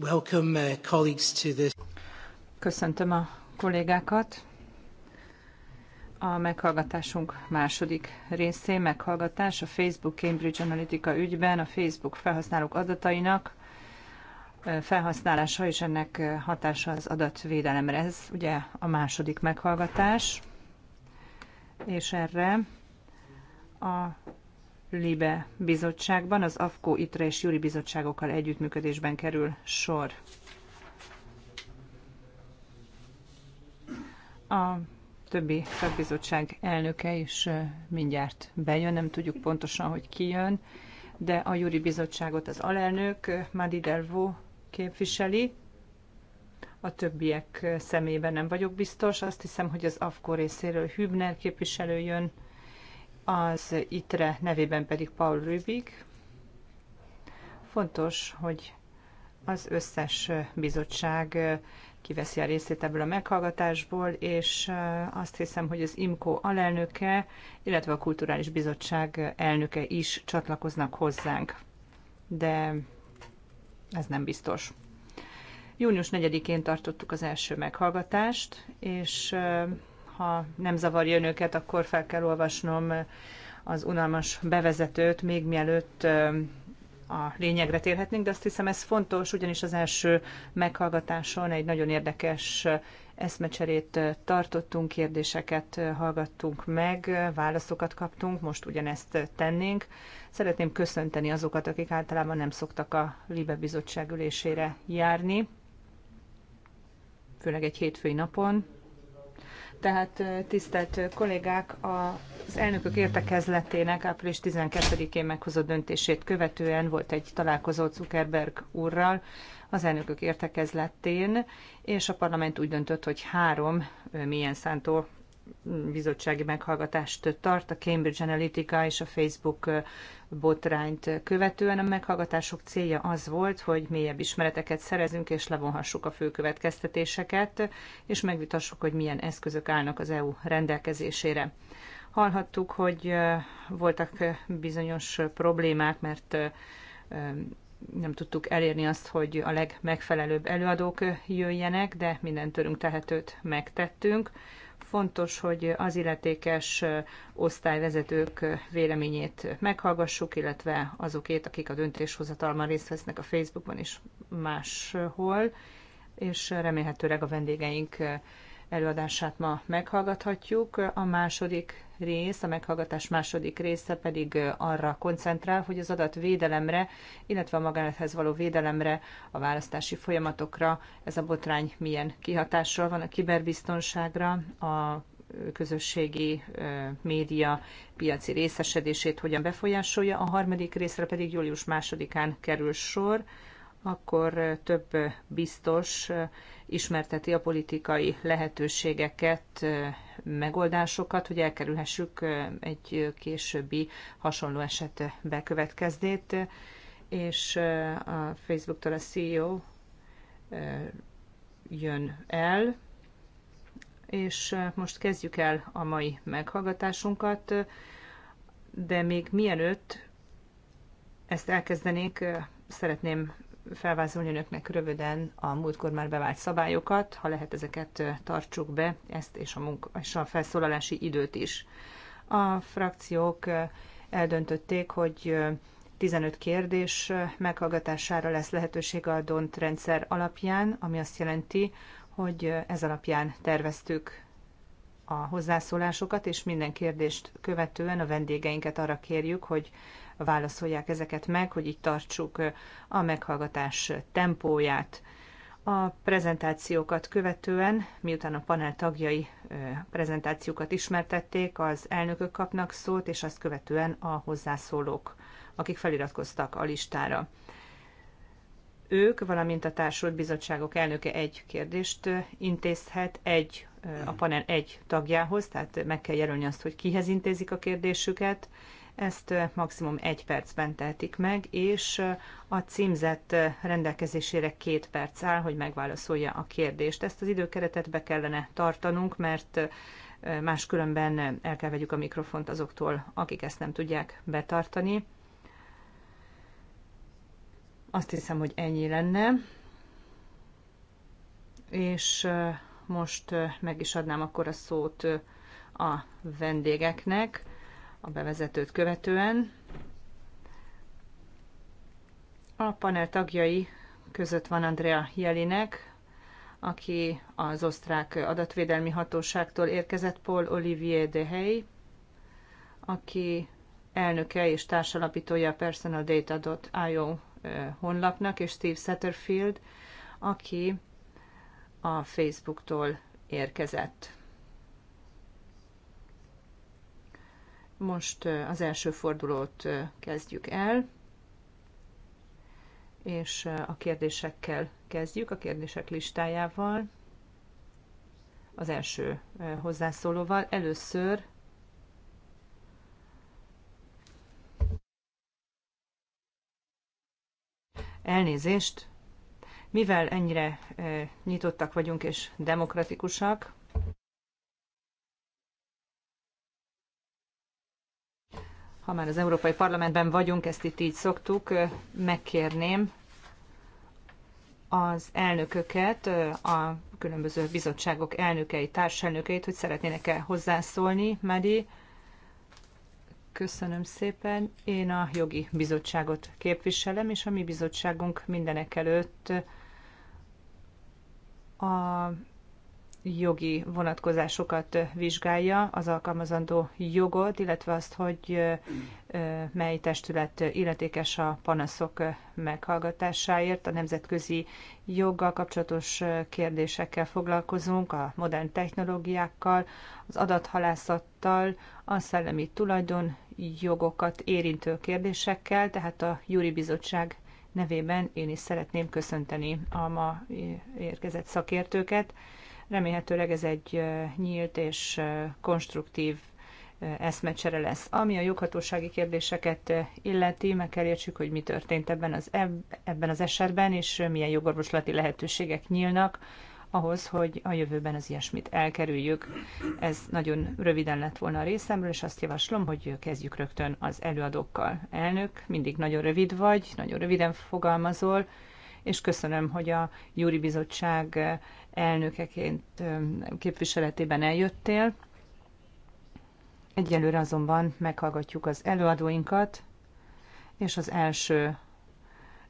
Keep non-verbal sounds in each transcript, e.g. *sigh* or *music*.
Welcome, uh, colleagues to this. Köszöntöm a kollégákat. A meghallgatásunk második részén meghallgatás a Facebook Cambridge Analytica ügyben a Facebook felhasználók adatainak felhasználása és ennek hatása az adatvédelemre. Ez ugye a második meghallgatás, és erre a Libe bizottságban, az AFKO, ITRE és Júri bizottságokkal együttműködésben kerül sor. A többi szakbizottság elnöke is mindjárt bejön, nem tudjuk pontosan, hogy ki jön, de a Júri bizottságot az alelnök Madi Delvo képviseli, a többiek szemében nem vagyok biztos. Azt hiszem, hogy az AFKO részéről Hübner képviselő jön, az ITRE nevében pedig Paul Rübig. Fontos, hogy az összes bizottság kiveszi a részét ebből a meghallgatásból, és eh, azt hiszem, hogy az IMCO alelnöke, illetve a Kulturális Bizottság elnöke is csatlakoznak hozzánk. De ez nem biztos. Június 4-én tartottuk az első meghallgatást, és eh, ha nem zavarja önöket, akkor fel kell olvasnom az unalmas bevezetőt, még mielőtt a lényegre térhetnénk, de azt hiszem ez fontos, ugyanis az első meghallgatáson egy nagyon érdekes eszmecserét tartottunk, kérdéseket hallgattunk meg, válaszokat kaptunk, most ugyanezt tennénk. Szeretném köszönteni azokat, akik általában nem szoktak a Libe Bizottság ülésére járni, főleg egy hétfői napon. Tehát tisztelt kollégák, az elnökök értekezletének április 12-én meghozott döntését követően volt egy találkozó Zuckerberg úrral az elnökök értekezletén, és a parlament úgy döntött, hogy három milyen szántó bizottsági meghallgatást tart a Cambridge Analytica és a Facebook botrányt követően. A meghallgatások célja az volt, hogy mélyebb ismereteket szerezünk és levonhassuk a fő következtetéseket, és megvitassuk, hogy milyen eszközök állnak az EU rendelkezésére. Hallhattuk, hogy voltak bizonyos problémák, mert nem tudtuk elérni azt, hogy a legmegfelelőbb előadók jöjjenek, de minden törünk tehetőt megtettünk. Fontos, hogy az illetékes osztályvezetők véleményét meghallgassuk, illetve azokét, akik a döntéshozatalban részt vesznek a Facebookon és máshol, és remélhetőleg a vendégeink előadását ma meghallgathatjuk. A második rész, a meghallgatás második része pedig arra koncentrál, hogy az adat védelemre, illetve a magánethez való védelemre, a választási folyamatokra ez a botrány milyen kihatással van a kiberbiztonságra, a közösségi média piaci részesedését hogyan befolyásolja, a harmadik részre pedig július másodikán kerül sor akkor több biztos ismerteti a politikai lehetőségeket, megoldásokat, hogy elkerülhessük egy későbbi hasonló eset bekövetkezdét. És a Facebooktól a CEO jön el, és most kezdjük el a mai meghallgatásunkat, de még mielőtt ezt elkezdenék, szeretném felvázolni önöknek röviden a múltkor már bevált szabályokat, ha lehet ezeket tartsuk be, ezt és a, munka, és a felszólalási időt is. A frakciók eldöntötték, hogy 15 kérdés meghallgatására lesz lehetőség a DONT rendszer alapján, ami azt jelenti, hogy ez alapján terveztük a hozzászólásokat, és minden kérdést követően a vendégeinket arra kérjük, hogy válaszolják ezeket meg, hogy így tartsuk a meghallgatás tempóját. A prezentációkat követően, miután a panel tagjai prezentációkat ismertették, az elnökök kapnak szót, és azt követően a hozzászólók, akik feliratkoztak a listára. Ők, valamint a társult bizottságok elnöke egy kérdést intézhet, egy a panel egy tagjához, tehát meg kell jelölni azt, hogy kihez intézik a kérdésüket, ezt maximum egy percben tehetik meg, és a címzett rendelkezésére két perc áll, hogy megválaszolja a kérdést. Ezt az időkeretet be kellene tartanunk, mert máskülönben el kell vegyük a mikrofont azoktól, akik ezt nem tudják betartani. Azt hiszem, hogy ennyi lenne. És most meg is adnám akkor a szót a vendégeknek a bevezetőt követően. A panel tagjai között van Andrea Jelinek, aki az osztrák adatvédelmi hatóságtól érkezett, Paul Olivier Dehey, aki elnöke és társalapítója a personaldata.io honlapnak, és Steve Satterfield, aki a Facebooktól érkezett. Most az első fordulót kezdjük el, és a kérdésekkel kezdjük, a kérdések listájával, az első hozzászólóval. Először elnézést, mivel ennyire nyitottak vagyunk és demokratikusak, ha már az Európai Parlamentben vagyunk, ezt itt így szoktuk, megkérném az elnököket, a különböző bizottságok elnökei, társelnökeit, hogy szeretnének-e hozzászólni. Medi, köszönöm szépen. Én a jogi bizottságot képviselem, és a mi bizottságunk mindenek előtt a jogi vonatkozásokat vizsgálja, az alkalmazandó jogot, illetve azt, hogy mely testület illetékes a panaszok meghallgatásáért. A nemzetközi joggal kapcsolatos kérdésekkel foglalkozunk, a modern technológiákkal, az adathalászattal, a szellemi tulajdon jogokat érintő kérdésekkel, tehát a Júri Bizottság nevében én is szeretném köszönteni a ma érkezett szakértőket. Remélhetőleg ez egy nyílt és konstruktív eszmecsere lesz. Ami a joghatósági kérdéseket illeti, meg kell értsük, hogy mi történt ebben az, ebben az esetben, és milyen jogorvoslati lehetőségek nyílnak ahhoz, hogy a jövőben az ilyesmit elkerüljük. Ez nagyon röviden lett volna a részemről, és azt javaslom, hogy kezdjük rögtön az előadókkal. Elnök, mindig nagyon rövid vagy, nagyon röviden fogalmazol, és köszönöm, hogy a Júri Bizottság elnökeként képviseletében eljöttél. Egyelőre azonban meghallgatjuk az előadóinkat, és az első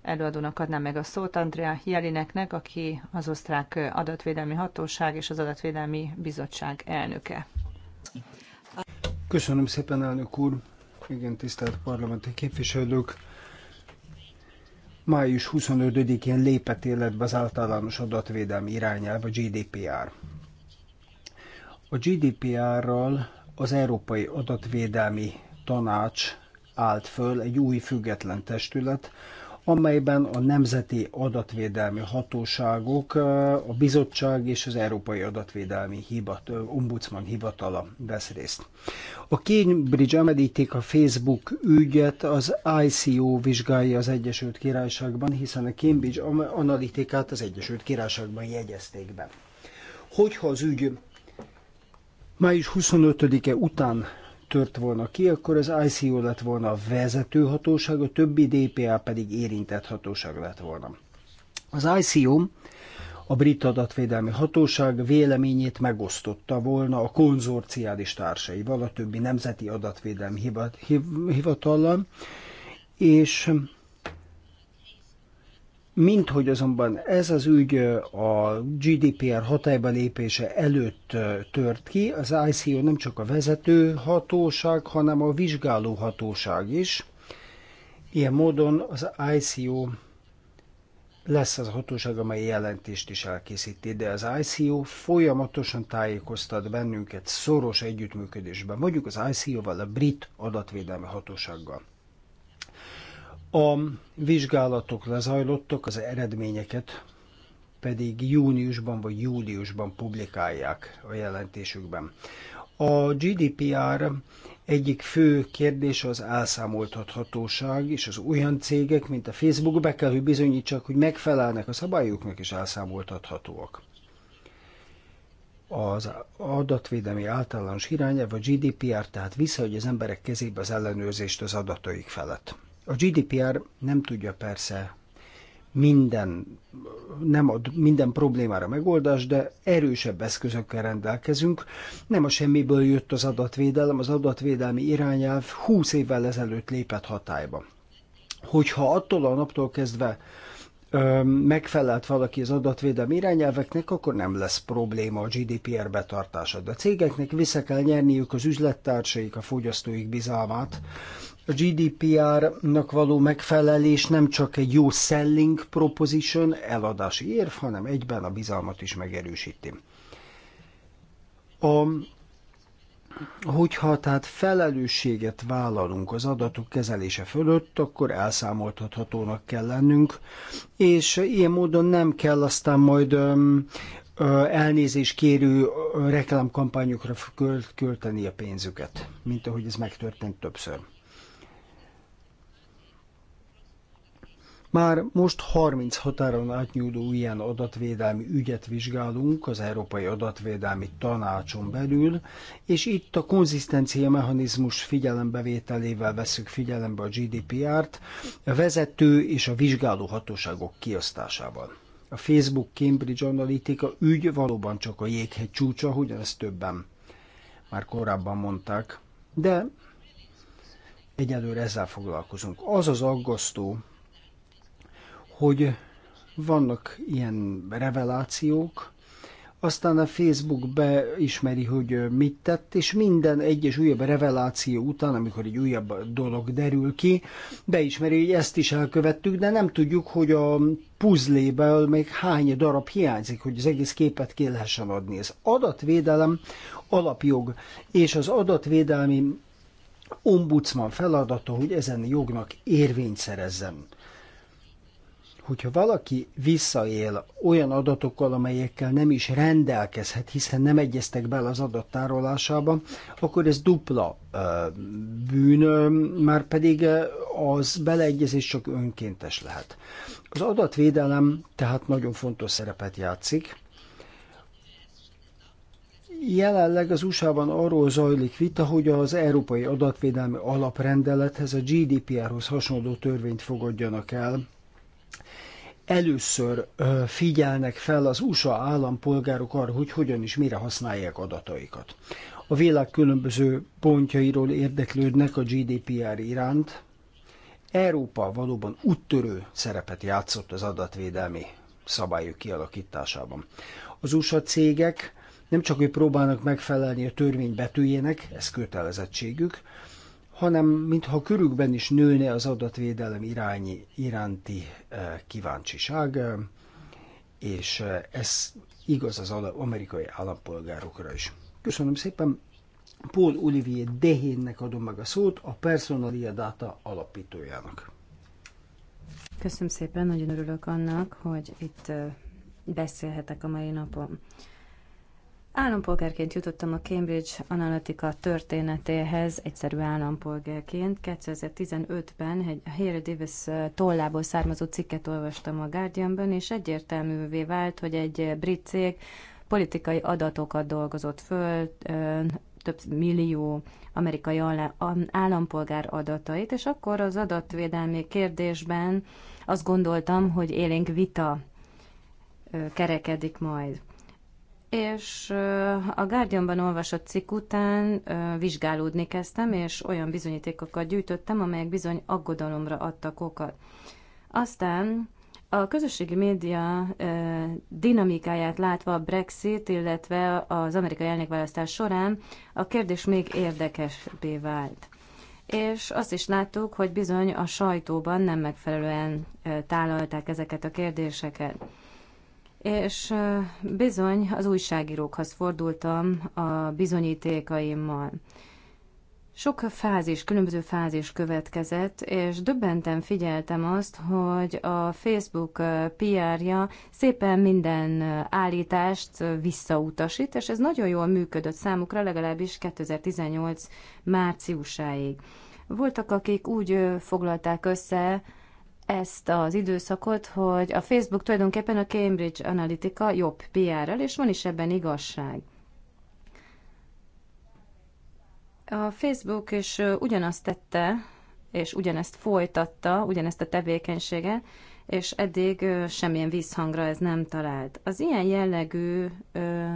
előadónak adnám meg a szót Andrea Jelineknek, aki az osztrák adatvédelmi hatóság és az adatvédelmi bizottság elnöke. Köszönöm szépen, elnök úr! Igen, tisztelt parlamenti képviselők! Május 25-én lépett életbe az általános adatvédelmi irányelv, a GDPR. A GDPR-ral az Európai Adatvédelmi Tanács állt föl egy új független testület, amelyben a nemzeti adatvédelmi hatóságok, a bizottság és az Európai Adatvédelmi Hibat, Ombudsman Hivatala vesz részt. A Cambridge említik a Facebook ügyet, az ICO vizsgálja az Egyesült Királyságban, hiszen a Cambridge analitikát az Egyesült Királyságban jegyezték be. Hogyha az ügy május 25-e után tört volna ki, akkor az ICO lett volna a vezető hatóság, a többi DPA pedig érintett hatóság lett volna. Az ICO a brit adatvédelmi hatóság véleményét megosztotta volna a konzorciális társaival, a többi nemzeti adatvédelmi hivatallal, és mint hogy azonban ez az ügy a GDPR hatályba lépése előtt tört ki, az ICO nem csak a vezető hatóság, hanem a vizsgáló hatóság is. Ilyen módon az ICO lesz az a hatóság, amely jelentést is elkészíti, de az ICO folyamatosan tájékoztat bennünket szoros együttműködésben, mondjuk az ICO-val, a brit adatvédelmi hatósággal. A vizsgálatok lezajlottak, az eredményeket pedig júniusban vagy júliusban publikálják a jelentésükben. A GDPR egyik fő kérdése az elszámoltathatóság, és az olyan cégek, mint a Facebook be kell, hogy bizonyítsák, hogy megfelelnek a szabályoknak és elszámoltathatóak. Az adatvédelmi általános irányelv a GDPR tehát vissza, hogy az emberek kezébe az ellenőrzést az adataik felett. A GDPR nem tudja persze minden, nem ad minden problémára megoldás, de erősebb eszközökkel rendelkezünk. Nem a semmiből jött az adatvédelem, az adatvédelmi irányelv 20 évvel ezelőtt lépett hatályba. Hogyha attól a naptól kezdve ö, megfelelt valaki az adatvédelmi irányelveknek, akkor nem lesz probléma a GDPR betartása. De a cégeknek vissza kell nyerniük az üzlettársaik, a fogyasztóik bizalmát, a GDPR-nak való megfelelés nem csak egy jó selling proposition, eladási érv, hanem egyben a bizalmat is megerősíti. A, hogyha tehát felelősséget vállalunk az adatok kezelése fölött, akkor elszámoltathatónak kell lennünk, és ilyen módon nem kell aztán majd öm, elnézés kérő reklámkampányokra költeni a pénzüket, mint ahogy ez megtörtént többször. Már most 30 határon átnyúló ilyen adatvédelmi ügyet vizsgálunk az Európai Adatvédelmi Tanácson belül, és itt a konzisztencia mechanizmus figyelembevételével veszük figyelembe a GDPR-t, a vezető és a vizsgáló hatóságok kiosztásával. A Facebook Cambridge Analytica ügy valóban csak a jéghegy csúcsa, hogy ezt többen már korábban mondták, de egyelőre ezzel foglalkozunk. Az az aggasztó, hogy vannak ilyen revelációk, aztán a Facebook beismeri, hogy mit tett, és minden egyes újabb reveláció után, amikor egy újabb dolog derül ki, beismeri, hogy ezt is elkövettük, de nem tudjuk, hogy a puzzléből még hány darab hiányzik, hogy az egész képet ki lehessen adni. Az adatvédelem alapjog, és az adatvédelmi ombudsman feladata, hogy ezen jognak érvényt szerezzen hogyha valaki visszaél olyan adatokkal, amelyekkel nem is rendelkezhet, hiszen nem egyeztek bele az adattárolásába, akkor ez dupla bűn, már pedig az beleegyezés csak önkéntes lehet. Az adatvédelem tehát nagyon fontos szerepet játszik. Jelenleg az USA-ban arról zajlik vita, hogy az Európai Adatvédelmi Alaprendelethez, a GDPR-hoz hasonló törvényt fogadjanak el, először figyelnek fel az USA állampolgárok arra, hogy hogyan és mire használják adataikat. A világ különböző pontjairól érdeklődnek a GDPR iránt. Európa valóban úttörő szerepet játszott az adatvédelmi szabályok kialakításában. Az USA cégek nem csak hogy próbálnak megfelelni a törvény betűjének, ez kötelezettségük, hanem mintha körükben is nőne az adatvédelem irányi, iránti eh, kíváncsiság, eh, és eh, ez igaz az amerikai állampolgárokra is. Köszönöm szépen, Paul Olivier Dehénnek adom meg a szót, a Personalia Data alapítójának. Köszönöm szépen, nagyon örülök annak, hogy itt beszélhetek a mai napon. Állampolgárként jutottam a Cambridge Analytica történetéhez, egyszerű állampolgárként. 2015-ben egy Harry Davis tollából származó cikket olvastam a Guardianben, és egyértelművé vált, hogy egy brit cég politikai adatokat dolgozott föl, több millió amerikai állampolgár adatait, és akkor az adatvédelmi kérdésben azt gondoltam, hogy élénk vita kerekedik majd és a Guardianban olvasott cikk után vizsgálódni kezdtem, és olyan bizonyítékokat gyűjtöttem, amelyek bizony aggodalomra adtak okat. Aztán a közösségi média dinamikáját látva a Brexit, illetve az amerikai elnökválasztás során a kérdés még érdekesebbé vált. És azt is láttuk, hogy bizony a sajtóban nem megfelelően tálalták ezeket a kérdéseket és bizony az újságírókhoz fordultam a bizonyítékaimmal. Sok fázis, különböző fázis következett, és döbbenten figyeltem azt, hogy a Facebook PR-ja szépen minden állítást visszautasít, és ez nagyon jól működött számukra, legalábbis 2018 márciusáig. Voltak, akik úgy foglalták össze ezt az időszakot, hogy a Facebook tulajdonképpen a Cambridge Analytica jobb PR-rel, és van is ebben igazság. A Facebook is ugyanazt tette, és ugyanezt folytatta, ugyanezt a tevékenysége és eddig semmilyen visszhangra ez nem talált. Az ilyen jellegű ö,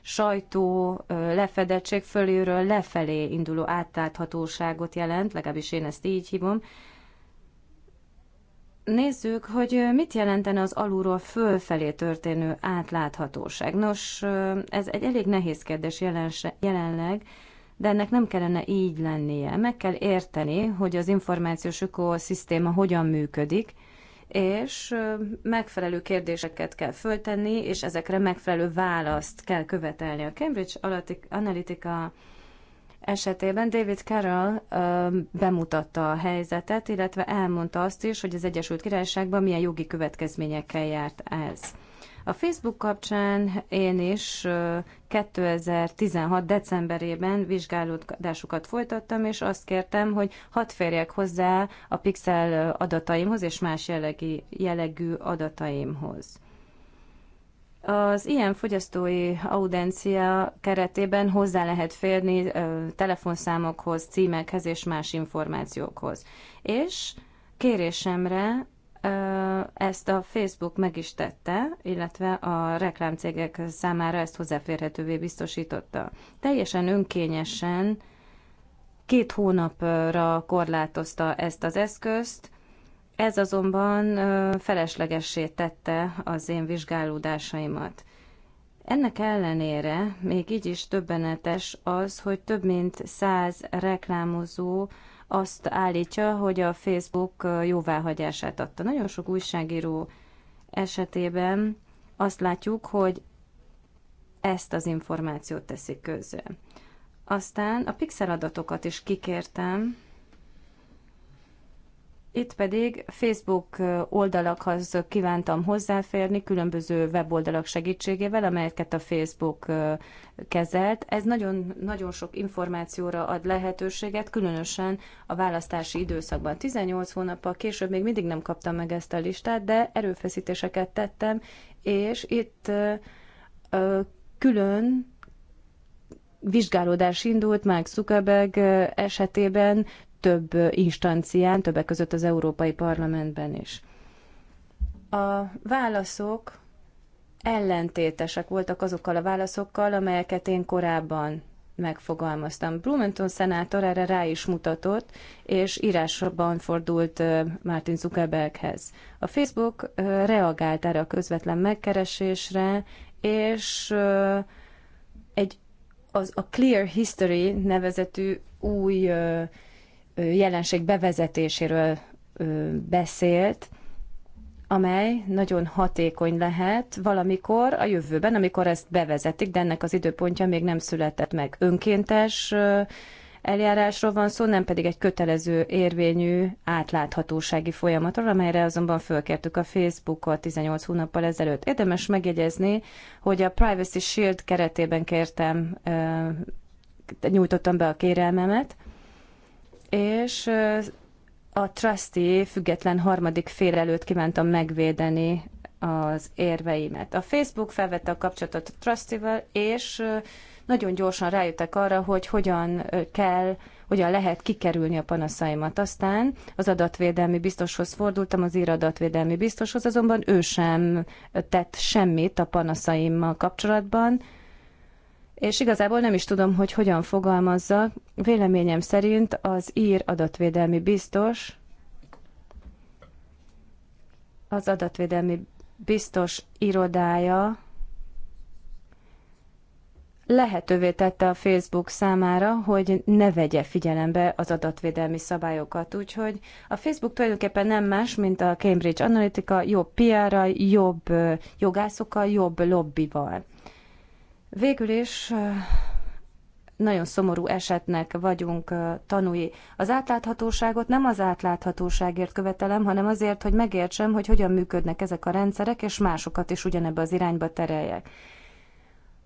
sajtó ö, lefedettség fölülről lefelé induló átláthatóságot jelent, legalábbis én ezt így hívom, Nézzük, hogy mit jelentene az alulról fölfelé történő átláthatóság. Nos, ez egy elég nehéz kérdés jelenleg, de ennek nem kellene így lennie. Meg kell érteni, hogy az információs ökoszisztéma hogyan működik, és megfelelő kérdéseket kell föltenni, és ezekre megfelelő választ kell követelni. A Cambridge Analytica esetében David Carroll ö, bemutatta a helyzetet, illetve elmondta azt is, hogy az Egyesült Királyságban milyen jogi következményekkel járt ez. A Facebook kapcsán én is 2016. decemberében vizsgálódásukat folytattam, és azt kértem, hogy hat férjek hozzá a pixel adataimhoz és más jellegi, jellegű adataimhoz. Az ilyen fogyasztói audencia keretében hozzá lehet férni telefonszámokhoz, címekhez és más információkhoz. És kérésemre ezt a Facebook meg is tette, illetve a reklámcégek számára ezt hozzáférhetővé biztosította. Teljesen önkényesen két hónapra korlátozta ezt az eszközt, ez azonban feleslegessé tette az én vizsgálódásaimat. Ennek ellenére még így is többenetes az, hogy több mint száz reklámozó azt állítja, hogy a Facebook jóváhagyását adta. Nagyon sok újságíró esetében azt látjuk, hogy ezt az információt teszik közzé. Aztán a pixel adatokat is kikértem, itt pedig Facebook oldalakhoz kívántam hozzáférni különböző weboldalak segítségével, amelyeket a Facebook kezelt. Ez nagyon, nagyon sok információra ad lehetőséget, különösen a választási időszakban. 18 hónappal később még mindig nem kaptam meg ezt a listát, de erőfeszítéseket tettem, és itt külön vizsgálódás indult Mark Zuckerberg esetében, több instancián, többek között az Európai Parlamentben is. A válaszok ellentétesek voltak azokkal a válaszokkal, amelyeket én korábban megfogalmaztam. Blumenton szenátor erre rá is mutatott, és írásban fordult Martin Zuckerberghez. A Facebook reagált erre a közvetlen megkeresésre, és egy az a Clear History nevezetű új jelenség bevezetéséről beszélt, amely nagyon hatékony lehet valamikor a jövőben, amikor ezt bevezetik, de ennek az időpontja még nem született meg. Önkéntes eljárásról van szó, nem pedig egy kötelező érvényű átláthatósági folyamatról, amelyre azonban fölkértük a Facebookot 18 hónappal ezelőtt. Érdemes megjegyezni, hogy a Privacy Shield keretében kértem, nyújtottam be a kérelmemet, és a trusty független harmadik fél előtt kívántam megvédeni az érveimet. A Facebook felvette a kapcsolatot a trustee és nagyon gyorsan rájöttek arra, hogy hogyan kell, hogyan lehet kikerülni a panaszaimat. Aztán az adatvédelmi biztoshoz fordultam, az ír adatvédelmi biztoshoz, azonban ő sem tett semmit a panaszaimmal kapcsolatban, és igazából nem is tudom, hogy hogyan fogalmazza Véleményem szerint az ír adatvédelmi biztos, az adatvédelmi biztos irodája lehetővé tette a Facebook számára, hogy ne vegye figyelembe az adatvédelmi szabályokat. Úgyhogy a Facebook tulajdonképpen nem más, mint a Cambridge Analytica jobb PR-ra, jobb jogászokkal, jobb lobbival. Végül is nagyon szomorú esetnek vagyunk tanúi. Az átláthatóságot nem az átláthatóságért követelem, hanem azért, hogy megértsem, hogy hogyan működnek ezek a rendszerek, és másokat is ugyanebbe az irányba tereljek.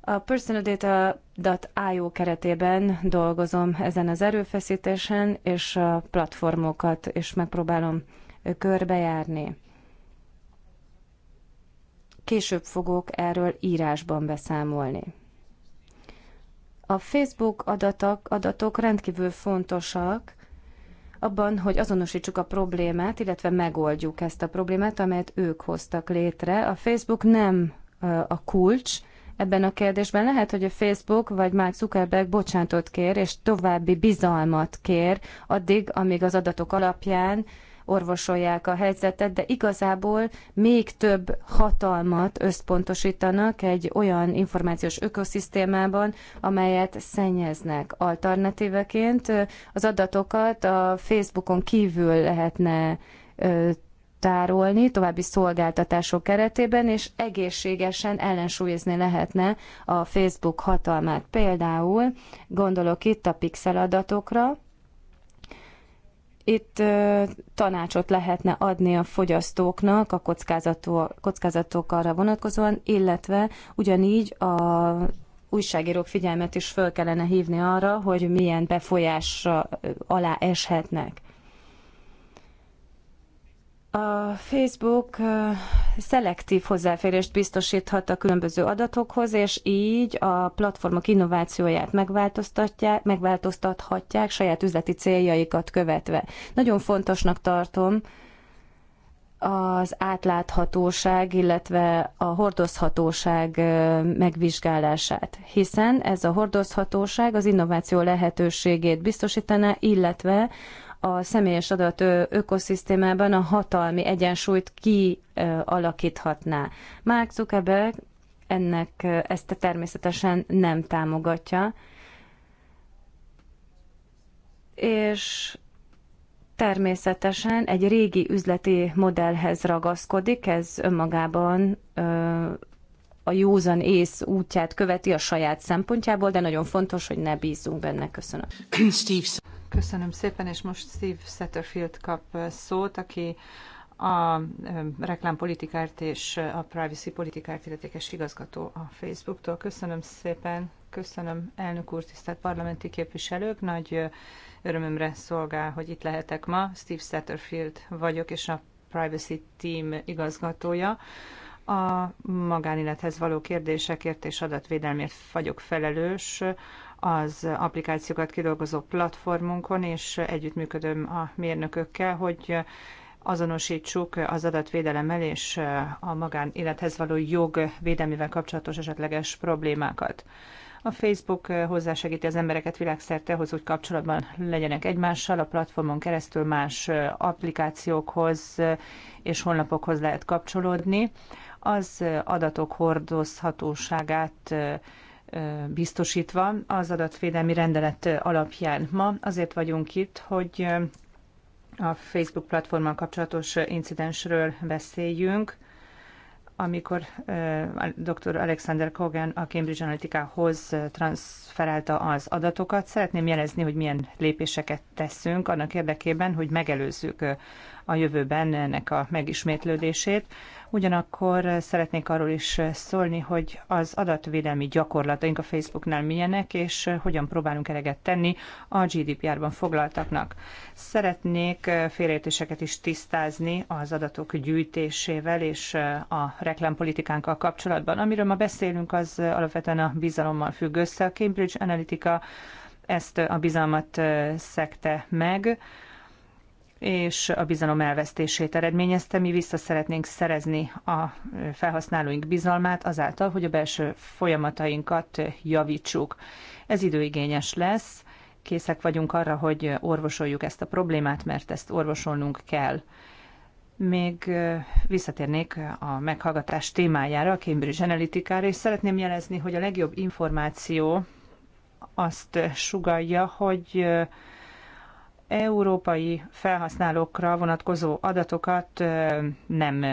A personaldata.io keretében dolgozom ezen az erőfeszítésen, és a platformokat is megpróbálom körbejárni később fogok erről írásban beszámolni. A Facebook adatok, adatok rendkívül fontosak abban, hogy azonosítsuk a problémát, illetve megoldjuk ezt a problémát, amelyet ők hoztak létre. A Facebook nem a kulcs, ebben a kérdésben. Lehet, hogy a Facebook vagy Mark Zuckerberg bocsánatot kér, és további bizalmat kér addig, amíg az adatok alapján orvosolják a helyzetet, de igazából még több hatalmat összpontosítanak egy olyan információs ökoszisztémában, amelyet szennyeznek alternatíveként. Az adatokat a Facebookon kívül lehetne tárolni további szolgáltatások keretében, és egészségesen ellensúlyozni lehetne a Facebook hatalmát. Például gondolok itt a pixel adatokra, itt tanácsot lehetne adni a fogyasztóknak a kockázatok arra vonatkozóan, illetve ugyanígy a újságírók figyelmet is föl kellene hívni arra, hogy milyen befolyás alá eshetnek. A Facebook szelektív hozzáférést biztosíthat a különböző adatokhoz, és így a platformok innovációját megváltoztatják, megváltoztathatják saját üzleti céljaikat követve. Nagyon fontosnak tartom az átláthatóság, illetve a hordozhatóság megvizsgálását, hiszen ez a hordozhatóság az innováció lehetőségét biztosítaná, illetve a személyes adat ökoszisztémában a hatalmi egyensúlyt kialakíthatná. Mark Zuckerberg ennek ezt természetesen nem támogatja, és természetesen egy régi üzleti modellhez ragaszkodik, ez önmagában a józan ész útját követi a saját szempontjából, de nagyon fontos, hogy ne bízzunk benne. Köszönöm. Steve. Köszönöm szépen, és most Steve Setterfield kap szót, aki a reklámpolitikárt és a privacy politikárt illetékes igazgató a Facebooktól. Köszönöm szépen, köszönöm elnök úr, tisztelt parlamenti képviselők, nagy örömömre szolgál, hogy itt lehetek ma. Steve Satterfield vagyok, és a Privacy Team igazgatója a magánélethez való kérdésekért és adatvédelmért vagyok felelős az applikációkat kidolgozó platformunkon, és együttműködöm a mérnökökkel, hogy azonosítsuk az adatvédelemmel és a magánélethez való jog védelmével kapcsolatos esetleges problémákat. A Facebook hozzásegíti az embereket világszerte hogy úgy kapcsolatban legyenek egymással, a platformon keresztül más applikációkhoz és honlapokhoz lehet kapcsolódni az adatok hordozhatóságát biztosítva az adatvédelmi rendelet alapján. Ma azért vagyunk itt, hogy a Facebook platformmal kapcsolatos incidensről beszéljünk, amikor dr. Alexander Kogan a Cambridge Analytica-hoz transferálta az adatokat. Szeretném jelezni, hogy milyen lépéseket teszünk annak érdekében, hogy megelőzzük a jövőben ennek a megismétlődését. Ugyanakkor szeretnék arról is szólni, hogy az adatvédelmi gyakorlataink a Facebooknál milyenek, és hogyan próbálunk eleget tenni a GDPR-ban foglaltaknak. Szeretnék félértéseket is tisztázni az adatok gyűjtésével és a reklámpolitikánkkal kapcsolatban. Amiről ma beszélünk, az alapvetően a bizalommal függ össze. A Cambridge Analytica ezt a bizalmat szekte meg és a bizalom elvesztését eredményezte. Mi vissza szeretnénk szerezni a felhasználóink bizalmát azáltal, hogy a belső folyamatainkat javítsuk. Ez időigényes lesz, készek vagyunk arra, hogy orvosoljuk ezt a problémát, mert ezt orvosolnunk kell. Még visszatérnék a meghallgatás témájára, a Cambridge Analytica-ra, és szeretném jelezni, hogy a legjobb információ azt sugalja, hogy európai felhasználókra vonatkozó adatokat nem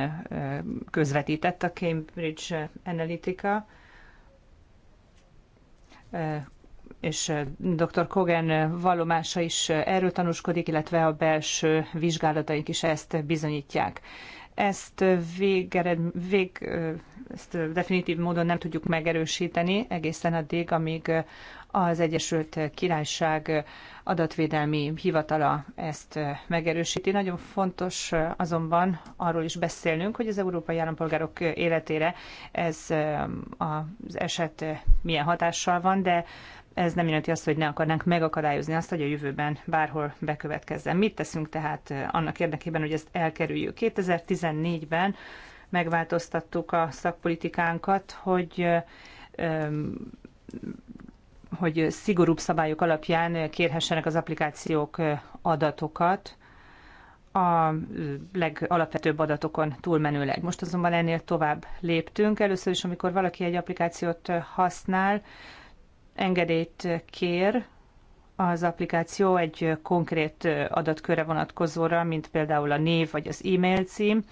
közvetített a Cambridge Analytica, és dr. Kogan vallomása is erről tanúskodik, illetve a belső vizsgálataink is ezt bizonyítják. Ezt, végered, vég, ezt definitív módon nem tudjuk megerősíteni egészen addig, amíg az Egyesült Királyság adatvédelmi hivatala ezt megerősíti. Nagyon fontos azonban arról is beszélnünk, hogy az európai állampolgárok életére ez um, az eset milyen hatással van, de ez nem jelenti azt, hogy ne akarnánk megakadályozni azt, hogy a jövőben bárhol bekövetkezzen. Mit teszünk tehát uh, annak érdekében, hogy ezt elkerüljük? 2014-ben megváltoztattuk a szakpolitikánkat, hogy uh, um, hogy szigorúbb szabályok alapján kérhessenek az applikációk adatokat a legalapvetőbb adatokon túlmenőleg. Most azonban ennél tovább léptünk. Először is, amikor valaki egy applikációt használ, engedélyt kér az applikáció egy konkrét adatkörre vonatkozóra, mint például a név vagy az e-mail cím,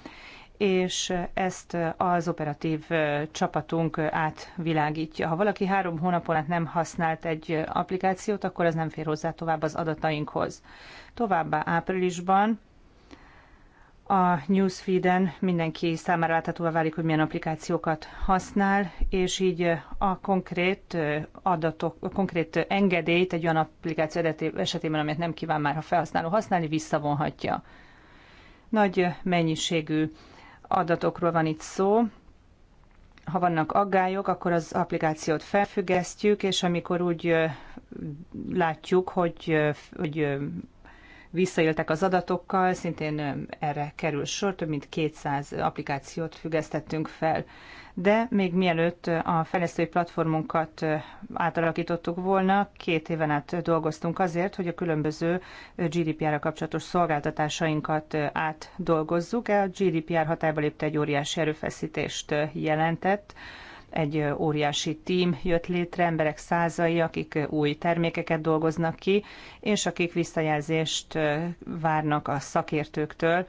és ezt az operatív csapatunk átvilágítja. Ha valaki három hónapon át nem használt egy applikációt, akkor ez nem fér hozzá tovább az adatainkhoz. Továbbá áprilisban a newsfeeden mindenki számára láthatóvá válik, hogy milyen applikációkat használ, és így a konkrét adatok, a konkrét engedélyt egy olyan applikáció esetében, amelyet nem kíván már a felhasználó használni, visszavonhatja. Nagy mennyiségű adatokról van itt szó. Ha vannak aggályok, akkor az applikációt felfüggesztjük, és amikor úgy látjuk, hogy, hogy visszaéltek az adatokkal, szintén erre kerül sor, több mint 200 applikációt függesztettünk fel. De még mielőtt a fejlesztői platformunkat átalakítottuk volna, két éven át dolgoztunk azért, hogy a különböző GDPR-ra kapcsolatos szolgáltatásainkat átdolgozzuk. A GDPR hatályba lépte egy óriási erőfeszítést jelentett, egy óriási tím jött létre, emberek százai, akik új termékeket dolgoznak ki, és akik visszajelzést várnak a szakértőktől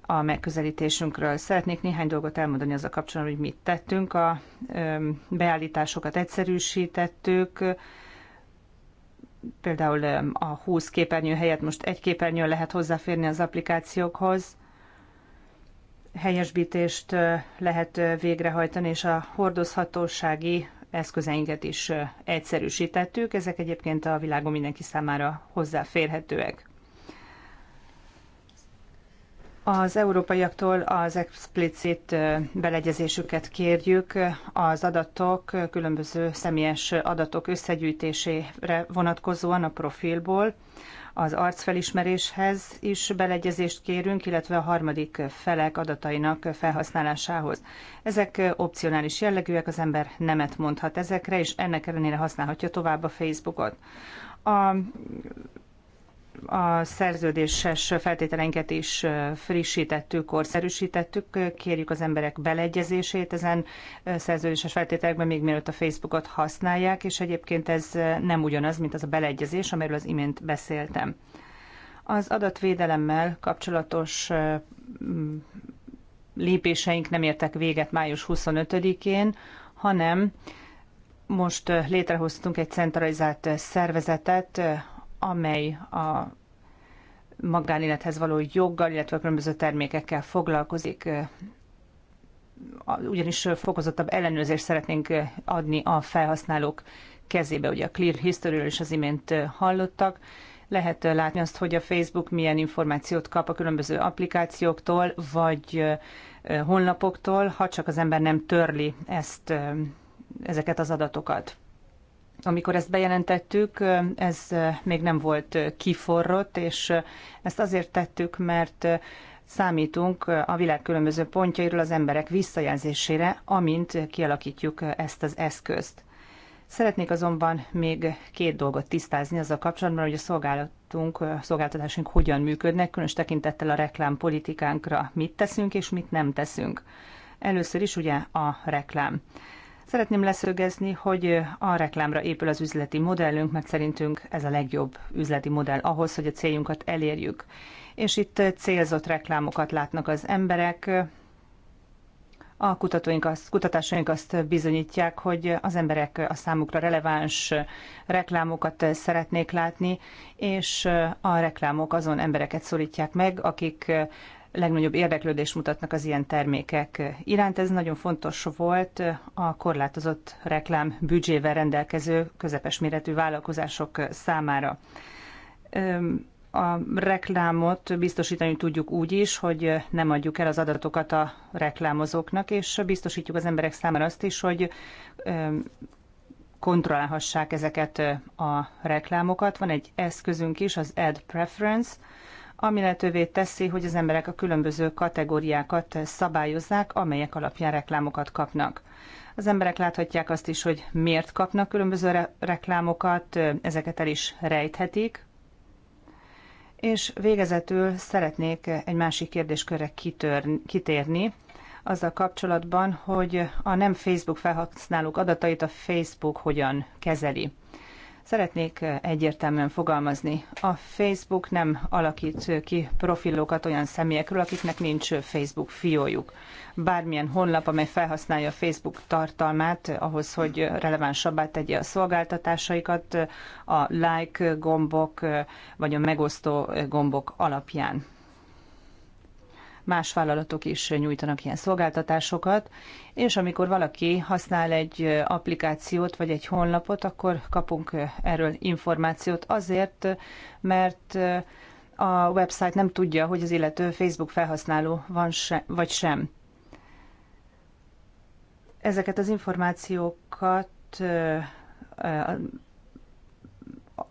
a megközelítésünkről. Szeretnék néhány dolgot elmondani az a kapcsolatban, hogy mit tettünk. A beállításokat egyszerűsítettük, például a 20 képernyő helyett most egy képernyő lehet hozzáférni az applikációkhoz, helyesbítést lehet végrehajtani, és a hordozhatósági eszközeinket is egyszerűsítettük. Ezek egyébként a világon mindenki számára hozzáférhetőek. Az európaiaktól az explicit beleegyezésüket kérjük az adatok, különböző személyes adatok összegyűjtésére vonatkozóan a profilból, az arcfelismeréshez is beleegyezést kérünk, illetve a harmadik felek adatainak felhasználásához. Ezek opcionális jellegűek, az ember nemet mondhat ezekre, és ennek ellenére használhatja tovább a Facebookot. A a szerződéses feltételeinket is frissítettük, korszerűsítettük, kérjük az emberek beleegyezését ezen szerződéses feltételekben, még mielőtt a Facebookot használják, és egyébként ez nem ugyanaz, mint az a beleegyezés, amiről az imént beszéltem. Az adatvédelemmel kapcsolatos lépéseink nem értek véget május 25-én, hanem most létrehoztunk egy centralizált szervezetet, amely a magánélethez való joggal, illetve a különböző termékekkel foglalkozik. Ugyanis fokozottabb ellenőrzést szeretnénk adni a felhasználók kezébe. Ugye a Clear history is az imént hallottak. Lehet látni azt, hogy a Facebook milyen információt kap a különböző applikációktól, vagy honlapoktól, ha csak az ember nem törli ezt, ezeket az adatokat amikor ezt bejelentettük, ez még nem volt kiforrott, és ezt azért tettük, mert számítunk a világ különböző pontjairól az emberek visszajelzésére, amint kialakítjuk ezt az eszközt. Szeretnék azonban még két dolgot tisztázni azzal kapcsolatban, hogy a szolgálatunk, a szolgáltatásunk hogyan működnek, különös tekintettel a reklámpolitikánkra mit teszünk és mit nem teszünk. Először is ugye a reklám. Szeretném leszögezni, hogy a reklámra épül az üzleti modellünk, mert szerintünk ez a legjobb üzleti modell ahhoz, hogy a céljunkat elérjük. És itt célzott reklámokat látnak az emberek. A kutatóink azt, kutatásaink azt bizonyítják, hogy az emberek a számukra releváns reklámokat szeretnék látni, és a reklámok azon embereket szólítják meg, akik legnagyobb érdeklődést mutatnak az ilyen termékek iránt. Ez nagyon fontos volt a korlátozott reklám büdzsével rendelkező közepes méretű vállalkozások számára. A reklámot biztosítani tudjuk úgy is, hogy nem adjuk el az adatokat a reklámozóknak, és biztosítjuk az emberek számára azt is, hogy kontrollálhassák ezeket a reklámokat. Van egy eszközünk is, az Ad Preference, ami lehetővé teszi, hogy az emberek a különböző kategóriákat szabályozzák, amelyek alapján reklámokat kapnak. Az emberek láthatják azt is, hogy miért kapnak különböző re- reklámokat, ezeket el is rejthetik. És végezetül szeretnék egy másik kérdéskörre kitörni, kitérni, azzal kapcsolatban, hogy a nem Facebook felhasználók adatait a Facebook hogyan kezeli. Szeretnék egyértelműen fogalmazni. A Facebook nem alakít ki profilokat olyan személyekről, akiknek nincs Facebook fiójuk. Bármilyen honlap, amely felhasználja a Facebook tartalmát ahhoz, hogy relevánsabbá tegye a szolgáltatásaikat, a like gombok vagy a megosztó gombok alapján más vállalatok is nyújtanak ilyen szolgáltatásokat, és amikor valaki használ egy applikációt vagy egy honlapot, akkor kapunk erről információt azért, mert a website nem tudja, hogy az illető Facebook felhasználó van se, vagy sem. Ezeket az információkat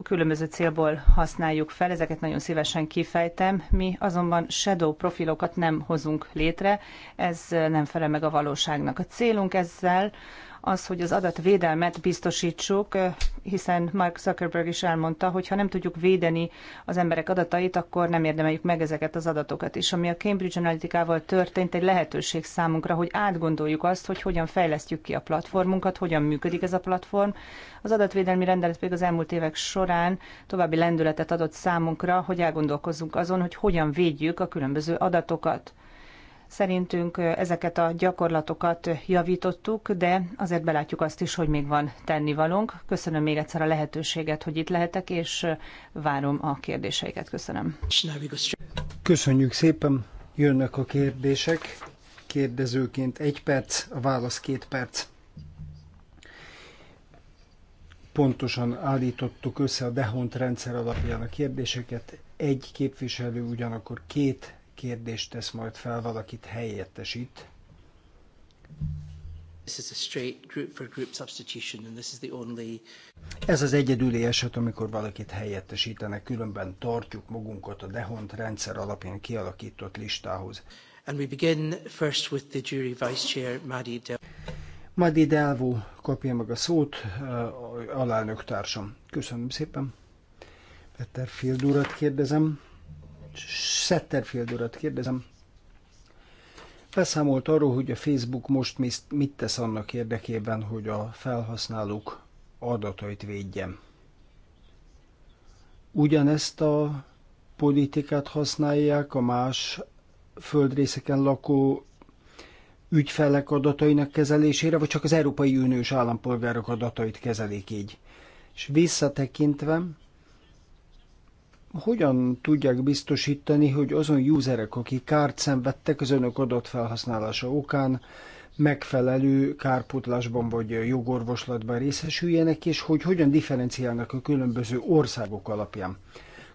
különböző célból használjuk fel, ezeket nagyon szívesen kifejtem. Mi azonban shadow profilokat nem hozunk létre, ez nem felel meg a valóságnak. A célunk ezzel az, hogy az adatvédelmet biztosítsuk, eh, hiszen Mark Zuckerberg is elmondta, hogy ha nem tudjuk védeni az emberek adatait, akkor nem érdemeljük meg ezeket az adatokat. És ami a Cambridge Analytica-val történt, egy lehetőség számunkra, hogy átgondoljuk azt, hogy hogyan fejlesztjük ki a platformunkat, hogyan működik ez a platform. Az adatvédelmi rendelet pedig az elmúlt évek során további lendületet adott számunkra, hogy elgondolkozzunk azon, hogy hogyan védjük a különböző adatokat. Szerintünk ezeket a gyakorlatokat javítottuk, de azért belátjuk azt is, hogy még van tennivalónk. Köszönöm még egyszer a lehetőséget, hogy itt lehetek, és várom a kérdéseiket. Köszönöm. Köszönjük szépen. Jönnek a kérdések. Kérdezőként egy perc, a válasz két perc. Pontosan állítottuk össze a Dehont rendszer alapján a kérdéseket. Egy képviselő ugyanakkor két kérdést tesz majd fel, valakit helyettesít. Ez az egyedüli eset, amikor valakit helyettesítenek, különben tartjuk magunkat a Dehont rendszer alapján kialakított listához. And we begin first with the jury vice chair, Madi Del. Madi Delvo kapja meg a szót, eh, alelnök társam. Köszönöm szépen. Peter Fildurat kérdezem. Setterfield urat kérdezem. Beszámolt arról, hogy a Facebook most mit tesz annak érdekében, hogy a felhasználók adatait védjem. Ugyanezt a politikát használják a más földrészeken lakó ügyfelek adatainak kezelésére, vagy csak az Európai Uniós állampolgárok adatait kezelik így. És visszatekintve hogyan tudják biztosítani, hogy azon userek, akik kárt szenvedtek az önök adott felhasználása okán, megfelelő kárpótlásban vagy jogorvoslatban részesüljenek, és hogy hogyan differenciálnak a különböző országok alapján.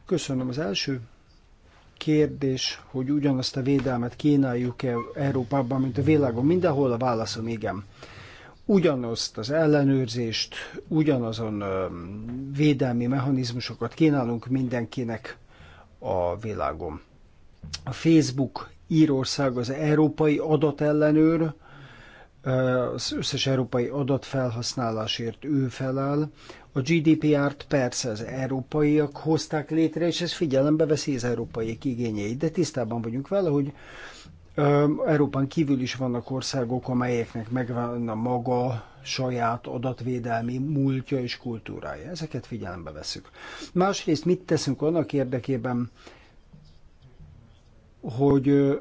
Köszönöm az első kérdés, hogy ugyanazt a védelmet kínáljuk-e Európában, mint a világon. Mindenhol a válaszom igen ugyanazt az ellenőrzést, ugyanazon védelmi mechanizmusokat kínálunk mindenkinek a világon. A Facebook Írország az európai adatellenőr, az összes európai adatfelhasználásért ő felel. A GDPR-t persze az európaiak hozták létre, és ez figyelembe veszi az európaiak igényeit, de tisztában vagyunk vele, hogy Európán kívül is vannak országok, amelyeknek megvan a maga saját adatvédelmi múltja és kultúrája. Ezeket figyelembe veszük. Másrészt mit teszünk annak érdekében, hogy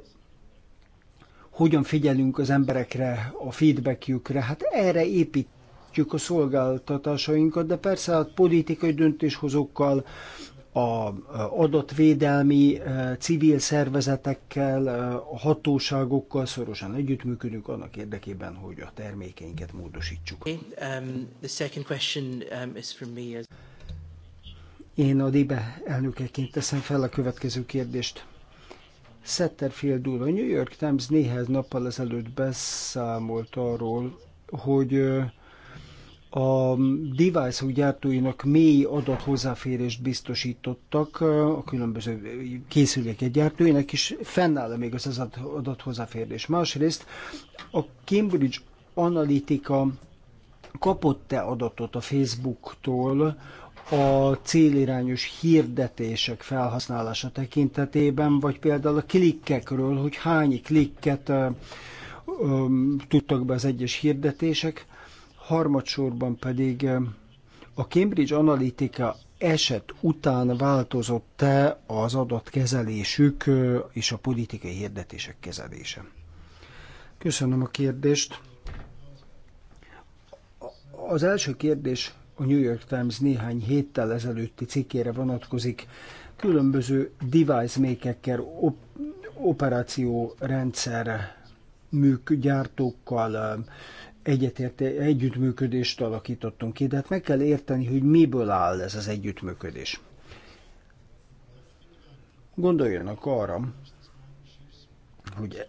hogyan figyelünk az emberekre, a feedbackjükre, hát erre építjük a szolgáltatásainkat, de persze a hát politikai döntéshozókkal, a adatvédelmi e, civil szervezetekkel, e, a hatóságokkal szorosan együttműködünk annak érdekében, hogy a termékeinket módosítsuk. Um, um, Én a DIBE elnökeként teszem fel a következő kérdést. Setterfield úr, a New York Times néhány nappal ezelőtt beszámolt arról, hogy a device gyártóinak mély adat hozzáférést biztosítottak a különböző készülékek gyártóinak, és fennáll -e még az adat hozzáférés. Másrészt a Cambridge Analytica kapott-e adatot a Facebooktól a célirányos hirdetések felhasználása tekintetében, vagy például a klikkekről, hogy hány klikket ö, ö, tudtak be az egyes hirdetések, harmadsorban pedig eh, a Cambridge Analytica eset után változott-e az adatkezelésük eh, és a politikai hirdetések kezelése? Köszönöm a kérdést. Az első kérdés a New York Times néhány héttel ezelőtti cikkére vonatkozik. Különböző device makerekkel, op- rendszer műk gyártókkal, eh, egyetérte, együttműködést alakítottunk ki, de hát meg kell érteni, hogy miből áll ez az együttműködés. Gondoljanak arra, hogy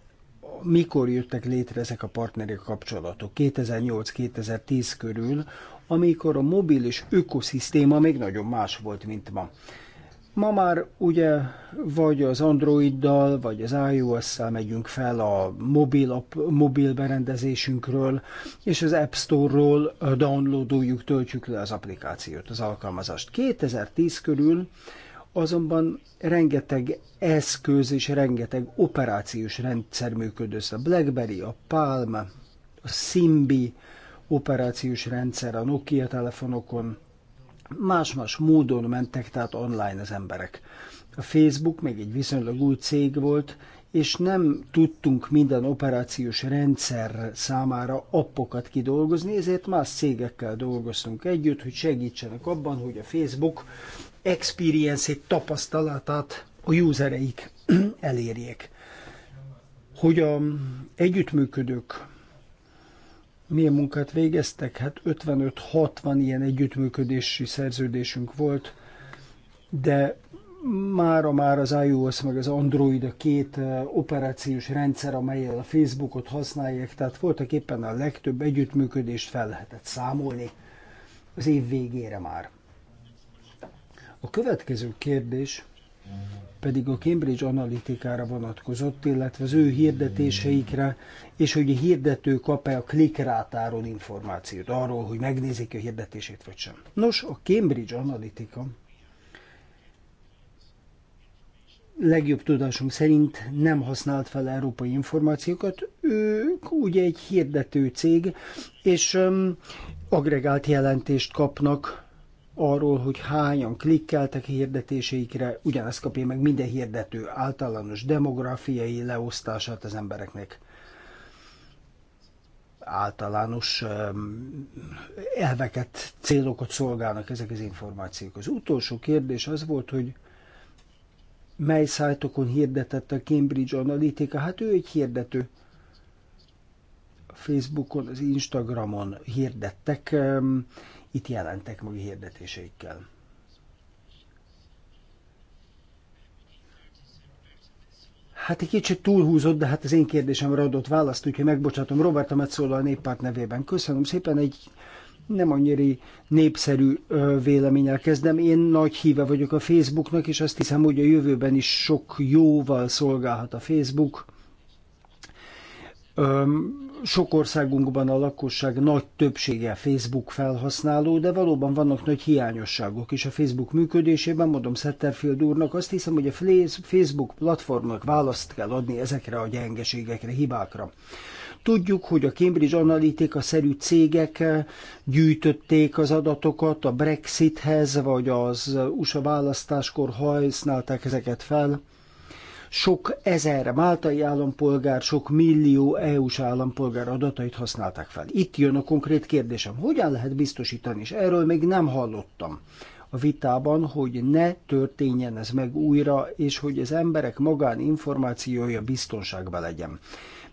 mikor jöttek létre ezek a partneri kapcsolatok, 2008-2010 körül, amikor a mobilis ökoszisztéma még nagyon más volt, mint ma. Ma már ugye vagy az Androiddal, vagy az iOS-szel megyünk fel a mobil, app, mobil berendezésünkről, és az App Store-ról downloadoljuk, töltjük le az applikációt, az alkalmazást. 2010 körül azonban rengeteg eszköz és rengeteg operációs rendszer működött. A BlackBerry, a Palm, a Simbi operációs rendszer a Nokia telefonokon, Más-más módon mentek tehát online az emberek. A Facebook még egy viszonylag új cég volt, és nem tudtunk minden operációs rendszer számára appokat kidolgozni, ezért más cégekkel dolgoztunk együtt, hogy segítsenek abban, hogy a Facebook experience tapasztalatát a usereik *clears throat* elérjék. Hogy a együttműködők milyen munkát végeztek? Hát 55-60 ilyen együttműködési szerződésünk volt, de mára már az iOS meg az Android a két eh, operációs rendszer, amelyel a Facebookot használják, tehát voltak éppen a legtöbb együttműködést fel lehetett számolni az év végére már. A következő kérdés, pedig a Cambridge Analytikára vonatkozott, illetve az ő hirdetéseikre, és hogy a hirdető kap-e a klikrátáról információt, arról, hogy megnézik a hirdetését vagy sem. Nos, a Cambridge Analytica legjobb tudásunk szerint nem használt fel európai információkat. Ők ugye egy hirdető cég, és um, agregált jelentést kapnak arról, hogy hányan klikkeltek hirdetéseikre, ugyanezt kapja meg minden hirdető általános demográfiai leosztását az embereknek általános elveket, célokat szolgálnak ezek az információk. Az utolsó kérdés az volt, hogy mely szájtokon hirdetett a Cambridge Analytica? Hát ő egy hirdető. Facebookon, az Instagramon hirdettek, itt jelentek meg hirdetéseikkel. Hát egy kicsit túlhúzott, de hát az én kérdésemre adott választ, úgyhogy megbocsátom Roberta Metzola a néppárt nevében. Köszönöm szépen, egy nem annyira népszerű véleménnyel kezdem. Én nagy híve vagyok a Facebooknak, és azt hiszem, hogy a jövőben is sok jóval szolgálhat a Facebook. Öm, sok országunkban a lakosság nagy többsége Facebook felhasználó, de valóban vannak nagy hiányosságok is a Facebook működésében. Mondom Setterfield úrnak, azt hiszem, hogy a Facebook platformnak választ kell adni ezekre a gyengeségekre, hibákra. Tudjuk, hogy a Cambridge Analytica-szerű cégek eh, gyűjtötték az adatokat a Brexithez, vagy az eh, USA választáskor használták ezeket fel sok ezer máltai állampolgár, sok millió EU-s állampolgár adatait használták fel. Itt jön a konkrét kérdésem, hogyan lehet biztosítani, és erről még nem hallottam a vitában, hogy ne történjen ez meg újra, és hogy az emberek magáninformációja biztonságban legyen.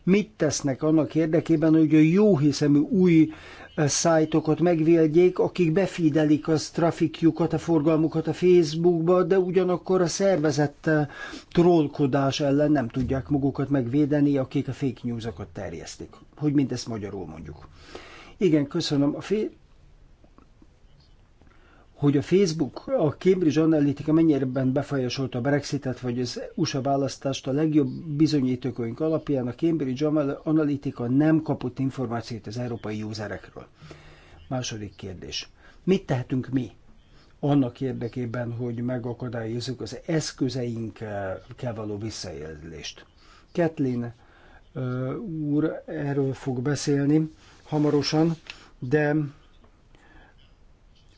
Mit tesznek annak érdekében, hogy a jóhiszemű új szájtokat megvédjék, akik befidelik az trafikjukat, a forgalmukat a Facebookba, de ugyanakkor a szervezett eh, trollkodás ellen nem tudják magukat megvédeni, akik a fake newsokat terjesztik. Hogy mindezt magyarul mondjuk. Igen, köszönöm. A, fé- hogy a Facebook, a Cambridge Analytica mennyire befolyásolta a Brexitet, vagy az USA választást a legjobb bizonyítékoink alapján a Cambridge Analytica nem kapott információt az európai userekről. Második kérdés. Mit tehetünk mi annak érdekében, hogy megakadályozzuk az eszközeinkkel való visszaélést? Kathleen úr erről fog beszélni hamarosan, de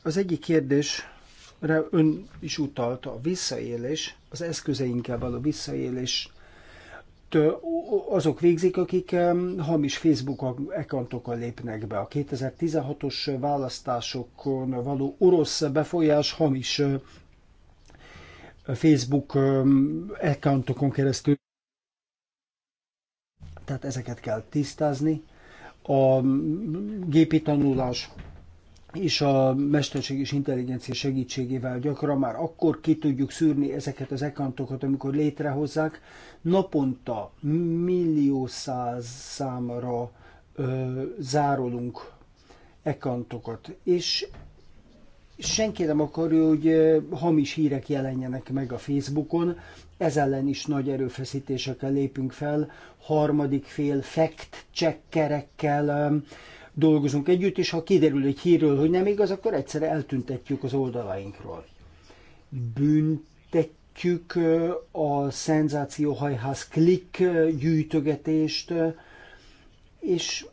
az egyik kérdésre ön is utalta, a visszaélés, az eszközeinkkel való visszaélés azok végzik, akik hamis Facebook accountokkal lépnek be. A 2016-os választásokon való orosz befolyás hamis Facebook accountokon keresztül. Tehát ezeket kell tisztázni. A gépi tanulás és a és intelligencia segítségével gyakran már akkor ki tudjuk szűrni ezeket az ekantokat, amikor létrehozzák, naponta millió száz számra ö, zárolunk ekantokat, és senki nem akarja, hogy hamis hírek jelenjenek meg a Facebookon, ez ellen is nagy erőfeszítésekkel lépünk fel, harmadik fél fact checkerekkel, dolgozunk együtt, és ha kiderül egy hírről, hogy nem igaz, akkor egyszer eltüntetjük az oldalainkról. Büntetjük a szenzációhajház klik gyűjtögetést, és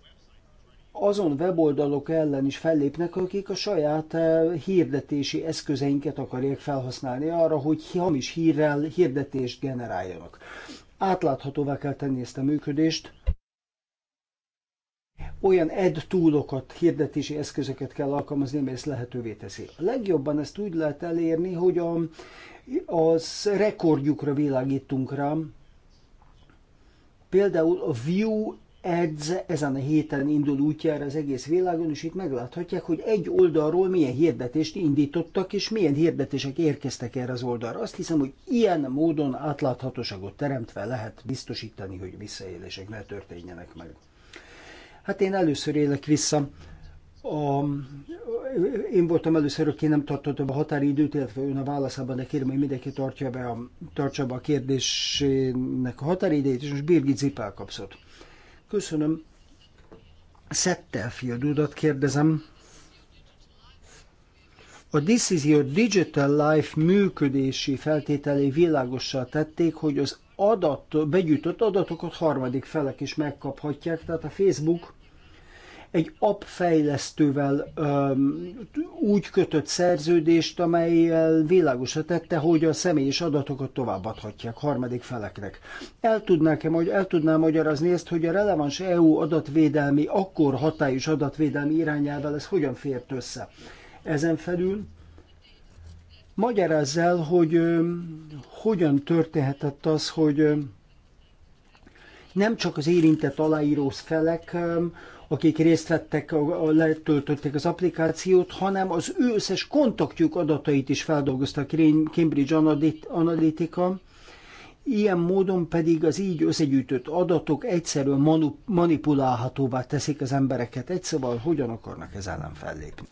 azon weboldalok ellen is fellépnek, akik a saját hirdetési eszközeinket akarják felhasználni arra, hogy hamis hírrel hirdetést generáljanak. Átláthatóvá kell tenni ezt a működést, olyan ed túlokat, hirdetési eszközöket kell alkalmazni, amely ezt lehetővé teszi. A legjobban ezt úgy lehet elérni, hogy a, az rekordjukra világítunk rá. Például a View Ads ezen a héten indul útjára az egész világon, és itt megláthatják, hogy egy oldalról milyen hirdetést indítottak, és milyen hirdetések érkeztek erre az oldalra. Azt hiszem, hogy ilyen módon átláthatóságot teremtve lehet biztosítani, hogy visszaélések ne történjenek meg. Hát én először élek vissza. A, én voltam először, aki nem tartottam a határidőt, illetve ön a válaszában, de kérem, hogy mindenki tartja be a, tartsa be a kérdésének a határidőt, és most Birgit Zipál kapszott. Köszönöm. Settelfield urat kérdezem. A This is your Digital Life működési feltételei világossá tették, hogy az adat, begyűjtött adatokat harmadik felek is megkaphatják, tehát a Facebook egy app fejlesztővel öm, úgy kötött szerződést, amelyel világosra tette, hogy a személyes adatokat továbbadhatják harmadik feleknek. El tudnák-e hogy el tudná magyarázni ezt, hogy a releváns EU adatvédelmi, akkor hatályos adatvédelmi irányával ez hogyan fért össze? Ezen felül Magyarázz el, hogy ö, hogyan történhetett az, hogy ö, nem csak az érintett aláíró felek, ö, akik részt vettek, a, a, letöltötték az applikációt, hanem az ő összes kontaktjuk adatait is feldolgozta a Cambridge Analytica, ilyen módon pedig az így összegyűjtött adatok egyszerűen manipulálhatóvá teszik az embereket. Egy szóval hogyan akarnak ez ellen fellépni?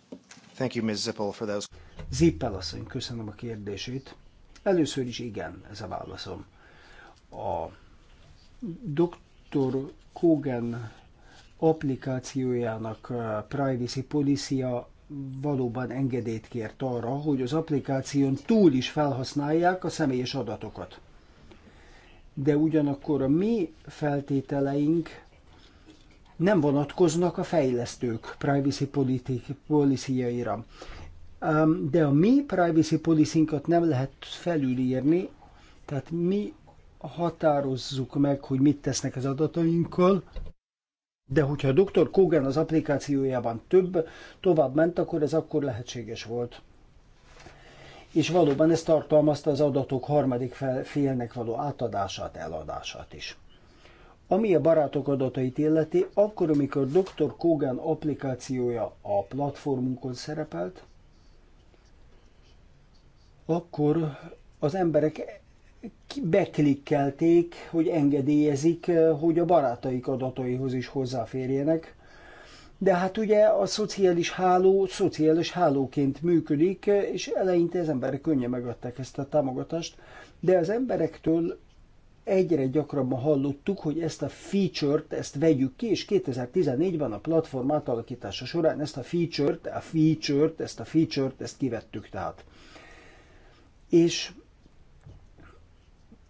Thank you, Ms. Zippel, for those. Zippel asszony, köszönöm a kérdését. Először is igen, ez a válaszom. A Dr. Kogan applikációjának uh, privacy policy-a valóban engedélyt kért arra, hogy az applikáción túl is felhasználják a személyes adatokat. De ugyanakkor a mi feltételeink nem vonatkoznak a fejlesztők privacy policyjaira. De a mi privacy policy-nkat nem lehet felülírni, tehát mi határozzuk meg, hogy mit tesznek az adatainkkal, de hogyha a Dr. Kogan az applikációjában több tovább ment, akkor ez akkor lehetséges volt. És valóban ez tartalmazta az adatok harmadik félnek való átadását, eladását is. Ami a barátok adatait illeti, akkor, amikor Dr. Kogan applikációja a platformunkon szerepelt, akkor az emberek beklikkelték, hogy engedélyezik, hogy a barátaik adataihoz is hozzáférjenek. De hát ugye a szociális háló szociális hálóként működik, és eleinte az emberek könnyen megadták ezt a támogatást, de az emberektől egyre gyakrabban hallottuk, hogy ezt a feature-t, ezt vegyük ki, és 2014-ben a platform átalakítása során ezt a feature-t, a feature-t, ezt a feature-t, ezt kivettük tehát. És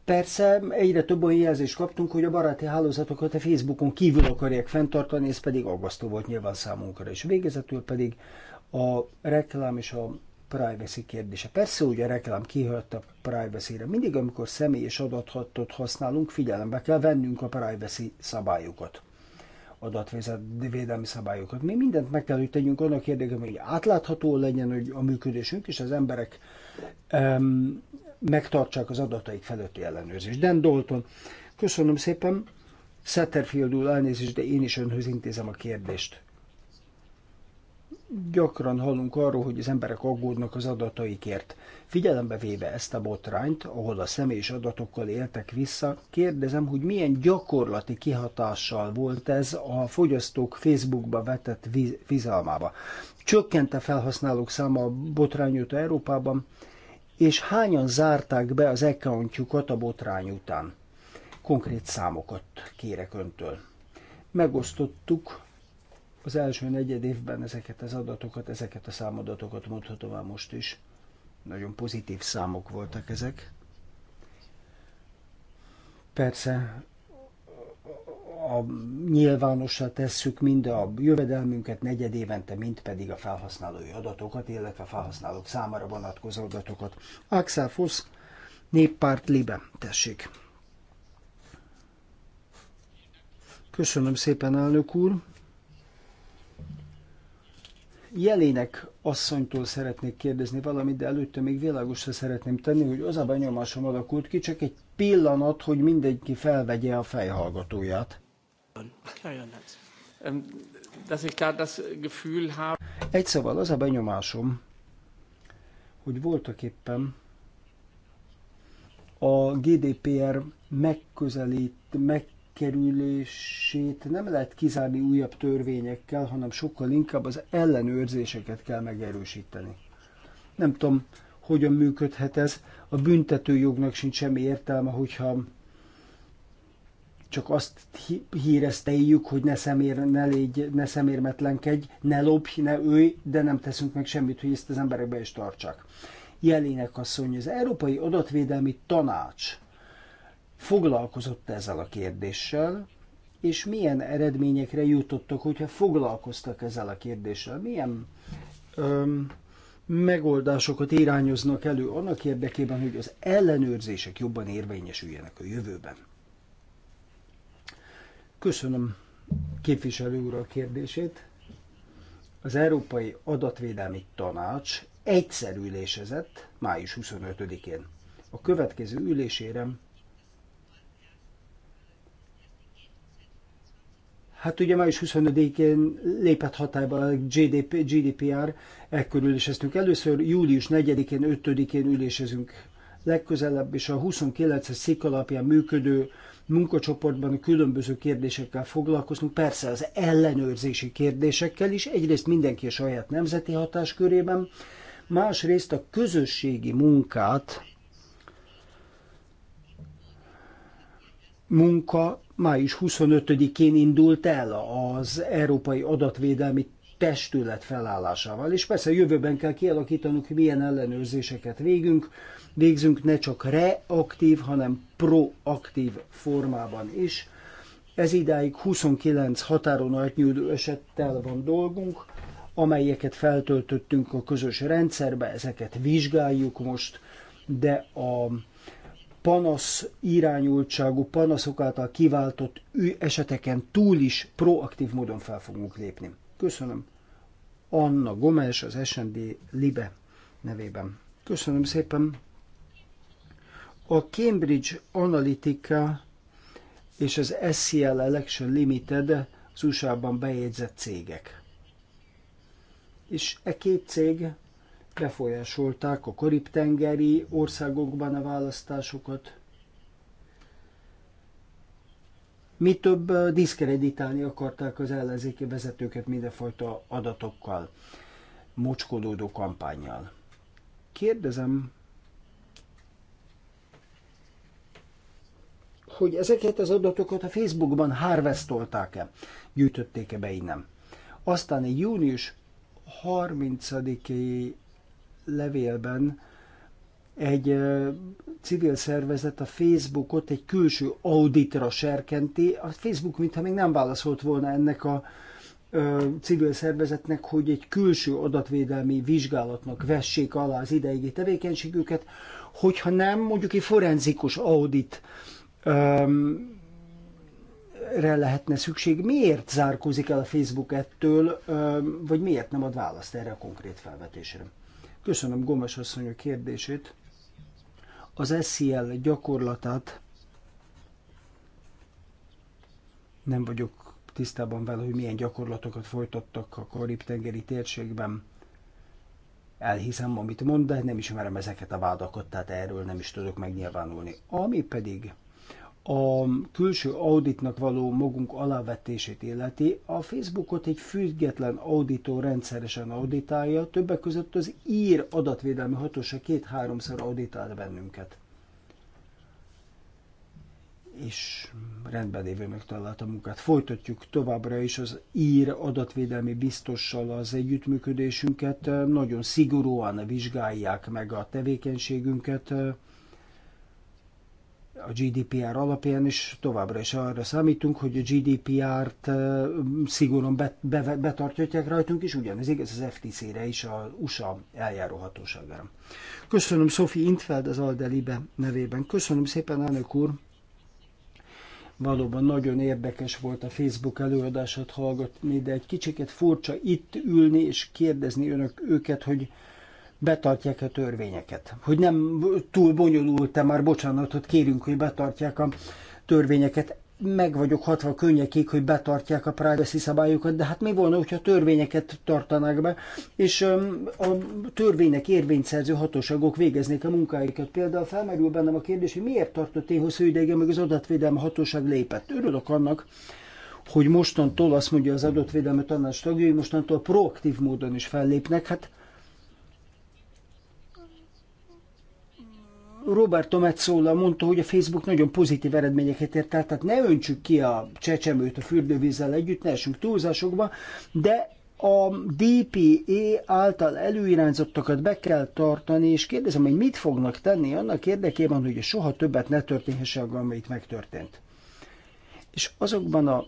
Persze egyre több olyan jelzést kaptunk, hogy a baráti hálózatokat a Facebookon kívül akarják fenntartani, ez pedig aggasztó volt nyilván számunkra. És végezetül pedig a reklám és a privacy kérdése. Persze, hogy a reklám kihalt a privacy-re. Mindig, amikor személyes adatot használunk, figyelembe kell vennünk a privacy szabályokat adatvédelmi szabályokat. Mi mindent meg kell, hogy tegyünk annak érdekében, hogy átlátható legyen hogy a működésünk, és az emberek um, megtartsák az adataik felőtti ellenőrzést. Dan Dalton, köszönöm szépen. Setterfield úr, elnézést, de én is önhöz intézem a kérdést. Gyakran hallunk arról, hogy az emberek aggódnak az adataikért. Figyelembe véve ezt a botrányt, ahol a személyis adatokkal éltek vissza, kérdezem, hogy milyen gyakorlati kihatással volt ez a fogyasztók Facebookba vetett bizalmába. Csökkent a felhasználók száma a botrány óta Európában, és hányan zárták be az accountjukat a botrány után? Konkrét számokat kérek öntől. Megosztottuk az első negyed évben ezeket az adatokat, ezeket a számadatokat mondhatom el most is. Nagyon pozitív számok voltak ezek. Persze a nyilvánossá tesszük mind a jövedelmünket negyed évente, mind pedig a felhasználói adatokat, illetve a felhasználók számára vonatkozó adatokat. Axel Fusz, Néppárt Libe, tessék. Köszönöm szépen, elnök úr. Jelének asszonytól szeretnék kérdezni valamit, de előtte még világosra szeretném tenni, hogy az a benyomásom alakult ki, csak egy pillanat, hogy mindenki felvegye a fejhallgatóját. Egy szóval az a benyomásom, hogy voltak éppen a GDPR megközelít, meg elkerülését nem lehet kizárni újabb törvényekkel, hanem sokkal inkább az ellenőrzéseket kell megerősíteni. Nem tudom, hogyan működhet ez. A büntetőjognak sincs semmi értelme, hogyha csak azt hírezteljük, hogy ne, szemér, ne, légy, ne szemérmetlenkedj, ne lopj, ne őj, de nem teszünk meg semmit, hogy ezt az emberekbe is tartsák. Jelének asszony, az Európai Adatvédelmi Tanács foglalkozott ezzel a kérdéssel, és milyen eredményekre jutottak, hogyha foglalkoztak ezzel a kérdéssel, milyen öm, megoldásokat irányoznak elő annak érdekében, hogy az ellenőrzések jobban érvényesüljenek a jövőben. Köszönöm képviselő úr a kérdését. Az Európai Adatvédelmi Tanács egyszerű ülésezett május 25-én. A következő ülésére Hát ugye május 25-én lépett hatályba a GDP, GDPR, ekkor üléseztünk először, július 4-én, 5-én ülésezünk legközelebb, és a 29-es szik alapján működő munkacsoportban különböző kérdésekkel foglalkozunk, persze az ellenőrzési kérdésekkel is, egyrészt mindenki a saját nemzeti hatáskörében, másrészt a közösségi munkát munka május 25-én indult el az Európai Adatvédelmi Testület felállásával, és persze jövőben kell kialakítanunk, milyen ellenőrzéseket végünk, végzünk ne csak reaktív, hanem proaktív formában is. Ez idáig 29 határon átnyúló esettel van dolgunk, amelyeket feltöltöttünk a közös rendszerbe, ezeket vizsgáljuk most, de a panasz irányultságú, panaszok által kiváltott eseteken túl is proaktív módon fel fogunk lépni. Köszönöm. Anna Gomes, az SND Libe nevében. Köszönöm szépen. A Cambridge Analytica és az SCL Election Limited az USA-ban bejegyzett cégek. És e két cég befolyásolták a karib-tengeri országokban a választásokat. Mi több diszkreditálni akarták az ellenzéki vezetőket mindenfajta adatokkal, mocskolódó kampányjal. Kérdezem, hogy ezeket az adatokat a Facebookban harvestolták-e, gyűjtötték-e be innen. Aztán egy június 30-i levélben egy civil szervezet a Facebookot egy külső auditra serkenti. A Facebook mintha még nem válaszolt volna ennek a civil szervezetnek, hogy egy külső adatvédelmi vizsgálatnak vessék alá az ideigi tevékenységüket, hogyha nem, mondjuk egy forenzikus audit um, re lehetne szükség. Miért zárkózik el a Facebook ettől, um, vagy miért nem ad választ erre a konkrét felvetésre? Köszönöm Gomes asszony a kérdését. Az SCL gyakorlatát nem vagyok tisztában vele, hogy milyen gyakorlatokat folytattak a Karib-tengeri térségben. Elhiszem, amit mond, de nem ismerem ezeket a vádakat, tehát erről nem is tudok megnyilvánulni. Ami pedig a külső auditnak való magunk alávetését illeti, a Facebookot egy független auditó rendszeresen auditálja, többek között az ír adatvédelmi hatóság két-háromszor auditált bennünket. És rendben lévő megtalálta munkát. Folytatjuk továbbra is az ír adatvédelmi biztossal az együttműködésünket. Nagyon szigorúan vizsgálják meg a tevékenységünket a GDPR alapján, és továbbra is arra számítunk, hogy a GDPR-t szigorúan be, be, betartják rajtunk, és ugyanez igaz az FTC-re is, a USA eljáróhatóságára. Köszönöm Sophie Intfeld az Aldelibe nevében. Köszönöm szépen, elnök úr! Valóban nagyon érdekes volt a Facebook előadását hallgatni, de egy kicsiket furcsa itt ülni és kérdezni önök őket, hogy betartják a törvényeket. Hogy nem túl bonyolult-e már, bocsánatot kérünk, hogy betartják a törvényeket. Meg vagyok hatva könnyekig, hogy betartják a privacy szabályokat, de hát mi volna, hogyha a törvényeket tartanák be, és a törvénynek érvényszerző hatóságok végeznék a munkáikat. Például felmerül bennem a kérdés, hogy miért tartott én hosszú ideig, amíg az adatvédelmi hatóság lépett. Örülök annak, hogy mostantól azt mondja az adatvédelmi tanács tagjai, mostantól proaktív módon is fellépnek. Hát Roberto Metzola mondta, hogy a Facebook nagyon pozitív eredményeket ért el, tehát ne öntsük ki a csecsemőt a fürdővízzel együtt, ne essünk túlzásokba, de a DPE által előirányzottakat be kell tartani, és kérdezem, hogy mit fognak tenni annak érdekében, hogy soha többet ne történhessen, amit megtörtént. És azokban a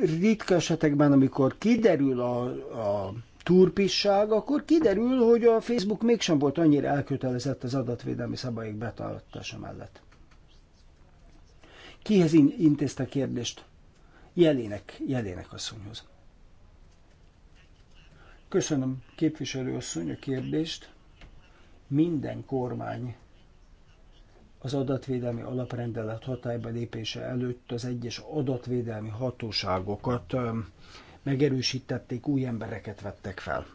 ritka esetekben, amikor kiderül a, a turpisság, akkor kiderül, hogy a Facebook mégsem volt annyira elkötelezett az adatvédelmi szabályok betartása mellett. Kihez in- intézte a kérdést? Jelének, Jelének asszonyhoz. Köszönöm képviselő asszony a kérdést. Minden kormány az adatvédelmi alaprendelet hatályba lépése előtt az egyes adatvédelmi hatóságokat megerősítették, új embereket vettek fel.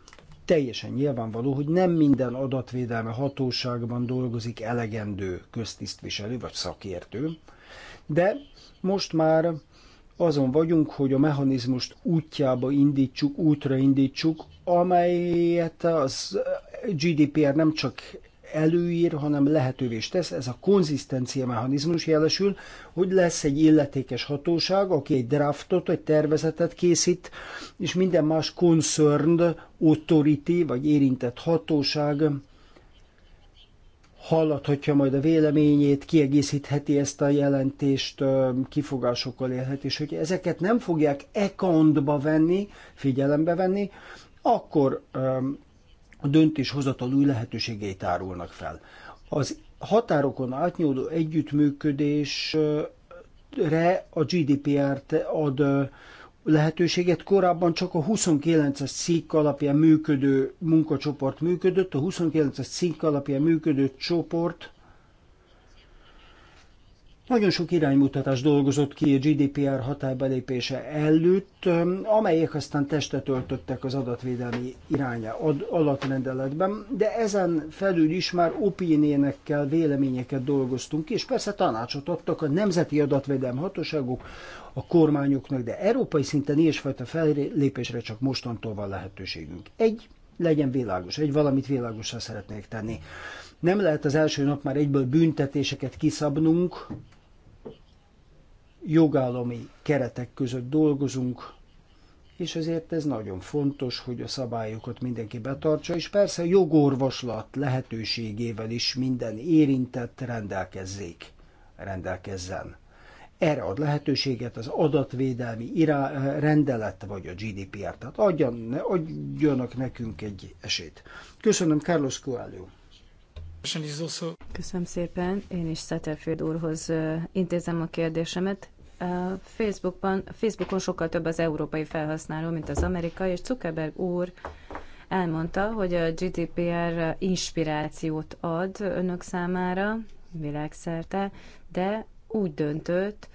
Teljesen nyilvánvaló, hogy nem minden adatvédelme hatóságban dolgozik elegendő köztisztviselő vagy szakértő, de most már azon vagyunk, hogy a mechanizmust útjába indítsuk, útra indítsuk, amelyet az GDPR nem csak előír, hanem lehetővé is tesz. Ez a konzisztencia mechanizmus jelesül, hogy lesz egy illetékes hatóság, aki egy draftot, egy tervezetet készít, és minden más concerned authority, vagy érintett hatóság hallathatja majd a véleményét, kiegészítheti ezt a jelentést, kifogásokkal élhet, és hogy ezeket nem fogják accountba venni, figyelembe venni, akkor a döntéshozatal új lehetőségeit árulnak fel. Az határokon átnyúló együttműködésre a GDPR-t ad lehetőséget. Korábban csak a 29-es cikk alapján működő munkacsoport működött. A 29-es cikk alapján működő csoport nagyon sok iránymutatás dolgozott ki a GDPR hatálybelépése előtt, amelyek aztán testet öltöttek az adatvédelmi iránya ad, alatrendeletben, de ezen felül is már opiniénekkel, véleményeket dolgoztunk ki, és persze tanácsot adtak a nemzeti adatvédelmi hatóságok a kormányoknak, de európai szinten ilyesfajta fellépésre csak mostantól van lehetőségünk. Egy, legyen világos, egy valamit világosra szeretnék tenni. Nem lehet az első nap már egyből büntetéseket kiszabnunk, jogállami keretek között dolgozunk, és ezért ez nagyon fontos, hogy a szabályokat mindenki betartsa, és persze jogorvoslat lehetőségével is minden érintett rendelkezzék, rendelkezzen. Erre ad lehetőséget az adatvédelmi irá, rendelet, vagy a GDPR, tehát adjan, adjanak nekünk egy esélyt. Köszönöm, Carlos Coelho. Köszönöm szépen, én is Szetterfield úrhoz intézem a kérdésemet. Facebookban, Facebookon sokkal több az európai felhasználó, mint az amerikai, és Zuckerberg úr elmondta, hogy a GDPR inspirációt ad önök számára világszerte, de úgy döntött,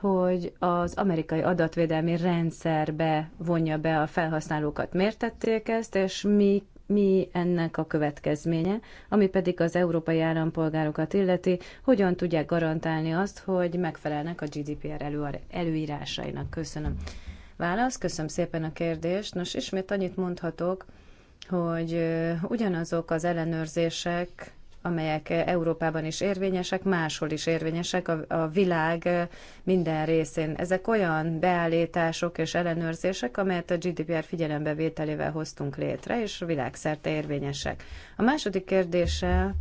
hogy az amerikai adatvédelmi rendszerbe vonja be a felhasználókat. Miért tették ezt, és mi mi ennek a következménye, ami pedig az európai állampolgárokat illeti, hogyan tudják garantálni azt, hogy megfelelnek a GDPR elő, előírásainak. Köszönöm. Válasz, köszönöm szépen a kérdést. Nos, ismét annyit mondhatok, hogy ugyanazok az ellenőrzések, amelyek Európában is érvényesek, máshol is érvényesek a, a világ minden részén. Ezek olyan beállítások és ellenőrzések, amelyet a GDPR figyelembevételével hoztunk létre, és világszerte érvényesek. A második kérdése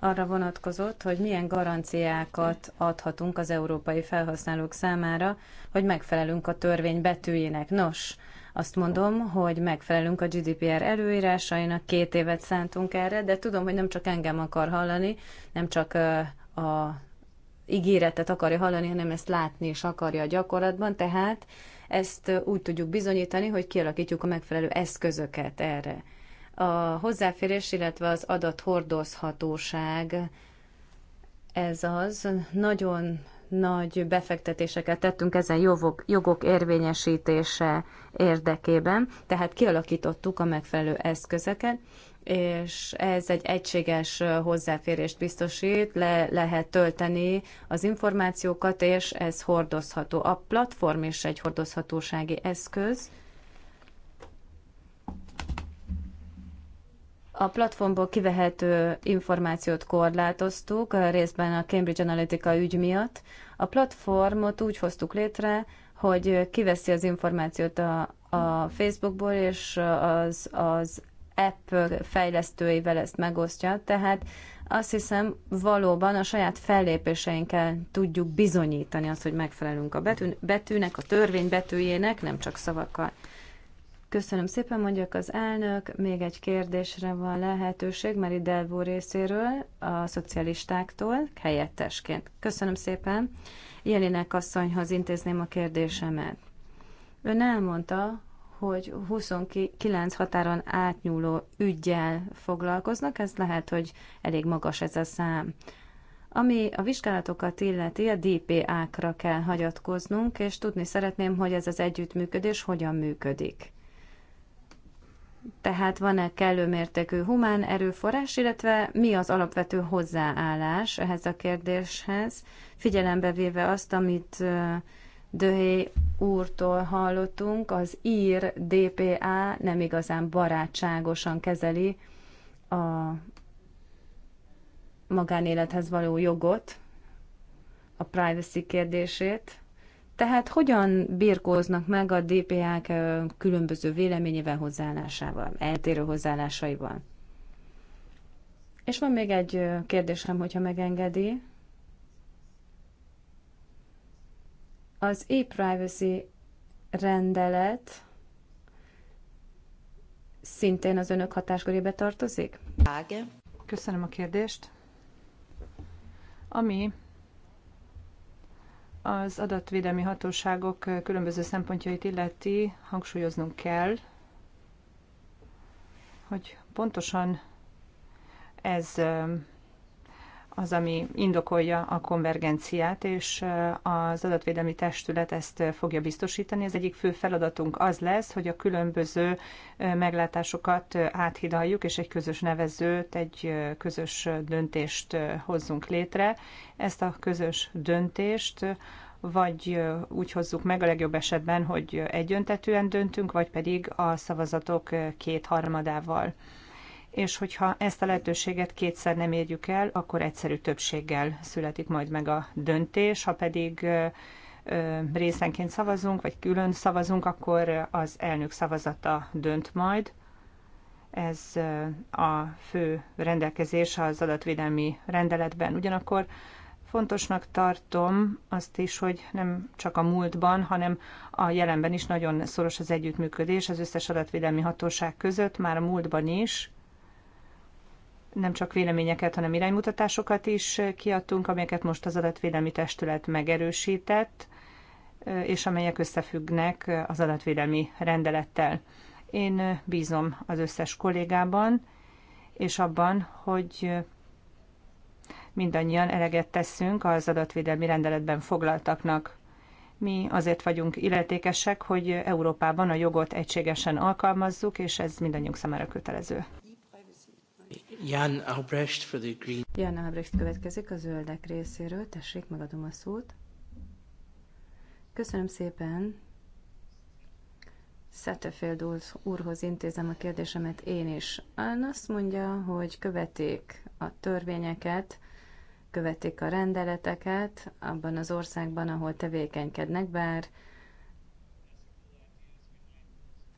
arra vonatkozott, hogy milyen garanciákat adhatunk az európai felhasználók számára, hogy megfelelünk a törvény betűjének. Nos, azt mondom, hogy megfelelünk a GDPR előírásainak, két évet szántunk erre, de tudom, hogy nem csak engem akar hallani, nem csak a ígéretet akarja hallani, hanem ezt látni is akarja a gyakorlatban, tehát ezt úgy tudjuk bizonyítani, hogy kialakítjuk a megfelelő eszközöket erre. A hozzáférés, illetve az adathordozhatóság ez az nagyon nagy befektetéseket tettünk ezen jogok, jogok érvényesítése érdekében, tehát kialakítottuk a megfelelő eszközöket, és ez egy egységes hozzáférést biztosít, le lehet tölteni az információkat, és ez hordozható. A platform is egy hordozhatósági eszköz, A platformból kivehető információt korlátoztuk, részben a Cambridge Analytica ügy miatt. A platformot úgy hoztuk létre, hogy kiveszi az információt a, a Facebookból, és az, az app fejlesztőivel ezt megosztja, tehát azt hiszem valóban a saját fellépéseinkkel tudjuk bizonyítani azt, hogy megfelelünk a betűnek, a törvény betűjének, nem csak szavakkal. Köszönöm szépen, mondjak az elnök. Még egy kérdésre van lehetőség Meri Delvó részéről, a szocialistáktól, helyettesként. Köszönöm szépen. Jelinek asszonyhoz intézném a kérdésemet. Ön elmondta, hogy 29 határon átnyúló ügyjel foglalkoznak, ez lehet, hogy elég magas ez a szám. Ami a vizsgálatokat illeti, a DPA-kra kell hagyatkoznunk, és tudni szeretném, hogy ez az együttműködés hogyan működik. Tehát van-e kellő mértékű humán erőforrás, illetve mi az alapvető hozzáállás ehhez a kérdéshez, figyelembe véve azt, amit Döhé úrtól hallottunk, az ír DPA nem igazán barátságosan kezeli a magánélethez való jogot, a privacy kérdését. Tehát hogyan birkóznak meg a DPA-k különböző véleményével, hozzáállásával, eltérő hozzáállásaival? És van még egy kérdésem, hogyha megengedi. Az e-privacy rendelet szintén az önök hatáskörébe tartozik? Köszönöm a kérdést. Ami az adatvédelmi hatóságok különböző szempontjait illeti, hangsúlyoznunk kell, hogy pontosan ez az, ami indokolja a konvergenciát, és az adatvédelmi testület ezt fogja biztosítani. Az egyik fő feladatunk az lesz, hogy a különböző meglátásokat áthidaljuk, és egy közös nevezőt, egy közös döntést hozzunk létre. Ezt a közös döntést vagy úgy hozzuk meg a legjobb esetben, hogy egyöntetően döntünk, vagy pedig a szavazatok kétharmadával és hogyha ezt a lehetőséget kétszer nem érjük el, akkor egyszerű többséggel születik majd meg a döntés, ha pedig részenként szavazunk, vagy külön szavazunk, akkor az elnök szavazata dönt majd. Ez a fő rendelkezés az adatvédelmi rendeletben. Ugyanakkor fontosnak tartom azt is, hogy nem csak a múltban, hanem a jelenben is nagyon szoros az együttműködés az összes adatvédelmi hatóság között, már a múltban is, nem csak véleményeket, hanem iránymutatásokat is kiadtunk, amelyeket most az adatvédelmi testület megerősített, és amelyek összefüggnek az adatvédelmi rendelettel. Én bízom az összes kollégában, és abban, hogy mindannyian eleget teszünk az adatvédelmi rendeletben foglaltaknak. Mi azért vagyunk illetékesek, hogy Európában a jogot egységesen alkalmazzuk, és ez mindannyiunk számára kötelező. Jan Albrecht for the Green. Jan Albrecht következik a zöldek részéről. Tessék, megadom a szót. Köszönöm szépen. Szetefeld úrhoz intézem a kérdésemet én is. Ön azt mondja, hogy követik a törvényeket, követik a rendeleteket abban az országban, ahol tevékenykednek, bár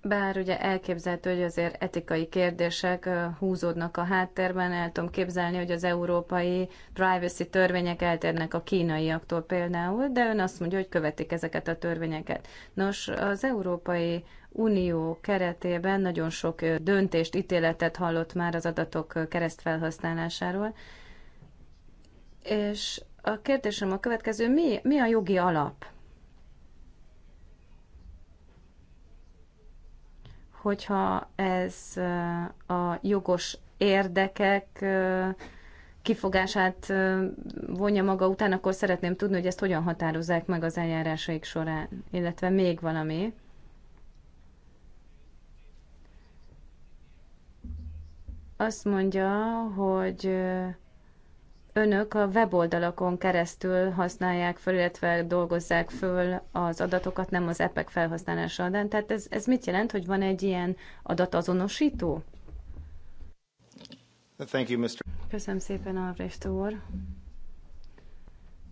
bár ugye elképzelhető, hogy azért etikai kérdések húzódnak a háttérben, el tudom képzelni, hogy az európai privacy törvények eltérnek a kínaiaktól például, de ön azt mondja, hogy követik ezeket a törvényeket. Nos, az Európai Unió keretében nagyon sok döntést, ítéletet hallott már az adatok keresztfelhasználásáról, és a kérdésem a következő, mi, mi a jogi alap? hogyha ez a jogos érdekek kifogását vonja maga után, akkor szeretném tudni, hogy ezt hogyan határozzák meg az eljárásaik során, illetve még valami. Azt mondja, hogy önök a weboldalakon keresztül használják föl, illetve dolgozzák föl az adatokat, nem az epek felhasználása adán. Tehát ez, ez mit jelent, hogy van egy ilyen adatazonosító? Thank you, Mr. Köszönöm szépen, Albrecht úr.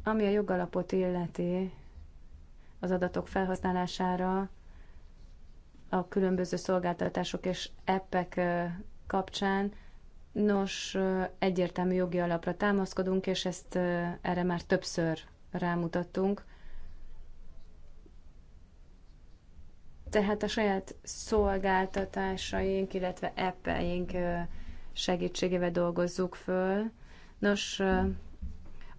Ami a jogalapot illeti az adatok felhasználására, a különböző szolgáltatások és epek kapcsán, Nos, egyértelmű jogi alapra támaszkodunk, és ezt erre már többször rámutattunk. Tehát a saját szolgáltatásaink, illetve appeink segítségével dolgozzuk föl. Nos,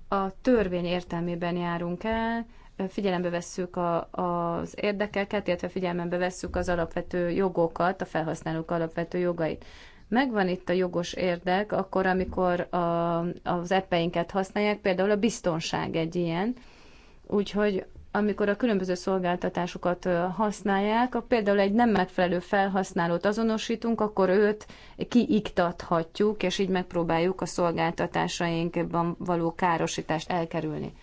a törvény értelmében járunk el, figyelembe vesszük a, az érdekeket, illetve figyelembe vesszük az alapvető jogokat, a felhasználók alapvető jogait megvan itt a jogos érdek, akkor, amikor a, az eppeinket használják, például a biztonság egy ilyen, úgyhogy amikor a különböző szolgáltatásokat használják, a például egy nem megfelelő felhasználót azonosítunk, akkor őt kiiktathatjuk, és így megpróbáljuk a szolgáltatásainkban való károsítást elkerülni.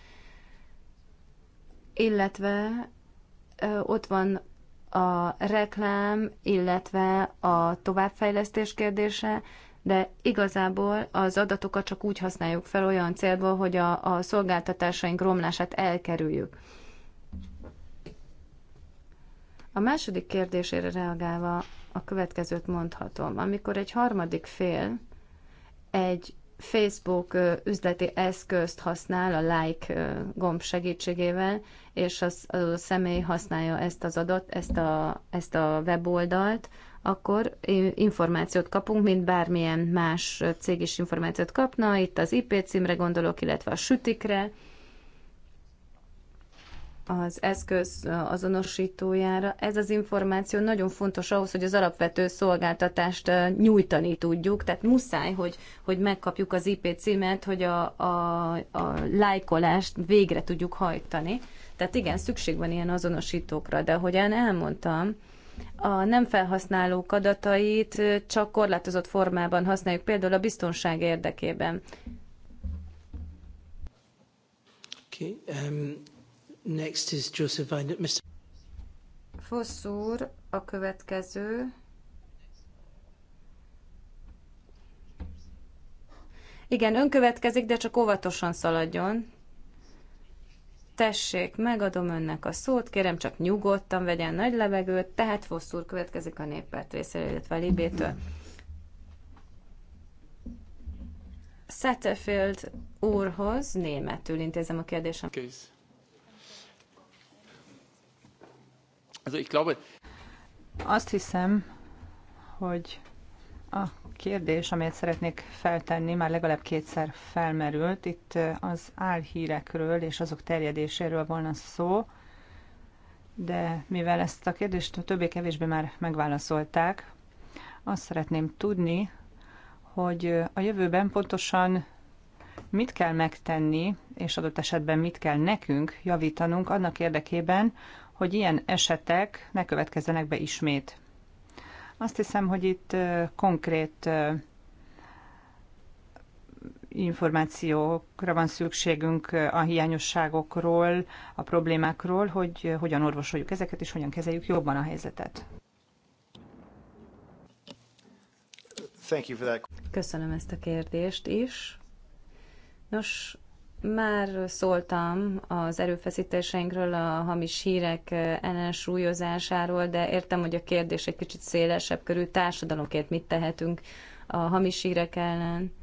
Illetve ott van a reklám, illetve a továbbfejlesztés kérdése, de igazából az adatokat csak úgy használjuk fel olyan célból, hogy a, a szolgáltatásaink romlását elkerüljük. A második kérdésére reagálva a következőt mondhatom. Amikor egy harmadik fél egy Facebook üzleti eszközt használ a like gomb segítségével, és az, a személy használja ezt az adat, ezt a, ezt a weboldalt, akkor információt kapunk, mint bármilyen más cég is információt kapna. Itt az IP címre gondolok, illetve a sütikre, az eszköz azonosítójára. Ez az információ nagyon fontos ahhoz, hogy az alapvető szolgáltatást nyújtani tudjuk, tehát muszáj, hogy, hogy megkapjuk az IP címet, hogy a, a, a lájkolást végre tudjuk hajtani. Tehát igen, szükség van ilyen azonosítókra, de ahogyan elmondtam, a nem felhasználók adatait csak korlátozott formában használjuk, például a biztonság érdekében. Okay, um... Next is Joseph Vine. Mr. Fossz úr, a következő. Igen, ön következik, de csak óvatosan szaladjon. Tessék, megadom önnek a szót, kérem csak nyugodtan vegyen nagy levegőt, tehát Fossz úr következik a néppárt részéről, illetve a Libétől. Satterfield úrhoz németül intézem a kérdésem. Kész. Also ich glaube... Azt hiszem, hogy a kérdés, amelyet szeretnék feltenni, már legalább kétszer felmerült. Itt az álhírekről és azok terjedéséről volna szó, de mivel ezt a kérdést többé-kevésbé már megválaszolták, azt szeretném tudni, hogy a jövőben pontosan mit kell megtenni, és adott esetben mit kell nekünk javítanunk annak érdekében, hogy ilyen esetek ne következzenek be ismét. Azt hiszem, hogy itt konkrét információkra van szükségünk a hiányosságokról, a problémákról, hogy hogyan orvosoljuk ezeket, és hogyan kezeljük jobban a helyzetet. Köszönöm ezt a kérdést is. Nos, már szóltam az erőfeszítéseinkről, a hamis hírek ellensúlyozásáról, de értem, hogy a kérdés egy kicsit szélesebb körül társadalomként mit tehetünk a hamis hírek ellen,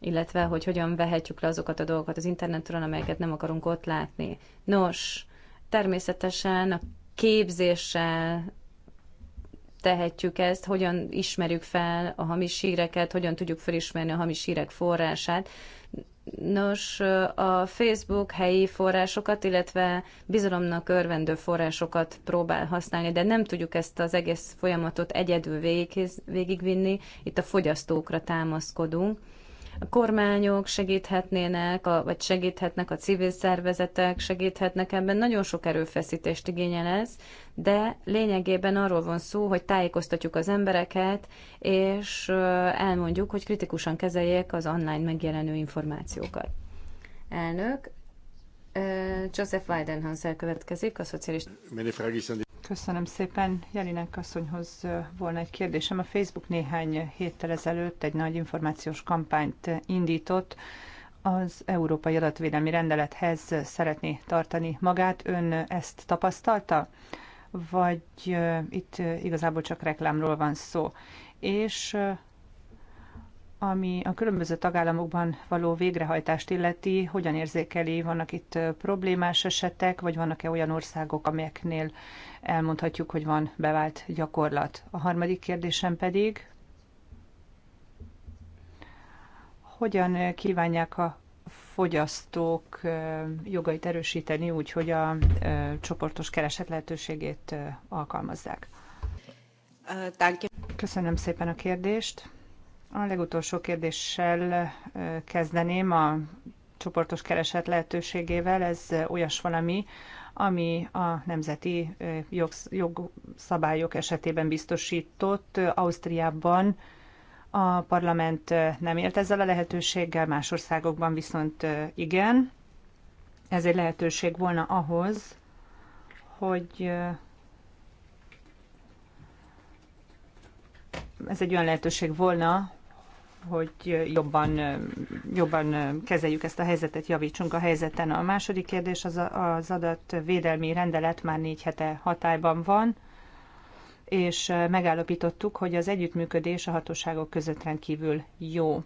illetve hogy hogyan vehetjük le azokat a dolgokat az internetről, amelyeket nem akarunk ott látni. Nos, természetesen a képzéssel tehetjük ezt, hogyan ismerjük fel a hamis híreket, hogyan tudjuk felismerni a hamis hírek forrását. Nos, a Facebook helyi forrásokat, illetve bizalomnak örvendő forrásokat próbál használni, de nem tudjuk ezt az egész folyamatot egyedül végigvinni, itt a fogyasztókra támaszkodunk. A kormányok segíthetnének, a, vagy segíthetnek a civil szervezetek, segíthetnek ebben. Nagyon sok erőfeszítést igényel ez, de lényegében arról van szó, hogy tájékoztatjuk az embereket, és elmondjuk, hogy kritikusan kezeljék az online megjelenő információkat. Elnök, Joseph Weidenhans következik, a szocialista. Köszönöm szépen. Jelinek asszonyhoz volna egy kérdésem. A Facebook néhány héttel ezelőtt egy nagy információs kampányt indított, az Európai Adatvédelmi Rendelethez szeretné tartani magát. Ön ezt tapasztalta? Vagy itt igazából csak reklámról van szó? És ami a különböző tagállamokban való végrehajtást illeti, hogyan érzékeli, vannak itt problémás esetek, vagy vannak-e olyan országok, amelyeknél elmondhatjuk, hogy van bevált gyakorlat. A harmadik kérdésem pedig, hogyan kívánják a fogyasztók jogait erősíteni úgy, hogy a csoportos kereset lehetőségét alkalmazzák? Köszönöm szépen a kérdést. A legutolsó kérdéssel kezdeném a csoportos kereset lehetőségével. Ez olyas valami, ami a nemzeti jogszabályok esetében biztosított. Ausztriában a parlament nem élt ezzel a lehetőséggel, más országokban viszont igen. Ez egy lehetőség volna ahhoz, hogy ez egy olyan lehetőség volna, hogy jobban, jobban kezeljük ezt a helyzetet, javítsunk a helyzeten. A második kérdés az, az adatvédelmi rendelet már négy hete hatályban van, és megállapítottuk, hogy az együttműködés a hatóságok között rendkívül jó.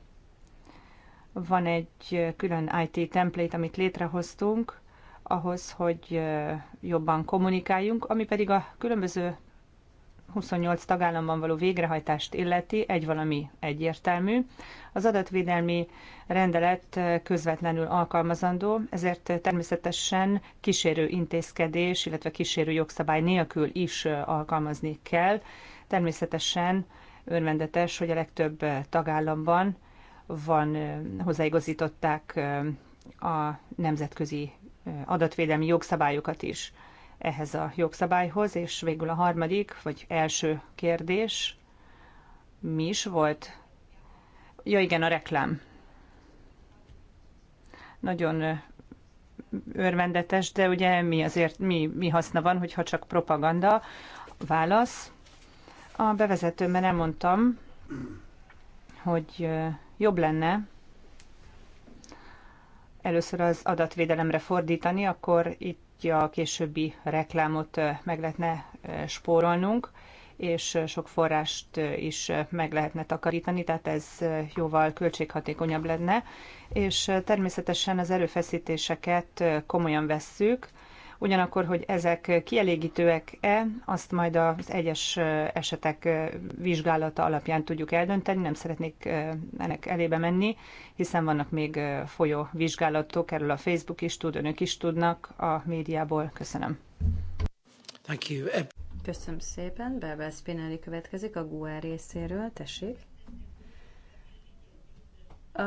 Van egy külön IT template, amit létrehoztunk, ahhoz, hogy jobban kommunikáljunk, ami pedig a különböző 28 tagállamban való végrehajtást illeti, egy valami egyértelmű. Az adatvédelmi rendelet közvetlenül alkalmazandó, ezért természetesen kísérő intézkedés, illetve kísérő jogszabály nélkül is alkalmazni kell. Természetesen örvendetes, hogy a legtöbb tagállamban van, hozzáigazították a nemzetközi adatvédelmi jogszabályokat is ehhez a jogszabályhoz, és végül a harmadik, vagy első kérdés, mi is volt? Ja igen, a reklám. Nagyon örvendetes, de ugye mi azért, mi, mi haszna van, hogyha csak propaganda? Válasz. A bevezetőmben elmondtam, hogy jobb lenne először az adatvédelemre fordítani, akkor itt a későbbi reklámot meg lehetne spórolnunk, és sok forrást is meg lehetne takarítani, tehát ez jóval költséghatékonyabb lenne. És természetesen az erőfeszítéseket komolyan vesszük, Ugyanakkor, hogy ezek kielégítőek-e, azt majd az egyes esetek vizsgálata alapján tudjuk eldönteni. Nem szeretnék ennek elébe menni, hiszen vannak még folyó vizsgálatok, erről a Facebook is tud, önök is tudnak a médiából. Köszönöm. Thank you. Köszönöm szépen. Bebel Spinelli következik a GUA részéről. Tessék. A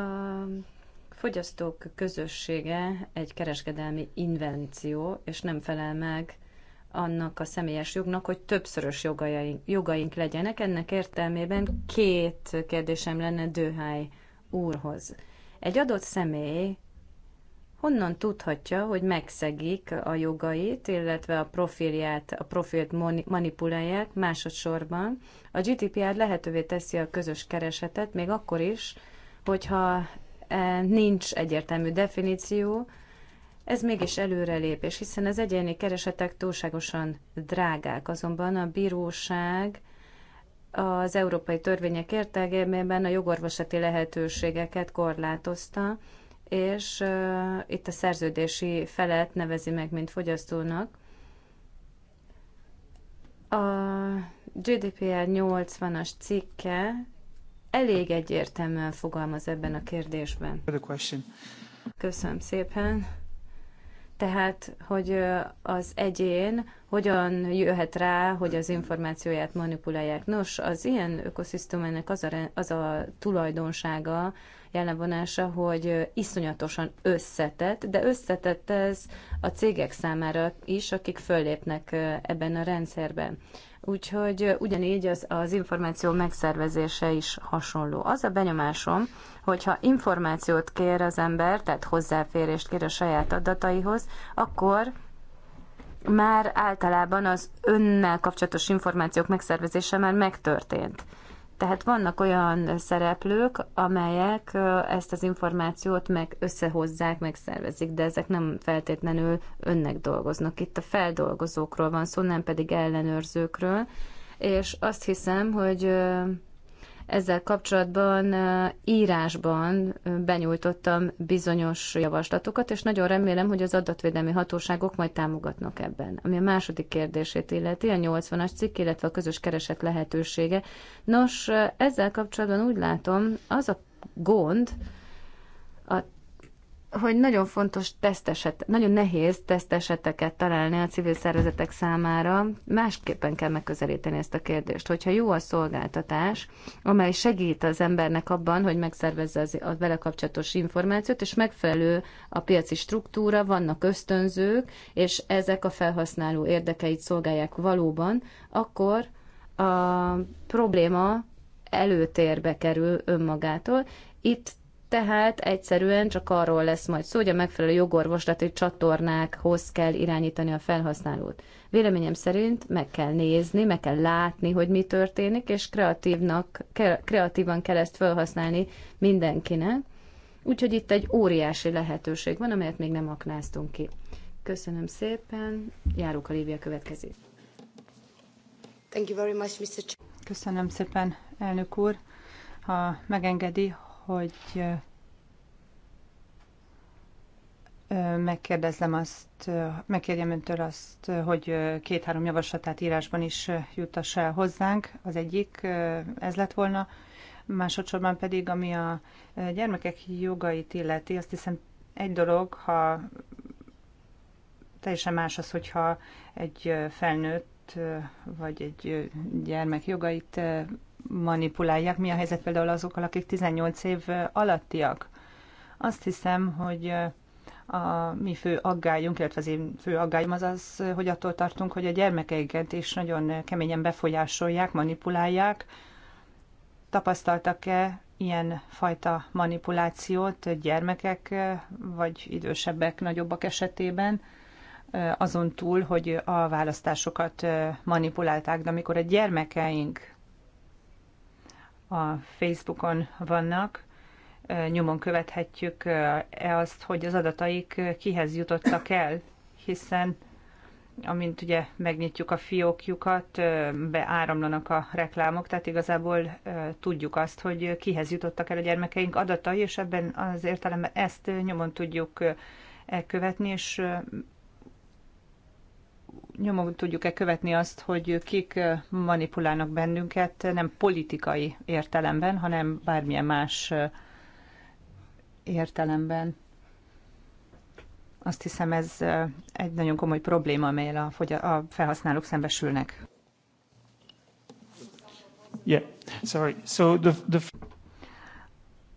fogyasztók közössége egy kereskedelmi invenció, és nem felel meg annak a személyes jognak, hogy többszörös jogaink, jogaink legyenek. Ennek értelmében két kérdésem lenne Dőháj úrhoz. Egy adott személy honnan tudhatja, hogy megszegik a jogait, illetve a profilját, a profilt manipulálják másodszorban. A GDPR lehetővé teszi a közös keresetet, még akkor is, hogyha E, nincs egyértelmű definíció, ez mégis előrelépés, hiszen az egyéni keresetek túlságosan drágák, azonban a bíróság az európai törvények értelmében a jogorvosati lehetőségeket korlátozta, és uh, itt a szerződési felet nevezi meg, mint fogyasztónak. A GDPR 80-as cikke elég egyértelműen fogalmaz ebben a kérdésben. Köszönöm szépen. Tehát, hogy az egyén hogyan jöhet rá, hogy az információját manipulálják. Nos, az ilyen ökoszisztémának az a, az a tulajdonsága, jellemvonása, hogy iszonyatosan összetett, de összetett ez a cégek számára is, akik föllépnek ebben a rendszerben. Úgyhogy ugyanígy az, az információ megszervezése is hasonló. Az a benyomásom, hogyha információt kér az ember, tehát hozzáférést kér a saját adataihoz, akkor már általában az önnel kapcsolatos információk megszervezése már megtörtént. Tehát vannak olyan szereplők, amelyek ezt az információt meg összehozzák, megszervezik, de ezek nem feltétlenül önnek dolgoznak. Itt a feldolgozókról van szó, nem pedig ellenőrzőkről. És azt hiszem, hogy ezzel kapcsolatban írásban benyújtottam bizonyos javaslatokat, és nagyon remélem, hogy az adatvédelmi hatóságok majd támogatnak ebben. Ami a második kérdését illeti, a 80-as cikk, illetve a közös kereset lehetősége. Nos, ezzel kapcsolatban úgy látom, az a gond, a hogy nagyon fontos teszteset, nagyon nehéz teszteseteket találni a civil szervezetek számára. Másképpen kell megközelíteni ezt a kérdést. Hogyha jó a szolgáltatás, amely segít az embernek abban, hogy megszervezze az, a vele kapcsolatos információt, és megfelelő a piaci struktúra, vannak ösztönzők, és ezek a felhasználó érdekeit szolgálják valóban, akkor a probléma előtérbe kerül önmagától. Itt tehát egyszerűen csak arról lesz majd szó, hogy a megfelelő jogorvoslati csatornákhoz kell irányítani a felhasználót. Véleményem szerint meg kell nézni, meg kell látni, hogy mi történik, és kreatívnak, kreatívan kell ezt felhasználni mindenkinek. Úgyhogy itt egy óriási lehetőség van, amelyet még nem aknáztunk ki. Köszönöm szépen, járók a Lívia következik. Thank you very much, Mr. Köszönöm szépen, elnök úr. Ha megengedi, hogy megkérdezzem azt, megkérjem öntől azt, hogy két-három javaslatát írásban is juttass el hozzánk. Az egyik ez lett volna, másodszorban pedig, ami a gyermekek jogait illeti, azt hiszem egy dolog, ha teljesen más az, hogyha egy felnőtt vagy egy gyermek jogait manipulálják. Mi a helyzet például azokkal, akik 18 év alattiak? Azt hiszem, hogy a mi fő aggályunk, illetve az én fő aggályom az az, hogy attól tartunk, hogy a gyermekeiket is nagyon keményen befolyásolják, manipulálják. Tapasztaltak-e ilyen fajta manipulációt gyermekek vagy idősebbek, nagyobbak esetében, azon túl, hogy a választásokat manipulálták, de amikor a gyermekeink a Facebookon vannak, nyomon követhetjük -e azt, hogy az adataik kihez jutottak el, hiszen amint ugye megnyitjuk a fiókjukat, beáramlanak a reklámok, tehát igazából tudjuk azt, hogy kihez jutottak el a gyermekeink adatai, és ebben az értelemben ezt nyomon tudjuk követni, és nyomon tudjuk-e követni azt, hogy kik manipulálnak bennünket, nem politikai értelemben, hanem bármilyen más értelemben. Azt hiszem ez egy nagyon komoly probléma, amelyel a, fogy- a felhasználók szembesülnek. Yeah, sorry. So the, the...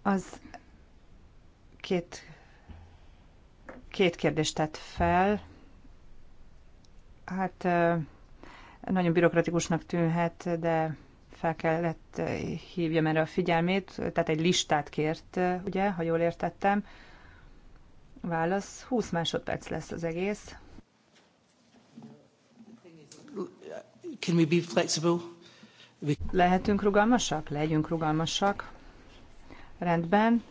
Az két, két kérdést tett fel hát nagyon bürokratikusnak tűnhet, de fel kellett hívjam erre a figyelmét, tehát egy listát kért, ugye, ha jól értettem. Válasz, 20 másodperc lesz az egész. Can we be flexible? Lehetünk rugalmasak? Legyünk rugalmasak. Rendben.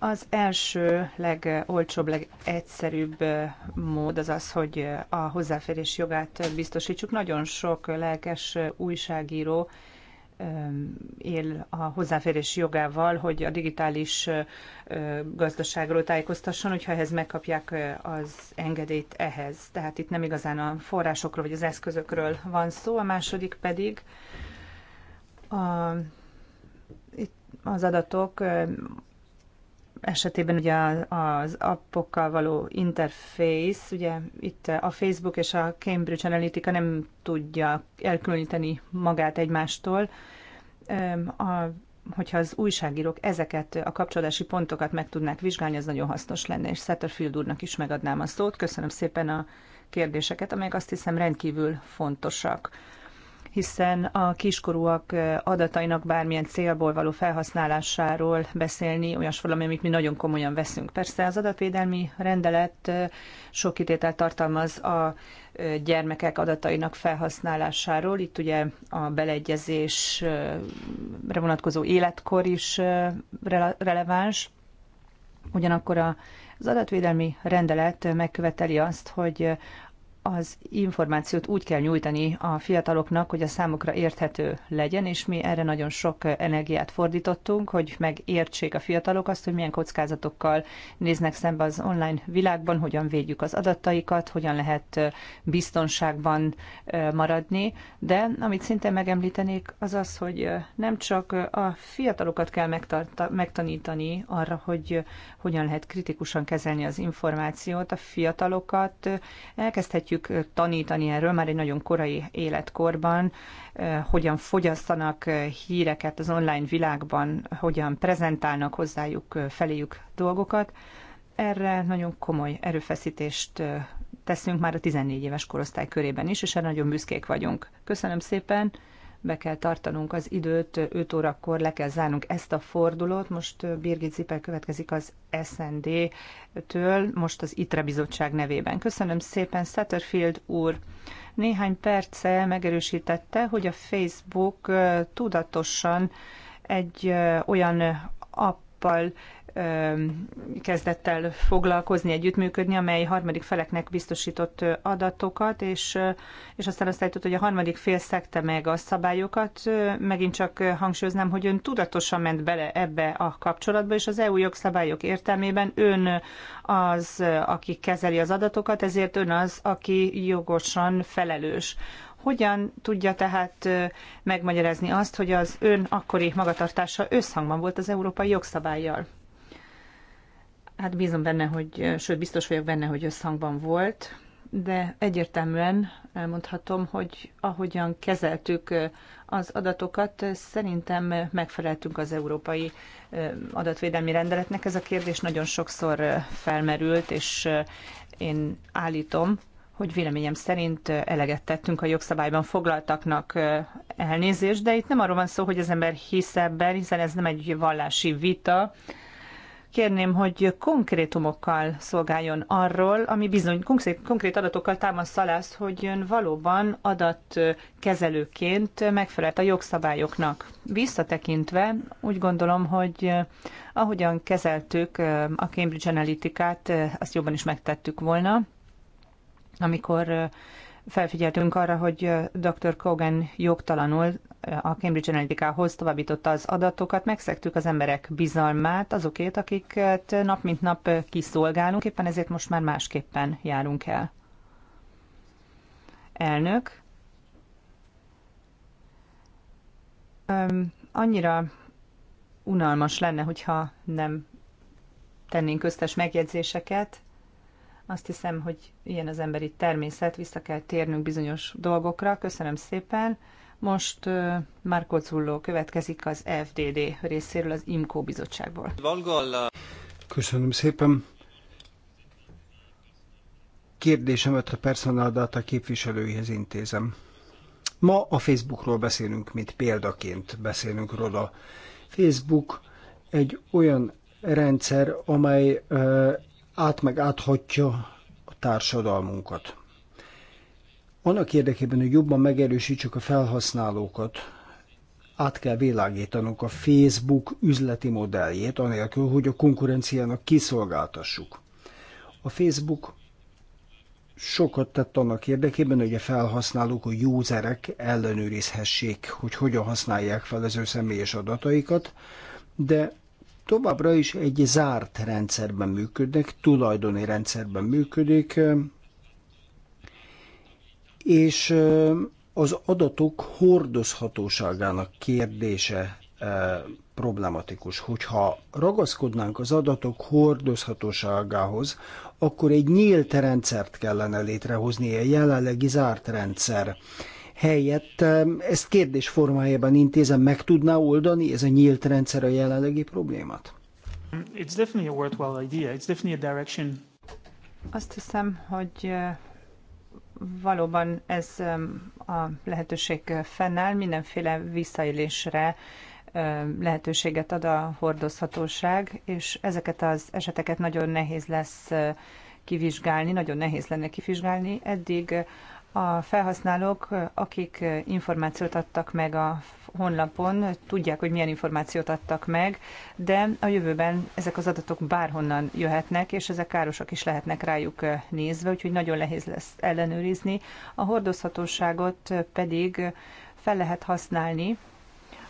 Az első, legolcsóbb, legegyszerűbb mód az az, hogy a hozzáférés jogát biztosítsuk. Nagyon sok lelkes újságíró él a hozzáférés jogával, hogy a digitális gazdaságról tájékoztasson, hogyha ehhez megkapják az engedélyt ehhez. Tehát itt nem igazán a forrásokról vagy az eszközökről van szó. A második pedig a, itt az adatok esetében ugye az appokkal való interface ugye itt a Facebook és a Cambridge Analytica nem tudja elkülöníteni magát egymástól. A, hogyha az újságírók ezeket a kapcsolási pontokat meg tudnák vizsgálni, az nagyon hasznos lenne, és Setterfield úrnak is megadnám a szót. Köszönöm szépen a kérdéseket, amelyek azt hiszem rendkívül fontosak hiszen a kiskorúak adatainak bármilyen célból való felhasználásáról beszélni olyas valami, amit mi nagyon komolyan veszünk. Persze az adatvédelmi rendelet sok kitételt tartalmaz a gyermekek adatainak felhasználásáról. Itt ugye a beleegyezésre vonatkozó életkor is releváns. Ugyanakkor az adatvédelmi rendelet megköveteli azt, hogy az információt úgy kell nyújtani a fiataloknak, hogy a számukra érthető legyen, és mi erre nagyon sok energiát fordítottunk, hogy megértsék a fiatalok azt, hogy milyen kockázatokkal néznek szembe az online világban, hogyan védjük az adataikat, hogyan lehet biztonságban maradni. De amit szinte megemlítenék, az az, hogy nem csak a fiatalokat kell megtanítani arra, hogy hogyan lehet kritikusan kezelni az információt, a fiatalokat elkezdhetjük tudjuk tanítani erről már egy nagyon korai életkorban, eh, hogyan fogyasztanak eh, híreket az online világban, hogyan prezentálnak hozzájuk, eh, feléjük dolgokat. Erre nagyon komoly erőfeszítést teszünk már a 14 éves korosztály körében is, és erre nagyon büszkék vagyunk. Köszönöm szépen! be kell tartanunk az időt, 5 órakor le kell zárnunk ezt a fordulót. Most Birgit Zipel következik az SND-től, most az ITRE bizottság nevében. Köszönöm szépen, Sutterfield úr! Néhány perce megerősítette, hogy a Facebook tudatosan egy olyan appal kezdett el foglalkozni, együttműködni, amely harmadik feleknek biztosított adatokat, és, és aztán azt állított, hogy a harmadik fél szekte meg a szabályokat. Megint csak hangsúlyoznám, hogy ön tudatosan ment bele ebbe a kapcsolatba, és az EU jogszabályok értelmében ön az, aki kezeli az adatokat, ezért ön az, aki jogosan felelős hogyan tudja tehát megmagyarázni azt, hogy az ön akkori magatartása összhangban volt az európai jogszabályjal? hát bízom benne, hogy, sőt biztos vagyok benne, hogy összhangban volt, de egyértelműen elmondhatom, hogy ahogyan kezeltük az adatokat, szerintem megfeleltünk az európai adatvédelmi rendeletnek. Ez a kérdés nagyon sokszor felmerült, és én állítom, hogy véleményem szerint eleget tettünk a jogszabályban foglaltaknak elnézést, de itt nem arról van szó, hogy az ember hisz ebben, hiszen ez nem egy vallási vita, Kérném, hogy konkrétumokkal szolgáljon arról, ami bizony konkrét, adatokkal támaszt alász, hogy ön valóban adatkezelőként megfelelt a jogszabályoknak. Visszatekintve úgy gondolom, hogy eh, ahogyan kezeltük eh, a Cambridge Analytikát, eh, azt jobban is megtettük volna, amikor felfigyeltünk arra, hogy dr. Kogan jogtalanul a Cambridge Analytica-hoz továbbította az adatokat, megszektük az emberek bizalmát, azokért, akiket nap mint nap kiszolgálunk, éppen ezért most már másképpen járunk el. Elnök. annyira unalmas lenne, hogyha nem tennénk köztes megjegyzéseket. Azt hiszem, hogy ilyen az emberi természet, vissza kell térnünk bizonyos dolgokra. Köszönöm szépen. Most Márko Zulló következik az FDD részéről az IMCO bizottságból. Köszönöm szépen. Kérdésemet a Personal képviselőihez intézem. Ma a Facebookról beszélünk, mint példaként beszélünk róla. Facebook egy olyan rendszer, amely át meg áthatja a társadalmunkat. Annak érdekében, hogy jobban megerősítsük a felhasználókat, át kell világítanunk a Facebook üzleti modelljét, anélkül, hogy a konkurenciának kiszolgáltassuk. A Facebook sokat tett annak érdekében, hogy a felhasználók, a userek ellenőrizhessék, hogy hogyan használják fel az ő személyes adataikat, de továbbra is egy zárt rendszerben működnek, tulajdoni rendszerben működik, és az adatok hordozhatóságának kérdése problematikus. Hogyha ragaszkodnánk az adatok hordozhatóságához, akkor egy nyílt rendszert kellene létrehozni, egy jelenlegi zárt rendszer helyett. Ezt kérdés formájában intézem, meg tudná oldani ez a nyílt rendszer a jelenlegi problémát? It's definitely a worthwhile idea. It's definitely a direction. Azt hiszem, hogy valóban ez a lehetőség fennáll, mindenféle visszaélésre lehetőséget ad a hordozhatóság, és ezeket az eseteket nagyon nehéz lesz kivizsgálni, nagyon nehéz lenne kivizsgálni. Eddig a felhasználók, akik információt adtak meg a honlapon, tudják, hogy milyen információt adtak meg, de a jövőben ezek az adatok bárhonnan jöhetnek, és ezek károsak is lehetnek rájuk nézve, úgyhogy nagyon nehéz lesz ellenőrizni. A hordozhatóságot pedig fel lehet használni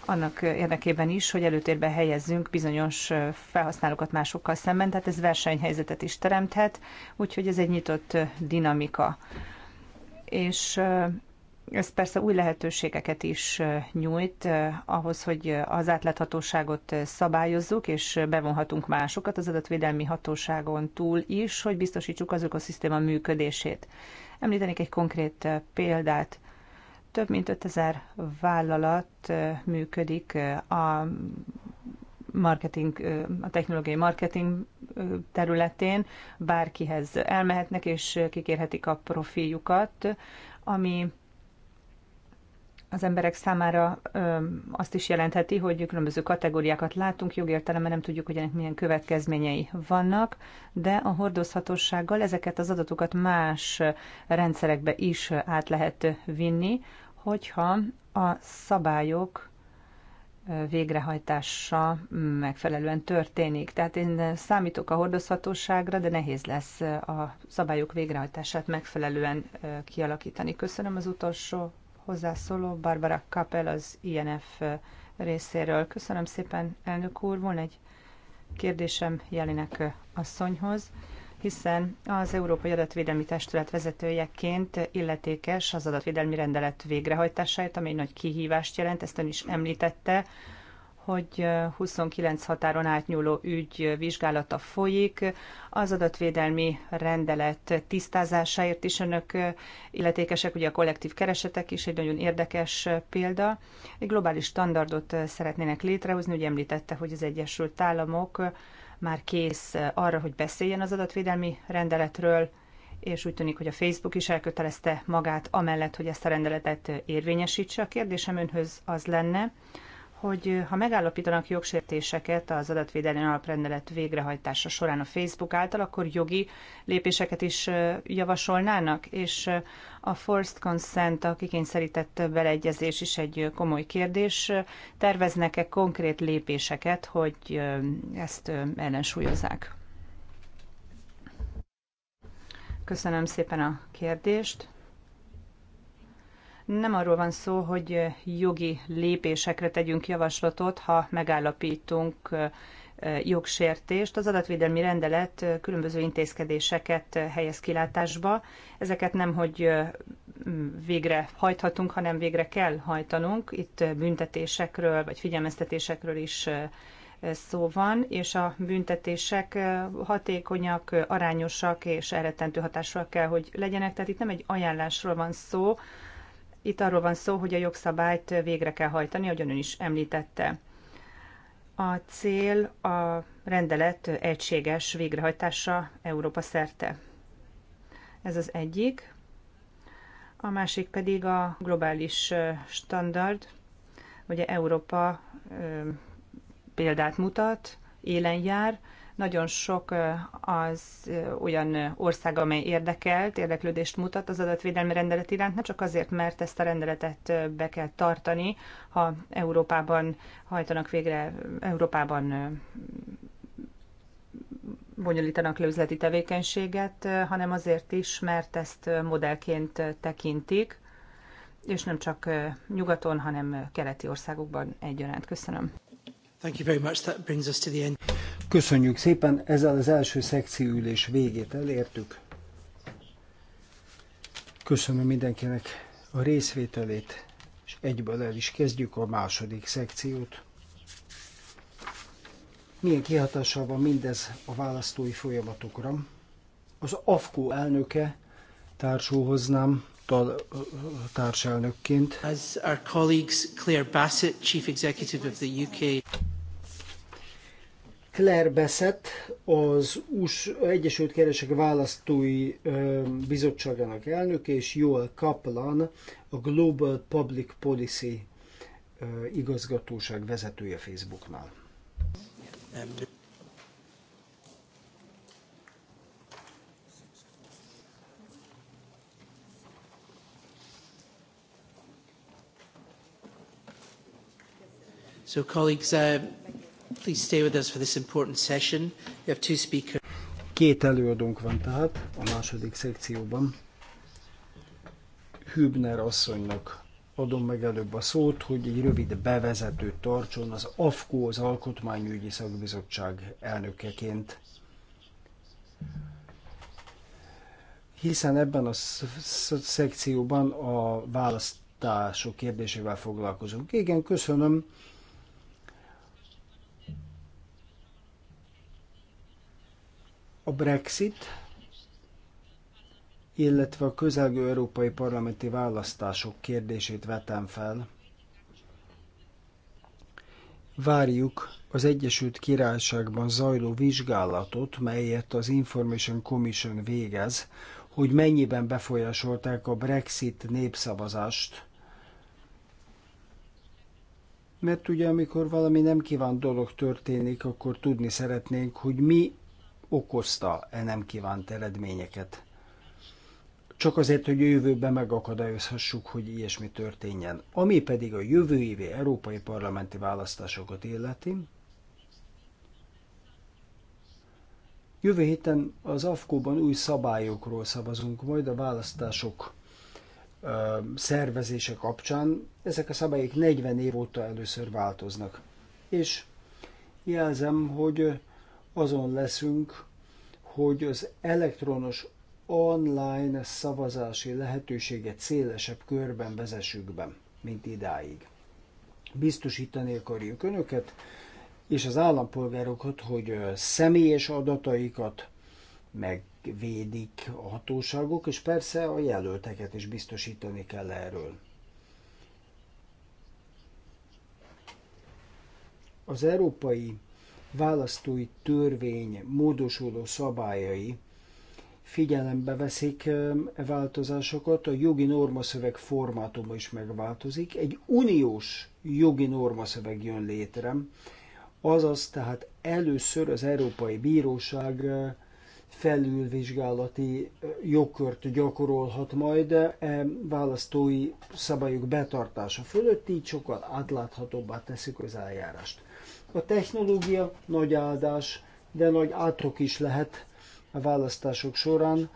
annak érdekében is, hogy előtérbe helyezzünk bizonyos felhasználókat másokkal szemben, tehát ez versenyhelyzetet is teremthet, úgyhogy ez egy nyitott dinamika és ez persze új lehetőségeket is nyújt ahhoz, hogy az átláthatóságot szabályozzuk, és bevonhatunk másokat az adatvédelmi hatóságon túl is, hogy biztosítsuk az ökoszisztéma működését. Említenék egy konkrét példát. Több mint 5000 vállalat működik a marketing, a technológiai marketing területén bárkihez elmehetnek és kikérhetik a profiljukat, ami az emberek számára ö, azt is jelentheti, hogy különböző kategóriákat látunk, jogértelemben nem tudjuk, hogy ennek milyen következményei vannak, de a hordozhatósággal ezeket az adatokat más rendszerekbe is át lehet vinni, hogyha a szabályok végrehajtása megfelelően történik. Tehát én számítok a hordozhatóságra, de nehéz lesz a szabályok végrehajtását megfelelően kialakítani. Köszönöm az utolsó hozzászóló, Barbara Kapel az INF részéről. Köszönöm szépen, elnök úr. Van egy kérdésem Jelinek asszonyhoz hiszen az Európai Adatvédelmi Testület vezetőjeként illetékes az adatvédelmi rendelet végrehajtásáért, ami egy nagy kihívást jelent, ezt ön is említette, hogy 29 határon átnyúló ügy vizsgálata folyik. Az adatvédelmi rendelet tisztázásáért is önök illetékesek, ugye a kollektív keresetek is egy nagyon érdekes példa. Egy globális standardot szeretnének létrehozni, ugye említette, hogy az Egyesült Államok már kész arra, hogy beszéljen az adatvédelmi rendeletről, és úgy tűnik, hogy a Facebook is elkötelezte magát amellett, hogy ezt a rendeletet érvényesítse. A kérdésem önhöz az lenne, hogy ha megállapítanak jogsértéseket az adatvédelmi alaprendelet végrehajtása során a Facebook által, akkor jogi lépéseket is javasolnának, és a forced consent, a kikényszerített beleegyezés is egy komoly kérdés. Terveznek-e konkrét lépéseket, hogy ezt ellensúlyozzák? Köszönöm szépen a kérdést. Nem arról van szó, hogy jogi lépésekre tegyünk javaslatot, ha megállapítunk jogsértést. Az adatvédelmi rendelet különböző intézkedéseket helyez kilátásba. Ezeket nem, hogy végre hajthatunk, hanem végre kell hajtanunk. Itt büntetésekről vagy figyelmeztetésekről is szó van, és a büntetések hatékonyak, arányosak és elrettentő hatásúak kell, hogy legyenek. Tehát itt nem egy ajánlásról van szó, itt arról van szó, hogy a jogszabályt végre kell hajtani, ahogyan ön is említette. A cél a rendelet egységes végrehajtása Európa szerte. Ez az egyik. A másik pedig a globális standard. Ugye Európa példát mutat, élen jár, nagyon sok az olyan ország, amely érdekelt, érdeklődést mutat az adatvédelmi rendelet iránt, nem csak azért, mert ezt a rendeletet be kell tartani, ha Európában hajtanak végre, Európában bonyolítanak lőzleti tevékenységet, hanem azért is, mert ezt modellként tekintik, és nem csak nyugaton, hanem keleti országokban egyaránt. Köszönöm. Thank you very much. That brings us to the end. Köszönjük szépen, ezzel az első szekcióülés végét elértük. Köszönöm mindenkinek a részvételét, és egyből el is kezdjük a második szekciót. Milyen kihatással van mindez a választói folyamatokra? Az AFKO elnöke társulhoznám, társelnökként. As our colleagues Claire Bassett, Chief Executive of the UK. Claire Bassett az US Egyesült Keresek Választói Bizottságának elnöke, és Joel Kaplan, a Global Public Policy igazgatóság vezetője Facebooknál. Um, So colleagues, uh, please stay with us for this important session. We have two speakers. Két előadónk van tehát a második szekcióban. Hübner asszonynak adom meg előbb a szót, hogy egy rövid bevezetőt tartson az AFKO, az Alkotmányügyi Szakbizottság elnökeként. Hiszen ebben a szekcióban a választások kérdésével foglalkozunk. Igen, köszönöm. A Brexit, illetve a közelgő európai parlamenti választások kérdését vetem fel. Várjuk az Egyesült Királyságban zajló vizsgálatot, melyet az Information Commission végez, hogy mennyiben befolyásolták a Brexit népszavazást. Mert ugye, amikor valami nem kívánt dolog történik, akkor tudni szeretnénk, hogy mi okozta e nem kívánt eredményeket. Csak azért, hogy a jövőben megakadályozhassuk, hogy ilyesmi történjen. Ami pedig a jövő évi európai parlamenti választásokat illeti, Jövő héten az AFKO-ban új szabályokról szavazunk majd a választások ö, szervezése kapcsán. Ezek a szabályok 40 év óta először változnak. És jelzem, hogy azon leszünk, hogy az elektronos online szavazási lehetőséget szélesebb körben vezessük be, mint idáig. Biztosítani akarjuk önöket és az állampolgárokat, hogy személyes adataikat megvédik a hatóságok, és persze a jelölteket is biztosítani kell erről. Az európai választói törvény módosuló szabályai figyelembe veszik e változásokat, a jogi normaszöveg formátuma is megváltozik, egy uniós jogi normaszöveg jön létre, azaz tehát először az Európai Bíróság felülvizsgálati jogkört gyakorolhat majd e választói szabályok betartása fölött, így sokkal átláthatóbbá teszik az eljárást. A technológia nagy áldás, de nagy átrok is lehet a választások során,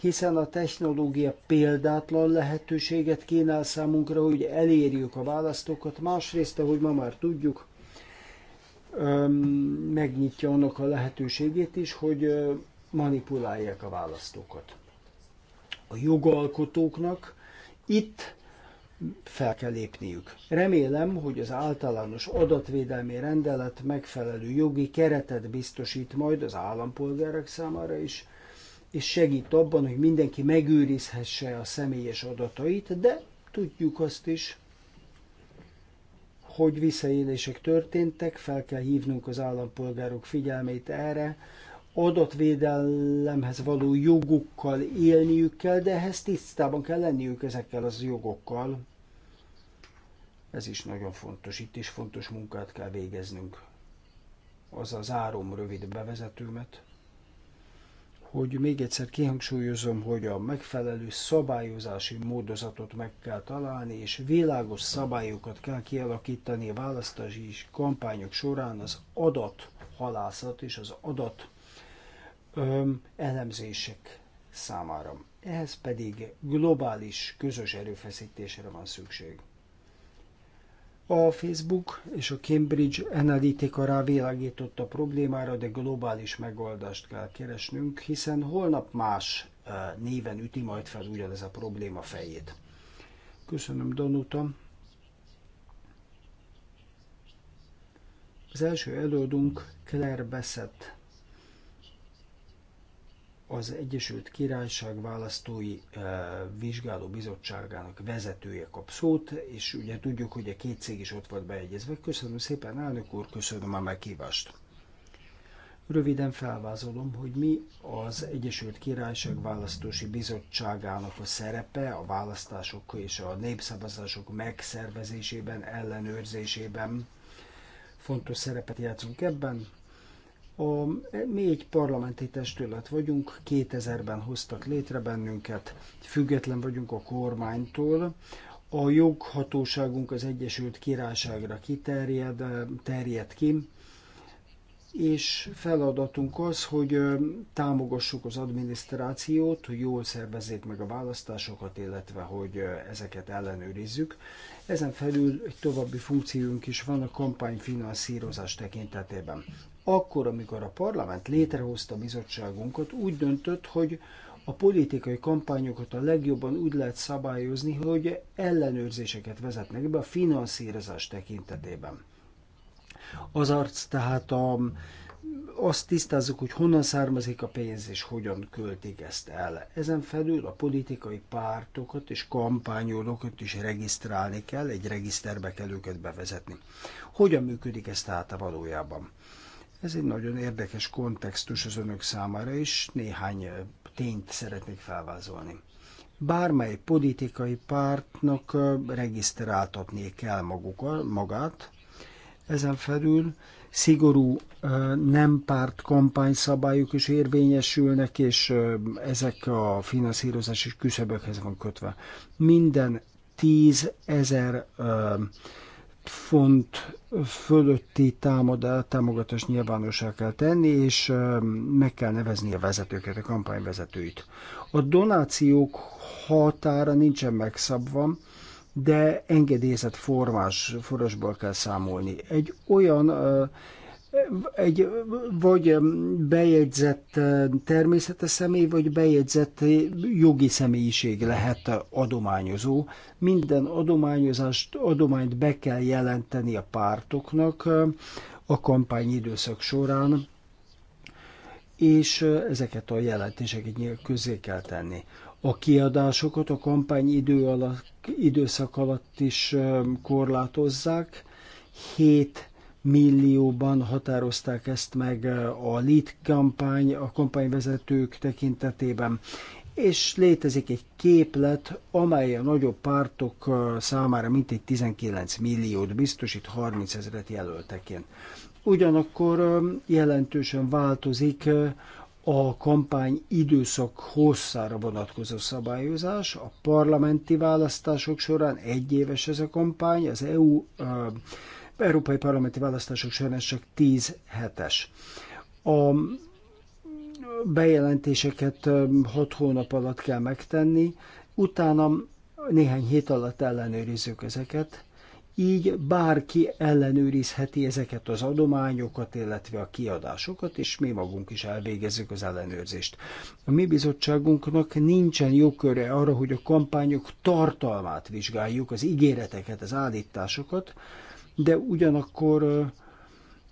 hiszen a technológia példátlan lehetőséget kínál számunkra, hogy elérjük a választókat. Másrészt, ahogy ma már tudjuk, megnyitja annak a lehetőségét is, hogy manipulálják a választókat. A jogalkotóknak itt fel kell lépniük. Remélem, hogy az általános adatvédelmi rendelet megfelelő jogi keretet biztosít majd az állampolgárok számára is, és segít abban, hogy mindenki megőrizhesse a személyes adatait, de tudjuk azt is, hogy visszaélések történtek, fel kell hívnunk az állampolgárok figyelmét erre, adatvédelemhez való jogukkal élniük kell, de ehhez tisztában kell lenniük ezekkel az jogokkal. Ez is nagyon fontos. Itt is fontos munkát kell végeznünk. Az az árom rövid bevezetőmet, hogy még egyszer kihangsúlyozom, hogy a megfelelő szabályozási módozatot meg kell találni, és világos szabályokat kell kialakítani a választási és kampányok során az adathalászat és az adat öm, elemzések számára. Ehhez pedig globális közös erőfeszítésre van szükség. A Facebook és a Cambridge Analytica rávilágított a problémára, de globális megoldást kell keresnünk, hiszen holnap más eh, néven üti majd fel ugyanez a probléma fejét. Köszönöm, Danuta. Az első előadónk Claire Bessett az Egyesült Királyság választói eh, vizsgáló bizottságának vezetője kap szót, és ugye tudjuk, hogy a két cég is ott volt beegyezve. Köszönöm szépen, elnök úr, köszönöm a meghívást. Röviden felvázolom, hogy mi az Egyesült Királyság Választósi Bizottságának a szerepe a választások és a népszavazások megszervezésében, ellenőrzésében. Fontos szerepet játszunk ebben, a, mi egy parlamenti testület vagyunk, 2000-ben hoztak létre bennünket, független vagyunk a kormánytól, a joghatóságunk az Egyesült Királyságra kiterjed, terjed ki, és feladatunk az, hogy támogassuk az adminisztrációt, hogy jól szervezzék meg a választásokat, illetve hogy ezeket ellenőrizzük. Ezen felül egy további funkciónk is van a kampányfinanszírozás tekintetében. Akkor, amikor a parlament létrehozta a bizottságunkat, úgy döntött, hogy a politikai kampányokat a legjobban úgy lehet szabályozni, hogy ellenőrzéseket vezetnek be a finanszírozás tekintetében. Az arc tehát a, azt tisztázzuk, hogy honnan származik a pénz és hogyan költik ezt el. Ezen felül a politikai pártokat és kampányolókat is regisztrálni kell, egy regiszterbe kell őket bevezetni. Hogyan működik ez tehát a valójában? Ez egy nagyon érdekes kontextus az önök számára is, néhány tényt szeretnék felvázolni. Bármely politikai pártnak regisztráltatni kell magukkal, magát, ezen felül szigorú nem párt kampányszabályok is érvényesülnek, és ezek a finanszírozási küszöbökhez van kötve. Minden tíz ezer font fölötti támadá, támogatás nyilvánossá kell tenni, és meg kell nevezni a vezetőket, a kampányvezetőit. A donációk határa nincsen megszabva, de engedélyezett formás, forrásból kell számolni. Egy olyan uh, egy vagy bejegyzett természetes személy, vagy bejegyzett jogi személyiség lehet adományozó. Minden adományozást, adományt be kell jelenteni a pártoknak a kampányidőszak során, és ezeket a jelentéseket közé kell tenni. A kiadásokat a kampány idő alatt, időszak alatt is korlátozzák, 7 millióban határozták ezt meg eh, a lead kampány, a kampányvezetők tekintetében, és létezik egy képlet, amely a nagyobb pártok eh, számára mintegy 19 milliót biztosít, 30 ezeret jelölteként. Ugyanakkor eh, jelentősen változik a kampány időszak hosszára vonatkozó szabályozás. A parlamenti választások során éves ez a kampány, az EU európai parlamenti választások során csak 10 hetes. A bejelentéseket 6 hónap alatt kell megtenni, utána néhány hét alatt ellenőrizzük ezeket, így bárki ellenőrizheti ezeket az adományokat, illetve a kiadásokat, és mi magunk is elvégezzük az ellenőrzést. A mi bizottságunknak nincsen jogköre arra, hogy a kampányok tartalmát vizsgáljuk, az ígéreteket, az állításokat, de ugyanakkor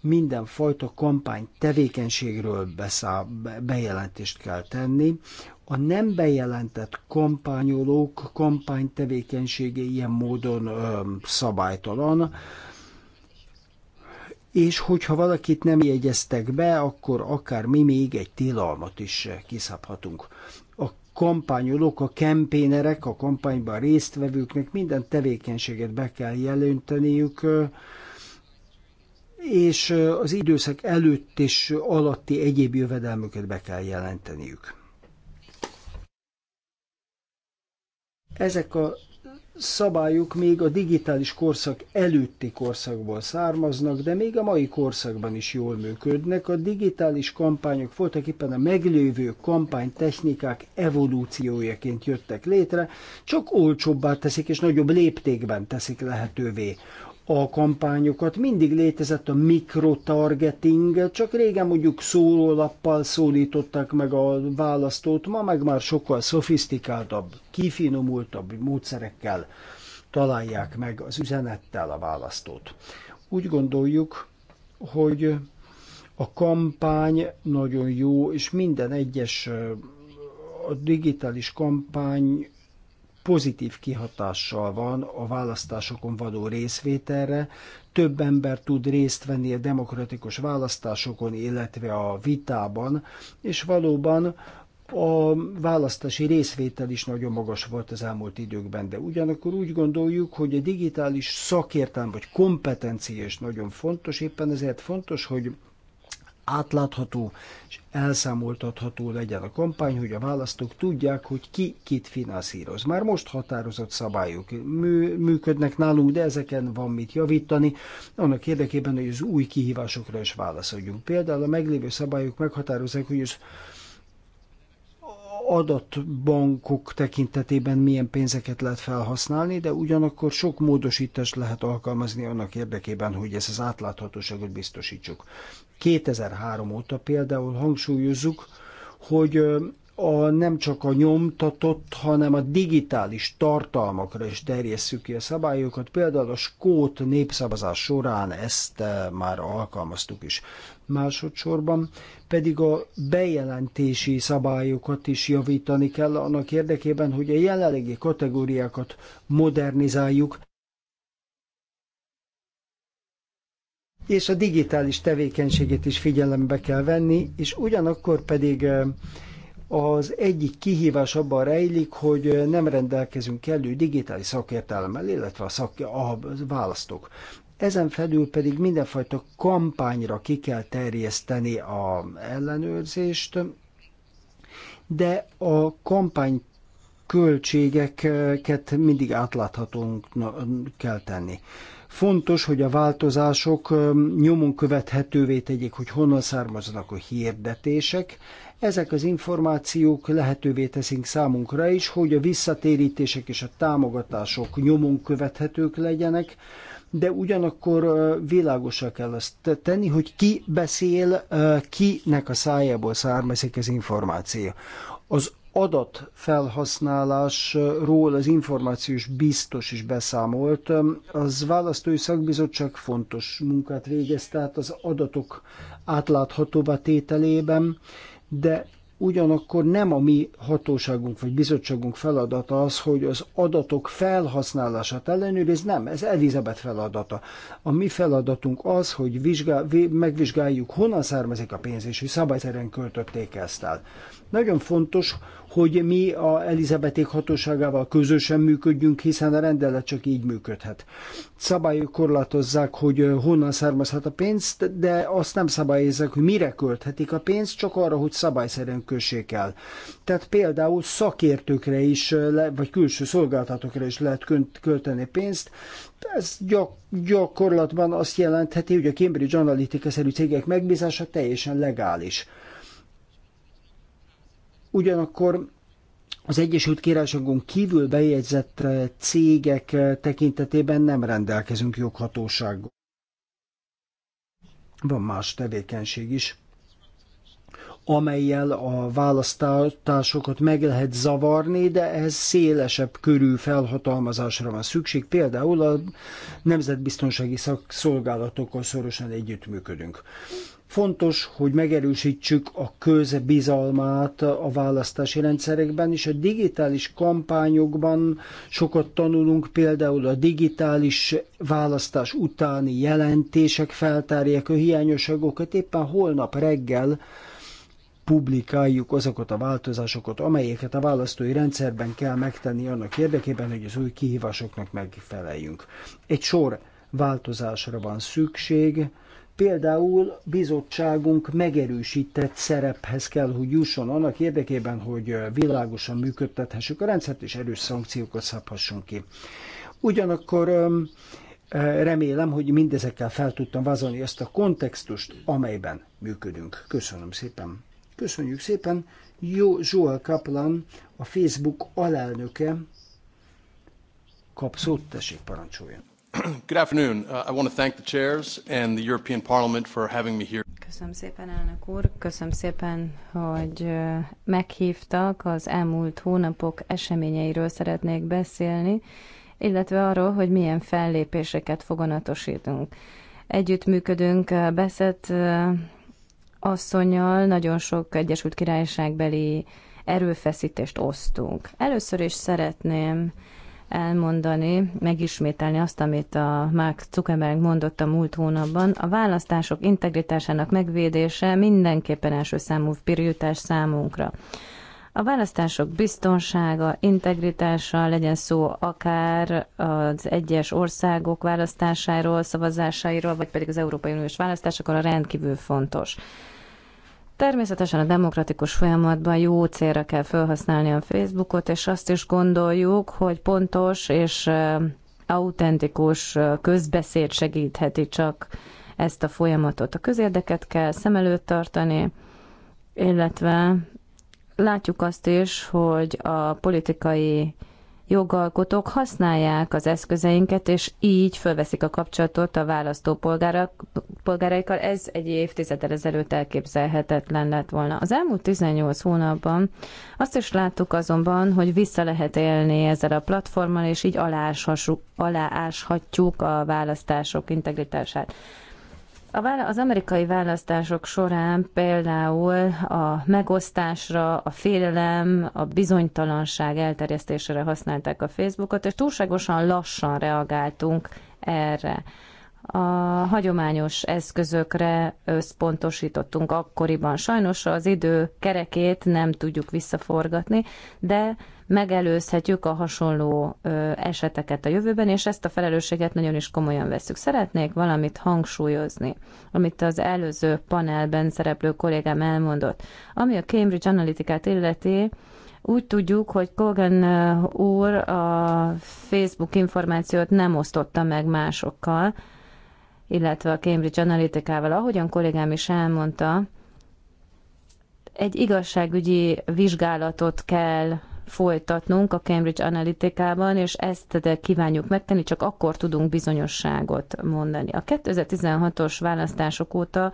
mindenfajta kampány tevékenységről beszáll, bejelentést kell tenni. A nem bejelentett kampányolók kampány tevékenysége ilyen módon ö, szabálytalan, és hogyha valakit nem jegyeztek be, akkor akár mi még egy tilalmat is kiszabhatunk kampányolók, a kempénerek, a kampányban résztvevőknek minden tevékenységet be kell jelenteniük, és az időszak előtt és alatti egyéb jövedelmüket be kell jelenteniük. Ezek a szabályok még a digitális korszak előtti korszakból származnak, de még a mai korszakban is jól működnek. A digitális kampányok voltak éppen a meglévő kampánytechnikák evolúciójaként jöttek létre, csak olcsóbbá teszik és nagyobb léptékben teszik lehetővé a kampányokat, mindig létezett a mikrotargeting, csak régen mondjuk szórólappal szólították meg a választót, ma meg már sokkal szofisztikáltabb, kifinomultabb módszerekkel találják meg az üzenettel a választót. Úgy gondoljuk, hogy a kampány nagyon jó, és minden egyes a digitális kampány pozitív kihatással van a választásokon való részvételre, több ember tud részt venni a demokratikus választásokon, illetve a vitában, és valóban a választási részvétel is nagyon magas volt az elmúlt időkben, de ugyanakkor úgy gondoljuk, hogy a digitális szakértelm vagy kompetencia is nagyon fontos, éppen ezért fontos, hogy átlátható és elszámoltatható legyen a kampány, hogy a választók tudják, hogy ki kit finanszíroz. Már most határozott szabályok mű, működnek nálunk, de ezeken van mit javítani, annak érdekében, hogy az új kihívásokra is válaszoljunk. Például a meglévő szabályok meghatározzák, hogy az adatbankok tekintetében milyen pénzeket lehet felhasználni, de ugyanakkor sok módosítást lehet alkalmazni annak érdekében, hogy ezt az átláthatóságot biztosítsuk. 2003 óta például hangsúlyozzuk, hogy a, nem csak a nyomtatott, hanem a digitális tartalmakra is terjesszük ki a szabályokat. Például a skót népszavazás során ezt már alkalmaztuk is. Másodszorban pedig a bejelentési szabályokat is javítani kell annak érdekében, hogy a jelenlegi kategóriákat modernizáljuk, és a digitális tevékenységét is figyelembe kell venni, és ugyanakkor pedig az egyik kihívás abban rejlik, hogy nem rendelkezünk kellő digitális szakértelemmel, illetve a, szak, a választók. Ezen felül pedig mindenfajta kampányra ki kell terjeszteni a ellenőrzést, de a kampány költségeket mindig átláthatónk kell tenni. Fontos, hogy a változások nyomon követhetővé tegyék, hogy honnan származnak a hirdetések. Ezek az információk lehetővé teszik számunkra is, hogy a visszatérítések és a támogatások nyomon követhetők legyenek, de ugyanakkor világosra kell azt tenni, hogy ki beszél, kinek a szájából származik az információ. Az adatfelhasználásról az információs biztos is beszámolt. Az választói szakbizottság fontos munkát végez, tehát az adatok átláthatóba tételében, de ugyanakkor nem a mi hatóságunk vagy bizottságunk feladata az, hogy az adatok felhasználását ellenőriz, nem, ez Elizabeth feladata. A mi feladatunk az, hogy vizsgál, megvizsgáljuk, honnan származik a pénz, és hogy szabályszerűen költötték ezt el. Nagyon fontos, hogy mi a Elizabeték hatóságával közösen működjünk, hiszen a rendelet csak így működhet. Szabályok korlátozzák, hogy honnan származhat a pénzt, de azt nem szabályozzák, hogy mire költhetik a pénzt, csak arra, hogy szabályszerűen kössék el. Tehát például szakértőkre is, vagy külső szolgáltatókra is lehet költeni pénzt, ez gyak, gyakorlatban azt jelentheti, hogy a Cambridge Analytica-szerű cégek megbízása teljesen legális Ugyanakkor az Egyesült Királyságon kívül bejegyzett eh, cégek eh, tekintetében nem rendelkezünk joghatósággal. Van más tevékenység is, amelyel a választásokat meg lehet zavarni, de ehhez szélesebb körű felhatalmazásra van szükség. Például a nemzetbiztonsági szolgálatokkal szorosan együttműködünk. Fontos, hogy megerősítsük a közbizalmát a választási rendszerekben, és a digitális kampányokban sokat tanulunk, például a digitális választás utáni jelentések feltárják a hiányosságokat. Éppen holnap reggel publikáljuk azokat a változásokat, amelyeket a választói rendszerben kell megtenni annak érdekében, hogy az új kihívásoknak megfeleljünk. Egy sor változásra van szükség, Például bizottságunk megerősített szerephez kell, hogy jusson annak érdekében, hogy világosan működtethessük a rendszert, és erős szankciókat szabhassunk ki. Ugyanakkor remélem, hogy mindezekkel fel tudtam vázolni ezt a kontextust, amelyben működünk. Köszönöm szépen. Köszönjük szépen. Jó Joel Kaplan, a Facebook alelnöke, kap szót, tessék parancsoljon. Good afternoon. Uh, I want to thank the chairs and the European Parliament for having me here. Köszönöm szépen, elnök úr. Köszönöm szépen, hogy meghívtak. Az elmúlt hónapok eseményeiről szeretnék beszélni, illetve arról, hogy milyen fellépéseket foganatosítunk. Együttműködünk Beszett asszonynal, nagyon sok Egyesült Királyságbeli erőfeszítést osztunk. Először is szeretném elmondani, megismételni azt, amit a Mark Zuckerberg mondott a múlt hónapban. A választások integritásának megvédése mindenképpen első számú pirítás számunkra. A választások biztonsága, integritása, legyen szó akár az egyes országok választásáról, szavazásairól, vagy pedig az Európai Uniós választásokról rendkívül fontos. Természetesen a demokratikus folyamatban jó célra kell felhasználni a Facebookot, és azt is gondoljuk, hogy pontos és autentikus közbeszéd segítheti csak ezt a folyamatot. A közérdeket kell szem előtt tartani, illetve látjuk azt is, hogy a politikai jogalkotók használják az eszközeinket, és így fölveszik a kapcsolatot a választópolgára, polgáraikkal, ez egy évtizeddel ezelőtt elképzelhetetlen lett volna. Az elmúlt 18 hónapban azt is láttuk azonban, hogy vissza lehet élni ezzel a platformmal, és így alááshatjuk a választások integritását. Az amerikai választások során például a megosztásra, a félelem, a bizonytalanság elterjesztésére használták a Facebookot, és túlságosan lassan reagáltunk erre a hagyományos eszközökre összpontosítottunk akkoriban. Sajnos az idő kerekét nem tudjuk visszaforgatni, de megelőzhetjük a hasonló eseteket a jövőben, és ezt a felelősséget nagyon is komolyan veszük. Szeretnék valamit hangsúlyozni, amit az előző panelben szereplő kollégám elmondott. Ami a Cambridge Analytikát illeti, úgy tudjuk, hogy Kogan úr a Facebook információt nem osztotta meg másokkal, illetve a Cambridge Analytica-val, ahogyan kollégám is elmondta, egy igazságügyi vizsgálatot kell folytatnunk a Cambridge Analytica-ban, és ezt de kívánjuk megtenni, csak akkor tudunk bizonyosságot mondani. A 2016-os választások óta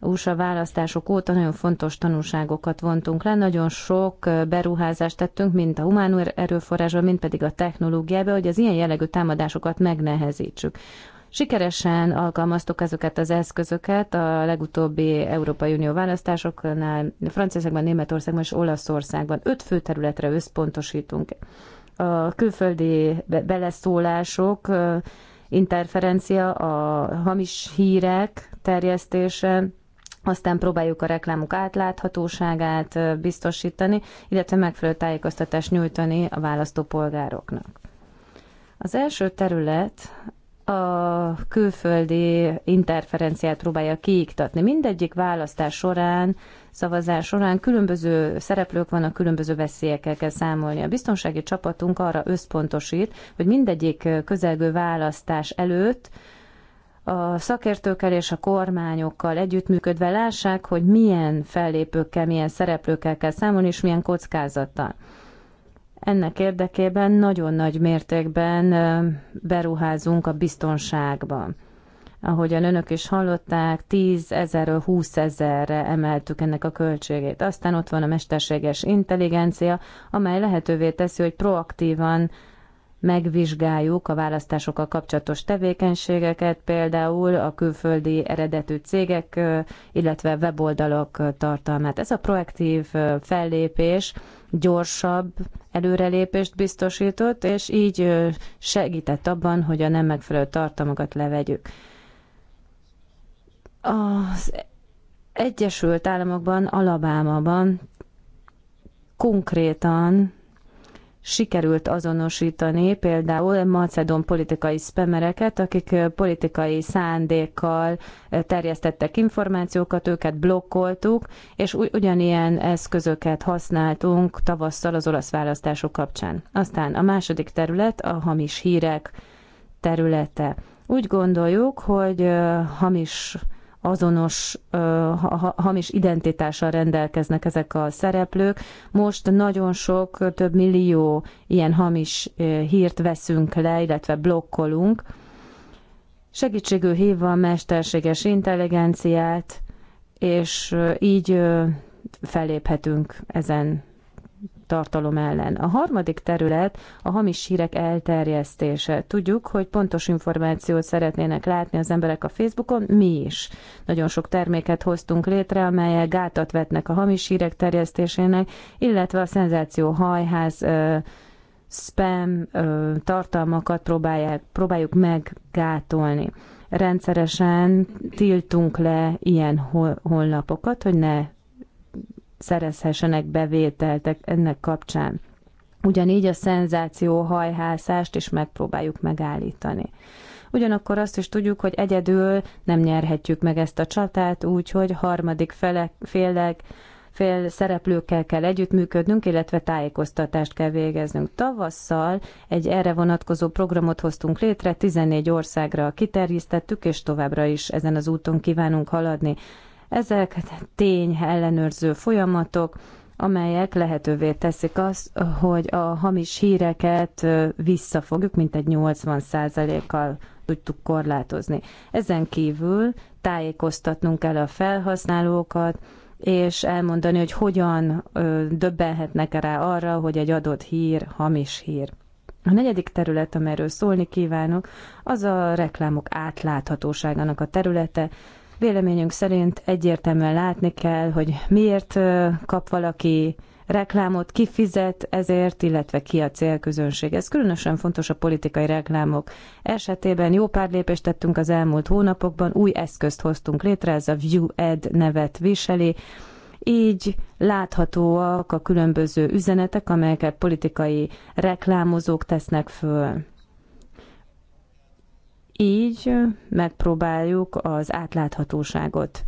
USA választások óta nagyon fontos tanulságokat vontunk le, nagyon sok beruházást tettünk, mint a humán erőforrásban, mint pedig a technológiába, hogy az ilyen jellegű támadásokat megnehezítsük. Sikeresen alkalmaztuk ezeket az eszközöket a legutóbbi Európai Unió választásoknál, Franciaországban, Németországban és Olaszországban. Öt fő területre összpontosítunk. A külföldi beleszólások, interferencia, a hamis hírek terjesztése, aztán próbáljuk a reklámok átláthatóságát biztosítani, illetve megfelelő tájékoztatást nyújtani a választópolgároknak. Az első terület a külföldi interferenciát próbálja kiiktatni. Mindegyik választás során, szavazás során különböző szereplők vannak, különböző veszélyekkel kell számolni. A biztonsági csapatunk arra összpontosít, hogy mindegyik közelgő választás előtt a szakértőkkel és a kormányokkal együttműködve lássák, hogy milyen fellépőkkel, milyen szereplőkkel kell számolni, és milyen kockázattal. Ennek érdekében nagyon nagy mértékben beruházunk a biztonságba. Ahogyan önök is hallották, 10 ezerről 20 ezerre emeltük ennek a költségét. Aztán ott van a mesterséges intelligencia, amely lehetővé teszi, hogy proaktívan megvizsgáljuk a választásokkal kapcsolatos tevékenységeket, például a külföldi eredetű cégek, illetve weboldalak tartalmát. Ez a proaktív fellépés gyorsabb előrelépést biztosított, és így segített abban, hogy a nem megfelelő tartalmakat levegyük. Az Egyesült Államokban, Alabámaban konkrétan sikerült azonosítani például macedon politikai spemereket, akik politikai szándékkal terjesztettek információkat, őket blokkoltuk, és ugyanilyen eszközöket használtunk tavasszal az olasz választások kapcsán. Aztán a második terület a hamis hírek területe. Úgy gondoljuk, hogy hamis azonos hamis identitással rendelkeznek ezek a szereplők. Most nagyon sok, több millió ilyen hamis hírt veszünk le, illetve blokkolunk. Segítségű hívva a mesterséges intelligenciát, és így feléphetünk ezen tartalom ellen. A harmadik terület a hamis hírek elterjesztése. Tudjuk, hogy pontos információt szeretnének látni az emberek a Facebookon, mi is. Nagyon sok terméket hoztunk létre, amelyek gátat vetnek a hamis hírek terjesztésének, illetve a szenzáció hajház ö, spam ö, tartalmakat próbálják, próbáljuk meggátolni rendszeresen tiltunk le ilyen honlapokat, hogy ne szerezhessenek bevételtek ennek kapcsán. Ugyanígy a szenzáció hajhászást is megpróbáljuk megállítani. Ugyanakkor azt is tudjuk, hogy egyedül nem nyerhetjük meg ezt a csatát, úgyhogy harmadik felek, félek, fél szereplőkkel kell együttműködnünk, illetve tájékoztatást kell végeznünk. Tavasszal egy erre vonatkozó programot hoztunk létre, 14 országra kiterjesztettük, és továbbra is ezen az úton kívánunk haladni. Ezek tény ellenőrző folyamatok, amelyek lehetővé teszik azt, hogy a hamis híreket visszafogjuk, mint egy 80%-kal tudtuk korlátozni. Ezen kívül tájékoztatnunk kell a felhasználókat, és elmondani, hogy hogyan döbbenhetnek rá arra, hogy egy adott hír hamis hír. A negyedik terület, amelyről szólni kívánok, az a reklámok átláthatóságának a területe. Véleményünk szerint egyértelműen látni kell, hogy miért kap valaki reklámot, ki fizet ezért, illetve ki a célközönség. Ez különösen fontos a politikai reklámok esetében. Jó pár lépést tettünk az elmúlt hónapokban, új eszközt hoztunk létre, ez a View Ed nevet viseli. Így láthatóak a különböző üzenetek, amelyeket politikai reklámozók tesznek föl. Így megpróbáljuk az átláthatóságot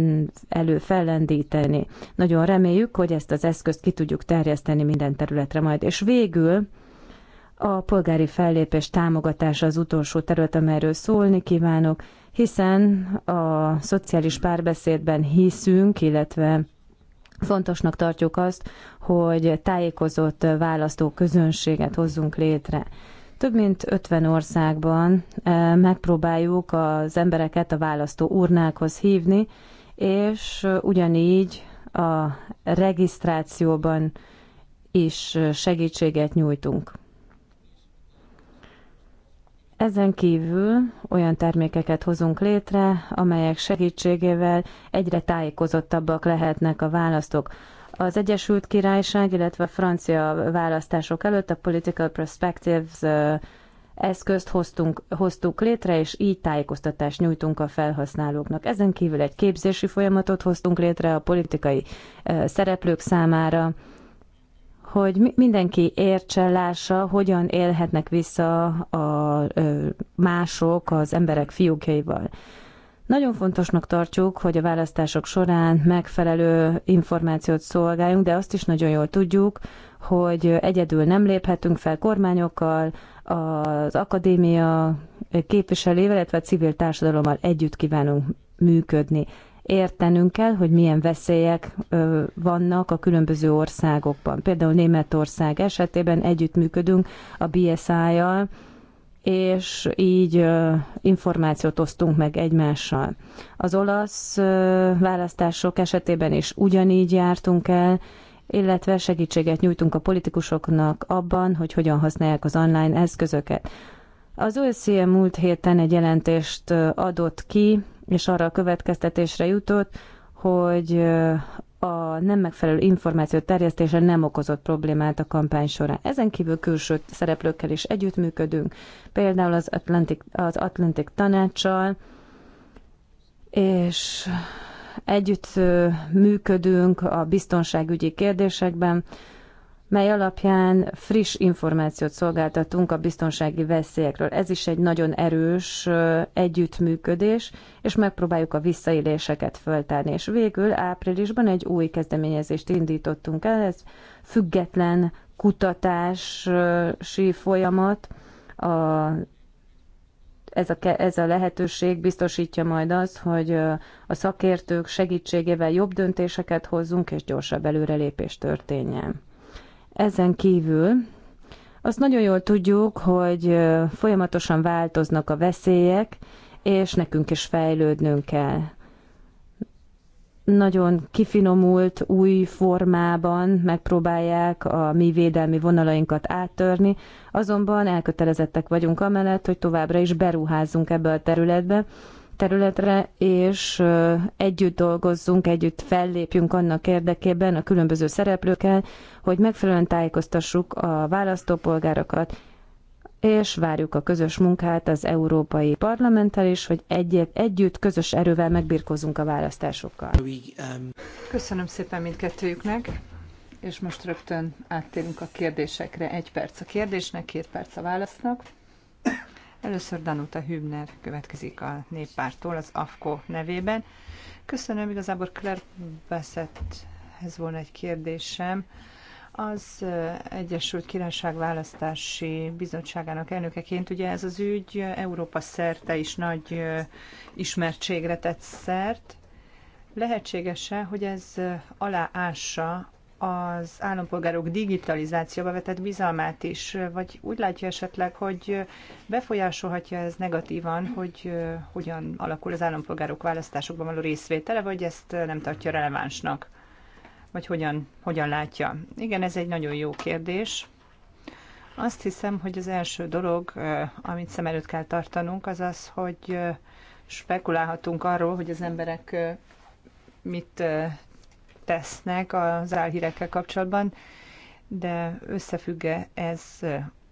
mm, előfellendíteni. Nagyon reméljük, hogy ezt az eszközt ki tudjuk terjeszteni minden területre majd. És végül a polgári fellépés támogatása az utolsó terület, amelyről szólni kívánok, hiszen a szociális párbeszédben hiszünk, illetve fontosnak tartjuk azt, hogy tájékozott választó közönséget hozzunk létre. Több mint 50 országban e, megpróbáljuk az embereket a választó urnákhoz hívni, és ugyanígy a regisztrációban is segítséget nyújtunk. Ezen kívül olyan termékeket hozunk létre, amelyek segítségével egyre tájékozottabbak lehetnek a választók. Az Egyesült Királyság, illetve francia választások előtt a Political Perspectives eszközt hoztunk, hoztuk létre, és így tájékoztatást nyújtunk a felhasználóknak. Ezen kívül egy képzési folyamatot hoztunk létre a politikai szereplők számára, hogy mindenki értse, lássa, hogyan élhetnek vissza a mások, az emberek fiúkjaival. Nagyon fontosnak tartjuk, hogy a választások során megfelelő információt szolgáljunk, de azt is nagyon jól tudjuk, hogy egyedül nem léphetünk fel kormányokkal, az akadémia képviselével, illetve a civil társadalommal együtt kívánunk működni. Értenünk kell, hogy milyen veszélyek vannak a különböző országokban. Például Németország esetében együttműködünk a BSI-jal, és így információt osztunk meg egymással. Az olasz választások esetében is ugyanígy jártunk el, illetve segítséget nyújtunk a politikusoknak abban, hogy hogyan használják az online eszközöket. Az OSZIE múlt héten egy jelentést adott ki, és arra a következtetésre jutott, hogy a nem megfelelő információ terjesztése nem okozott problémát a kampány során. Ezen kívül külső szereplőkkel is együttműködünk, például az Atlantic, az Atlantic tanácssal, és együtt működünk a biztonságügyi kérdésekben, mely alapján friss információt szolgáltatunk a biztonsági veszélyekről. Ez is egy nagyon erős együttműködés, és megpróbáljuk a visszaéléseket föltárni. És végül áprilisban egy új kezdeményezést indítottunk el, ez független kutatási folyamat, a ez a, ez a lehetőség biztosítja majd az, hogy a szakértők segítségével jobb döntéseket hozzunk, és gyorsabb előrelépés történjen. Ezen kívül azt nagyon jól tudjuk, hogy folyamatosan változnak a veszélyek, és nekünk is fejlődnünk kell. Nagyon kifinomult, új formában megpróbálják a mi védelmi vonalainkat áttörni, azonban elkötelezettek vagyunk amellett, hogy továbbra is beruházunk ebbe a területbe, területre, és együtt dolgozzunk, együtt fellépjünk annak érdekében a különböző szereplőkkel, hogy megfelelően tájékoztassuk a választópolgárokat, és várjuk a közös munkát az Európai Parlamenttel is, hogy egy együtt közös erővel megbirkózunk a választásokkal. Köszönöm szépen mindkettőjüknek, és most rögtön áttérünk a kérdésekre. Egy perc a kérdésnek, két perc a válasznak. Először Danuta Hübner következik a néppártól, az AFKO nevében. Köszönöm, igazából Claire ez volna egy kérdésem. Az eh, Egyesült Királyság Választási Bizottságának elnökeként, ugye ez az ügy Európa szerte is nagy eh, ismertségre tett szert. Lehetséges-e, hogy ez eh, aláássa az állampolgárok digitalizációba vetett bizalmát is, vagy úgy látja esetleg, hogy befolyásolhatja ez negatívan, hogy hogyan alakul az állampolgárok választásokban való részvétele, vagy ezt nem tartja relevánsnak? Vagy hogyan, hogyan látja? Igen, ez egy nagyon jó kérdés. Azt hiszem, hogy az első dolog, amit szem előtt kell tartanunk, az az, hogy spekulálhatunk arról, hogy az emberek mit tesznek az álhírekkel kapcsolatban, de összefügg ez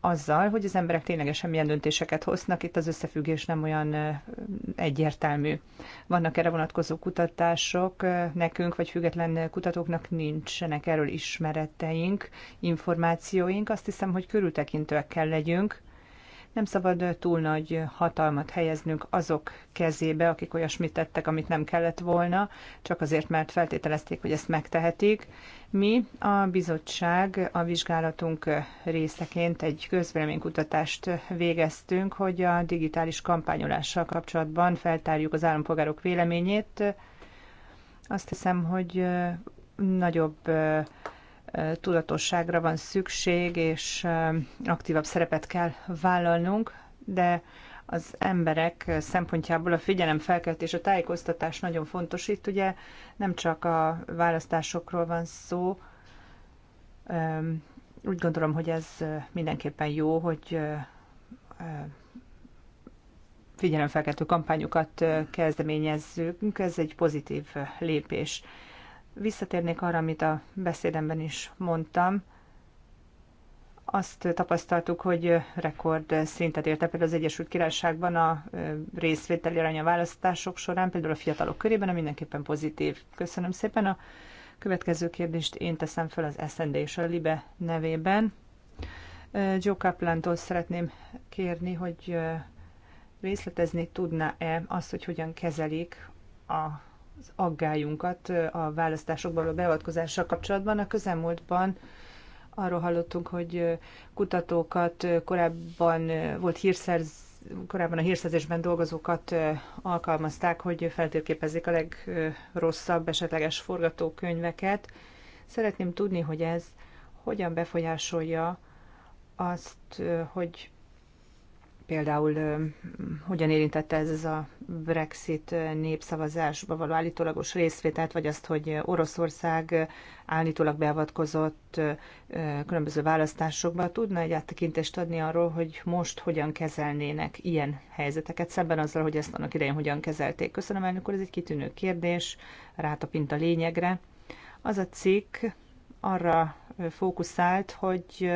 azzal, hogy az emberek ténylegesen milyen döntéseket hoznak, itt az összefüggés nem olyan egyértelmű. Vannak erre vonatkozó kutatások, nekünk vagy független kutatóknak nincsenek erről ismereteink, információink. Azt hiszem, hogy körültekintőek kell legyünk, nem szabad túl nagy hatalmat helyeznünk azok kezébe, akik olyasmit tettek, amit nem kellett volna, csak azért, mert feltételezték, hogy ezt megtehetik. Mi a bizottság a vizsgálatunk részeként egy közvéleménykutatást végeztünk, hogy a digitális kampányolással kapcsolatban feltárjuk az állampolgárok véleményét. Azt hiszem, hogy nagyobb tudatosságra van szükség, és aktívabb szerepet kell vállalnunk, de az emberek szempontjából a figyelemfelkeltés, a tájékoztatás nagyon fontos. Itt ugye nem csak a választásokról van szó, úgy gondolom, hogy ez mindenképpen jó, hogy figyelemfelkeltő kampányokat kezdeményezzünk, ez egy pozitív lépés. Visszatérnék arra, amit a beszédemben is mondtam. Azt tapasztaltuk, hogy rekord szintet érte például az Egyesült Királyságban a részvételi arány a választások során, például a fiatalok körében, ami mindenképpen pozitív. Köszönöm szépen. A következő kérdést én teszem fel az SND és a Libe nevében. Joe Kaplan, szeretném kérni, hogy részletezni tudna-e azt, hogy hogyan kezelik a az aggályunkat a választásokban a beavatkozással kapcsolatban. A közelmúltban arról hallottunk, hogy kutatókat korábban volt hírszerz, korábban a hírszerzésben dolgozókat alkalmazták, hogy feltérképezzék a legrosszabb esetleges forgatókönyveket. Szeretném tudni, hogy ez hogyan befolyásolja azt, hogy például hogyan érintette ez, az a Brexit népszavazásba való állítólagos részvételt, vagy azt, hogy Oroszország állítólag beavatkozott különböző választásokba. Tudna egy áttekintést adni arról, hogy most hogyan kezelnének ilyen helyzeteket, szemben azzal, hogy ezt annak idején hogyan kezelték. Köszönöm, elnök úr, ez egy kitűnő kérdés, rátapint a lényegre. Az a cikk, arra fókuszált, hogy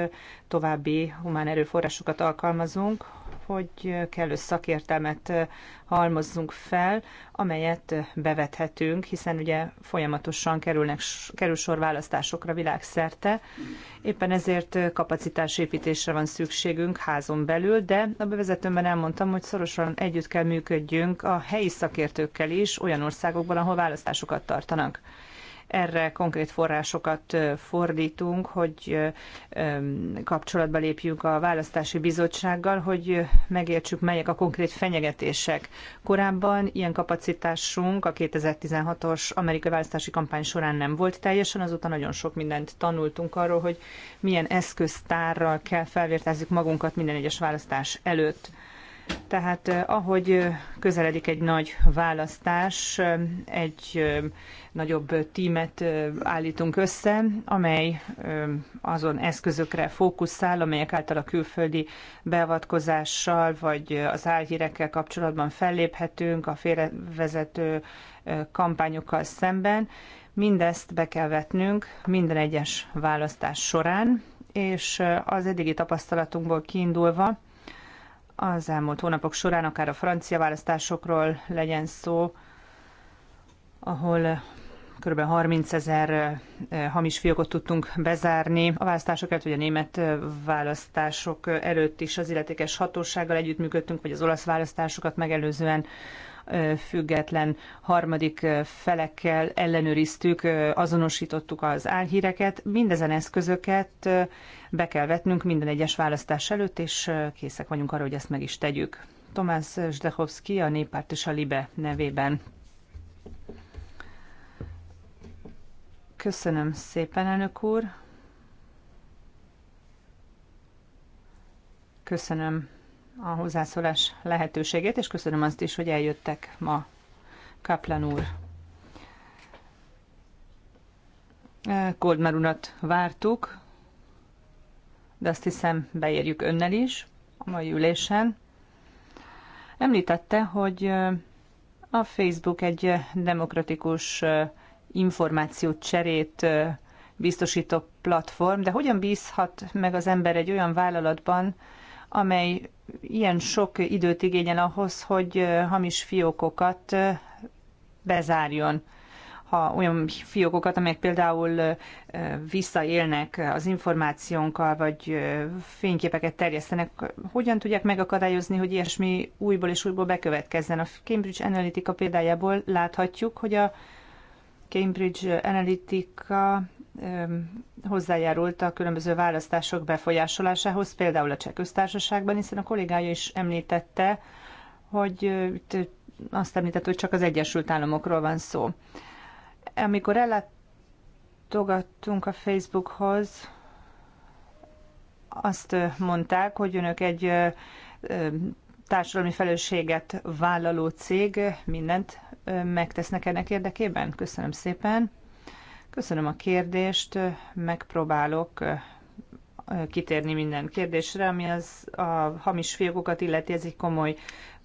további humán erőforrásokat alkalmazunk, hogy kellő szakértelmet halmozzunk fel, amelyet bevethetünk, hiszen ugye folyamatosan kerülnek, kerül sor választásokra világszerte. Éppen ezért kapacitásépítésre van szükségünk házon belül, de a bevezetőmben elmondtam, hogy szorosan együtt kell működjünk a helyi szakértőkkel is olyan országokban, ahol választásokat tartanak erre konkrét forrásokat fordítunk, hogy kapcsolatba lépjünk a választási bizottsággal, hogy megértsük, melyek a konkrét fenyegetések. Korábban ilyen kapacitásunk a 2016-os amerikai választási kampány során nem volt teljesen, azóta nagyon sok mindent tanultunk arról, hogy milyen eszköztárral kell felvértezzük magunkat minden egyes választás előtt. Tehát eh, ahogy eh, közeledik egy nagy választás, eh, egy nagyobb tímet állítunk össze, amely azon eszközökre fókuszál, amelyek által a külföldi beavatkozással vagy az álhírekkel kapcsolatban felléphetünk a félrevezető kampányokkal szemben. Mindezt be kell vetnünk minden egyes választás során, és az eddigi tapasztalatunkból kiindulva, az elmúlt hónapok során, akár a francia választásokról legyen szó, ahol kb. 30 ezer hamis fiókot tudtunk bezárni. A választások előtt, vagy a német választások előtt is az illetékes hatósággal együttműködtünk, vagy az olasz választásokat megelőzően független harmadik felekkel ellenőriztük, azonosítottuk az álhíreket. Mindezen eszközöket be kell vetnünk minden egyes választás előtt, és készek vagyunk arra, hogy ezt meg is tegyük. Tomás Zdechovski a Néppárt és a Libe nevében. Köszönöm szépen, elnök úr. Köszönöm a hozzászólás lehetőségét, és köszönöm azt is, hogy eljöttek ma Kaplan úr. Koldmer urat vártuk, de azt hiszem beérjük önnel is a mai ülésen. Említette, hogy a Facebook egy demokratikus információcserét biztosító platform, de hogyan bízhat meg az ember egy olyan vállalatban, amely ilyen sok időt igényel ahhoz, hogy hamis fiókokat bezárjon. Ha olyan fiókokat, amelyek például visszaélnek az információnkkal, vagy fényképeket terjesztenek, hogyan tudják megakadályozni, hogy ilyesmi újból és újból bekövetkezzen? A Cambridge Analytica példájából láthatjuk, hogy a Cambridge Analytica hozzájárult a különböző választások befolyásolásához, például a Cseh köztársaságban, hiszen a kollégája is említette, hogy azt említette, hogy csak az Egyesült Államokról van szó. Amikor ellátogattunk a Facebookhoz, azt mondták, hogy önök egy társadalmi felelősséget vállaló cég, mindent megtesznek ennek érdekében. Köszönöm szépen. Köszönöm a kérdést, megpróbálok kitérni minden kérdésre, ami az a hamis fiókokat illeti, ez egy komoly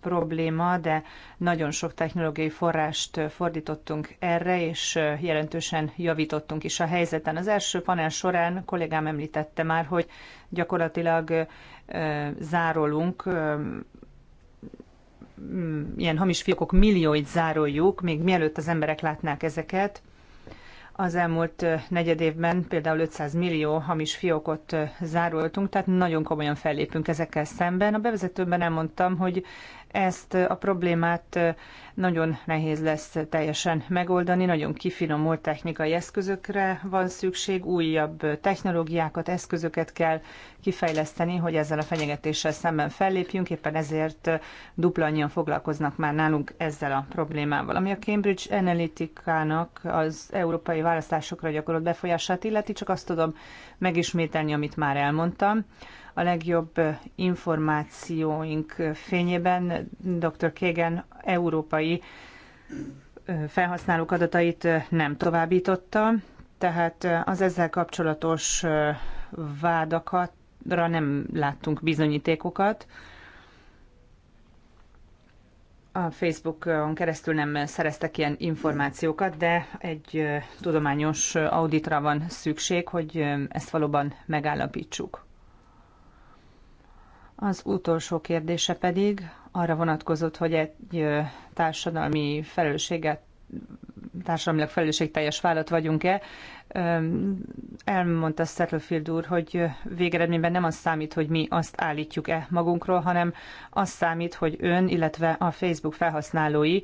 probléma, de nagyon sok technológiai forrást fordítottunk erre, és jelentősen javítottunk is a helyzeten. Az első panel során kollégám említette már, hogy gyakorlatilag zárolunk ilyen hamis fiókok millióit zároljuk, még mielőtt az emberek látnák ezeket, az elmúlt negyed évben például 500 millió hamis fiókot zároltunk, tehát nagyon komolyan fellépünk ezekkel szemben. A bevezetőben elmondtam, hogy ezt a problémát nagyon nehéz lesz teljesen megoldani, nagyon kifinomult technikai eszközökre van szükség, újabb technológiákat, eszközöket kell kifejleszteni, hogy ezzel a fenyegetéssel szemben fellépjünk, éppen ezért dupla annyian foglalkoznak már nálunk ezzel a problémával. Ami a Cambridge Analytica-nak az európai választásokra gyakorolt befolyását illeti, csak azt tudom megismételni, amit már elmondtam a legjobb információink fényében dr. Kégen európai felhasználók adatait nem továbbította, tehát az ezzel kapcsolatos vádakatra nem láttunk bizonyítékokat. A Facebookon keresztül nem szereztek ilyen információkat, de egy tudományos auditra van szükség, hogy ezt valóban megállapítsuk. Az utolsó kérdése pedig arra vonatkozott, hogy egy társadalmi felelősséget társadalmilag felelősségteljes vállalat vagyunk-e. Elmondta Settlefield úr, hogy végeredményben nem az számít, hogy mi azt állítjuk-e magunkról, hanem az számít, hogy ön, illetve a Facebook felhasználói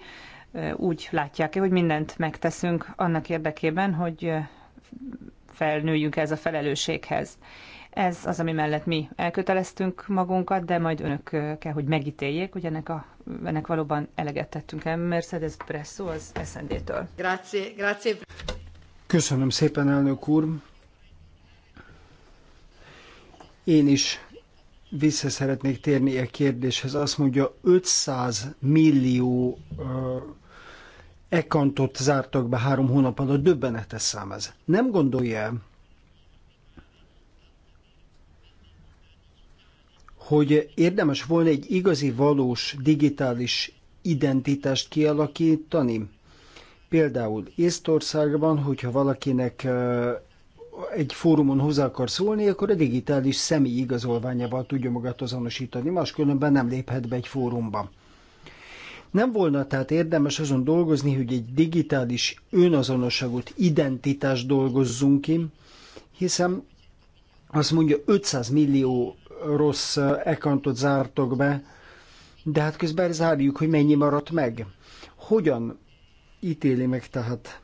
úgy látják-e, hogy mindent megteszünk annak érdekében, hogy felnőjünk ez a felelősséghez. Ez az, ami mellett mi elköteleztünk magunkat, de majd önök kell, hogy megítéljék, hogy ennek, a, ennek valóban eleget tettünk el. Mercedes Bresso az eszendétől. Grazie, grazie. Köszönöm szépen, elnök úr. Én is vissza szeretnék térni a e kérdéshez. Azt mondja, 500 millió uh, ekantot zártak be három hónap alatt. Döbbenetes szám ez. Nem gondolja hogy érdemes volna egy igazi, valós digitális identitást kialakítani. Például Észtországban, hogyha valakinek egy fórumon hozzá akar szólni, akkor a digitális személyi igazolványával tudja magát azonosítani, máskülönben nem léphet be egy fórumba. Nem volna tehát érdemes azon dolgozni, hogy egy digitális önazonosságot, identitást dolgozzunk ki, hiszen azt mondja, 500 millió rossz eh, ekantot zártok be, de hát közben zárjuk, hogy mennyi maradt meg. Hogyan ítéli meg tehát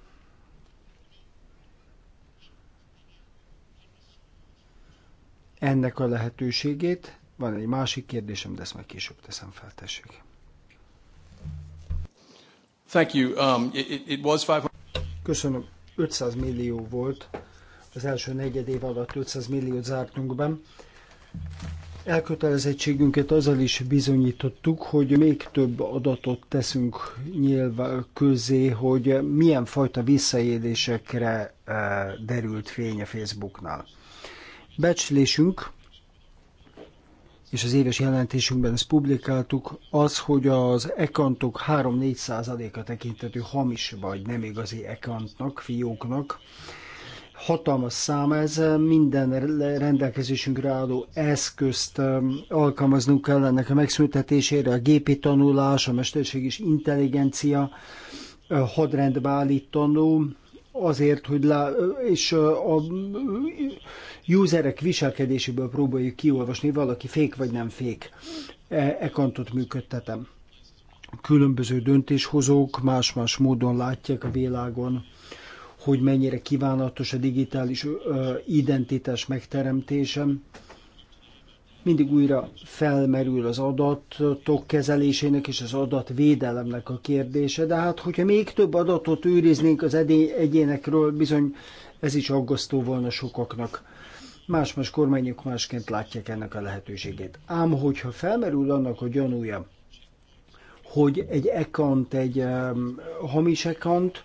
ennek a lehetőségét. Van egy másik kérdésem, de ezt majd később teszem fel, tessék. Thank you. Um, it, it was 500... Köszönöm. 500 millió volt. Az első negyed év alatt 500 milliót zártunk be. Elkötelezettségünket azzal is bizonyítottuk, hogy még több adatot teszünk nyilván közé, hogy milyen fajta visszaélésekre eh, derült fény a Facebooknál. Becslésünk, és az éves jelentésünkben ezt publikáltuk, az, hogy az ekantok 3-4 a tekintető hamis vagy nem igazi ekantnak, fióknak, hatalmas szám ez, eh, minden rendelkezésünkre álló eszközt eh, alkalmaznunk kell ennek a megszüntetésére, a gépi tanulás, a és intelligencia eh, hadrendbe állítanó, azért, hogy lá, és a userek viselkedéséből próbáljuk kiolvasni, valaki fék vagy nem fék. Ekantot e, e működtetem. Különböző döntéshozók más-más módon látják a világon hogy mennyire kívánatos a digitális identitás megteremtése. Mindig újra felmerül az adatok kezelésének és az adatvédelemnek a kérdése, de hát hogyha még több adatot őriznénk az egyénekről, bizony ez is aggasztó volna sokaknak más-más kormányok másként látják ennek a lehetőségét. Ám hogyha felmerül annak a gyanúja, hogy egy ekant, egy um, hamis ekant,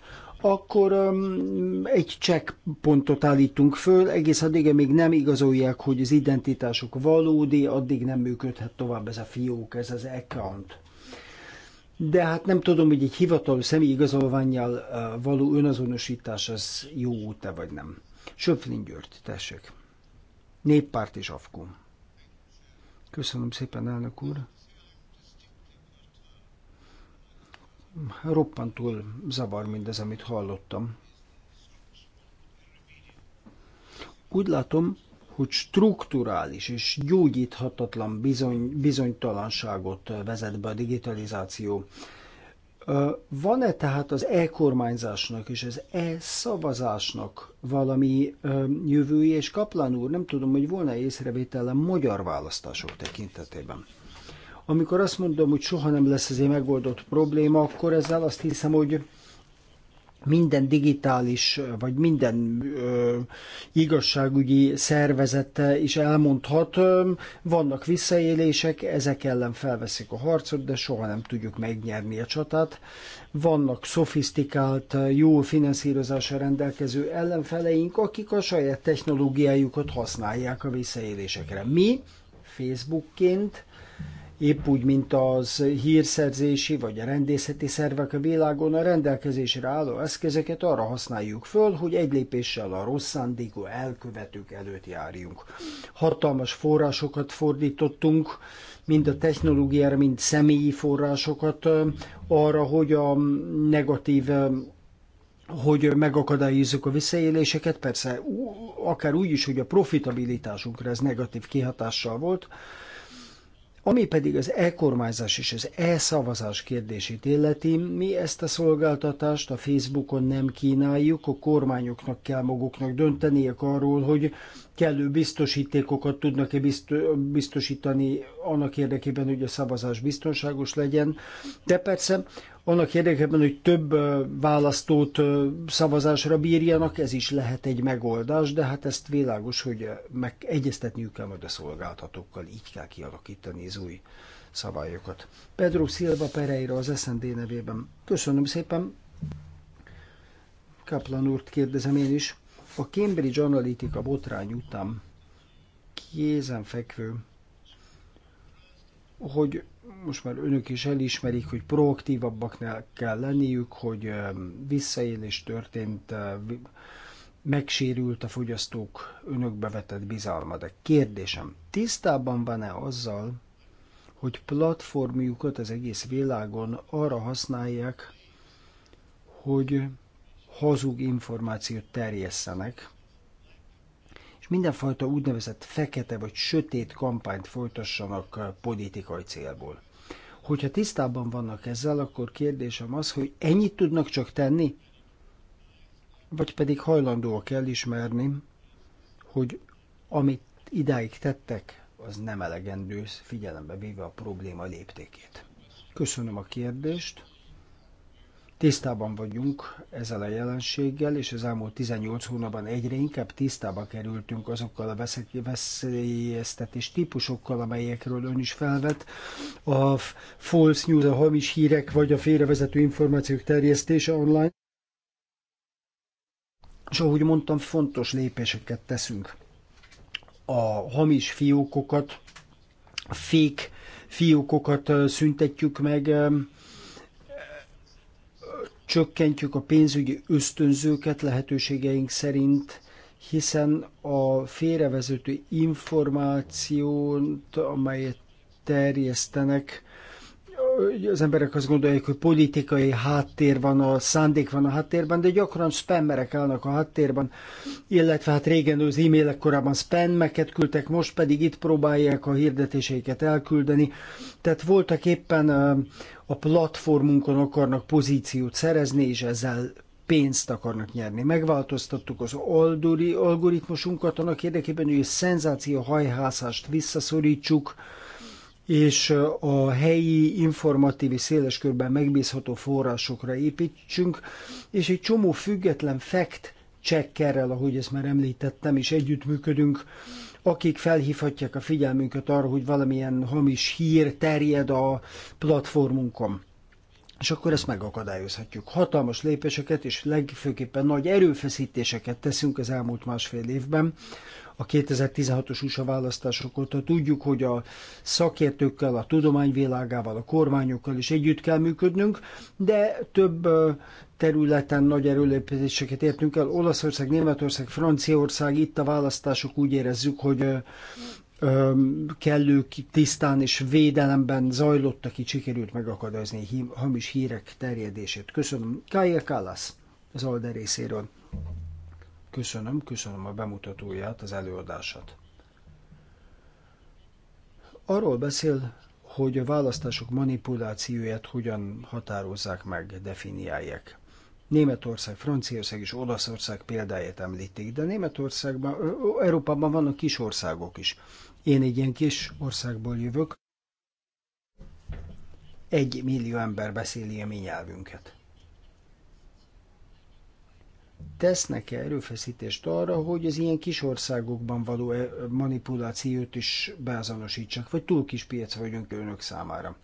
akkor um, egy checkpontot állítunk föl, egész addig, amíg nem igazolják, hogy az identitásuk valódi, addig nem működhet tovább ez a fiók, ez az account. De hát nem tudom, hogy egy hivatalos személyigazolványjal igazolványjal való önazonosítás az jó út-e vagy nem. Söpflin György, tessék. Néppárt és Afkon. Köszönöm szépen, elnök úr. Roppantul zavar mindez, amit hallottam. Úgy látom, hogy strukturális és gyógyíthatatlan bizony, bizonytalanságot vezet be a digitalizáció. Van-e tehát az e-kormányzásnak és az e-szavazásnak valami jövője, és Kaplan úr, nem tudom, hogy volna észrevétele magyar választások tekintetében. Amikor azt mondom, hogy soha nem lesz ez egy megoldott probléma, akkor ezzel azt hiszem, hogy minden digitális, vagy minden ö, igazságügyi szervezete is elmondhat, ö, vannak visszaélések, ezek ellen felveszik a harcot, de soha nem tudjuk megnyerni a csatát. Vannak szofisztikált, jó finanszírozásra rendelkező ellenfeleink, akik a saját technológiájukat használják a visszaélésekre. Mi Facebookként épp úgy, mint az hírszerzési vagy a rendészeti szervek a világon a rendelkezésre álló eszközeket arra használjuk föl, hogy egy lépéssel a rossz szándékú elkövetők előtt járjunk. Hatalmas forrásokat fordítottunk, mind a technológiára, mind személyi forrásokat arra, hogy a negatív hogy megakadályozzuk a visszaéléseket, persze akár úgy is, hogy a profitabilitásunkra ez negatív kihatással volt, ami pedig az e-kormányzás és az e-szavazás kérdését illeti, mi ezt a szolgáltatást a Facebookon nem kínáljuk, a kormányoknak kell maguknak dönteniük arról, hogy kellő biztosítékokat tudnak-e biztosítani annak érdekében, hogy a szavazás biztonságos legyen. De persze annak érdekében, hogy több választót szavazásra bírjanak, ez is lehet egy megoldás, de hát ezt világos, hogy megegyeztetniük kell majd a szolgáltatókkal, így kell kialakítani az új szabályokat. Pedro Silva Pereira az SND nevében. Köszönöm szépen. Kaplan úrt kérdezem én is. A Cambridge Analytica botrány után kézenfekvő, hogy most már önök is elismerik, hogy proaktívabbaknál kell lenniük, hogy visszaélés történt, megsérült a fogyasztók önökbe vetett bizalma. De kérdésem, tisztában van-e azzal, hogy platformjukat az egész világon arra használják, hogy hazug információt terjesszenek, és mindenfajta úgynevezett fekete vagy sötét kampányt folytassanak eh, politikai célból. Hogyha tisztában vannak ezzel, akkor kérdésem az, hogy ennyit tudnak csak tenni? Vagy pedig hajlandóak elismerni, hogy amit idáig tettek, az nem elegendő, figyelembe véve a probléma léptékét. Köszönöm a kérdést. Tisztában vagyunk ezzel a jelenséggel, és az elmúlt 18 hónapban egyre inkább tisztába kerültünk azokkal a veszélyeztetés típusokkal, amelyekről ön is felvet. A false news, a hamis hírek vagy a félrevezető információk terjesztése online. És ahogy mondtam, fontos lépéseket teszünk. A hamis fiókokat, a fake fiókokat szüntetjük meg, csökkentjük a pénzügyi ösztönzőket lehetőségeink szerint, hiszen a félrevezető információt, amelyet terjesztenek, az emberek azt gondolják, hogy politikai háttér van, a szándék van a háttérben, de gyakran spammerek állnak a háttérben, illetve hát régen az e-mailek korábban spammeket küldtek, most pedig itt próbálják a hirdetéseiket elküldeni. Tehát voltak éppen a platformunkon akarnak pozíciót szerezni, és ezzel pénzt akarnak nyerni. Megváltoztattuk az alduri algoritmusunkat annak érdekében, hogy a szenzáció hajhászást visszaszorítsuk, és a helyi informatív és körben megbízható forrásokra építsünk, és egy csomó független fact checkerrel, ahogy ezt már említettem, és együttműködünk, akik felhívhatják a figyelmünket arra, hogy valamilyen hamis hír terjed a platformunkon. És akkor ezt megakadályozhatjuk. Hatalmas lépéseket és legfőképpen nagy erőfeszítéseket teszünk az elmúlt másfél évben, a 2016-os USA választások óta. Tudjuk, hogy a szakértőkkel, a tudományvilágával, a kormányokkal is együtt kell működnünk, de több területen nagy erőlépéseket értünk el. Olaszország, Németország, Franciaország, itt a választások úgy érezzük, hogy kellő tisztán és védelemben zajlottak, így sikerült megakadályozni hamis hírek terjedését. Köszönöm. Kája Kálasz az Alde részéről. Köszönöm, köszönöm a bemutatóját, az előadását. Arról beszél, hogy a választások manipulációját hogyan határozzák meg, definiálják. Németország, Franciaország és Olaszország példáját említik, de Németországban, Európában vannak kis országok is. Én egy ilyen kis országból jövök. Egy millió ember beszéli a mi nyelvünket tesznek-e erőfeszítést arra, hogy az ilyen kis országokban való eh, manipulációt is beazonosítsak, vagy túl kis piac vagyunk önök számára.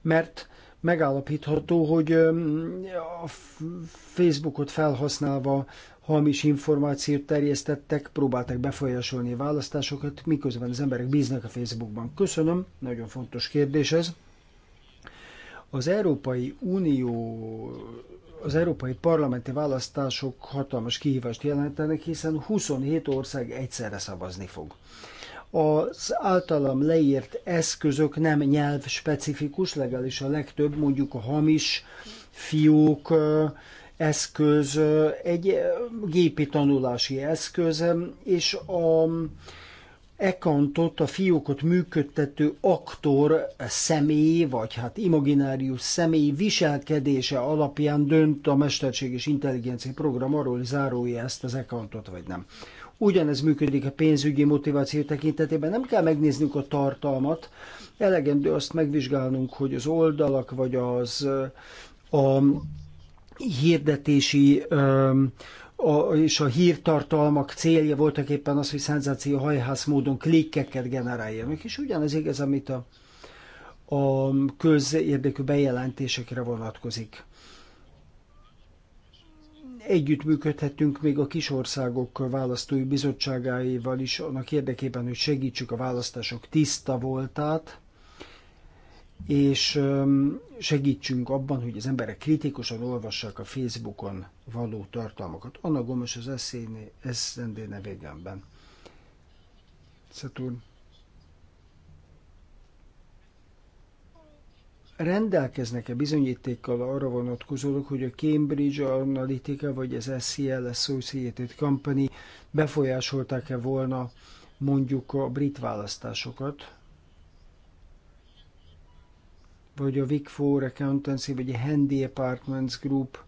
Mert megállapítható, hogy a Facebookot felhasználva hamis információt terjesztettek, próbálták befolyásolni a választásokat, miközben az emberek bíznak a Facebookban. Köszönöm, nagyon fontos kérdés ez. Az Európai Unió az európai parlamenti választások hatalmas kihívást jelentenek, hiszen 27 ország egyszerre szavazni fog. Az általam leírt eszközök nem nyelv specifikus, legalábbis a legtöbb, mondjuk a hamis fiók eszköz, egy gépi tanulási eszköz, és a accountot, a fiókot működtető aktor személy, vagy hát imaginárius személy viselkedése alapján dönt a mesterséges intelligencia program arról, hogy zárulja ezt az accountot, vagy nem. Ugyanez működik a pénzügyi motiváció tekintetében, nem kell megnéznünk a tartalmat, elegendő azt megvizsgálnunk, hogy az oldalak, vagy az a hirdetési um, a, és a hírtartalmak célja voltak éppen az, hogy hajház módon klikkeket generáljanak, és ugyanez igaz, amit a, a közérdekű bejelentésekre vonatkozik. Együttműködhetünk még a kisországok választói bizottságáival is annak érdekében, hogy segítsük a választások tiszta voltát, és segítsünk abban, hogy az emberek kritikusan olvassák a Facebookon való tartalmakat. Anna Gomes az SZND nevégemben. Szatúr. rendelkeznek-e bizonyítékkal arra vonatkozólag, hogy a Cambridge Analytica vagy az SCL Associated Company befolyásolták-e volna mondjuk a brit választásokat, vagy a Vic Four Accountancy, vagy a Handy Apartments Group,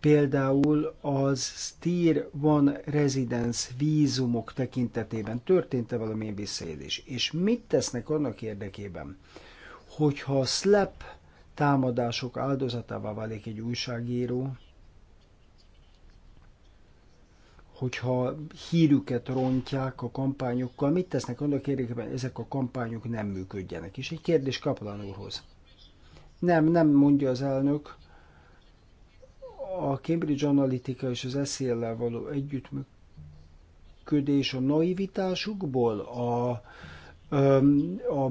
például az Steer One Residence vízumok tekintetében történt-e valamilyen visszaélés, és mit tesznek annak érdekében, hogyha a SLAP támadások áldozatává válik egy újságíró, hogyha hírüket rontják a kampányokkal, mit tesznek annak érdekében, ezek a kampányok nem működjenek? És egy kérdés Kaplan úrhoz. Nem, nem mondja az elnök. A Cambridge Analytica és az scl való együttműködés a naivitásukból, a, a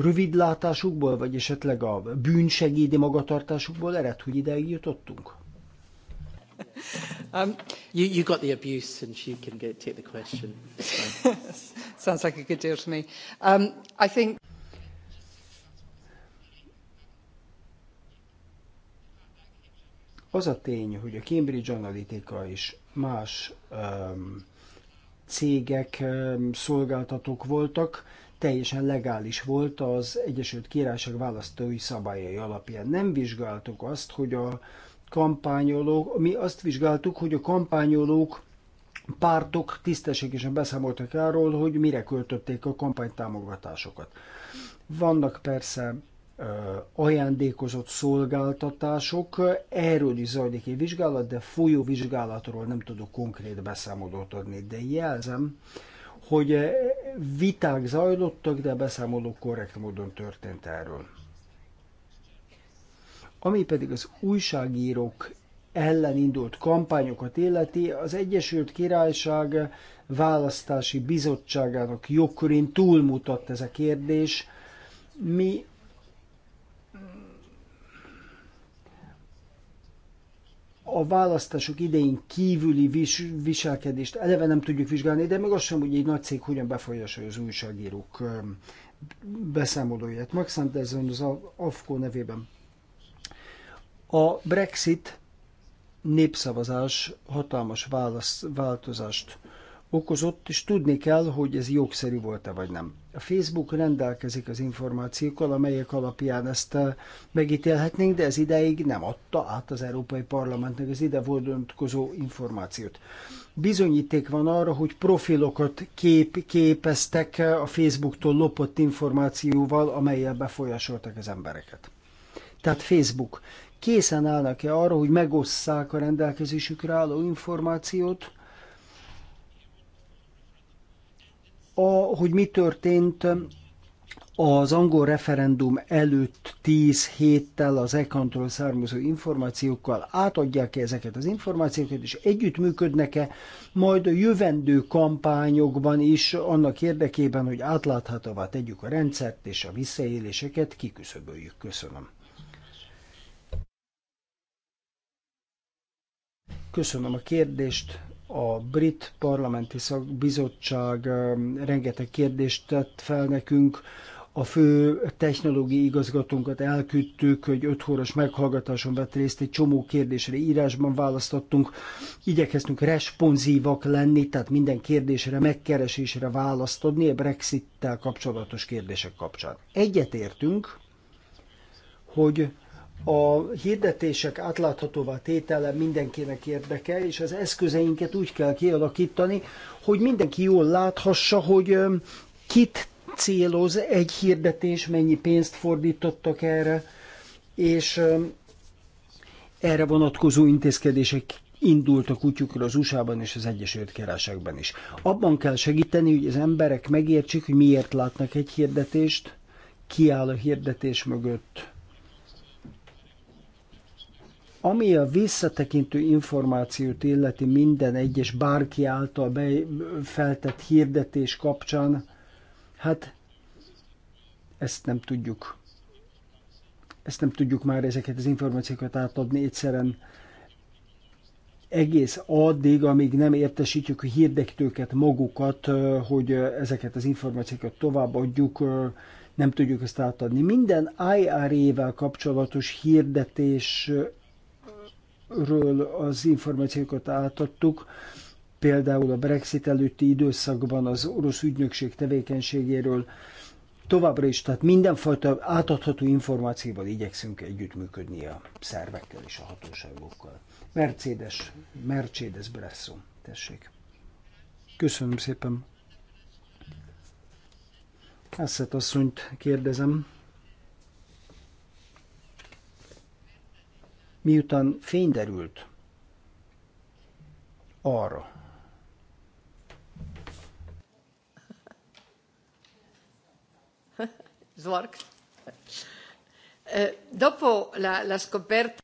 rövidlátásukból, vagy esetleg a bűnsegédi magatartásukból ered, hogy ideig jutottunk? Um, you, you got the abuse, and she can get, take the question. *laughs* Sounds like a good deal to me. Um, I think. Az a tény, hogy a Cambridge Analytica és más um, cégek, um, szolgáltatók voltak, teljesen legális volt az Egyesült Királyság választói szabályai alapján. Nem vizsgáltuk azt, hogy a kampányolók, mi azt vizsgáltuk, hogy a kampányolók pártok tisztességesen beszámoltak arról, hogy mire költötték a kampánytámogatásokat. Vannak persze ajándékozott szolgáltatások, erről is zajlik egy vizsgálat, de folyó vizsgálatról nem tudok konkrét beszámolót adni, de jelzem, hogy viták zajlottak, de beszámolók korrekt módon történt erről. Ami pedig az újságírók ellen indult kampányokat illeti, az Egyesült Királyság választási bizottságának jogkörén túlmutat ez a kérdés. Mi a választások idején kívüli vis- viselkedést eleve nem tudjuk vizsgálni, de meg azt sem, hogy egy nagy cég hogyan befolyásolja az újságírók beszámolóját. Max Anderson az AFKO nevében a Brexit népszavazás hatalmas válasz, változást okozott, és tudni kell, hogy ez jogszerű volt-e vagy nem. A Facebook rendelkezik az információkkal, amelyek alapján ezt eh, megítélhetnénk, de ez ideig nem adta át az Európai Parlamentnek az ide vonatkozó információt. Bizonyíték van arra, hogy profilokat kép, képeztek eh, a Facebooktól lopott információval, amelyel befolyásoltak az embereket. Tehát Facebook készen állnak-e arra, hogy megosszák a rendelkezésükre álló információt, a, hogy mi történt az angol referendum előtt 10 héttel az ECAN-tól származó információkkal átadják-e ezeket az információkat, és együttműködnek-e majd a jövendő kampányokban is annak érdekében, hogy átláthatóvá tegyük a rendszert és a visszaéléseket kiküszöböljük. Köszönöm. Köszönöm a kérdést. A brit parlamenti szakbizottság um, rengeteg kérdést tett fel nekünk. A fő technológiai igazgatónkat elküldtük, hogy öt órás meghallgatáson vett részt, egy csomó kérdésre írásban választottunk. Igyekeztünk responszívak lenni, tehát minden kérdésre, megkeresésre választ adni a Brexit-tel kapcsolatos kérdések kapcsán. Egyetértünk, hogy a hirdetések átláthatóvá tétele mindenkinek érdeke, és az eszközeinket úgy kell kialakítani, hogy mindenki jól láthassa, hogy kit céloz egy hirdetés, mennyi pénzt fordítottak erre, és erre vonatkozó intézkedések indultak kutyukra az USA-ban és az Egyesült Királyságban is. Abban kell segíteni, hogy az emberek megértsék, hogy miért látnak egy hirdetést, ki áll a hirdetés mögött, ami a visszatekintő információt illeti minden egyes bárki által be, feltett hirdetés kapcsán, hát ezt nem tudjuk. Ezt nem tudjuk már ezeket az információkat átadni egyszerűen egész addig, amíg nem értesítjük a hirdetőket magukat, hogy ezeket az információkat továbbadjuk, nem tudjuk ezt átadni. Minden IRA-vel kapcsolatos hirdetés ről az információkat átadtuk, például a Brexit előtti időszakban az orosz ügynökség tevékenységéről, továbbra is, tehát mindenfajta átadható információval igyekszünk együttműködni a szervekkel és a hatóságokkal. Mercedes, Mercedes Bresson tessék. Köszönöm szépen. Eszet asszonyt kérdezem, miután fény derült arra, *laughs* Zvark. Dopo la, la scoperta...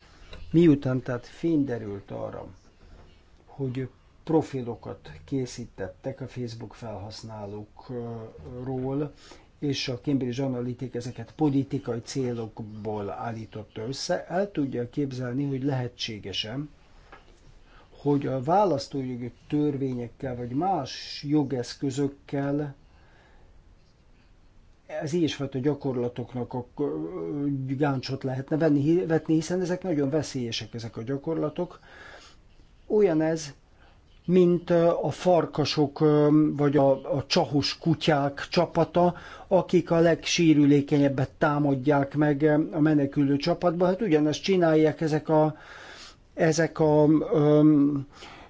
Miután tehát fény derült arra, hogy profilokat készítettek a Facebook felhasználókról, és a Cambridge Analytica ezeket politikai célokból állította össze, el tudja képzelni, hogy lehetségesen, hogy a választójogi törvényekkel vagy más jogeszközökkel ez is a gyakorlatoknak a gáncsot lehetne venni, vetni, hiszen ezek nagyon veszélyesek, ezek a gyakorlatok. Olyan ez, mint a farkasok vagy a, a csahos kutyák csapata, akik a legsérülékenyebbet támadják meg a menekülő csapatba. Hát ugyanezt csinálják ezek a, ezek a um,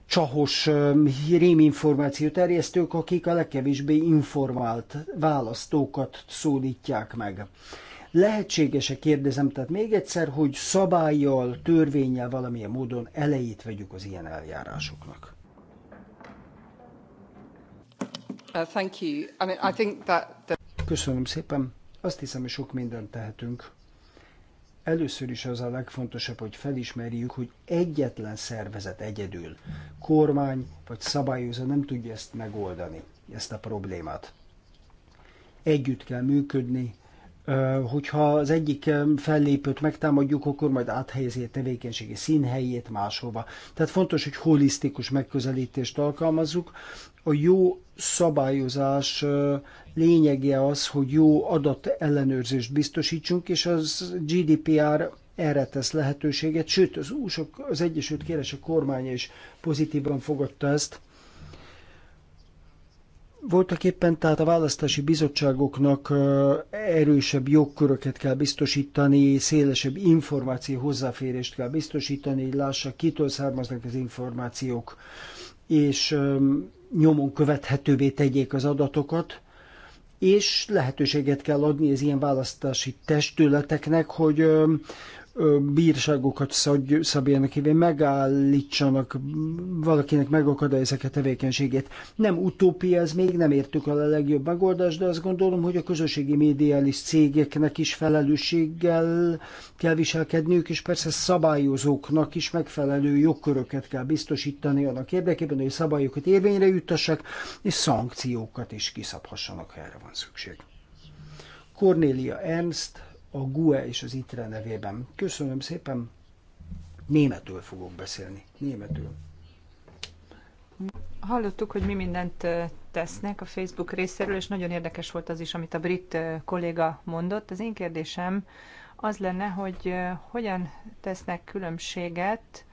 csahos um, réminformáció terjesztők, akik a legkevésbé informált választókat szólítják meg. Lehetséges-e, kérdezem, tehát még egyszer, hogy szabályjal, törvényel valamilyen módon elejét vegyük az ilyen eljárásoknak? Uh, Köszönöm szépen. Azt hiszem, hogy sok mindent tehetünk. Először is az a legfontosabb, hogy felismerjük, hogy egyetlen szervezet egyedül, kormány vagy szabályozó nem tudja ezt megoldani, ezt a problémát. Együtt kell működni, hogyha az egyik fellépőt megtámadjuk, akkor majd áthelyezi a tevékenységi színhelyét máshova. Tehát fontos, hogy holisztikus megközelítést alkalmazzuk. A jó szabályozás lényege az, hogy jó adatellenőrzést biztosítsunk, és az GDPR erre tesz lehetőséget, sőt az, USA, az Egyesült Királyság kormánya is pozitívan fogadta ezt. Voltak éppen tehát a választási bizottságoknak erősebb jogköröket kell biztosítani, szélesebb információ hozzáférést kell biztosítani, hogy lássa, kitől származnak az információk, és nyomon követhetővé tegyék az adatokat, és lehetőséget kell adni az ilyen választási testületeknek, hogy bírságokat szabjanak, hogy megállítsanak valakinek megakadályozzák a tevékenységét. Nem utópia, ez még nem értük el a legjobb megoldást, de azt gondolom, hogy a közösségi médiális cégeknek is felelősséggel kell viselkedniük, és persze szabályozóknak is megfelelő jogköröket kell biztosítani annak érdekében, hogy szabályokat érvényre jutassak, és szankciókat is kiszabhassanak, ha erre van szükség. Cornelia Ernst, a GUE és az ITRE nevében. Köszönöm szépen, németül fogok beszélni, németül. Hallottuk, hogy mi mindent tesznek a Facebook részéről, és nagyon érdekes volt az is, amit a brit kolléga mondott. Az én kérdésem az lenne, hogy hogyan tesznek különbséget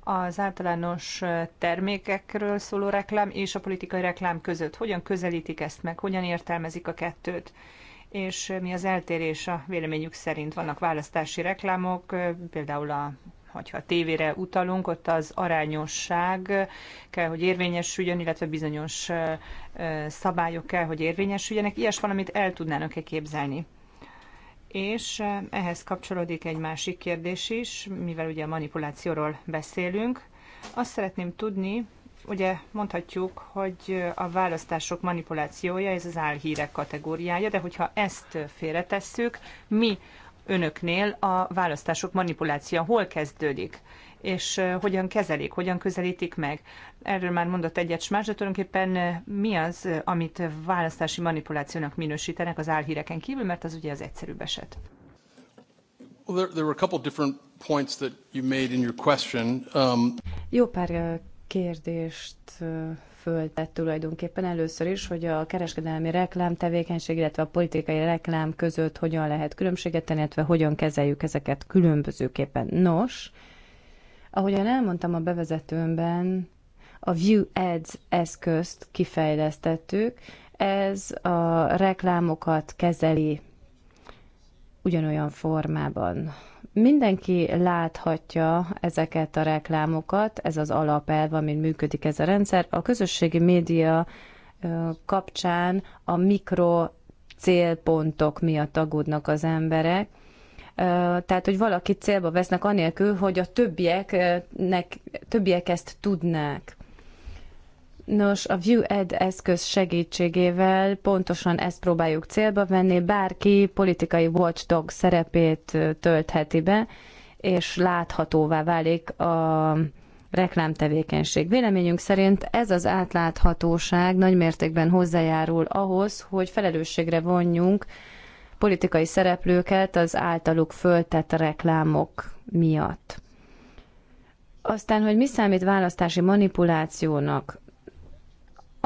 az általános termékekről szóló reklám és a politikai reklám között. Hogyan közelítik ezt meg, hogyan értelmezik a kettőt? és mi az eltérés a véleményük szerint. Vannak választási reklámok, például a hogyha a tévére utalunk, ott az arányosság kell, hogy érvényesüljön, illetve bizonyos szabályok kell, hogy érvényesüljenek. Ilyes valamit el tudnának-e képzelni? És ehhez kapcsolódik egy másik kérdés is, mivel ugye a manipulációról beszélünk. Azt szeretném tudni, ugye mondhatjuk, hogy a választások manipulációja, ez az álhírek kategóriája, de hogyha ezt félretesszük, mi önöknél a választások manipuláció hol kezdődik? és hogyan kezelik, hogyan közelítik meg. Erről már mondott egyet más, de tulajdonképpen mi az, amit választási manipulációnak minősítenek az álhíreken kívül, mert az ugye az egyszerűbb eset. Well, there, there were a couple different points that you made in your question. Um... Jó pár kérdést föltett tulajdonképpen először is, hogy a kereskedelmi reklám tevékenység, illetve a politikai reklám között hogyan lehet különbséget tenni, illetve hogyan kezeljük ezeket különbözőképpen. Nos, ahogyan elmondtam a bevezetőmben, a View Ads eszközt kifejlesztettük, ez a reklámokat kezeli ugyanolyan formában, Mindenki láthatja ezeket a reklámokat, ez az alapelv, amin működik ez a rendszer. A közösségi média kapcsán a mikro célpontok miatt aggódnak az emberek, tehát, hogy valakit célba vesznek anélkül, hogy a többieknek, többiek ezt tudnák. Nos, a ViewEd eszköz segítségével pontosan ezt próbáljuk célba venni, bárki politikai watchdog szerepét töltheti be, és láthatóvá válik a reklámtevékenység. Véleményünk szerint ez az átláthatóság nagy mértékben hozzájárul ahhoz, hogy felelősségre vonjunk politikai szereplőket az általuk föltett reklámok miatt. Aztán, hogy mi számít választási manipulációnak,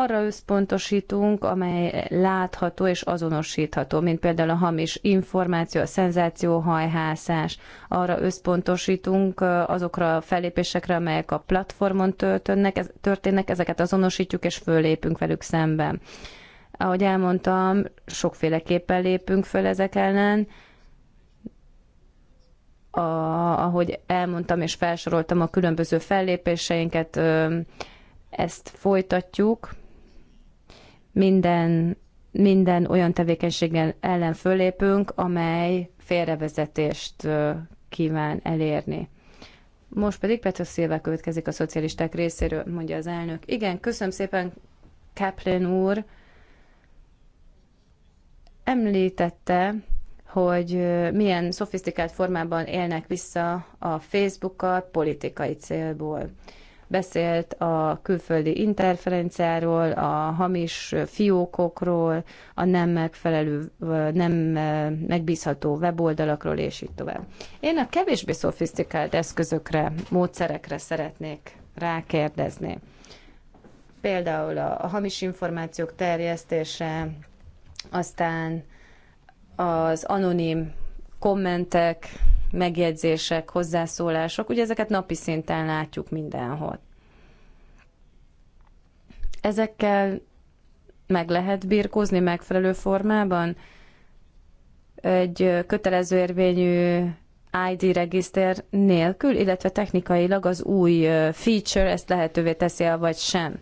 arra összpontosítunk, amely látható és azonosítható, mint például a hamis információ, a szenzációhajhászás. Arra összpontosítunk azokra a fellépésekre, amelyek a platformon történnek, történnek ezeket azonosítjuk és fölépünk velük szemben. Ahogy elmondtam, sokféleképpen lépünk föl ezek ellen, a, ahogy elmondtam és felsoroltam a különböző fellépéseinket, ezt folytatjuk minden, minden olyan tevékenységgel ellen fölépünk, amely félrevezetést kíván elérni. Most pedig Petra Szilva következik a szocialisták részéről, mondja az elnök. Igen, köszönöm szépen, Kaplan úr. Említette, hogy milyen szofisztikált formában élnek vissza a Facebookkal politikai célból beszélt a külföldi interferenciáról, a hamis fiókokról, a nem megfelelő, nem megbízható weboldalakról, és így tovább. Én a kevésbé szofisztikált eszközökre, módszerekre szeretnék rákérdezni. Például a, a hamis információk terjesztése, aztán az anonim kommentek, megjegyzések, hozzászólások, ugye ezeket napi szinten látjuk mindenhol. Ezekkel meg lehet birkózni megfelelő formában? Egy kötelező érvényű ID regiszter nélkül, illetve technikailag az új feature ezt lehetővé teszi vagy sem.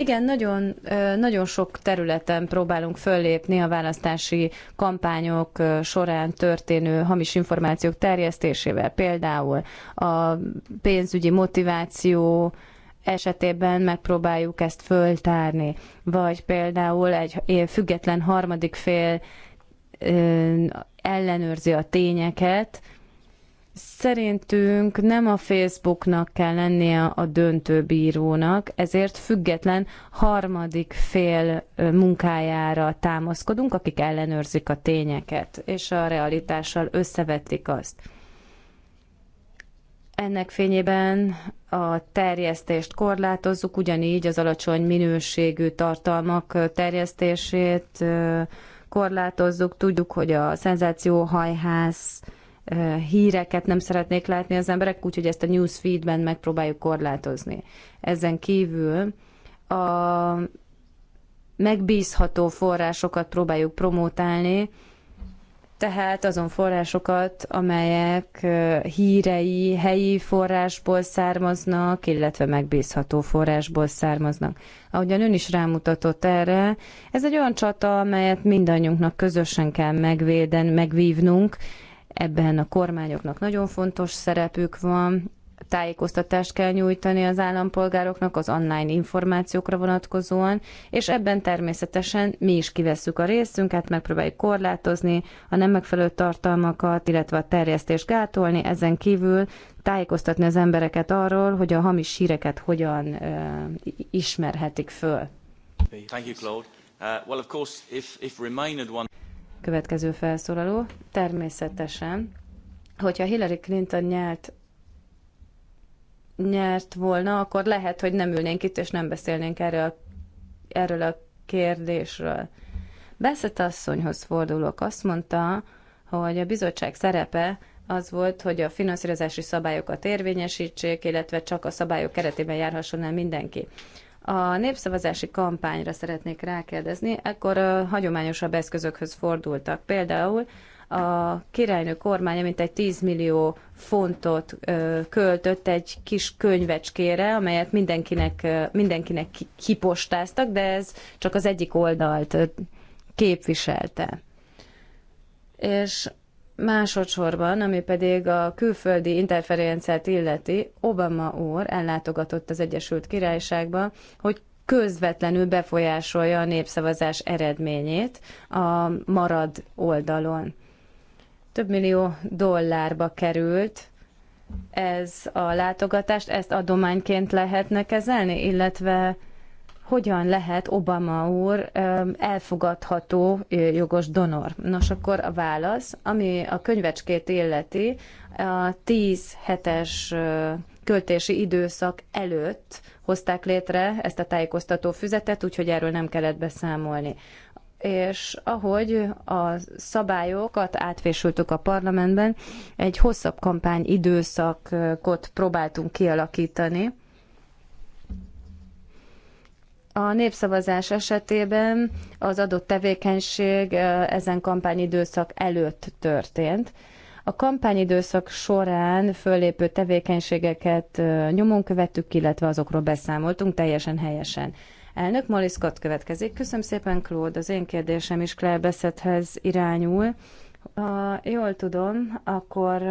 Igen, nagyon, nagyon sok területen próbálunk föllépni a választási kampányok során történő hamis információk terjesztésével. Például a pénzügyi motiváció esetében megpróbáljuk ezt föltárni, vagy például egy független harmadik fél ellenőrzi a tényeket, Szerintünk nem a Facebooknak kell lennie a döntőbírónak, ezért független harmadik fél munkájára támaszkodunk, akik ellenőrzik a tényeket, és a realitással összevetik azt. Ennek fényében a terjesztést korlátozzuk, ugyanígy az alacsony minőségű tartalmak terjesztését korlátozzuk. Tudjuk, hogy a szenzációhajház hajház híreket nem szeretnék látni az emberek, úgyhogy ezt a newsfeedben megpróbáljuk korlátozni. Ezen kívül a megbízható forrásokat próbáljuk promotálni, tehát azon forrásokat, amelyek hírei, helyi forrásból származnak, illetve megbízható forrásból származnak. Ahogyan ön is rámutatott erre, ez egy olyan csata, amelyet mindannyiunknak közösen kell megvéden, megvívnunk, Ebben a kormányoknak nagyon fontos szerepük van, tájékoztatást kell nyújtani az állampolgároknak az online információkra vonatkozóan, és ebben természetesen mi is kivesszük a részünket, megpróbáljuk korlátozni a nem megfelelő tartalmakat, illetve a terjesztést gátolni, ezen kívül tájékoztatni az embereket arról, hogy a hamis híreket hogyan uh, ismerhetik föl. Thank you, Claude. Uh, well, of course, if, if Remain one... Következő felszólaló. Természetesen, hogyha Hillary Clinton nyert, nyert volna, akkor lehet, hogy nem ülnénk itt, és nem beszélnénk erről a, erről a kérdésről. Beszett asszonyhoz fordulok. Azt mondta, hogy a bizottság szerepe az volt, hogy a finanszírozási szabályokat érvényesítsék, illetve csak a szabályok keretében járhasson el mindenki. A népszavazási kampányra szeretnék rákérdezni, akkor a hagyományosabb eszközökhöz fordultak. Például a királynő kormánya mintegy 10 millió fontot ö, költött egy kis könyvecskére, amelyet mindenkinek, ö, mindenkinek kipostáztak, de ez csak az egyik oldalt képviselte. És Másodszorban, ami pedig a külföldi interferenciát illeti, Obama úr ellátogatott az Egyesült Királyságba, hogy közvetlenül befolyásolja a népszavazás eredményét a marad oldalon. Több millió dollárba került ez a látogatást, ezt adományként lehetne kezelni, illetve hogyan lehet Obama úr elfogadható jogos donor? Nos, akkor a válasz, ami a könyvecskét illeti, a 10 hetes költési időszak előtt hozták létre ezt a tájékoztató füzetet, úgyhogy erről nem kellett beszámolni. És ahogy a szabályokat átfésültük a parlamentben, egy hosszabb kampány időszakot próbáltunk kialakítani, a népszavazás esetében az adott tevékenység ezen kampányidőszak előtt történt. A kampányidőszak során föllépő tevékenységeket nyomon követtük, illetve azokról beszámoltunk teljesen helyesen. Elnök Molly következik. Köszönöm szépen, Claude. Az én kérdésem is Claire Beszethez irányul. Ha jól tudom, akkor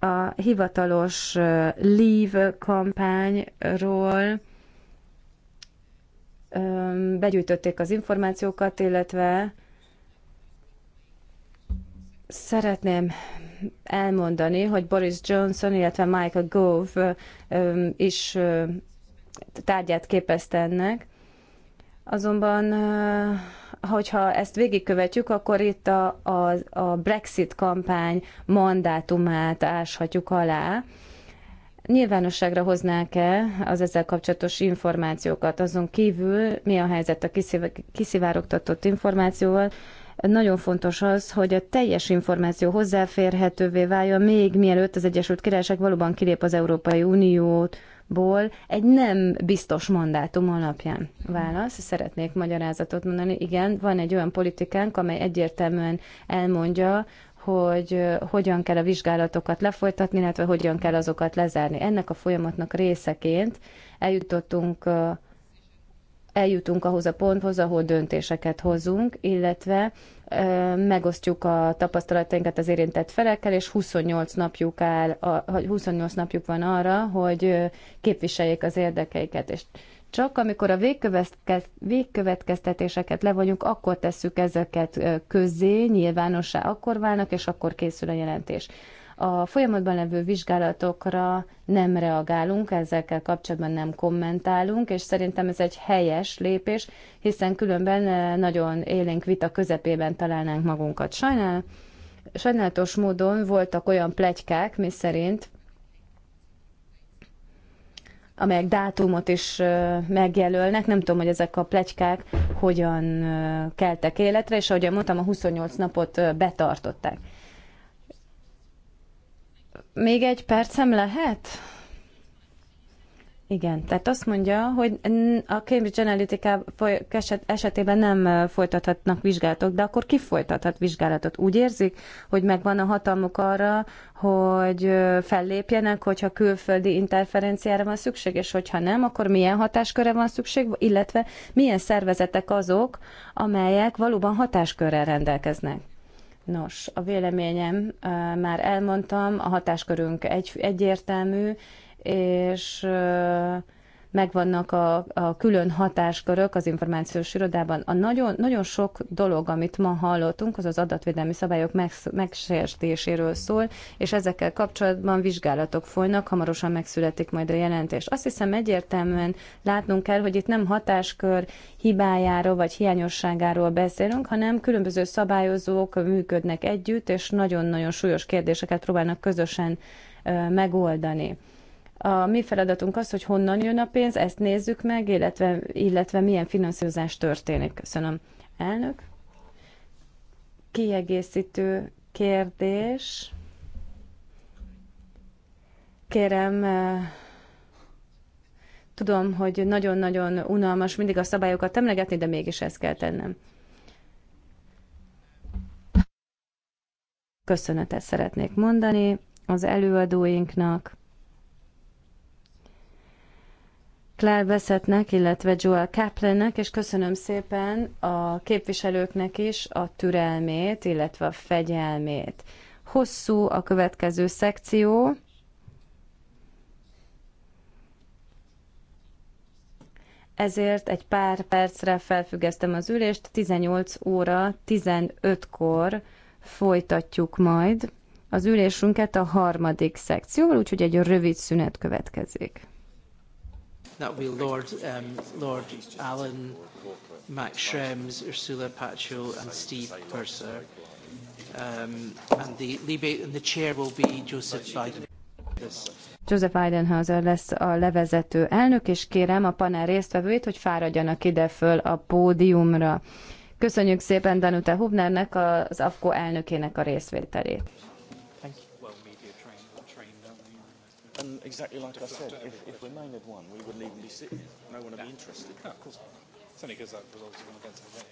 a hivatalos Leave kampányról begyűjtötték az információkat, illetve szeretném elmondani, hogy Boris Johnson, illetve Michael Gove is tárgyát képezte ennek. Azonban, hogyha ezt végigkövetjük, akkor itt a, a, a Brexit kampány mandátumát áshatjuk alá nyilvánosságra hoznák-e az ezzel kapcsolatos információkat? Azon kívül mi a helyzet a kiszivárogtatott információval? Nagyon fontos az, hogy a teljes információ hozzáférhetővé váljon, még mielőtt az Egyesült Királyság valóban kilép az Európai Unióból egy nem biztos mandátum alapján. Válasz, szeretnék magyarázatot mondani. Igen, van egy olyan politikánk, amely egyértelműen elmondja, hogy hogyan kell a vizsgálatokat lefolytatni, illetve hogyan kell azokat lezárni. Ennek a folyamatnak részeként eljutottunk eljutunk ahhoz a ponthoz, ahol döntéseket hozunk, illetve megosztjuk a tapasztalatainkat az érintett felekkel, és 28 napjuk, áll, 28 napjuk van arra, hogy képviseljék az érdekeiket. És csak amikor a végkövetkeztetéseket levonjuk, akkor tesszük ezeket közzé, nyilvánossá akkor válnak, és akkor készül a jelentés. A folyamatban levő vizsgálatokra nem reagálunk, ezekkel kapcsolatban nem kommentálunk, és szerintem ez egy helyes lépés, hiszen különben nagyon élénk vita közepében találnánk magunkat. Sajnál, sajnálatos módon voltak olyan plegykák, miszerint amelyek dátumot is megjelölnek. Nem tudom, hogy ezek a plegykák hogyan keltek életre, és ahogy mondtam, a 28 napot betartották. Még egy percem lehet? Igen, tehát azt mondja, hogy a Cambridge Analytica eset, esetében nem folytathatnak vizsgálatok, de akkor ki folytathat vizsgálatot? Úgy érzik, hogy megvan a hatalmuk arra, hogy fellépjenek, hogyha külföldi interferenciára van szükség, és hogyha nem, akkor milyen hatásköre van szükség, illetve milyen szervezetek azok, amelyek valóban hatáskörrel rendelkeznek? Nos, a véleményem már elmondtam, a hatáskörünk egy, egyértelmű, és megvannak a, a külön hatáskörök az információs irodában. A nagyon, nagyon sok dolog, amit ma hallottunk, az az adatvédelmi szabályok meg, megsértéséről szól, és ezekkel kapcsolatban vizsgálatok folynak, hamarosan megszületik majd a jelentés. Azt hiszem egyértelműen látnunk kell, hogy itt nem hatáskör hibájáról vagy hiányosságáról beszélünk, hanem különböző szabályozók működnek együtt, és nagyon-nagyon súlyos kérdéseket próbálnak közösen megoldani. A mi feladatunk az, hogy honnan jön a pénz, ezt nézzük meg, illetve, illetve milyen finanszírozás történik. Köszönöm. Elnök? Kiegészítő kérdés. Kérem, eh, tudom, hogy nagyon-nagyon unalmas mindig a szabályokat emlegetni, de mégis ezt kell tennem. Köszönetet szeretnék mondani az előadóinknak. Claire Bessettnek, illetve Joel Kaplannek, és köszönöm szépen a képviselőknek is a türelmét, illetve a fegyelmét. Hosszú a következő szekció. ezért egy pár percre felfüggesztem az ülést, 18 óra 15-kor folytatjuk majd az ülésünket a harmadik szekcióval, úgyhogy egy rövid szünet következik. That will be Lord, um, Lord Allen, Max Schrems, Ursula Pacho and Steve Purser. Um, and the, and the chair will be Joseph Biden. Joseph Eidenhauser lesz a levezető elnök, és kérem a panel résztvevőit, hogy fáradjanak ide föl a pódiumra. Köszönjük szépen Danuta Hubnernek, az AFKO elnökének a részvételét. And exactly like I said, if, if Remain had won, we wouldn't even be sitting here. No one would be interested. No, of course not. It's only because that was obviously gone against the game.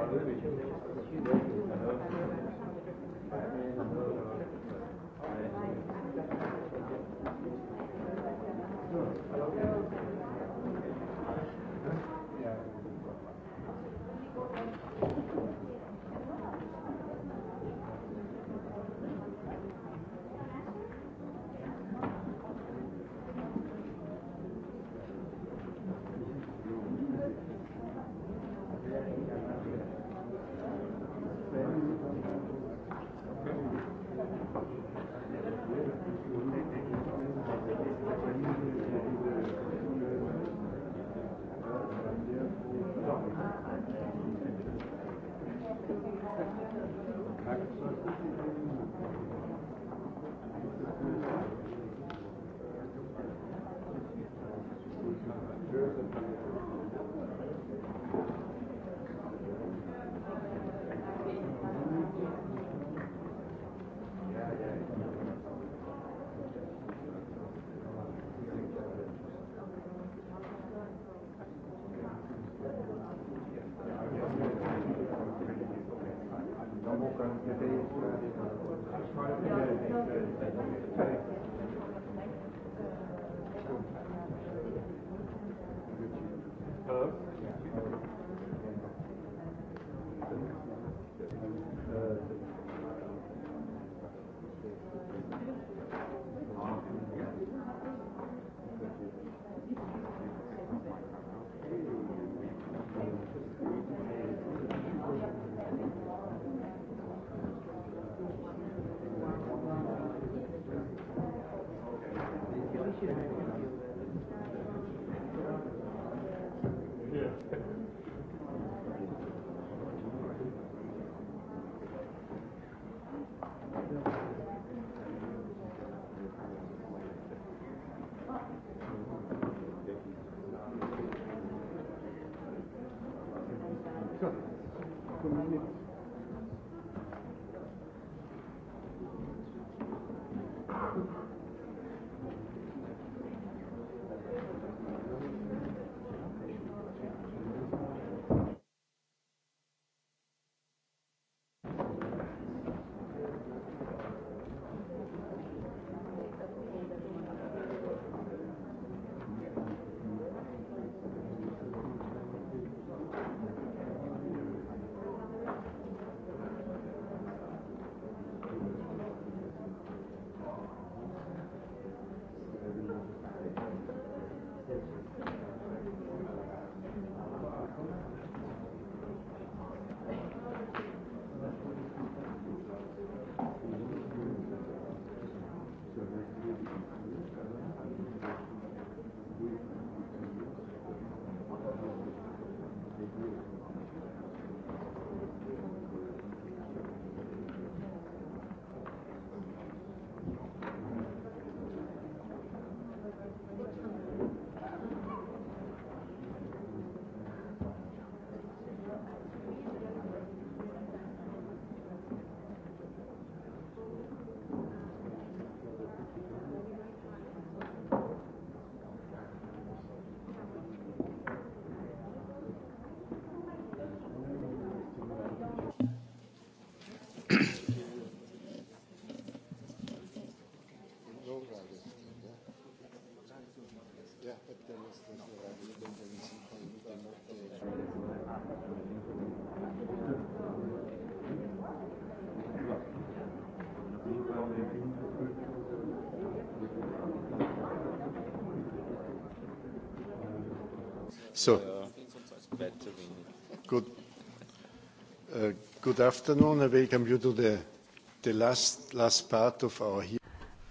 van, ő So, good, uh, good afternoon. I welcome you to the, the last, last part of our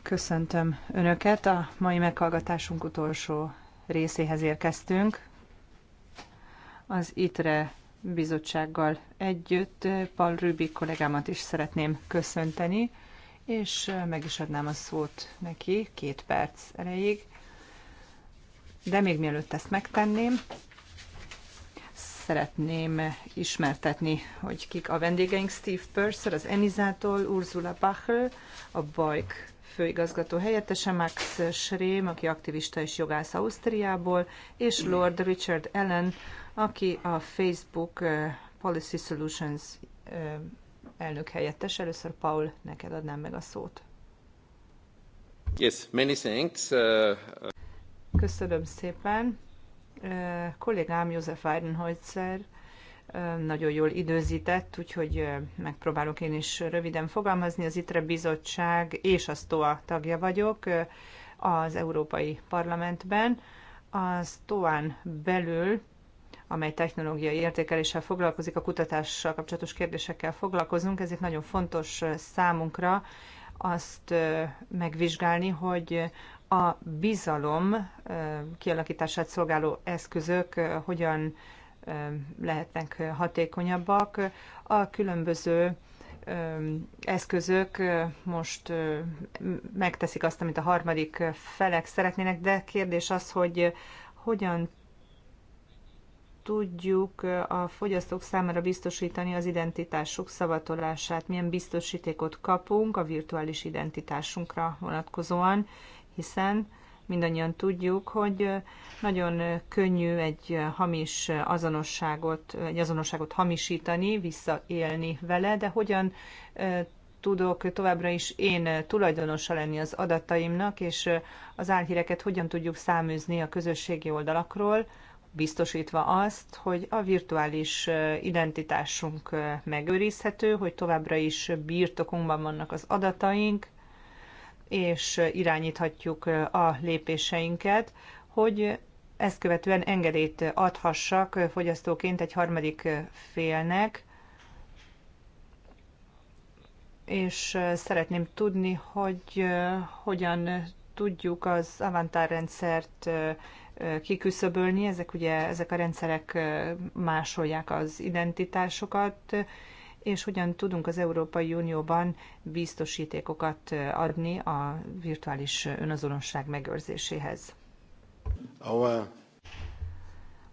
Köszöntöm Önöket a mai meghallgatásunk utolsó részéhez érkeztünk. Az ITRE bizottsággal együtt Paul Rübi kollégámat is szeretném köszönteni, és meg is adnám a szót neki két perc erejéig. De még mielőtt ezt megtenném, szeretném ismertetni, hogy kik a vendégeink. Steve Purser az Enizától, Ursula Bachel, a Bajk főigazgató helyettese Max Schrem, aki aktivista és jogász Ausztriából, és Lord Richard Allen, aki a Facebook eh, Policy Solutions eh, elnök helyettes. Először Paul, neked adnám meg a szót. Yes, many thanks. Uh, uh. Köszönöm szépen. Uh, kollégám József Weidenholzer, nagyon jól időzített, úgyhogy megpróbálok én is röviden fogalmazni. Az ITRE bizottság és a STOA tagja vagyok az Európai Parlamentben. A STOA-n belül amely technológiai értékeléssel foglalkozik, a kutatással kapcsolatos kérdésekkel foglalkozunk, ezért nagyon fontos számunkra azt megvizsgálni, hogy a bizalom kialakítását szolgáló eszközök hogyan lehetnek hatékonyabbak. A különböző eszközök eh, most eh, megteszik azt, amit a harmadik felek szeretnének, de kérdés az, hogy hogyan tudjuk eh, a fogyasztók számára biztosítani az identitásuk szavatolását, milyen biztosítékot kapunk a virtuális identitásunkra vonatkozóan, hiszen mindannyian tudjuk, hogy nagyon könnyű egy hamis azonosságot, egy azonosságot hamisítani, visszaélni vele, de hogyan tudok továbbra is én tulajdonosa lenni az adataimnak, és az álhíreket hogyan tudjuk száműzni a közösségi oldalakról, biztosítva azt, hogy a virtuális identitásunk megőrizhető, hogy továbbra is birtokunkban vannak az adataink, és irányíthatjuk a lépéseinket, hogy ezt követően engedélyt adhassak fogyasztóként egy harmadik félnek, és szeretném tudni, hogy hogyan tudjuk az Avantár rendszert kiküszöbölni. Ezek ugye, ezek a rendszerek másolják az identitásokat, és hogyan tudunk az Európai Unióban biztosítékokat adni a virtuális önazonosság megőrzéséhez.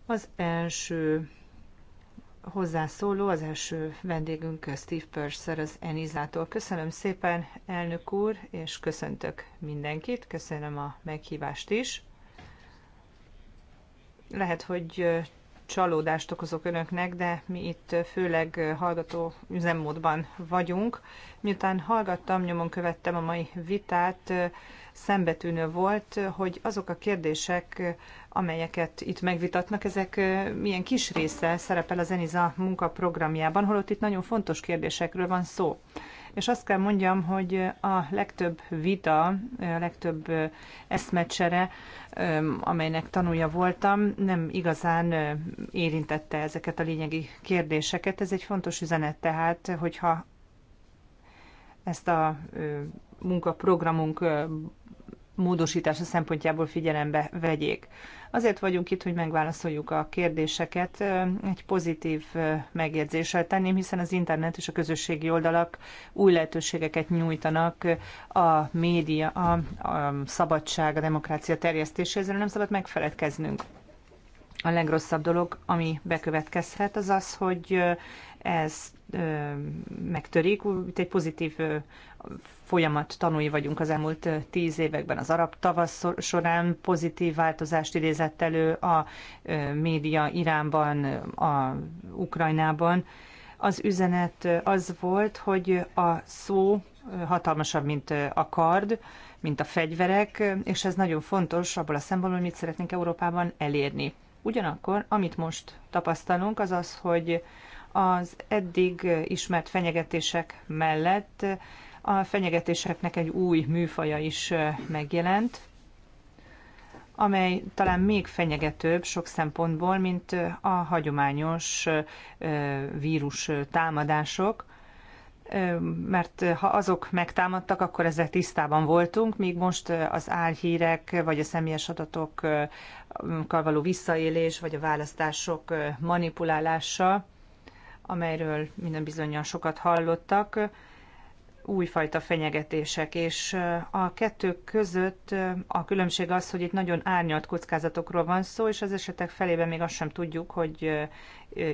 Az első hozzászóló, az első vendégünk Steve Purser az Enizától. Köszönöm szépen, elnök úr, és köszöntök mindenkit, köszönöm a meghívást is. Lehet, hogy csalódást okozok önöknek, de mi itt főleg hallgató üzemmódban vagyunk. Miután hallgattam, nyomon követtem a mai vitát, szembetűnő volt, hogy azok a kérdések, amelyeket itt megvitatnak, ezek milyen kis része szerepel az ENISA munkaprogramjában, holott itt nagyon fontos kérdésekről van szó és azt kell mondjam, hogy a legtöbb vita, a legtöbb eszmecsere, amelynek tanulja voltam, nem igazán érintette ezeket a lényegi kérdéseket. Ez egy fontos üzenet tehát, hogyha ezt a munkaprogramunk módosítása szempontjából figyelembe vegyék. Azért vagyunk itt, hogy megválaszoljuk a kérdéseket. Egy pozitív megjegyzéssel tenném, hiszen az internet és a közösségi oldalak új lehetőségeket nyújtanak a média, a, a szabadság, a demokrácia terjesztéséhez. nem szabad megfeledkeznünk a legrosszabb dolog, ami bekövetkezhet, az az, hogy ez megtörik. Itt egy pozitív folyamat tanúi vagyunk az elmúlt tíz években. Az arab tavasz során pozitív változást idézett elő a média Iránban, a Ukrajnában. Az üzenet az volt, hogy a szó hatalmasabb, mint a kard, mint a fegyverek, és ez nagyon fontos abból a szempontból, hogy mit szeretnénk Európában elérni. Ugyanakkor, amit most tapasztalunk, az az, hogy az eddig ismert fenyegetések mellett a fenyegetéseknek egy új műfaja is megjelent, amely talán még fenyegetőbb sok szempontból, mint a hagyományos vírus támadások, mert ha azok megtámadtak, akkor ezzel tisztában voltunk, míg most az álhírek, vagy a személyes adatokkal való visszaélés, vagy a választások manipulálása, amelyről minden bizonyan sokat hallottak, újfajta fenyegetések, és a kettő között a különbség az, hogy itt nagyon árnyalt kockázatokról van szó, és az esetek felében még azt sem tudjuk, hogy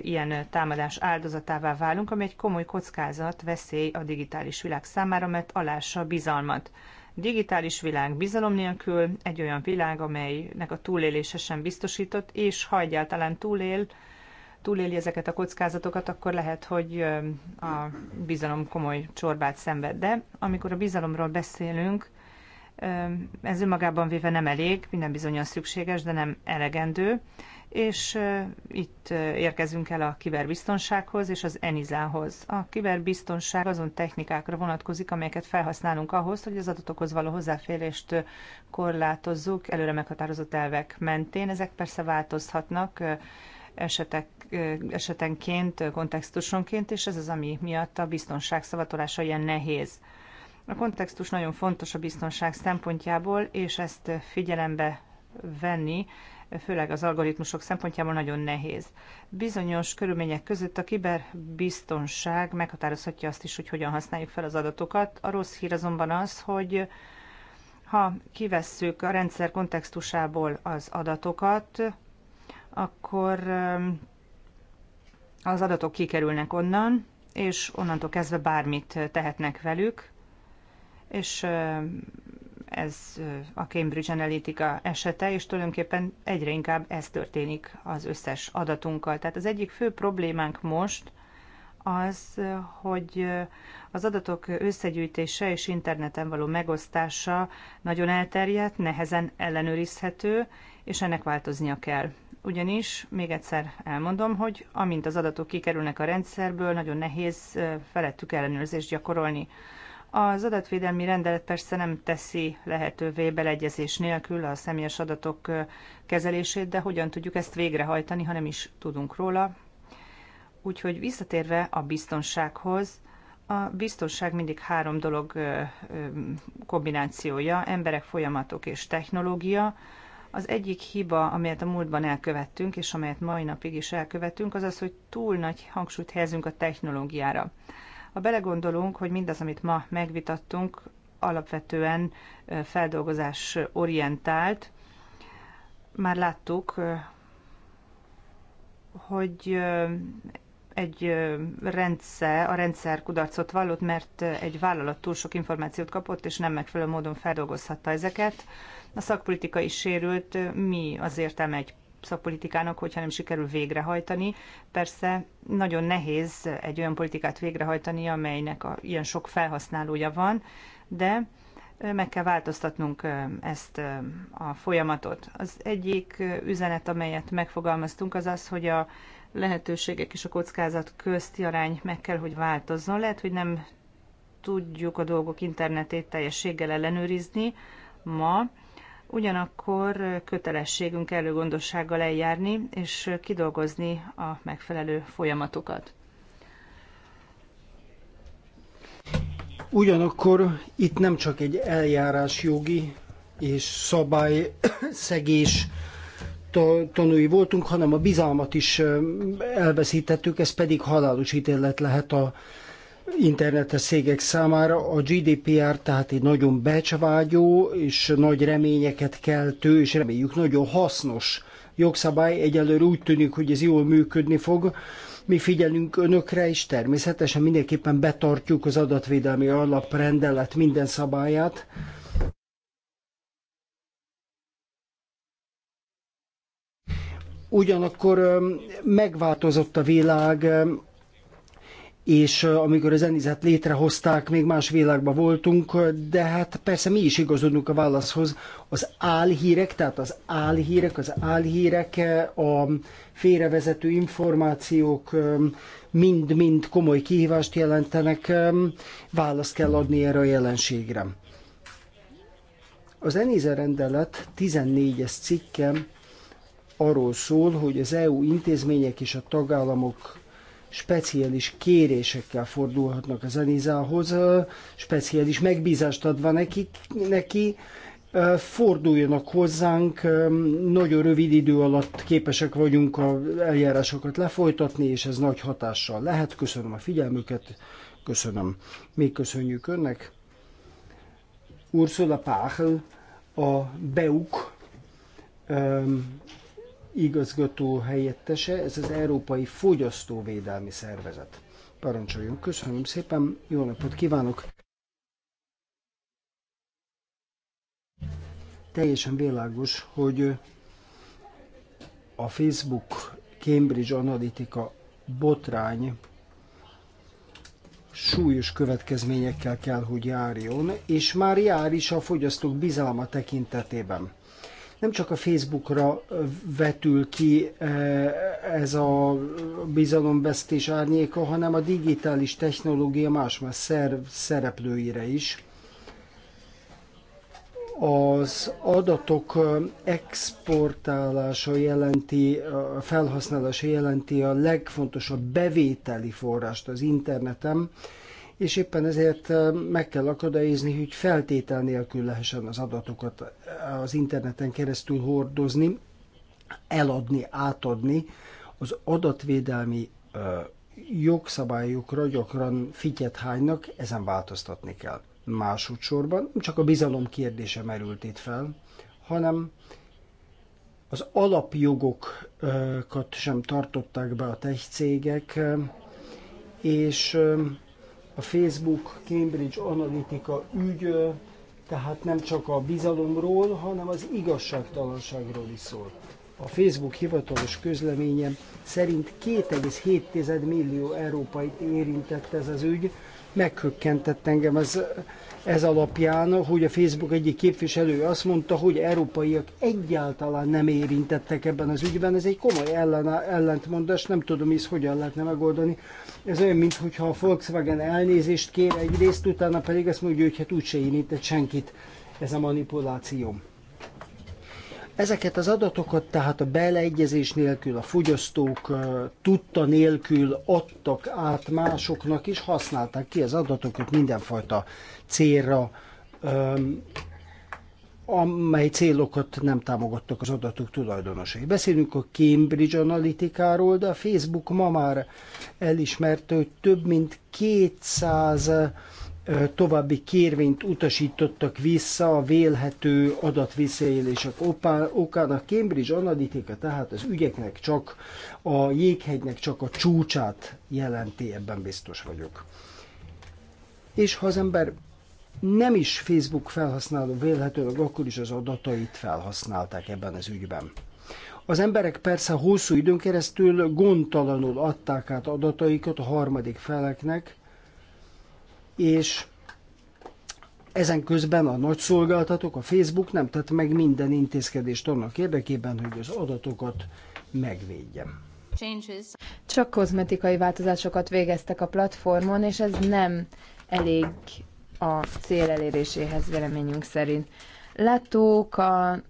ilyen támadás áldozatává válunk, ami egy komoly kockázat, veszély a digitális világ számára, mert alássa a bizalmat. Digitális világ bizalom nélkül egy olyan világ, amelynek a túlélése sem biztosított, és ha egyáltalán túlél, túléli ezeket a kockázatokat, akkor lehet, hogy a bizalom komoly csorbát szenved. De amikor a bizalomról beszélünk, ez önmagában véve nem elég, minden bizonyan szükséges, de nem elegendő. És itt érkezünk el a kiberbiztonsághoz és az ENISA-hoz. A kiberbiztonság azon technikákra vonatkozik, amelyeket felhasználunk ahhoz, hogy az adatokhoz való hozzáférést korlátozzuk előre meghatározott elvek mentén. Ezek persze változhatnak, esetek esetenként, kontextusonként, és ez az, ami miatt a biztonság szavatolása ilyen nehéz. A kontextus nagyon fontos a biztonság szempontjából, és ezt figyelembe venni, főleg az algoritmusok szempontjából nagyon nehéz. Bizonyos körülmények között a kiberbiztonság meghatározhatja azt is, hogy hogyan használjuk fel az adatokat. A rossz hír azonban az, hogy ha kivesszük a rendszer kontextusából az adatokat, akkor az adatok kikerülnek onnan, és onnantól kezdve bármit tehetnek velük, és ez a Cambridge Analytica esete, és tulajdonképpen egyre inkább ez történik az összes adatunkkal. Tehát az egyik fő problémánk most az, hogy az adatok összegyűjtése és interneten való megosztása nagyon elterjedt, nehezen ellenőrizhető, és ennek változnia kell ugyanis még egyszer elmondom, hogy amint az adatok kikerülnek a rendszerből, nagyon nehéz felettük ellenőrzést gyakorolni. Az adatvédelmi rendelet persze nem teszi lehetővé beleegyezés nélkül a személyes adatok kezelését, de hogyan tudjuk ezt végrehajtani, ha nem is tudunk róla. Úgyhogy visszatérve a biztonsághoz, a biztonság mindig három dolog kombinációja, emberek, folyamatok és technológia. Az egyik hiba, amelyet a múltban elkövettünk, és amelyet mai napig is elkövetünk, az az, hogy túl nagy hangsúlyt helyezünk a technológiára. Ha belegondolunk, hogy mindaz, amit ma megvitattunk, alapvetően feldolgozás orientált, már láttuk, hogy egy rendszer, a rendszer kudarcot vallott, mert egy vállalat túl sok információt kapott, és nem megfelelő módon feldolgozhatta ezeket. A szakpolitika is sérült, mi az értelme egy szakpolitikának, hogyha nem sikerül végrehajtani. Persze nagyon nehéz egy olyan politikát végrehajtani, amelynek a, ilyen sok felhasználója van, de meg kell változtatnunk ezt a folyamatot. Az egyik üzenet, amelyet megfogalmaztunk, az az, hogy a lehetőségek és a kockázat közti arány meg kell, hogy változzon. Lehet, hogy nem tudjuk a dolgok internetét teljességgel ellenőrizni ma, ugyanakkor kötelességünk előgondossággal eljárni és kidolgozni a megfelelő folyamatokat. Ugyanakkor itt nem csak egy eljárás jogi és szabályszegés tanúi voltunk, hanem a bizalmat is elveszítettük, ez pedig halálos ítélet lehet a internetes szégek számára a GDPR tehát egy nagyon becsvágyó és nagy reményeket keltő, és reméljük nagyon hasznos jogszabály. Egyelőre úgy tűnik, hogy ez jól működni fog. Mi figyelünk önökre, és természetesen mindenképpen betartjuk az adatvédelmi alaprendelet minden szabályát. Ugyanakkor megváltozott a világ, és amikor a zenizet létrehozták, még más világban voltunk, de hát persze mi is igazodunk a válaszhoz. Az álhírek, tehát az álhírek, az álhírek, a félrevezető információk mind-mind komoly kihívást jelentenek, választ kell adni erre a jelenségre. Az ENISA rendelet 14-es cikke arról szól, hogy az EU intézmények és a tagállamok speciális kérésekkel fordulhatnak a zenizához, speciális megbízást adva neki, neki forduljanak hozzánk, nagyon rövid idő alatt képesek vagyunk a eljárásokat lefolytatni, és ez nagy hatással lehet. Köszönöm a figyelmüket, köszönöm. Még köszönjük önnek. Ursula Pachl, a BEUK igazgató helyettese, ez az Európai Fogyasztóvédelmi Szervezet. Parancsoljon, köszönöm szépen, jó napot kívánok! Teljesen világos, hogy a Facebook Cambridge Analytica botrány súlyos következményekkel kell, hogy járjon, és már jár is a fogyasztók bizalma tekintetében nem csak a Facebookra vetül ki ez a bizalomvesztés árnyéka, hanem a digitális technológia más más szerv szereplőire is. Az adatok exportálása jelenti, felhasználása jelenti a legfontosabb bevételi forrást az interneten, és éppen ezért meg kell akadályozni, hogy feltétel nélkül lehessen az adatokat az interneten keresztül hordozni, eladni, átadni. Az adatvédelmi jogszabályokra gyakran fityet hánynak, ezen változtatni kell. Másodszorban nem csak a bizalom kérdése merült itt fel, hanem az alapjogokat sem tartották be a tech cégek, és a Facebook Cambridge Analytica ügy tehát nem csak a bizalomról, hanem az igazságtalanságról is szól. A Facebook hivatalos közleménye szerint 2,7 millió európait érintett ez az ügy, meghökkentett engem ez, ez alapján, hogy a Facebook egyik képviselő azt mondta, hogy európaiak egyáltalán nem érintettek ebben az ügyben. Ez egy komoly ellen, ellentmondás, nem tudom is, hogyan lehetne megoldani. Ez olyan, mintha a Volkswagen elnézést kér egyrészt, utána pedig azt mondja, hogy hát úgyse érintett senkit ez a manipuláció. Ezeket az adatokat tehát a beleegyezés nélkül a fogyasztók tudta nélkül adtak át másoknak, is használták ki az adatokat mindenfajta célra, amely célokat nem támogattak az adatok tulajdonosai. Beszélünk a Cambridge Analytica-ról, de a Facebook ma már elismerte, hogy több mint 200 további kérvényt utasítottak vissza a vélhető adatvisszaélések okán. A Cambridge Analytica tehát az ügyeknek csak, a jéghegynek csak a csúcsát jelenti, ebben biztos vagyok. És ha az ember nem is Facebook felhasználó vélhetőleg, akkor is az adatait felhasználták ebben az ügyben. Az emberek persze hosszú időn keresztül gondtalanul adták át adataikat a harmadik feleknek, és ezen közben a nagy szolgáltatók, a Facebook nem tett meg minden intézkedést annak érdekében, hogy az adatokat megvédjem. Csak kozmetikai változásokat végeztek a platformon, és ez nem elég a cél eléréséhez véleményünk szerint. Láttuk a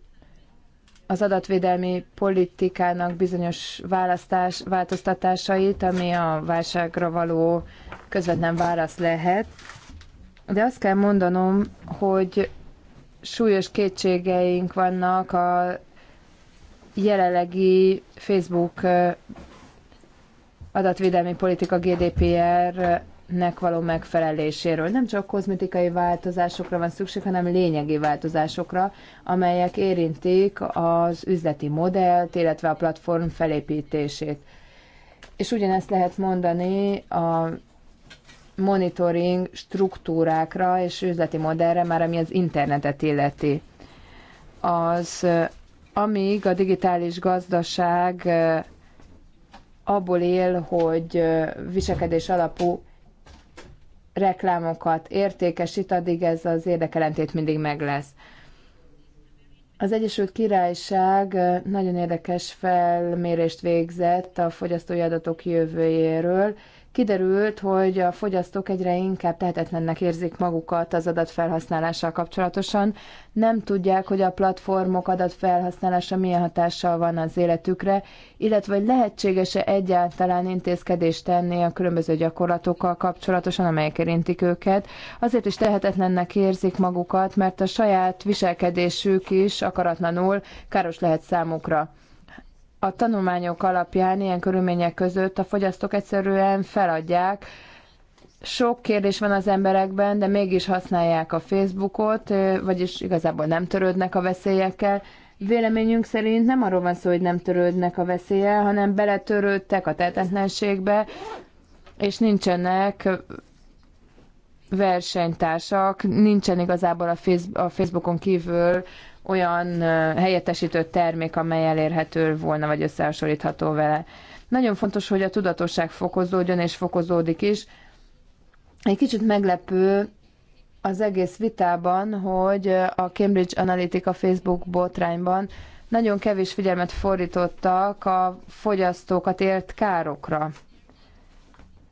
az adatvédelmi politikának bizonyos választás, változtatásait, ami a válságra való közvetlen válasz lehet. De azt kell mondanom, hogy súlyos kétségeink vannak a jelenlegi Facebook adatvédelmi politika GDPR nek való megfeleléséről. Nem csak kozmetikai változásokra van szükség, hanem lényegi változásokra, amelyek érintik az üzleti modellt, illetve a platform felépítését. És ugyanezt lehet mondani a monitoring struktúrákra és üzleti modellre, már ami az internetet illeti. Az, amíg a digitális gazdaság abból él, hogy viselkedés alapú reklámokat értékesít, addig ez az érdekelentét mindig meg lesz. Az Egyesült Királyság nagyon érdekes felmérést végzett a fogyasztói adatok jövőjéről, kiderült, hogy a fogyasztók egyre inkább tehetetlennek érzik magukat az adatfelhasználással kapcsolatosan. Nem tudják, hogy a platformok adatfelhasználása milyen hatással van az életükre, illetve hogy lehetséges-e egyáltalán intézkedést tenni a különböző gyakorlatokkal kapcsolatosan, amelyek érintik őket. Azért is tehetetlennek érzik magukat, mert a saját viselkedésük is akaratlanul káros lehet számukra a tanulmányok alapján ilyen körülmények között a fogyasztók egyszerűen feladják. Sok kérdés van az emberekben, de mégis használják a Facebookot, vagyis igazából nem törődnek a veszélyekkel. Véleményünk szerint nem arról van szó, hogy nem törődnek a veszélye, hanem beletörődtek a tehetetlenségbe, és nincsenek versenytársak, nincsen igazából a, Facebook, a Facebookon kívül olyan helyettesítő termék, amely elérhető volna, vagy összehasonlítható vele. Nagyon fontos, hogy a tudatosság fokozódjon, és fokozódik is. Egy kicsit meglepő az egész vitában, hogy a Cambridge Analytica Facebook botrányban nagyon kevés figyelmet fordítottak a fogyasztókat ért károkra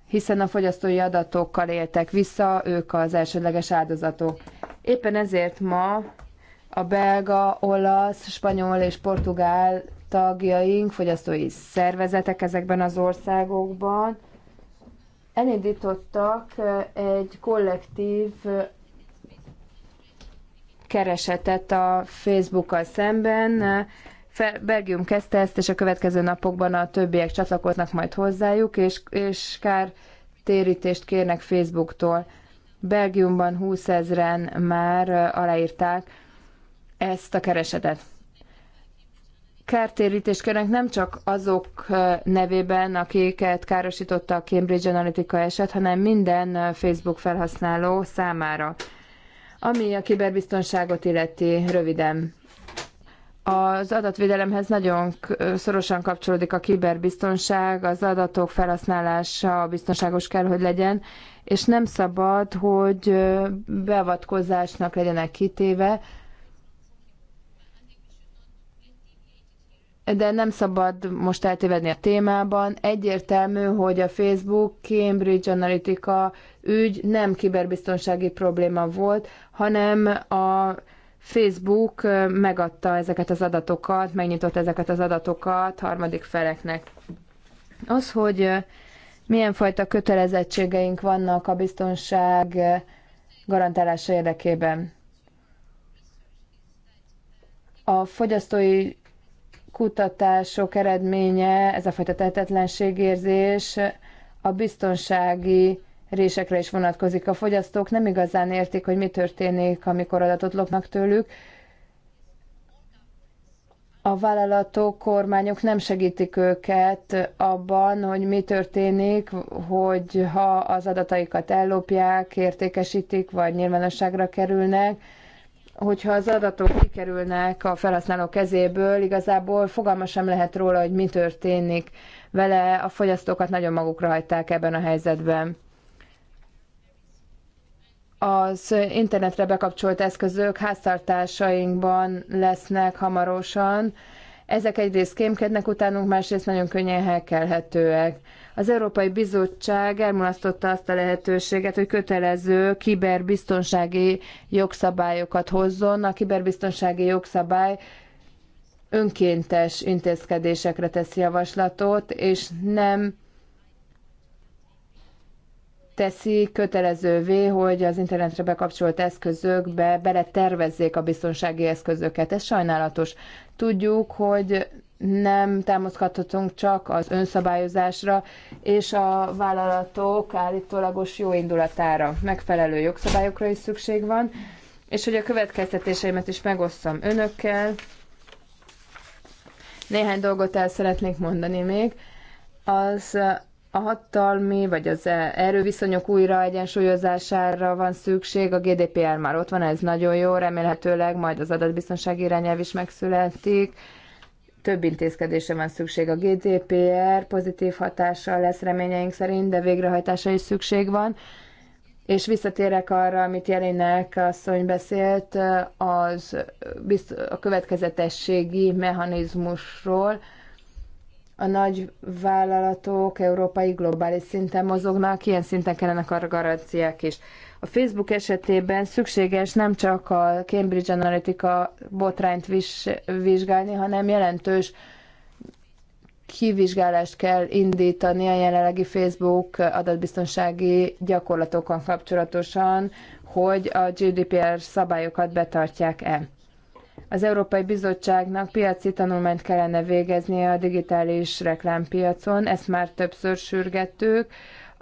hiszen a fogyasztói adatokkal éltek vissza, ők az elsődleges áldozatok. Éppen ezért ma a belga, olasz, spanyol és portugál tagjaink, fogyasztói szervezetek ezekben az országokban elindítottak egy kollektív keresetet a Facebookkal szemben. Belgium kezdte ezt, és a következő napokban a többiek csatlakoznak majd hozzájuk, és, és kár térítést kérnek Facebooktól. Belgiumban 20 ezeren már aláírták ezt a keresetet. Kártérítést kérnek nem csak azok nevében, akiket károsította a Cambridge Analytica eset, hanem minden Facebook felhasználó számára. Ami a kiberbiztonságot illeti röviden. Az adatvédelemhez nagyon szorosan kapcsolódik a kiberbiztonság, az adatok felhasználása biztonságos kell, hogy legyen, és nem szabad, hogy beavatkozásnak legyenek kitéve, de nem szabad most eltévedni a témában. Egyértelmű, hogy a Facebook Cambridge Analytica ügy nem kiberbiztonsági probléma volt, hanem a Facebook megadta ezeket az adatokat, megnyitott ezeket az adatokat harmadik feleknek. Az, hogy milyen fajta kötelezettségeink vannak a biztonság garantálása érdekében. A fogyasztói kutatások eredménye, ez a fajta tehetetlenségérzés a biztonsági résekre is vonatkozik. A fogyasztók nem igazán értik, hogy mi történik, amikor adatot lopnak tőlük. A vállalatok, kormányok nem segítik őket abban, hogy mi történik, hogy ha az adataikat ellopják, értékesítik, vagy nyilvánosságra kerülnek, hogyha az adatok kikerülnek a felhasználó kezéből, igazából fogalma sem lehet róla, hogy mi történik vele, a fogyasztókat nagyon magukra hagyták ebben a helyzetben. Az internetre bekapcsolt eszközök háztartásainkban lesznek hamarosan. Ezek egyrészt kémkednek utánunk, másrészt nagyon könnyen hekkelhetőek. Az Európai Bizottság elmulasztotta azt a lehetőséget, hogy kötelező kiberbiztonsági jogszabályokat hozzon. A kiberbiztonsági jogszabály önkéntes intézkedésekre tesz javaslatot, és nem teszi kötelezővé, hogy az internetre bekapcsolt eszközökbe beletervezzék a biztonsági eszközöket. Ez sajnálatos. Tudjuk, hogy nem támaszkodhatunk csak az önszabályozásra és a vállalatok állítólagos jó indulatára. Megfelelő jogszabályokra is szükség van, és hogy a következtetéseimet is megosszam önökkel. Néhány dolgot el szeretnék mondani még. Az a hatalmi vagy az e- erőviszonyok újra egyensúlyozására van szükség, a GDPR már ott van, ez nagyon jó, remélhetőleg majd az adatbiztonság irányelv is megszületik több intézkedésre van szükség. A GDPR pozitív hatással lesz reményeink szerint, de végrehajtása is szükség van. És visszatérek arra, amit Jelinek asszony beszélt, az a következetességi mechanizmusról. A nagy vállalatok európai globális szinten mozognak, ilyen szinten kellenek a garanciák is. A Facebook esetében szükséges nem csak a Cambridge Analytica botrányt vizsgálni, hanem jelentős kivizsgálást kell indítani a jelenlegi Facebook adatbiztonsági gyakorlatokon kapcsolatosan, hogy a GDPR szabályokat betartják-e. Az Európai Bizottságnak piaci tanulmányt kellene végeznie a digitális reklámpiacon, ezt már többször sürgettük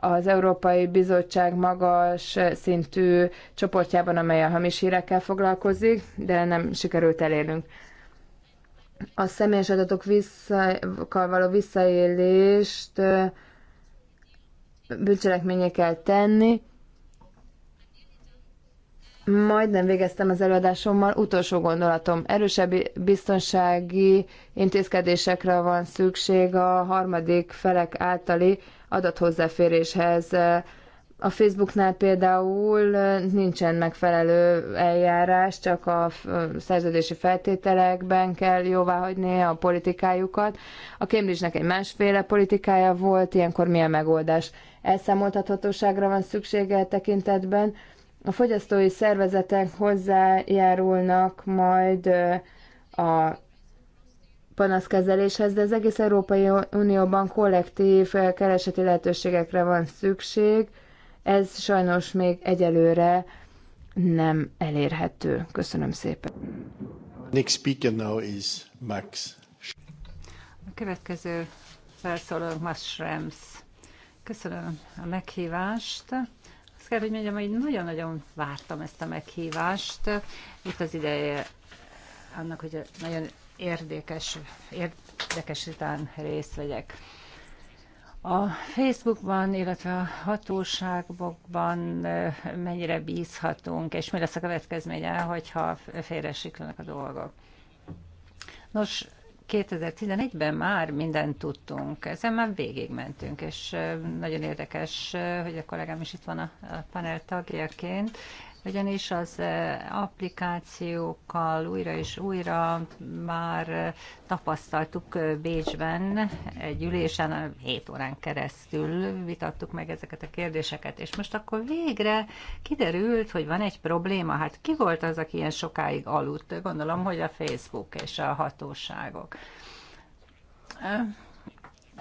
az Európai Bizottság magas szintű csoportjában, amely a hamis hírekkel foglalkozik, de nem sikerült elérnünk. A személyes adatok vissza, való visszaélést bűncselekményé kell tenni. Majdnem végeztem az előadásommal. Utolsó gondolatom. Erősebb biztonsági intézkedésekre van szükség a harmadik felek általi adathozzáféréshez. A Facebooknál például nincsen megfelelő eljárás, csak a szerződési feltételekben kell jóváhagyni a politikájukat. A Cambridge-nek egy másféle politikája volt, ilyenkor milyen megoldás? Elszámoltathatóságra van szüksége e tekintetben. A fogyasztói szervezetek hozzájárulnak majd a panaszkezeléshez, de az egész Európai Unióban kollektív eh, kereseti lehetőségekre van szükség. Ez sajnos még egyelőre nem elérhető. Köszönöm szépen. Next speaker now is Max. A következő felszólaló Max Schrems. Köszönöm a meghívást. Azt kell, hogy mondjam, hogy nagyon-nagyon vártam ezt a meghívást. Itt az ideje annak, hogy nagyon érdekes, érdekes után részt vegyek. A Facebookban, illetve a hatóságokban mennyire bízhatunk, és mi lesz a következménye, hogyha félresiklenek a dolgok. Nos, 2011-ben már mindent tudtunk, ezen már végigmentünk, és nagyon érdekes, hogy a kollégám is itt van a panel tagjaként, ugyanis az eh, applikációkkal újra és újra már eh, tapasztaltuk eh, Bécsben egy ülésen, 7 órán keresztül vitattuk meg ezeket a kérdéseket, és most akkor végre kiderült, hogy van egy probléma. Hát ki volt az, aki ilyen sokáig aludt? Gondolom, hogy a Facebook és a hatóságok.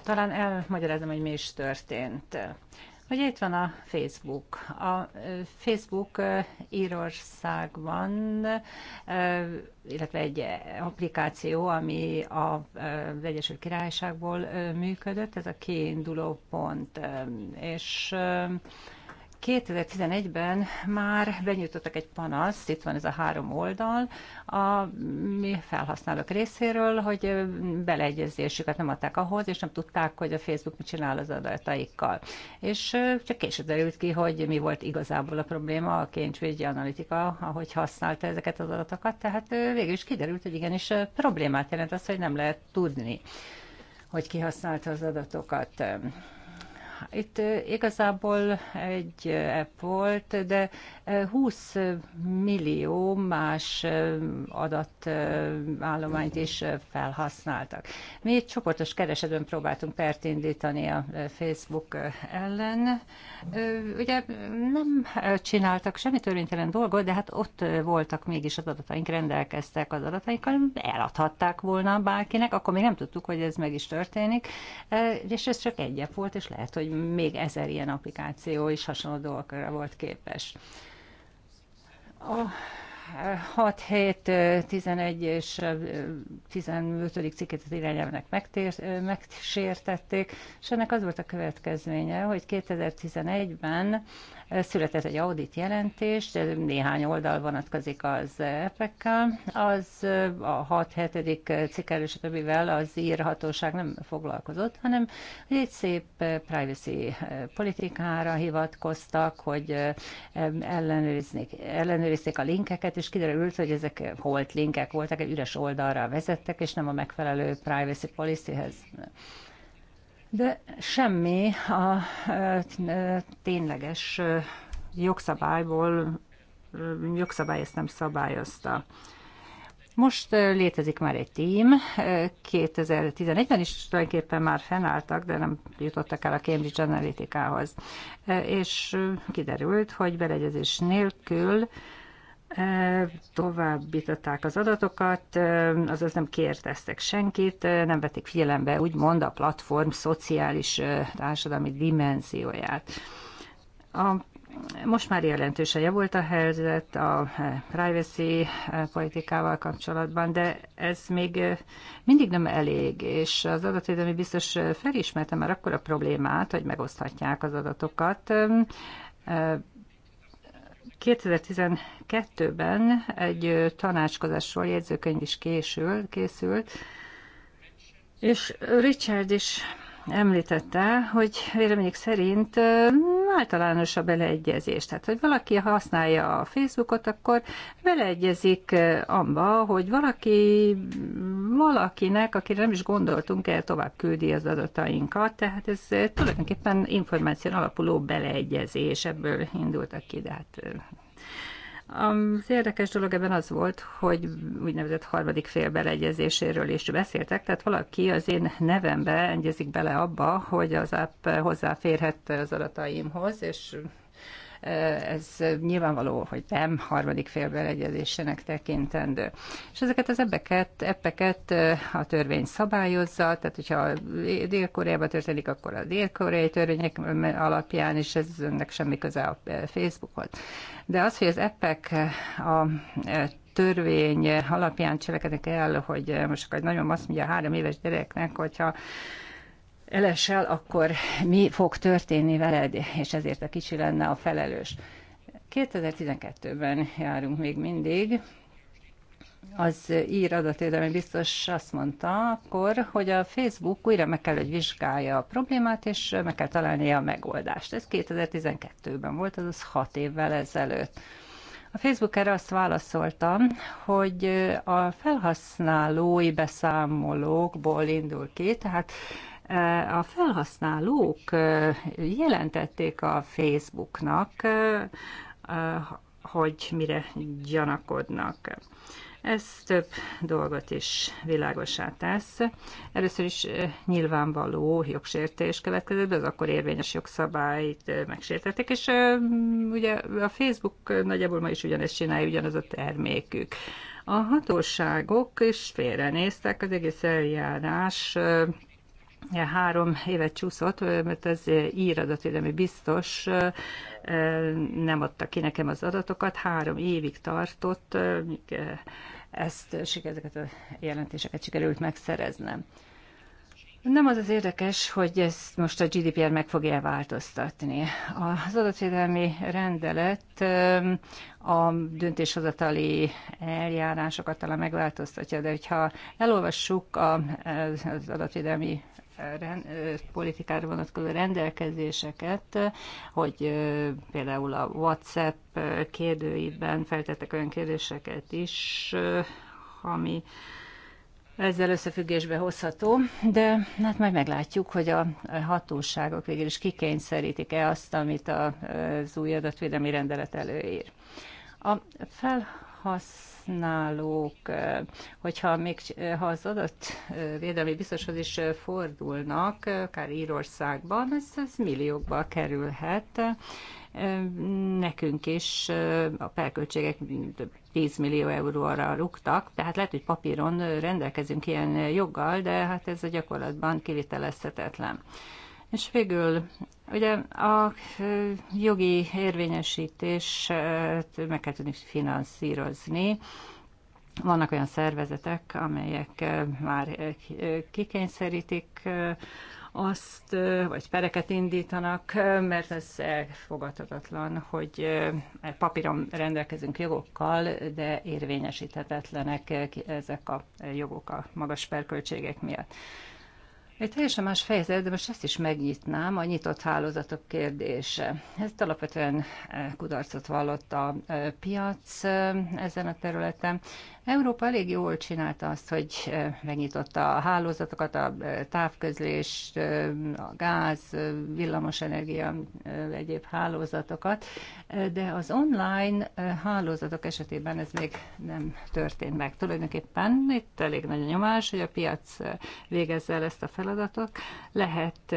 Talán elmagyarázom, hogy mi is történt. Hogy itt van a Facebook. A Facebook Írországban, illetve egy applikáció, ami a Egyesült Királyságból működött, ez a kiinduló pont. És 2011-ben már benyújtottak egy panasz, itt van ez a három oldal, a mi felhasználók részéről, hogy beleegyezésüket nem adták ahhoz, és nem tudták, hogy a Facebook mit csinál az adataikkal. És csak később derült ki, hogy mi volt igazából a probléma, a Cambridge Analytica, ahogy használta ezeket az adatokat, tehát végül is kiderült, hogy igenis problémát jelent az, hogy nem lehet tudni hogy ki használta az adatokat. Itt igazából egy app volt, de 20 millió más adatállományt is felhasználtak. Mi egy csoportos keresetben próbáltunk pert indítani a Facebook ellen. Ugye nem csináltak semmi törvénytelen dolgot, de hát ott voltak mégis az adataink, rendelkeztek az adatainkkal, eladhatták volna bárkinek, akkor még nem tudtuk, hogy ez meg is történik, és ez csak egy volt, és lehet, hogy még ezer ilyen applikáció is hasonló dolgokra volt képes. A 6, 7, 11 és 15. cikket az irányelvnek megsértették, és ennek az volt a következménye, hogy 2011-ben Született egy audit jelentés, néhány oldal vonatkozik az EPEC-kel. Az a 6-7. cikkel és többivel az írhatóság nem foglalkozott, hanem egy szép privacy politikára hivatkoztak, hogy ellenőriznék, ellenőrizték a linkeket, és kiderült, hogy ezek holt linkek voltak, egy üres oldalra vezettek, és nem a megfelelő privacy policyhez de semmi a tényleges jogszabályból, jogszabály ezt nem szabályozta. Most létezik már egy tím, 2011-ben is tulajdonképpen már fennálltak, de nem jutottak el a Cambridge Analytica-hoz. És kiderült, hogy beleegyezés nélkül továbbították az adatokat, azaz nem kérteztek senkit, nem vették figyelembe úgymond a platform szociális társadalmi dimenzióját. A most már jelentősen javult a helyzet a privacy politikával kapcsolatban, de ez még mindig nem elég, és az adatvédelmi biztos felismerte már akkor a problémát, hogy megoszthatják az adatokat, 2012-ben egy tanácskozásról jegyzőkönyv is késül, készült, és Richard is említette, hogy véleményük szerint általános a beleegyezés. Tehát, hogy valaki használja a Facebookot, akkor beleegyezik abba, hogy valaki valakinek, akire nem is gondoltunk el, tovább küldi az adatainkat. Tehát ez tulajdonképpen információn alapuló beleegyezés, ebből indultak ki, de hát az érdekes dolog ebben az volt, hogy úgynevezett harmadik fél beleegyezéséről is beszéltek, tehát valaki az én nevembe egyezik bele abba, hogy az app hozzáférhet az adataimhoz, és ez nyilvánvaló, hogy nem harmadik félbeleegyezésének tekintendő. És ezeket az ebbeket, ebbeket a törvény szabályozza, tehát hogyha Dél-Koreában történik, akkor a dél-koreai törvények alapján is ez ennek semmi köze a Facebookhoz. De az, hogy az eppek a törvény alapján cselekednek el, hogy most akkor nagyon azt mondja a három éves gyereknek, hogyha elesel, akkor mi fog történni veled, és ezért a kicsi lenne a felelős. 2012-ben járunk még mindig, az ír adatérdemény biztos azt mondta akkor, hogy a Facebook újra meg kell, hogy vizsgálja a problémát, és meg kell találnia a megoldást. Ez 2012-ben volt, azaz 6 évvel ezelőtt. A Facebook erre azt válaszolta, hogy a felhasználói beszámolókból indul ki, tehát a felhasználók jelentették a Facebooknak, hogy mire gyanakodnak. Ez több dolgot is világosá tesz. Először is nyilvánvaló jogsértés következett, de az akkor érvényes jogszabályt megsértették, és ugye a Facebook nagyjából ma is ugyanezt csinálja, ugyanaz a termékük. A hatóságok is félrenéztek, az egész eljárás három évet csúszott, mert az ír adatvédelmi biztos nem adta ki nekem az adatokat, három évig tartott, míg ezt, ezeket a jelentéseket sikerült megszereznem. Nem az az érdekes, hogy ezt most a GDPR meg fogja változtatni. Az adatvédelmi rendelet a döntéshozatali eljárásokat talán megváltoztatja, de hogyha elolvassuk az adatvédelmi politikára vonatkozó rendelkezéseket, hogy például a WhatsApp kérdőiben feltettek olyan kérdéseket is, ami ezzel összefüggésbe hozható, de hát majd meglátjuk, hogy a hatóságok végül is kikényszerítik-e azt, amit az új adatvédelmi rendelet előír. A felhasz felhasználók, hogyha még ha az adott védelmi biztoshoz is fordulnak, akár Írországban, ez, ez milliókba kerülhet. Nekünk is a perköltségek 10 millió euróra rúgtak, tehát lehet, hogy papíron rendelkezünk ilyen joggal, de hát ez a gyakorlatban kivitelezhetetlen. És végül, ugye a jogi érvényesítés meg kell tudni finanszírozni, vannak olyan szervezetek, amelyek már kikényszerítik azt, vagy pereket indítanak, mert ez elfogadhatatlan, hogy papíron rendelkezünk jogokkal, de érvényesíthetetlenek ezek a jogok a magas perköltségek miatt. Egy teljesen más fejezet, de most ezt is megnyitnám, a nyitott hálózatok kérdése. Ez alapvetően eh, kudarcot vallott a eh, piac eh, ezen a területen. Európa elég jól csinálta azt, hogy megnyitotta a hálózatokat, a távközlés, a gáz, villamosenergia, egyéb hálózatokat, de az online hálózatok esetében ez még nem történt meg. Tulajdonképpen itt elég nagy a nyomás, hogy a piac végezze el ezt a feladatot. Lehet,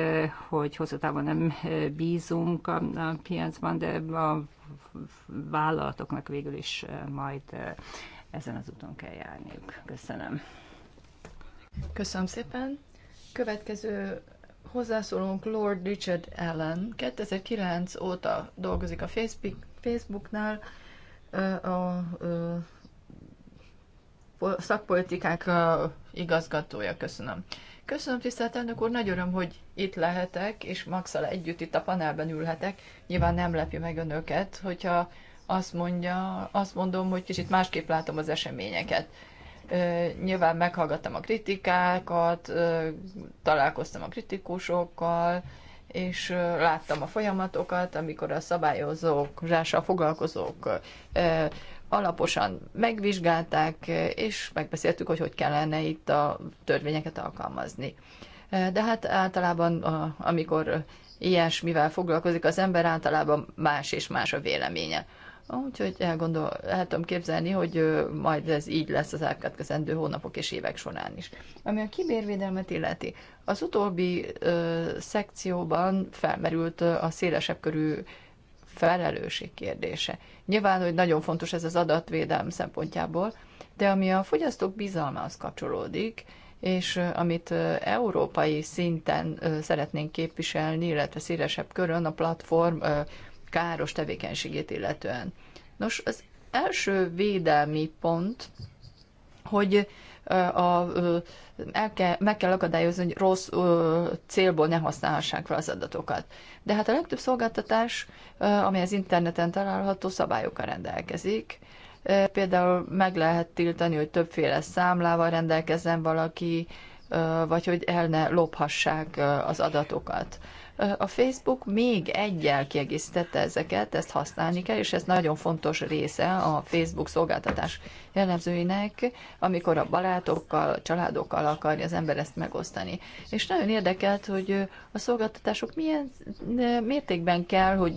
hogy hosszú nem bízunk a, a piacban, de a vállalatoknak végül is majd ezen az úton kell járniuk. Köszönöm. Köszönöm szépen. Következő hozzászólónk Lord Richard Allen. 2009 óta dolgozik a Facebook, Facebooknál a szakpolitikák igazgatója. Köszönöm. Köszönöm, tisztelt elnök úr, nagy öröm, hogy itt lehetek, és Maxal együtt itt a panelben ülhetek. Nyilván nem lepi meg önöket, hogyha azt, mondja, azt mondom, hogy kicsit másképp látom az eseményeket. Nyilván meghallgattam a kritikákat, találkoztam a kritikusokkal, és láttam a folyamatokat, amikor a szabályozók, zsással foglalkozók alaposan megvizsgálták, és megbeszéltük, hogy hogy kellene itt a törvényeket alkalmazni. De hát általában, amikor ilyesmivel foglalkozik az ember, általában más és más a véleménye. Úgyhogy elgondol, el tudom képzelni, hogy majd ez így lesz az elkövetkezendő hónapok és évek során is. Ami a kibérvédelmet illeti, az utóbbi ö, szekcióban felmerült a szélesebb körű felelősség kérdése. Nyilván, hogy nagyon fontos ez az adatvédelm szempontjából, de ami a fogyasztók bizalmához kapcsolódik, és amit európai szinten szeretnénk képviselni, illetve szélesebb körön a platform káros tevékenységét illetően. Nos, az első védelmi pont, hogy a, el kell, meg kell akadályozni, hogy rossz ö, célból ne használhassák fel az adatokat. De hát a legtöbb szolgáltatás, ö, amely az interneten található, szabályokkal rendelkezik. Ö, például meg lehet tiltani, hogy többféle számlával rendelkezzen valaki, ö, vagy hogy el ne lophassák ö, az adatokat. A Facebook még egyel kiegészítette ezeket, ezt használni kell, és ez nagyon fontos része a Facebook szolgáltatás jellemzőinek, amikor a barátokkal, a családokkal akarja az ember ezt megosztani. És nagyon érdekelt, hogy a szolgáltatások milyen mértékben kell, hogy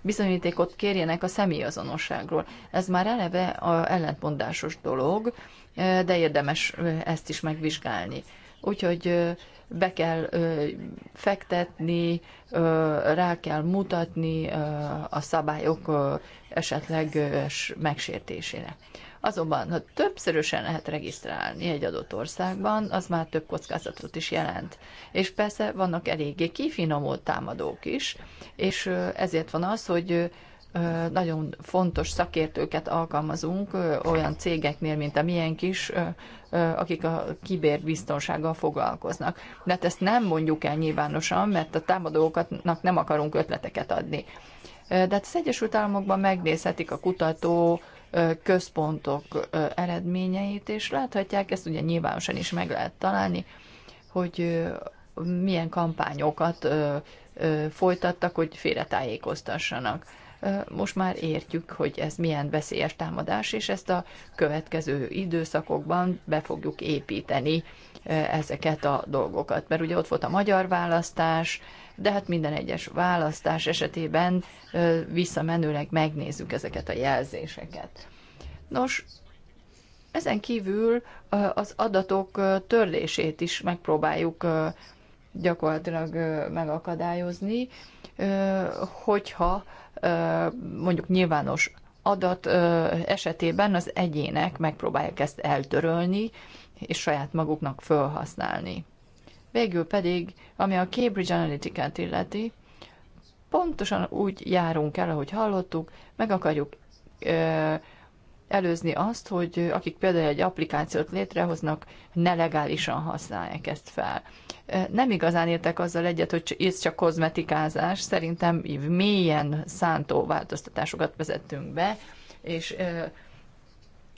bizonyítékot kérjenek a személyazonosságról. Ez már eleve a ellentmondásos dolog, de érdemes ezt is megvizsgálni. Úgyhogy be kell ö, fektetni, ö, rá kell mutatni ö, a szabályok ö, esetleges megsértésére. Azonban, ha többszörösen lehet regisztrálni egy adott országban, az már több kockázatot is jelent. És persze vannak eléggé kifinomult támadók is, és ezért van az, hogy nagyon fontos szakértőket alkalmazunk olyan cégeknél, mint a miénk is, akik a kibérbiztonsággal foglalkoznak. De hát ezt nem mondjuk el nyilvánosan, mert a támadókatnak nem akarunk ötleteket adni. De hát az Egyesült Államokban megnézhetik a kutató központok eredményeit, és láthatják, ezt ugye nyilvánosan is meg lehet találni, hogy milyen kampányokat folytattak, hogy félretájékoztassanak most már értjük, hogy ez milyen veszélyes támadás, és ezt a következő időszakokban be fogjuk építeni ezeket a dolgokat. Mert ugye ott volt a magyar választás, de hát minden egyes választás esetében visszamenőleg megnézzük ezeket a jelzéseket. Nos, ezen kívül az adatok törlését is megpróbáljuk gyakorlatilag megakadályozni, hogyha mondjuk nyilvános adat esetében az egyének megpróbálják ezt eltörölni, és saját maguknak felhasználni. Végül pedig, ami a Cambridge Analytica-t illeti, pontosan úgy járunk el, ahogy hallottuk, meg akarjuk ö, előzni azt, hogy akik például egy applikációt létrehoznak, nelegálisan használják ezt fel nem igazán értek azzal egyet, hogy ez csak kozmetikázás. Szerintem mélyen szántó változtatásokat vezettünk be, és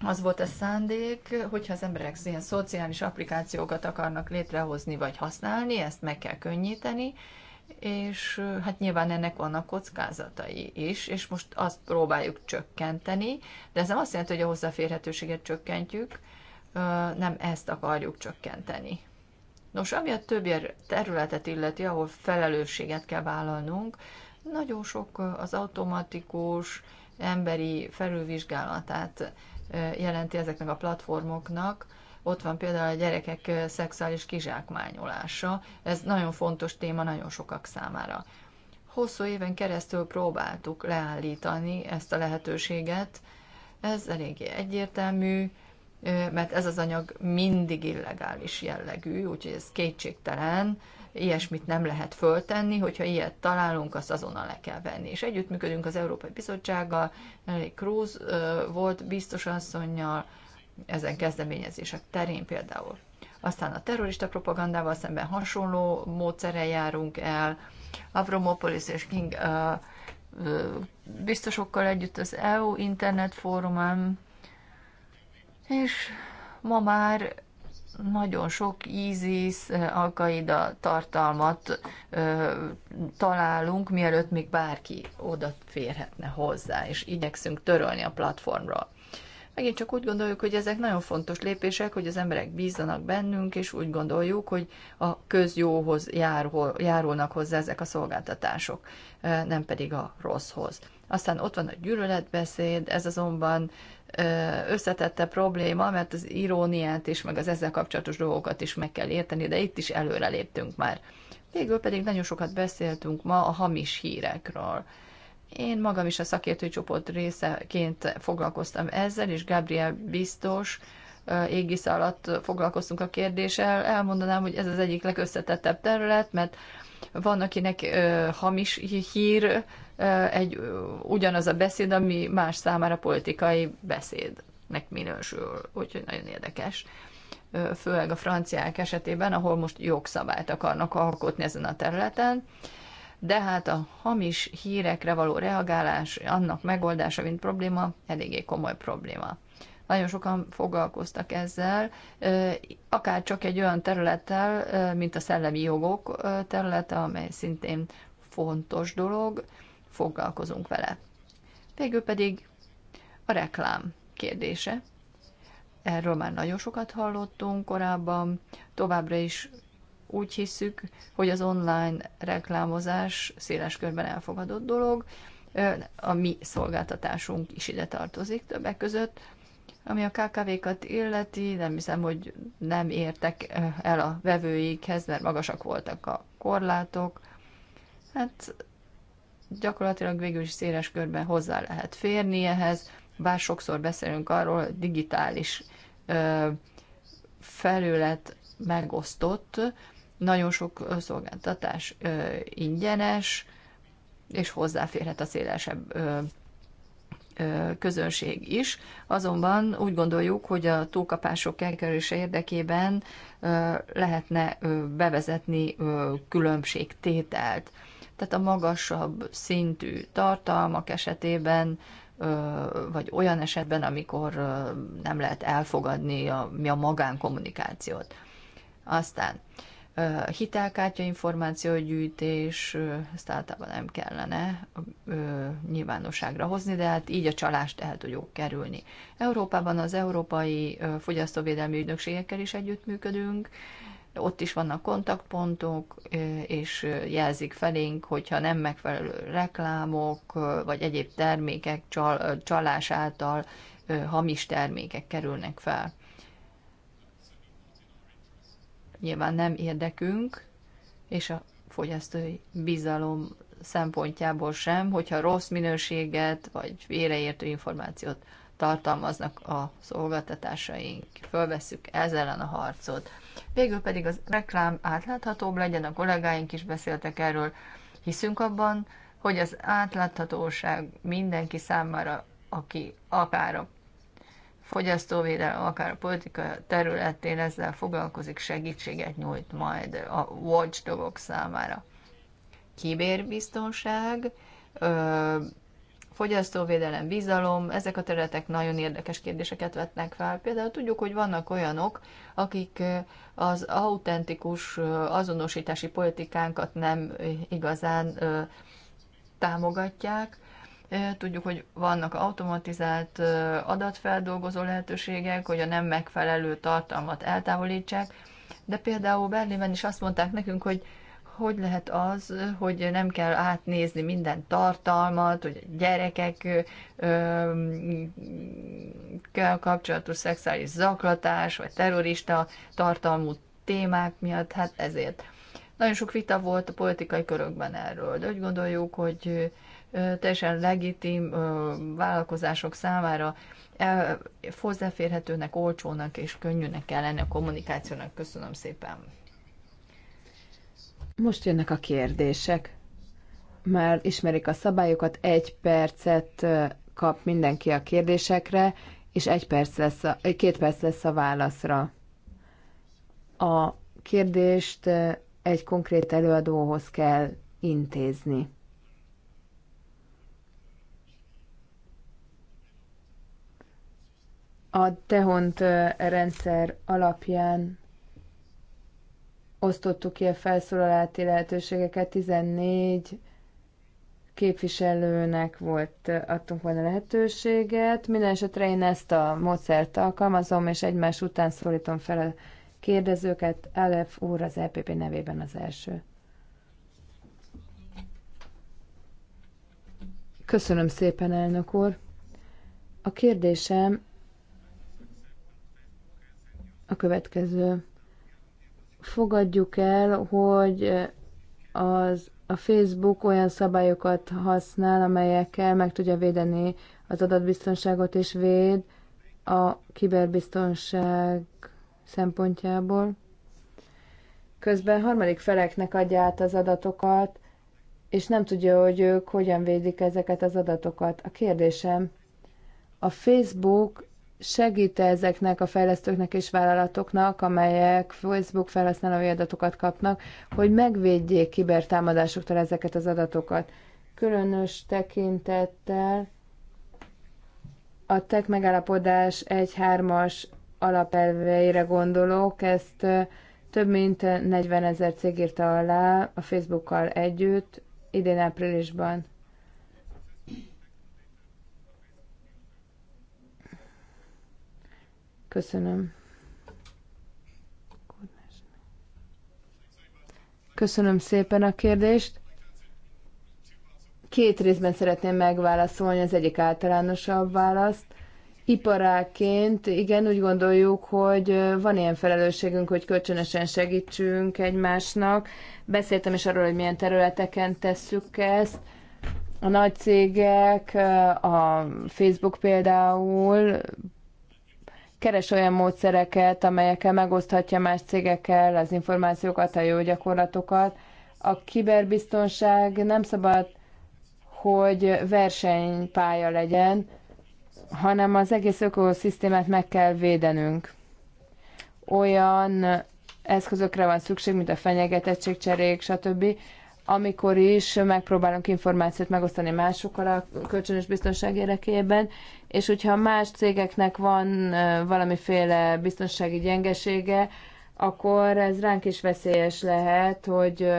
az volt a szándék, hogyha az emberek ilyen szociális applikációkat akarnak létrehozni vagy használni, ezt meg kell könnyíteni, és hát nyilván ennek vannak kockázatai is, és most azt próbáljuk csökkenteni, de ez nem azt jelenti, hogy a hozzáférhetőséget csökkentjük, nem ezt akarjuk csökkenteni. Nos, ami a többi er- területet illeti, ahol felelősséget kell vállalnunk, nagyon sok az automatikus emberi felülvizsgálatát jelenti ezeknek a platformoknak. Ott van például a gyerekek szexuális kizsákmányolása. Ez nagyon fontos téma nagyon sokak számára. Hosszú éven keresztül próbáltuk leállítani ezt a lehetőséget. Ez eléggé egyértelmű, mert ez az anyag mindig illegális jellegű, úgyhogy ez kétségtelen, ilyesmit nem lehet föltenni, hogyha ilyet találunk, azt azonnal le kell venni. És együttműködünk az Európai Bizottsággal, Nelly Cruz volt biztos asszonynal, ezen kezdeményezések terén például. Aztán a terrorista propagandával szemben hasonló módszerrel járunk el, Avromopolis és King biztosokkal együtt az EU internetfórumán, és ma már nagyon sok ISIS, al tartalmat ö, találunk, mielőtt még bárki oda férhetne hozzá, és igyekszünk törölni a platformról. Megint csak úgy gondoljuk, hogy ezek nagyon fontos lépések, hogy az emberek bízzanak bennünk, és úgy gondoljuk, hogy a közjóhoz járul, járulnak hozzá ezek a szolgáltatások, nem pedig a rosszhoz. Aztán ott van a gyűlöletbeszéd, ez azonban összetette probléma, mert az iróniát is, meg az ezzel kapcsolatos dolgokat is meg kell érteni, de itt is előreléptünk már. Végül pedig nagyon sokat beszéltünk ma a hamis hírekről. Én magam is a szakértői csoport részeként foglalkoztam ezzel, és Gabriel biztos égisze alatt foglalkoztunk a kérdéssel. Elmondanám, hogy ez az egyik legösszetettebb terület, mert van, akinek ö, hamis hír, ö, egy ö, ugyanaz a beszéd, ami más számára politikai beszédnek minősül, úgyhogy nagyon érdekes. Ö, főleg a franciák esetében, ahol most jogszabályt akarnak alkotni ezen a területen. De hát a hamis hírekre való reagálás, annak megoldása, mint probléma, eléggé komoly probléma nagyon sokan foglalkoztak ezzel, akár csak egy olyan területtel, mint a szellemi jogok területe, amely szintén fontos dolog, foglalkozunk vele. Végül pedig a reklám kérdése. Erről már nagyon sokat hallottunk korábban, továbbra is úgy hiszük, hogy az online reklámozás széles körben elfogadott dolog, a mi szolgáltatásunk is ide tartozik többek között, ami a KKV-kat illeti, nem hiszem, hogy nem értek eh, el a vevőikhez, mert magasak voltak a korlátok. Hát gyakorlatilag végül is széles körben hozzá lehet férni ehhez, bár sokszor beszélünk arról, hogy digitális ö, felület megosztott, nagyon sok szolgáltatás ö, ingyenes, és hozzáférhet a szélesebb ö, közönség is, azonban úgy gondoljuk, hogy a túlkapások elkerülése érdekében lehetne bevezetni különbségtételt. Tehát a magasabb szintű tartalmak esetében vagy olyan esetben, amikor nem lehet elfogadni a, mi a magánkommunikációt. Aztán hitelkártya információgyűjtés, ezt általában nem kellene nyilvánosságra hozni, de hát így a csalást el tudjuk kerülni. Európában az európai fogyasztóvédelmi ügynökségekkel is együttműködünk, ott is vannak kontaktpontok, és jelzik felénk, hogyha nem megfelelő reklámok, vagy egyéb termékek csal, csalás által hamis termékek kerülnek fel nyilván nem érdekünk, és a fogyasztói bizalom szempontjából sem, hogyha rossz minőséget vagy véreértő információt tartalmaznak a szolgáltatásaink. Fölvesszük ezzel ellen a harcot. Végül pedig az reklám átláthatóbb legyen, a kollégáink is beszéltek erről. Hiszünk abban, hogy az átláthatóság mindenki számára, aki akár a fogyasztóvédelem, akár a politika területén ezzel foglalkozik, segítséget nyújt majd a watchdogok számára. Kibérbiztonság, fogyasztóvédelem, bizalom, ezek a területek nagyon érdekes kérdéseket vetnek fel. Például tudjuk, hogy vannak olyanok, akik az autentikus azonosítási politikánkat nem igazán támogatják, Tudjuk, hogy vannak automatizált adatfeldolgozó lehetőségek, hogy a nem megfelelő tartalmat eltávolítsák, de például Berlinben is azt mondták nekünk, hogy hogy lehet az, hogy nem kell átnézni minden tartalmat, hogy gyerekek kell kapcsolatos szexuális zaklatás, vagy terrorista tartalmú témák miatt, hát ezért. Nagyon sok vita volt a politikai körökben erről, de úgy gondoljuk, hogy teljesen legitim vállalkozások számára hozzáférhetőnek, olcsónak és könnyűnek kell lenni a kommunikációnak. Köszönöm szépen. Most jönnek a kérdések. Már ismerik a szabályokat, egy percet kap mindenki a kérdésekre, és egy perc lesz a, két perc lesz a válaszra. A kérdést egy konkrét előadóhoz kell intézni. a Tehont rendszer alapján osztottuk ki a felszólaláti lehetőségeket, 14 képviselőnek volt, adtunk volna lehetőséget. Minden esetre én ezt a módszert alkalmazom, és egymás után szólítom fel a kérdezőket. Alef úr az EPP nevében az első. Köszönöm szépen, elnök úr. A kérdésem a következő. Fogadjuk el, hogy az, a Facebook olyan szabályokat használ, amelyekkel meg tudja védeni az adatbiztonságot és véd a kiberbiztonság szempontjából. Közben harmadik feleknek adja át az adatokat, és nem tudja, hogy ők hogyan védik ezeket az adatokat. A kérdésem, a Facebook segít -e ezeknek a fejlesztőknek és vállalatoknak, amelyek Facebook felhasználói adatokat kapnak, hogy megvédjék kibertámadásoktól ezeket az adatokat. Különös tekintettel a tech megállapodás 1-3-as alapelveire gondolok, ezt több mint 40 ezer cég írta alá a Facebookkal együtt idén áprilisban. Köszönöm. Köszönöm szépen a kérdést. Két részben szeretném megválaszolni az egyik általánosabb választ. Iparáként igen, úgy gondoljuk, hogy van ilyen felelősségünk, hogy kölcsönösen segítsünk egymásnak. Beszéltem is arról, hogy milyen területeken tesszük ezt. A nagy cégek, a Facebook például keres olyan módszereket, amelyekkel megoszthatja más cégekkel az információkat, a jó gyakorlatokat. A kiberbiztonság nem szabad, hogy versenypálya legyen, hanem az egész ökoszisztémát meg kell védenünk. Olyan eszközökre van szükség, mint a fenyegetettségcserék, stb., amikor is megpróbálunk információt megosztani másokkal a kölcsönös biztonság érdekében, és hogyha más cégeknek van valamiféle biztonsági gyengesége, akkor ez ránk is veszélyes lehet, hogy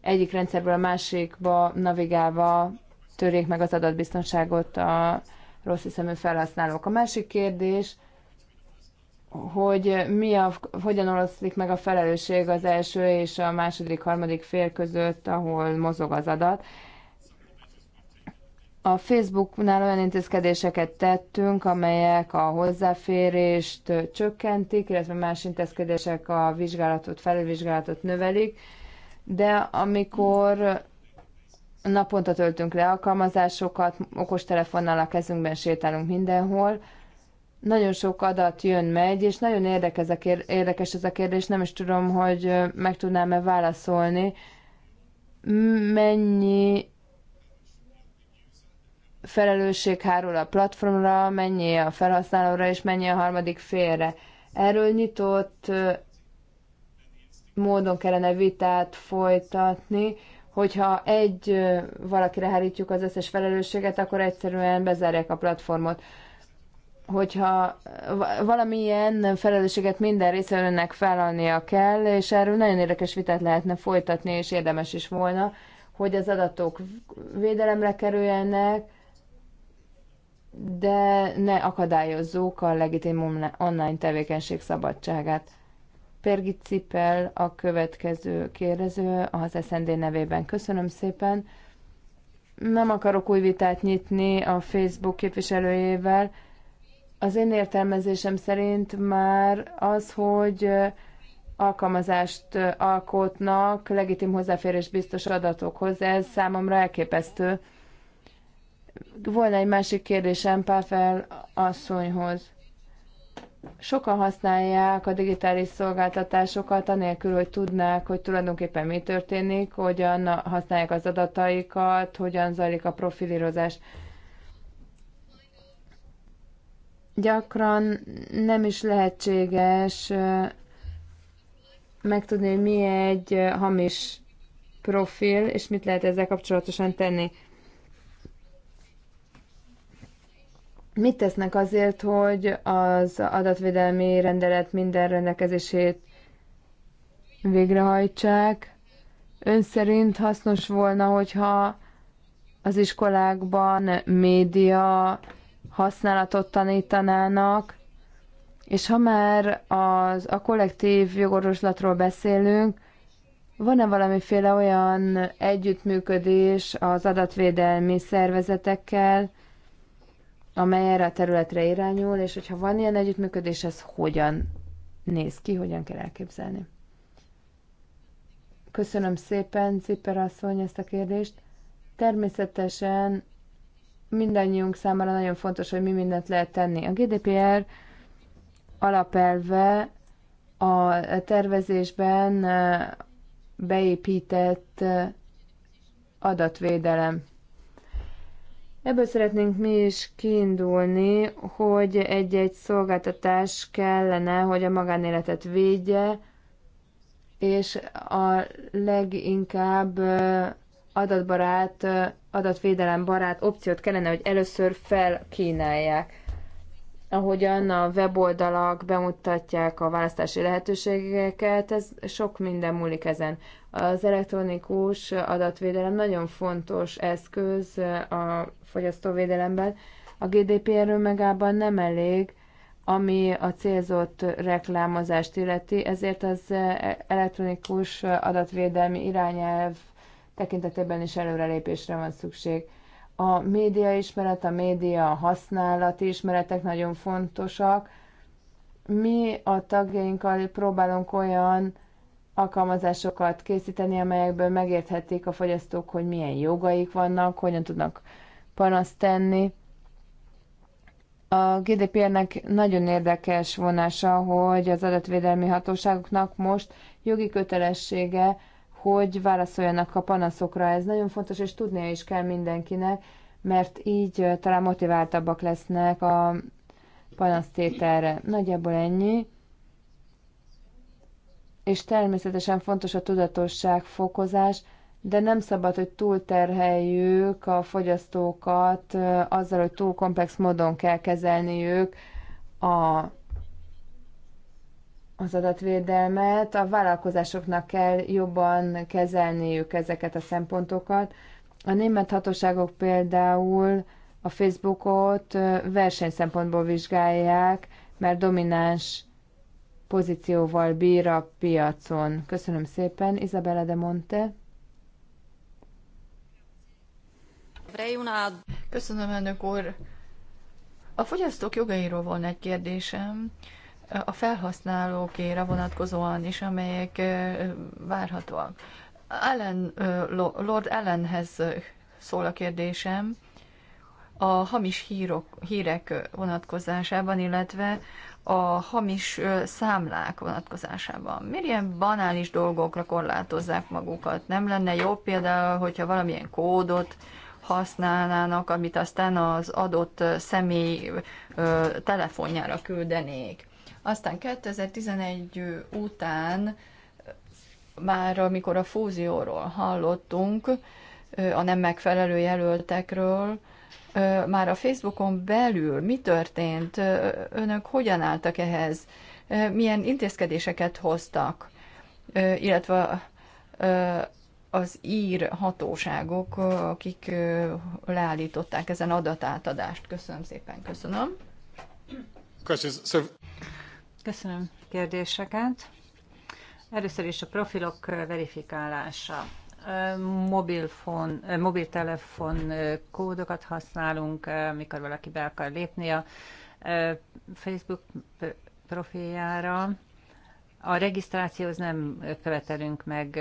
egyik rendszerből a másikba navigálva törjék meg az adatbiztonságot a rossz hiszemű felhasználók. A másik kérdés, hogy mi a, hogyan oroszlik meg a felelősség az első és a második, harmadik fél között, ahol mozog az adat. A Facebooknál olyan intézkedéseket tettünk, amelyek a hozzáférést csökkentik, illetve más intézkedések a vizsgálatot, felülvizsgálatot növelik, de amikor naponta töltünk le alkalmazásokat, okostelefonnal a kezünkben sétálunk mindenhol, nagyon sok adat jön-megy, és nagyon érdekes, a kér- érdekes ez a kérdés, nem is tudom, hogy meg tudnám-e válaszolni, mennyi felelősség hárul a platformra, mennyi a felhasználóra, és mennyi a harmadik félre. Erről nyitott módon kellene vitát folytatni, hogyha egy valakire hárítjuk az összes felelősséget, akkor egyszerűen bezárják a platformot. Hogyha valamilyen felelősséget minden részvevőnek vállalnia kell, és erről nagyon érdekes vitát lehetne folytatni, és érdemes is volna, hogy az adatok védelemre kerüljenek, de ne akadályozzuk a legitim online tevékenység szabadságát. Pergi Cipel a következő kérdező az SND nevében. Köszönöm szépen. Nem akarok új vitát nyitni a Facebook képviselőjével. Az én értelmezésem szerint már az, hogy alkalmazást alkotnak legitim hozzáférés biztos adatokhoz, ez számomra elképesztő volna egy másik kérdésem Páfel asszonyhoz. Sokan használják a digitális szolgáltatásokat, anélkül, hogy tudnák, hogy tulajdonképpen mi történik, hogyan használják az adataikat, hogyan zajlik a profilírozás gyakran nem is lehetséges megtudni, hogy mi egy hamis profil, és mit lehet ezzel kapcsolatosan tenni. mit tesznek azért, hogy az adatvédelmi rendelet minden rendelkezését végrehajtsák? Ön szerint hasznos volna, hogyha az iskolákban média használatot tanítanának, és ha már az, a kollektív jogorvoslatról beszélünk, van-e valamiféle olyan együttműködés az adatvédelmi szervezetekkel, amely erre a területre irányul, és hogyha van ilyen együttműködés, ez hogyan néz ki, hogyan kell elképzelni. Köszönöm szépen, Ciper asszony, ezt a kérdést. Természetesen mindannyiunk számára nagyon fontos, hogy mi mindent lehet tenni. A GDPR alapelve a tervezésben eh, beépített eh, adatvédelem. Ebből szeretnénk mi is kiindulni, hogy egy-egy szolgáltatás kellene, hogy a magánéletet védje, és a leginkább adatbarát, adatvédelem barát opciót kellene, hogy először felkínálják. Ahogyan a weboldalak bemutatják a választási lehetőségeket, ez sok minden múlik ezen. Az elektronikus adatvédelem nagyon fontos eszköz a fogyasztóvédelemben. A GDPR önmagában nem elég, ami a célzott reklámozást illeti, ezért az elektronikus adatvédelmi irányelv tekintetében is előrelépésre van szükség. A média ismeret, a média használati ismeretek nagyon fontosak. Mi a tagjainkkal próbálunk olyan alkalmazásokat készíteni, amelyekből megérthetik a fogyasztók, hogy milyen jogaik vannak, hogyan tudnak panaszt tenni. A GDPR-nek nagyon érdekes vonása, hogy az adatvédelmi hatóságoknak most jogi kötelessége, hogy válaszoljanak a panaszokra. Ez nagyon fontos, és tudnia is kell mindenkinek, mert így talán motiváltabbak lesznek a panasztételre. Nagyjából ennyi és természetesen fontos a tudatosság fokozás, de nem szabad, hogy túlterheljük a fogyasztókat azzal, hogy túl komplex módon kell kezelni ők a, az adatvédelmet. A vállalkozásoknak kell jobban kezelniük ezeket a szempontokat. A német hatóságok például a Facebookot versenyszempontból vizsgálják, mert domináns pozícióval bír a piacon. Köszönöm szépen, Isabella de Monte. Köszönöm, elnök úr. A fogyasztók jogairól volna egy kérdésem a felhasználókére vonatkozóan is, amelyek várhatóak. Ellen, Lord Ellenhez szól a kérdésem a hamis hírok, hírek vonatkozásában, illetve a hamis számlák vonatkozásában. Miért ilyen banális dolgokra korlátozzák magukat? Nem lenne jó például, hogyha valamilyen kódot használnának, amit aztán az adott személy telefonjára küldenék. Aztán 2011 után már amikor a fúzióról hallottunk, a nem megfelelő jelöltekről, már a Facebookon belül mi történt, önök hogyan álltak ehhez, milyen intézkedéseket hoztak, illetve az ír hatóságok, akik leállították ezen adatátadást. Köszönöm szépen, köszönöm. Köszönöm kérdéseket. Először is a profilok verifikálása mobilfon, mobiltelefon kódokat használunk, mikor valaki be akar lépni a Facebook profiljára, a regisztrációhoz nem követelünk meg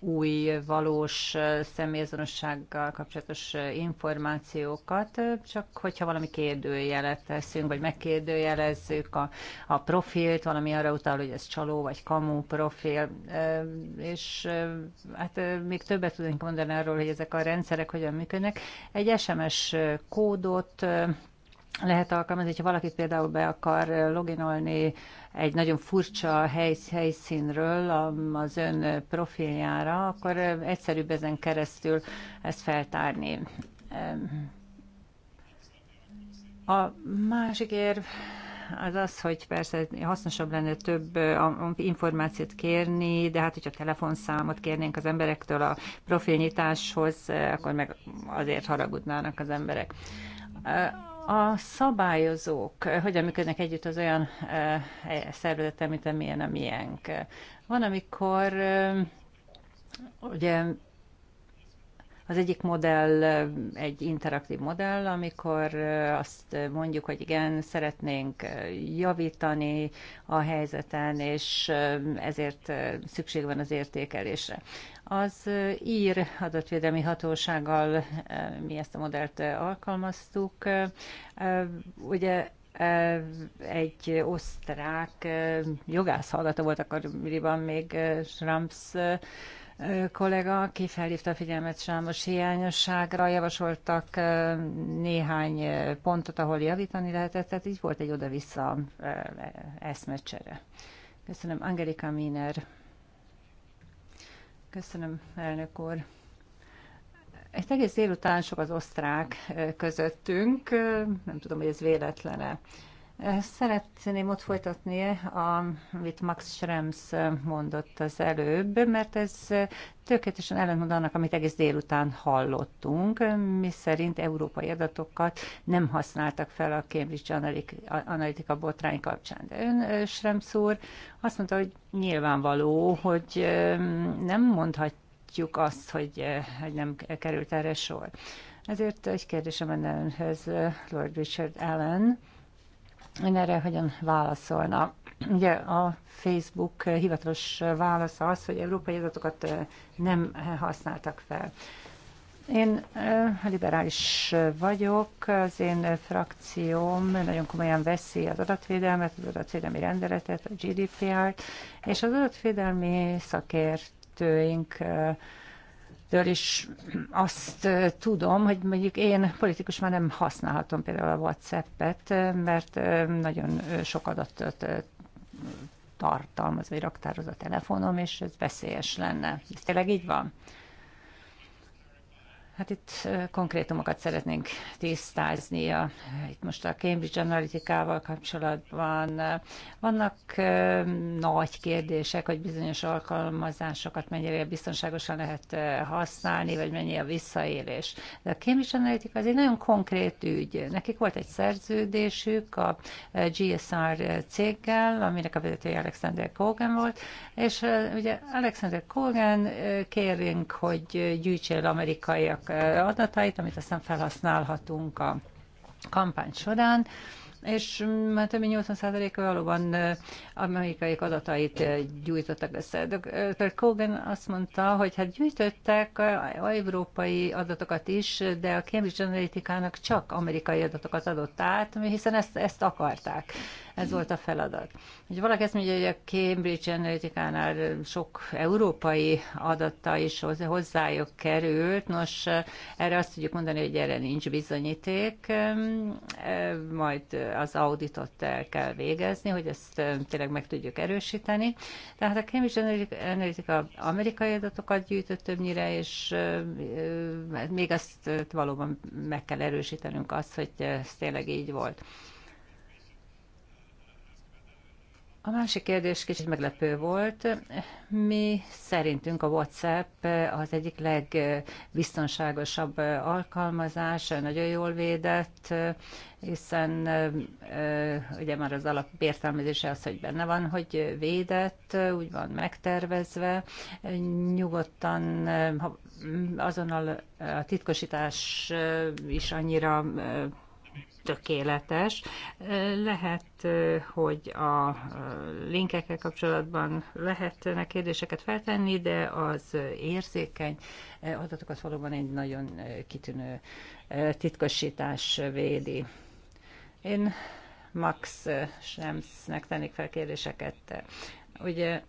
új, valós személyazonossággal kapcsolatos információkat, csak hogyha valami kérdőjelet teszünk, vagy megkérdőjelezzük a, a profilt, valami arra utal, hogy ez csaló vagy kamu profil, és hát még többet tudunk mondani arról, hogy ezek a rendszerek hogyan működnek. Egy SMS kódot lehet alkalmazni, hogyha valaki például be akar loginolni egy nagyon furcsa helysz, helyszínről az ön profiljára, akkor egyszerűbb ezen keresztül ezt feltárni. A másik érv az az, hogy persze hasznosabb lenne több információt kérni, de hát, hogyha telefonszámot kérnénk az emberektől a profilnyitáshoz, akkor meg azért haragudnának az emberek a szabályozók eh, hogyan működnek együtt az olyan eh, eh, szervezettel, mint a milyen a miénk. Van, amikor ugye az egyik modell egy interaktív modell, amikor azt mondjuk, hogy igen, szeretnénk javítani a helyzeten, és ezért szükség van az értékelésre. Az ír adatvédelmi hatósággal mi ezt a modellt alkalmaztuk. Ugye egy osztrák jogász hallgató volt akkoriban még Schramms, kollega, aki felhívta a figyelmet számos hiányosságra, javasoltak néhány pontot, ahol javítani lehetett, tehát így volt egy oda-vissza e, eszmecsere. Köszönöm, Angelika Miner. Köszönöm, elnök úr. Egy egész délután sok az osztrák közöttünk, nem tudom, hogy ez véletlene. Szeretném ott folytatni, amit Max Schrems mondott az előbb, mert ez tökéletesen ellentmond annak, amit egész délután hallottunk, mi szerint európai adatokat nem használtak fel a Cambridge Analytica botrány kapcsán. De ön, Schrems úr, azt mondta, hogy nyilvánvaló, hogy nem mondhatjuk azt, hogy, eh, hogy nem került erre sor. Ezért egy kérdésem önhöz, Lord Richard Allen én erre hogyan válaszolna? Ugye a Facebook hivatalos válasza az, hogy európai adatokat nem használtak fel. Én liberális vagyok, az én frakcióm nagyon komolyan veszi az adatvédelmet, az adatvédelmi rendeletet, a GDPR-t, és az adatvédelmi szakértőink Dől is azt tudom, hogy mondjuk én politikus már nem használhatom például a WhatsApp-et, mert nagyon sok adatot tartalmaz, vagy raktároz a telefonom, és ez veszélyes lenne. Ez tényleg így van? Hát itt konkrétumokat szeretnénk tisztázni. A, itt most a Cambridge Analytica-val kapcsolatban vannak nagy kérdések, hogy bizonyos alkalmazásokat mennyire biztonságosan lehet használni, vagy mennyi a visszaélés. De a Cambridge Analytica az egy nagyon konkrét ügy. Nekik volt egy szerződésük a GSR céggel, aminek a vezetője Alexander Kogan volt, és ugye Alexander Kogan kérünk, hogy gyűjtsél amerikaiak adatait, amit aztán felhasználhatunk a kampány során és már mm, hát több mint 80%-a valóban amerikai adatait gyújtottak össze. Dr. Kogan azt mondta, hogy hát gyűjtöttek európai adatokat is, de a Cambridge Analytica-nak csak amerikai adatokat adott át, hiszen ezt, ezt akarták. Ez volt a feladat. Hogy valaki azt mondja, hogy a Cambridge Analytica-nál sok európai adatta is hozzájuk került, nos, erre azt tudjuk mondani, hogy erre nincs bizonyíték, e, majd az auditot el kell végezni, hogy ezt tényleg meg tudjuk erősíteni. Tehát a Cambridge Analytica amerikai adatokat gyűjtött többnyire, és e, még azt e, valóban meg kell erősítenünk azt, hogy ez tényleg így volt. A másik kérdés kicsit meglepő volt. Mi szerintünk a WhatsApp az egyik legbiztonságosabb alkalmazás, nagyon jól védett, hiszen ugye már az alapértelmezése az, hogy benne van, hogy védett, úgy van megtervezve, nyugodtan azonnal a titkosítás is annyira tökéletes. Lehet, hogy a linkekkel kapcsolatban lehetne kérdéseket feltenni, de az érzékeny adatokat valóban egy nagyon kitűnő titkosítás védi. Én Max Schrems-nek tennék fel kérdéseket. Ugye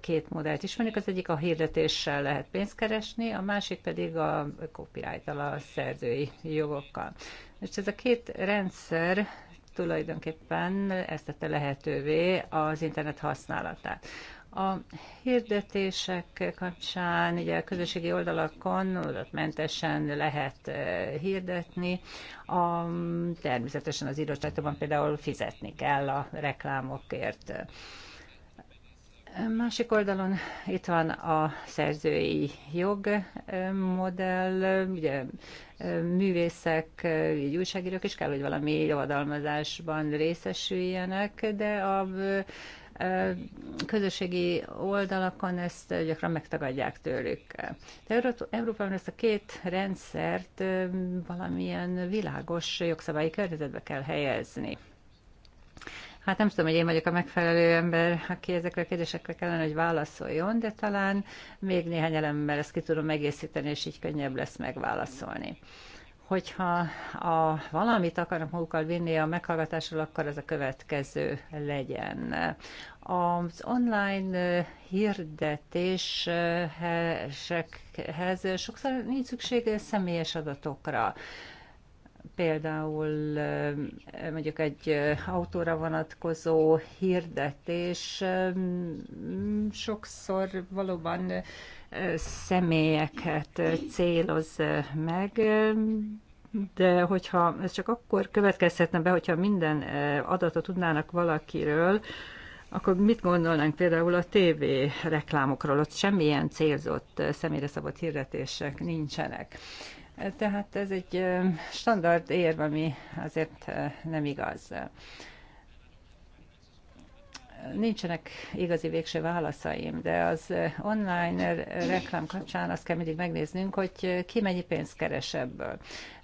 két modellt ismerjük, az egyik a hirdetéssel lehet pénzt keresni, a másik pedig a copyright a szerzői jogokkal. És ez a két rendszer tulajdonképpen ezt tette lehetővé az internet használatát. A hirdetések kapcsán, ugye a közösségi oldalakon ott mentesen lehet hirdetni, a, természetesen az íróságban például fizetni kell a reklámokért. Másik oldalon itt van a szerzői jogmodell, ugye művészek, újságírók is kell, hogy valami javadalmazásban részesüljenek, de a közösségi oldalakon ezt gyakran megtagadják tőlük. De Európában ezt a két rendszert valamilyen világos jogszabályi környezetbe kell helyezni. Hát nem tudom, hogy én vagyok a megfelelő ember, aki ezekre a kérdésekre kellene, hogy válaszoljon, de talán még néhány elemmel ezt ki tudom egészíteni, és így könnyebb lesz megválaszolni hogyha a valamit akarnak magukkal vinni a meghallgatásról, akkor ez a következő legyen. Az online hirdetéshez sokszor nincs szükség személyes adatokra például mondjuk egy autóra vonatkozó hirdetés sokszor valóban személyeket céloz meg, de hogyha ez csak akkor következhetne be, hogyha minden adatot tudnának valakiről, akkor mit gondolnánk például a TV reklámokról? Ott semmilyen célzott személyre szabott hirdetések nincsenek. Tehát ez egy standard érv, ami azért nem igaz. Nincsenek igazi végső válaszaim, de az online reklám kapcsán azt kell mindig megnéznünk, hogy ki mennyi pénzt keres ebből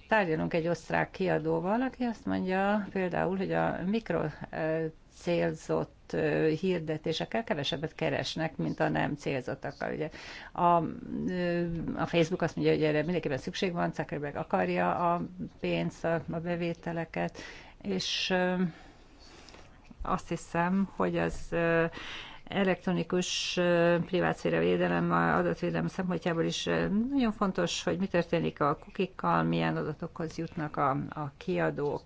tárgyalunk egy osztrák kiadóval, aki azt mondja például, hogy a mikro célzott célzott hirdetésekkel kevesebbet keresnek, mint a nem célzottakkal. Ugye a, a Facebook azt mondja, hogy erre mindenképpen szükség van, Zuckerberg akarja a pénzt, a, a bevételeket, és azt hiszem, hogy az elektronikus privátszféra védelem, adatvédelem szempontjából is nagyon fontos, hogy mi történik a kukikkal, milyen adatokhoz jutnak a, a kiadók.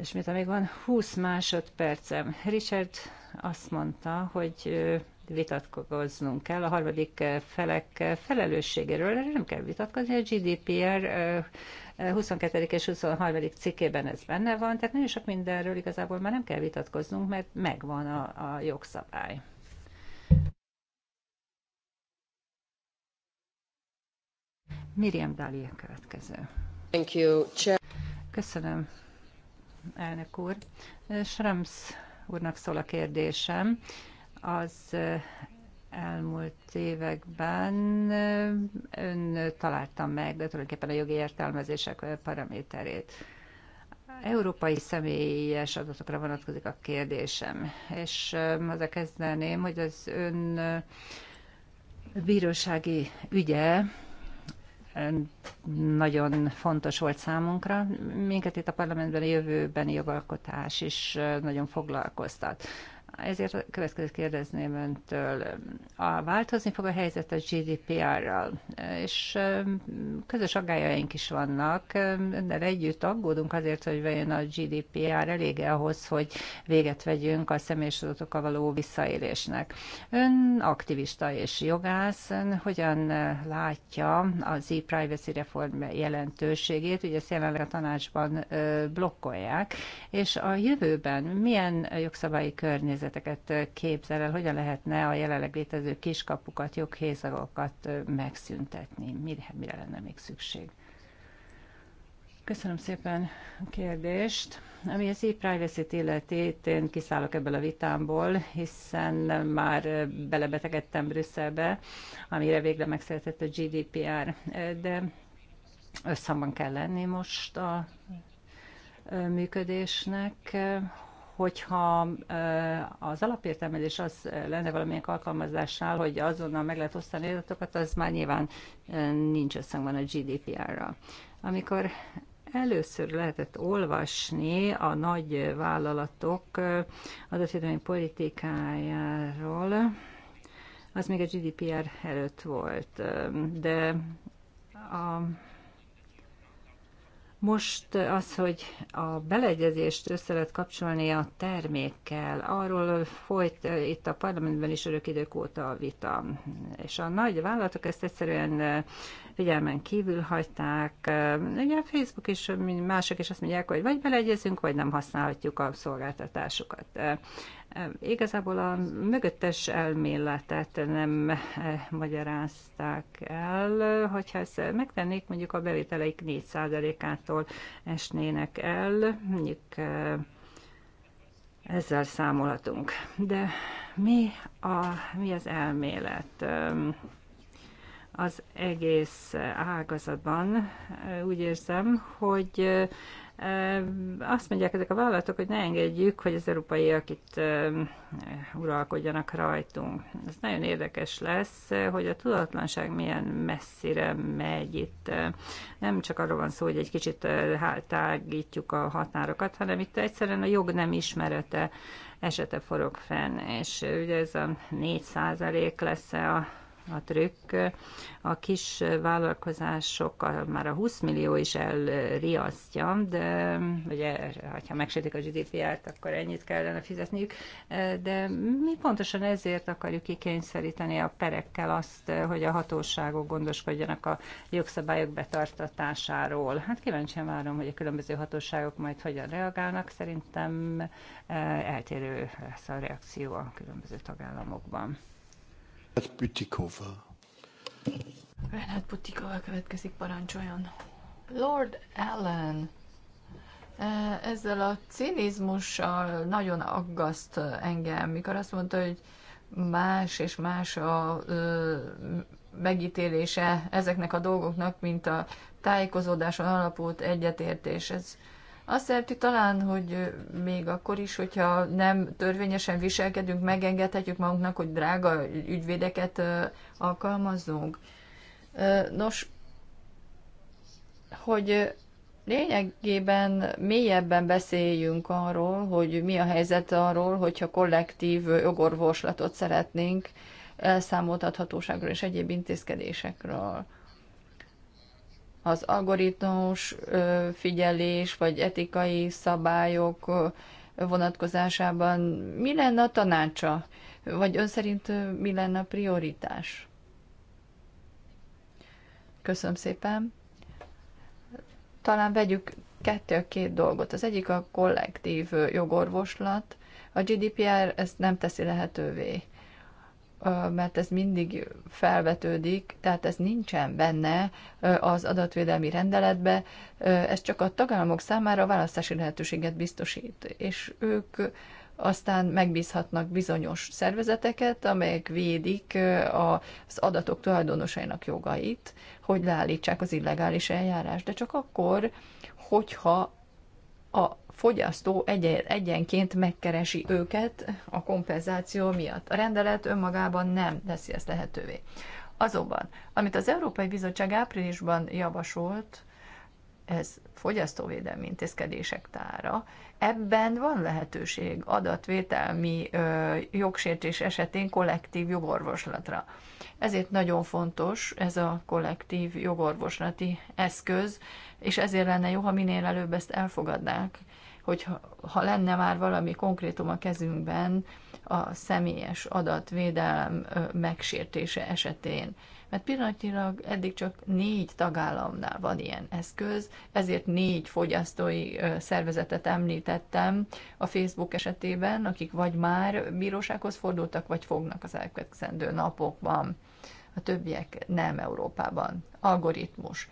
És mit, amíg van 20 másodpercem, Richard azt mondta, hogy vitatkoznunk kell a harmadik felek felelősségéről. Erről nem kell vitatkozni, a GDPR 22. és 23. cikkében ez benne van, tehát nagyon sok mindenről igazából már nem kell vitatkoznunk, mert megvan a, a jogszabály. Miriam Dalia következő. Thank you, Chair. Köszönöm, elnök úr. Schrems úrnak szól a kérdésem. Az elmúlt években ön találta meg, de tulajdonképpen a jogi értelmezések paraméterét. Európai személyes adatokra vonatkozik a kérdésem, és azzal kezdeném, hogy az ön bírósági ügye nagyon fontos volt számunkra. Minket itt a parlamentben a jövőbeni jogalkotás is nagyon foglalkoztat ezért a következőt kérdezném öntől. A változni fog a helyzet a GDPR-ral, és közös aggájaink is vannak, de együtt aggódunk azért, hogy vajon a GDPR elége ahhoz, hogy véget vegyünk a személyes adatokkal való visszaélésnek. Ön aktivista és jogász, ön hogyan látja az e-privacy reform jelentőségét? Ugye ezt jelenleg a tanácsban blokkolják, és a jövőben milyen jogszabályi környezet helyzeteket képzel el, hogyan lehetne a jelenleg létező kiskapukat, joghézagokat megszüntetni, mire, mire lenne még szükség. Köszönöm szépen a kérdést. Ami az e-privacy-t illeti, én kiszállok ebből a vitámból, hiszen már belebetegedtem Brüsszelbe, amire végre megszületett a GDPR, de összhangban kell lenni most a működésnek, hogyha az alapértelmezés az lenne valamilyen alkalmazásnál, hogy azonnal meg lehet osztani adatokat, az már nyilván nincs összhangban a GDPR-ra. Amikor először lehetett olvasni a nagy vállalatok adatvédelmi politikájáról, az még a GDPR előtt volt, de a most az, hogy a beleegyezést össze lehet kapcsolni a termékkel, arról folyt itt a parlamentben is örök idők óta a vita. És a nagy vállalatok ezt egyszerűen figyelmen kívül hagyták. Ugye a Facebook is, mások is azt mondják, hogy vagy beleegyezünk, vagy nem használhatjuk a szolgáltatásukat. Igazából a mögöttes elméletet nem eh, magyarázták el, hogyha ezt megtennék, mondjuk a bevételeik 4%-ától esnének el, mondjuk eh, ezzel számolhatunk. De mi, a, mi az elmélet? Az egész ágazatban eh, úgy érzem, hogy azt mondják ezek a vállalatok, hogy ne engedjük, hogy az európaiak itt uralkodjanak rajtunk. Ez nagyon érdekes lesz, hogy a tudatlanság milyen messzire megy itt. Nem csak arról van szó, hogy egy kicsit tágítjuk a határokat, hanem itt egyszerűen a jog nem ismerete esete forog fenn, és ugye ez a 4 lesz a a trükk. A kis vállalkozások már a 20 millió is elriasztja, de ugye, ha megsértik a GDPR-t, akkor ennyit kellene fizetniük, de mi pontosan ezért akarjuk kikényszeríteni a perekkel azt, hogy a hatóságok gondoskodjanak a jogszabályok betartatásáról. Hát kíváncsian várom, hogy a különböző hatóságok majd hogyan reagálnak. Szerintem eh, eltérő lesz a reakció a különböző tagállamokban. Hát Bütikova. Renát Butikova következik, parancsoljon. Lord Allen, e, ezzel a cinizmussal nagyon aggaszt engem, mikor azt mondta, hogy más és más a e, megítélése ezeknek a dolgoknak, mint a tájékozódáson alapult egyetértés. Ez azt jelenti talán, hogy még akkor is, hogyha nem törvényesen viselkedünk, megengedhetjük magunknak, hogy drága ügyvédeket alkalmazzunk. Nos, hogy lényegében mélyebben beszéljünk arról, hogy mi a helyzet arról, hogyha kollektív jogorvoslatot szeretnénk, elszámoltathatóságról és egyéb intézkedésekről az algoritmus figyelés vagy etikai szabályok vonatkozásában mi lenne a tanácsa, vagy ön szerint mi lenne a prioritás? Köszönöm szépen. Talán vegyük kettő a két dolgot. Az egyik a kollektív jogorvoslat. A GDPR ezt nem teszi lehetővé mert ez mindig felvetődik, tehát ez nincsen benne az adatvédelmi rendeletbe, ez csak a tagállamok számára választási lehetőséget biztosít, és ők aztán megbízhatnak bizonyos szervezeteket, amelyek védik az adatok tulajdonosainak jogait, hogy leállítsák az illegális eljárást, de csak akkor, hogyha a fogyasztó egy- egyenként megkeresi őket a kompenzáció miatt. A rendelet önmagában nem teszi ezt lehetővé. Azonban, amit az Európai Bizottság áprilisban javasolt, ez fogyasztóvédelmi intézkedések tára, ebben van lehetőség adatvételmi ö, jogsértés esetén kollektív jogorvoslatra. Ezért nagyon fontos ez a kollektív jogorvoslati eszköz, és ezért lenne jó, ha minél előbb ezt elfogadnák, hogy ha, ha lenne már valami konkrétum a kezünkben a személyes adatvédelem megsértése esetén. Mert pillanatilag eddig csak négy tagállamnál van ilyen eszköz, ezért négy fogyasztói szervezetet említettem a Facebook esetében, akik vagy már bírósághoz fordultak, vagy fognak az elkövetkezendő napokban. A többiek nem Európában. Algoritmus.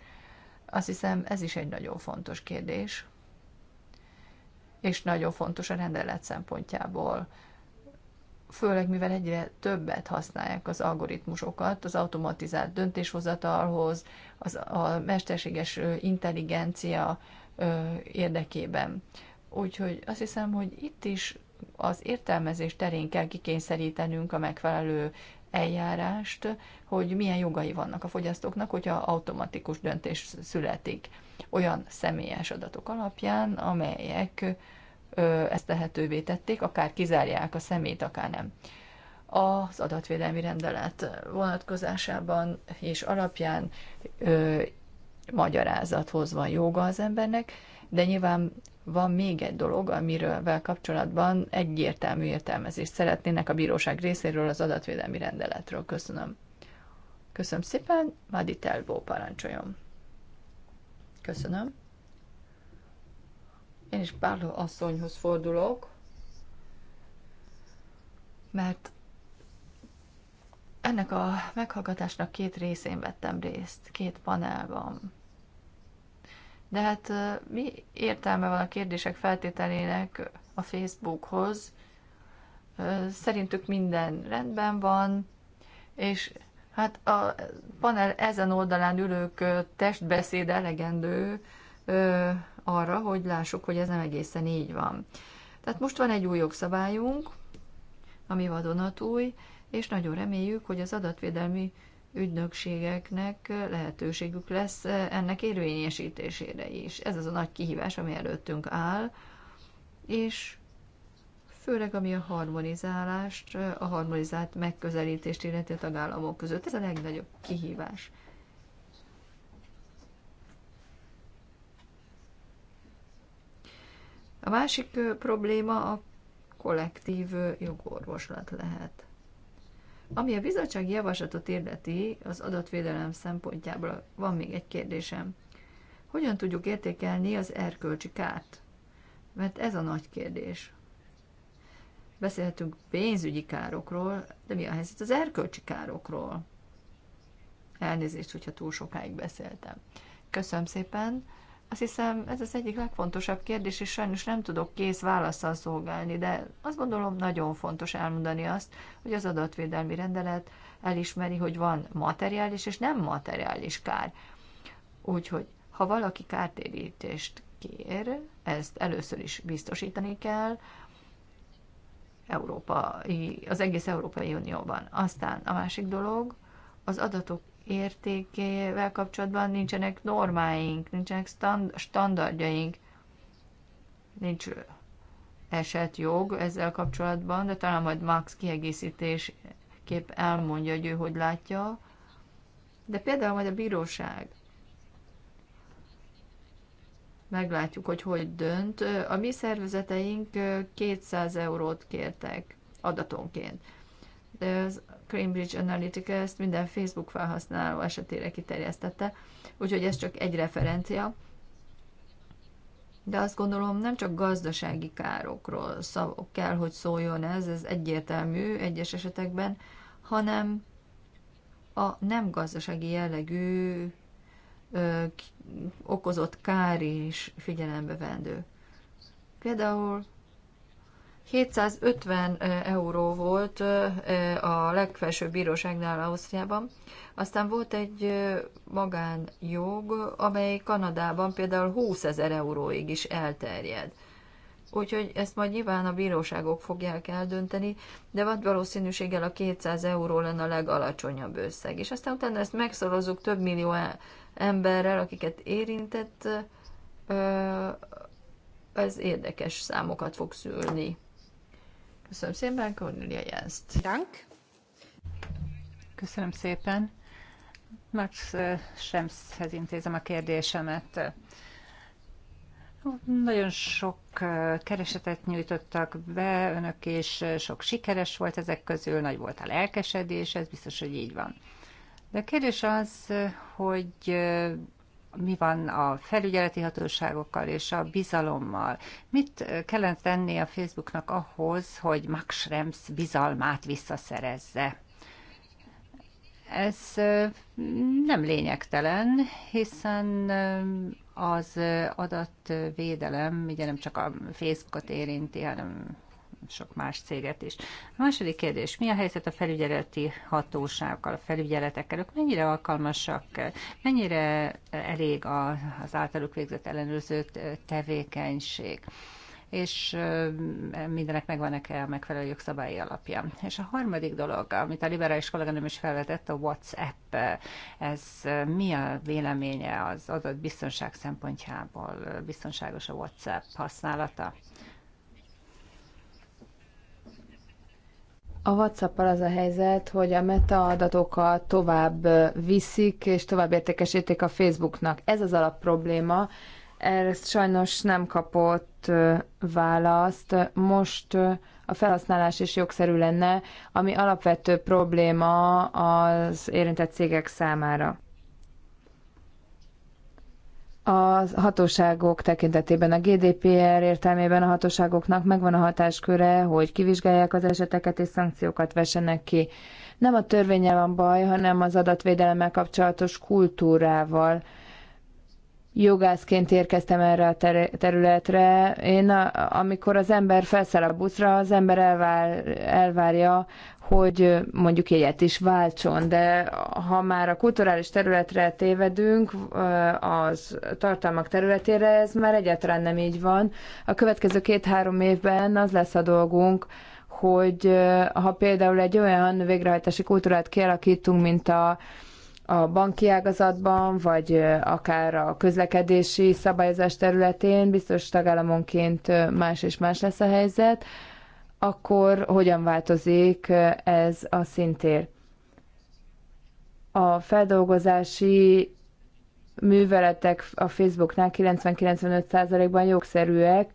Azt hiszem, ez is egy nagyon fontos kérdés és nagyon fontos a rendelet szempontjából, főleg mivel egyre többet használják az algoritmusokat az automatizált döntéshozatalhoz, az, a mesterséges intelligencia érdekében. Úgyhogy azt hiszem, hogy itt is az értelmezés terén kell kikényszerítenünk a megfelelő eljárást, hogy milyen jogai vannak a fogyasztóknak, hogyha automatikus döntés születik olyan személyes adatok alapján, amelyek ezt lehetővé tették, akár kizárják a szemét, akár nem. Az adatvédelmi rendelet vonatkozásában és alapján ö, magyarázathoz van joga az embernek, de nyilván van még egy dolog, amiről kapcsolatban egyértelmű értelmezést szeretnének a bíróság részéről az adatvédelmi rendeletről. Köszönöm. Köszönöm szépen, Madi Telbó parancsoljon. Köszönöm. Én is Páló asszonyhoz fordulok, mert ennek a meghallgatásnak két részén vettem részt, két panel van de hát mi értelme van a kérdések feltételének a Facebookhoz? Szerintük minden rendben van, és hát a panel ezen oldalán ülők testbeszéd elegendő arra, hogy lássuk, hogy ez nem egészen így van. Tehát most van egy új jogszabályunk, ami vadonatúj, és nagyon reméljük, hogy az adatvédelmi ügynökségeknek lehetőségük lesz ennek érvényesítésére is. Ez az a nagy kihívás, ami előttünk áll, és főleg ami a harmonizálást, a harmonizált megközelítést illeti a tagállamok között. Ez a legnagyobb kihívás. A másik probléma a kollektív jogorvoslat lehet. Ami a bizottság javaslatot érdeti, az adatvédelem szempontjából van még egy kérdésem. Hogyan tudjuk értékelni az erkölcsi kárt? Mert ez a nagy kérdés. Beszélhetünk pénzügyi károkról, de mi a helyzet az erkölcsi károkról? Elnézést, hogyha túl sokáig beszéltem. Köszönöm szépen. Azt hiszem, ez az egyik legfontosabb kérdés, és sajnos nem tudok kész válaszsal szolgálni, de azt gondolom nagyon fontos elmondani azt, hogy az adatvédelmi rendelet elismeri, hogy van materiális és nem materiális kár. Úgyhogy, ha valaki kártérítést kér, ezt először is biztosítani kell, Európa, az egész Európai Unióban. Aztán a másik dolog, az adatok értékével kapcsolatban nincsenek normáink, nincsenek stand- standardjaink, nincs esetjog ezzel kapcsolatban, de talán majd Max kiegészítés kép elmondja, hogy ő hogy látja. De például majd a bíróság. Meglátjuk, hogy hogy dönt. A mi szervezeteink 200 eurót kértek adatonként. De az Cambridge Analytica ezt minden Facebook felhasználó esetére kiterjesztette, úgyhogy ez csak egy referencia. De azt gondolom, nem csak gazdasági károkról kell, hogy szóljon ez, ez egyértelmű egyes esetekben, hanem a nem gazdasági jellegű ö, okozott kár is figyelembe vendő. Például 750 euró volt a legfelsőbb bíróságnál Ausztriában, aztán volt egy magánjog, amely Kanadában például 20 ezer euróig is elterjed. Úgyhogy ezt majd nyilván a bíróságok fogják eldönteni, de vad valószínűséggel a 200 euró lenne a legalacsonyabb összeg. És aztán utána ezt megszorozzuk több millió e- emberrel, akiket érintett, ez érdekes számokat fog szülni. Köszönöm szépen, Cornelia Jenszt. Dank. Köszönöm szépen. Max Schemshez intézem a kérdésemet. Nagyon sok keresetet nyújtottak be önök, és sok sikeres volt ezek közül, nagy volt a lelkesedés, ez biztos, hogy így van. De a kérdés az, hogy mi van a felügyeleti hatóságokkal és a bizalommal. Mit eh, kellene tenni a Facebooknak ahhoz, hogy Max Schrems bizalmát visszaszerezze? Ez eh, nem lényegtelen, hiszen eh, az adatvédelem ugye nem csak a Facebookot érinti, hanem sok más céget is. A második kérdés, mi a helyzet a felügyeleti hatóságokkal, a felügyeletekkel? Ők mennyire alkalmasak, mennyire elég az általuk végzett ellenőrző tevékenység? és mindenek megvannak-e a megfelelő jogszabályi alapja. És a harmadik dolog, amit a liberális kolléganőm is felvetett, a WhatsApp. Ez mi a véleménye az adott biztonság szempontjából? Biztonságos a WhatsApp használata? A whatsapp az a helyzet, hogy a metaadatokat tovább viszik, és tovább értékesítik a Facebooknak. Ez az alap probléma. Ez sajnos nem kapott választ. Most a felhasználás is jogszerű lenne, ami alapvető probléma az érintett cégek számára a hatóságok tekintetében, a GDPR értelmében a hatóságoknak megvan a hatásköre, hogy kivizsgálják az eseteket és szankciókat vessenek ki. Nem a törvénye van baj, hanem az adatvédelemmel kapcsolatos kultúrával. Jogászként érkeztem erre a ter- területre. Én, a, amikor az ember felszáll a buszra, az ember elvár, elvárja, hogy mondjuk egyet is váltson, de ha már a kulturális területre tévedünk, az tartalmak területére ez már egyáltalán nem így van. A következő két-három évben az lesz a dolgunk, hogy ha például egy olyan végrehajtási kultúrát kialakítunk, mint a, a banki ágazatban, vagy akár a közlekedési szabályozás területén, biztos tagállamonként más és más lesz a helyzet, akkor hogyan változik ez a szintér. A feldolgozási műveletek a Facebooknál 90-95%-ban jogszerűek.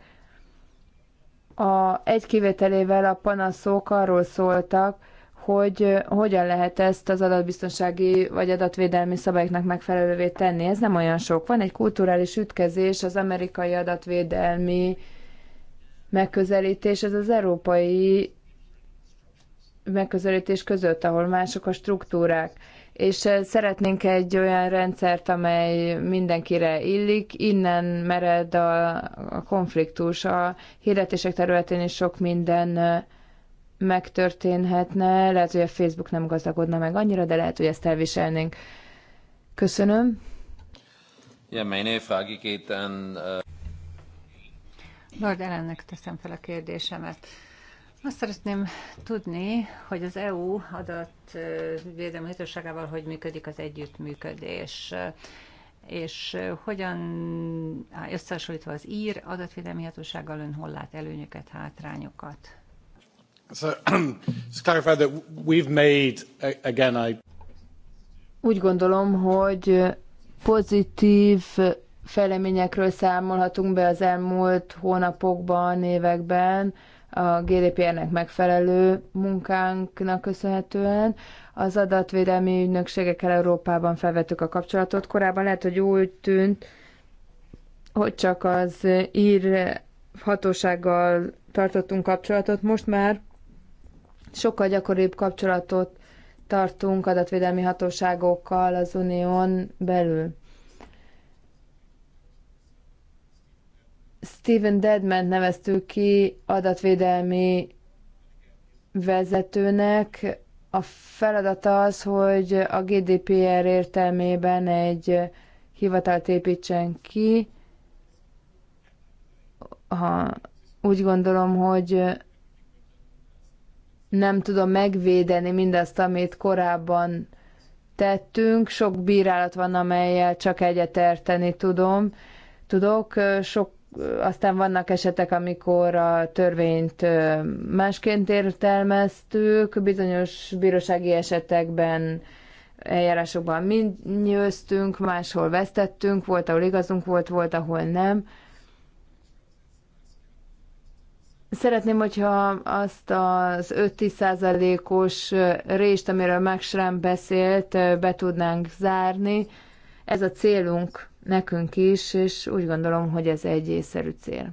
A egy kivételével a panaszok arról szóltak, hogy hogyan lehet ezt az adatbiztonsági vagy adatvédelmi szabályoknak megfelelővé tenni. Ez nem olyan sok. Van egy kulturális ütkezés az amerikai adatvédelmi megközelítés, ez az európai megközelítés között, ahol mások a struktúrák. És eh, szeretnénk egy olyan rendszert, amely mindenkire illik, innen mered a, a konfliktus. A hirdetések területén is sok minden eh, megtörténhetne. Lehet, hogy a Facebook nem gazdagodna meg annyira, de lehet, hogy ezt elviselnénk. Köszönöm. Ja, meine Frage geht an, uh... Lord Ellennek teszem fel a kérdésemet. Azt szeretném tudni, hogy az EU adatvédelmi hatóságával hogy működik az együttműködés, és hogyan összehasonlítva az ír adatvédelmi hatósággal ön hol lát előnyöket, hátrányokat? So, *clears throat* clarify that we've made, again, I... Úgy gondolom, hogy pozitív fejleményekről számolhatunk be az elmúlt hónapokban, években a GDPR-nek megfelelő munkánknak köszönhetően. Az adatvédelmi ügynökségekkel Európában felvettük a kapcsolatot. Korábban lehet, hogy úgy tűnt, hogy csak az ír hatósággal tartottunk kapcsolatot, most már sokkal gyakoribb kapcsolatot tartunk adatvédelmi hatóságokkal az unión belül. Steven Deadman neveztük ki adatvédelmi vezetőnek. A feladata az, hogy a GDPR értelmében egy hivatalt építsen ki. Ha úgy gondolom, hogy nem tudom megvédeni mindazt, amit korábban tettünk. Sok bírálat van, amelyel csak egyetérteni tudom. Tudok, sok aztán vannak esetek, amikor a törvényt másként értelmeztük, bizonyos bírósági esetekben eljárásokban mind nyőztünk, máshol vesztettünk, volt, ahol igazunk volt, volt, ahol nem. Szeretném, hogyha azt az 5-10%-os részt, amiről Max Schramm beszélt, be tudnánk zárni. Ez a célunk nekünk is, és úgy gondolom, hogy ez egy észszerű cél.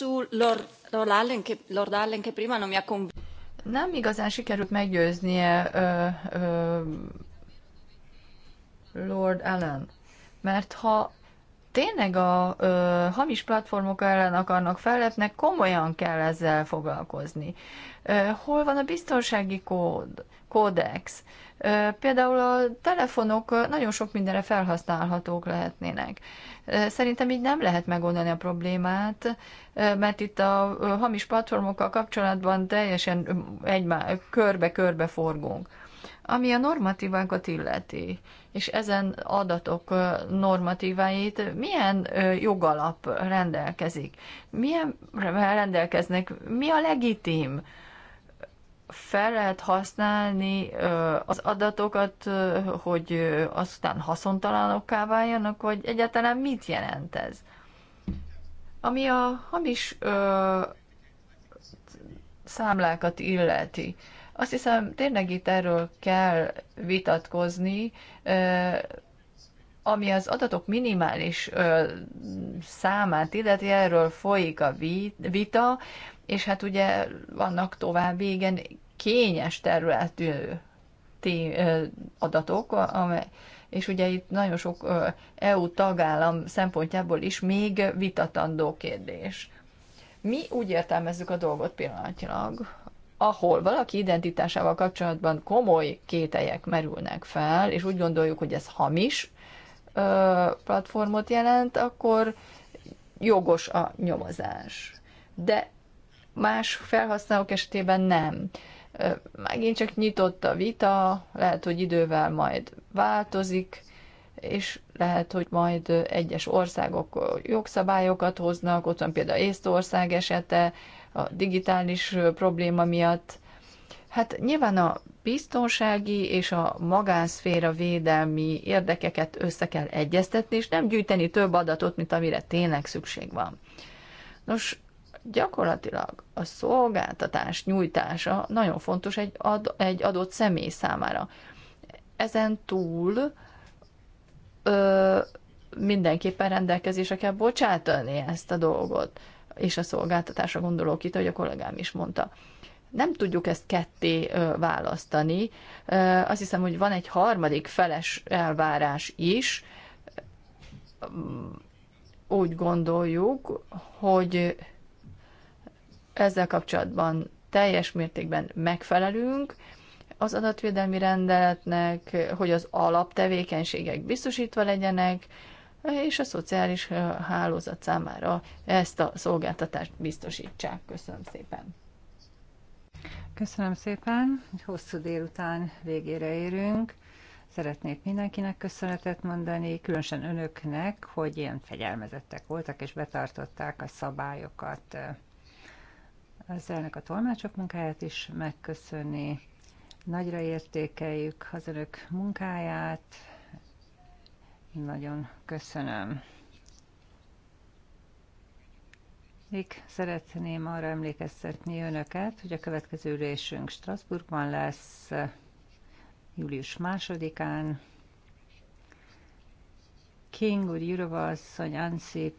Lord Lord prima Nem igazán sikerült meggyőznie ö, ö, Lord Allen, mert ha tényleg a ö, hamis platformok ellen akarnak fellepnek, komolyan kell ezzel foglalkozni. Ö, hol van a biztonsági kód, kódex? Ö, például a telefonok nagyon sok mindenre felhasználhatók lehetnének. szerintem így nem lehet megoldani a problémát, mert itt a hamis platformokkal kapcsolatban teljesen egymá- körbe-körbe forgunk. Ami a normatívákat illeti, és ezen adatok normatíváit milyen jogalap rendelkezik? Milyen rendelkeznek? Mi a legitim? fel lehet használni az adatokat, hogy aztán haszontalanokká váljanak, vagy egyáltalán mit jelent ez? Ami a hamis számlákat illeti. Azt hiszem, tényleg itt erről kell vitatkozni, ami az adatok minimális számát illeti, erről folyik a vita, és hát ugye vannak további igen kényes területű adatok, amely, és ugye itt nagyon sok EU tagállam szempontjából is még vitatandó kérdés. Mi úgy értelmezzük a dolgot pillanatnyilag, ahol valaki identitásával kapcsolatban komoly kételyek merülnek fel, és úgy gondoljuk, hogy ez hamis platformot jelent, akkor jogos a nyomozás. De más felhasználók esetében nem. Megint csak nyitott a vita, lehet, hogy idővel majd változik, és lehet, hogy majd egyes országok jogszabályokat hoznak, ott van például Észtország esete, a digitális probléma miatt. Hát nyilván a biztonsági és a magánszféra védelmi érdekeket össze kell egyeztetni, és nem gyűjteni több adatot, mint amire tényleg szükség van. Nos, gyakorlatilag a szolgáltatás nyújtása nagyon fontos egy, ad, egy adott személy számára. Ezen túl ö, mindenképpen rendelkezésre kell bocsátani ezt a dolgot és a szolgáltatásra gondolok itt, ahogy a kollégám is mondta. Nem tudjuk ezt ketté választani. Azt hiszem, hogy van egy harmadik feles elvárás is. Úgy gondoljuk, hogy ezzel kapcsolatban teljes mértékben megfelelünk az adatvédelmi rendeletnek, hogy az alaptevékenységek biztosítva legyenek, és a szociális hálózat számára ezt a szolgáltatást biztosítsák. Köszönöm szépen! Köszönöm szépen, hosszú délután végére érünk. Szeretnék mindenkinek köszönetet mondani, különösen önöknek, hogy ilyen fegyelmezettek voltak és betartották a szabályokat. Az elnök a tolmácsok munkáját is megköszönni Nagyra értékeljük az önök munkáját, nagyon köszönöm. Még szeretném arra emlékeztetni önöket, hogy a következő ülésünk Strasbourgban lesz július másodikán. King úr, Jurova asszony, Ansip,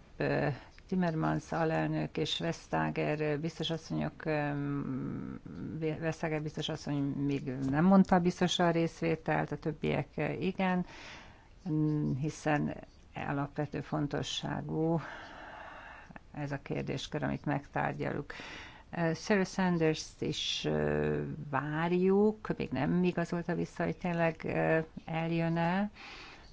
Timmermans alelnök és Vestager biztos asszonyok, Vestager biztos asszony még nem mondta biztosan a részvételt, a többiek igen hiszen alapvető fontosságú ez a kérdéskör, amit megtárgyalunk. Eh, Sarah sanders is eh, várjuk, még nem igazolta vissza, hogy tényleg eh, eljön-e.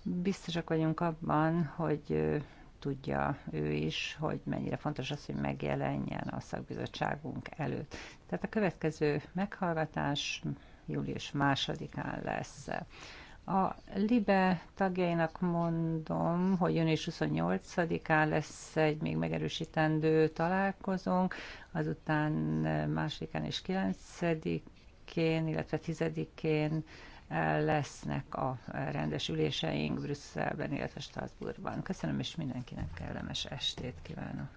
Biztosak vagyunk abban, hogy tudja ő is, hogy mennyire fontos az, hogy megjelenjen a szakbizottságunk előtt. Tehát a következő meghallgatás július másodikán lesz. A LIBE tagjainak mondom, hogy június 28-án lesz egy még megerősítendő találkozónk, azután másodikán és 9-én, illetve 10-én lesznek a rendes üléseink Brüsszelben, illetve Strasbourgban. Köszönöm, és mindenkinek kellemes estét kívánok.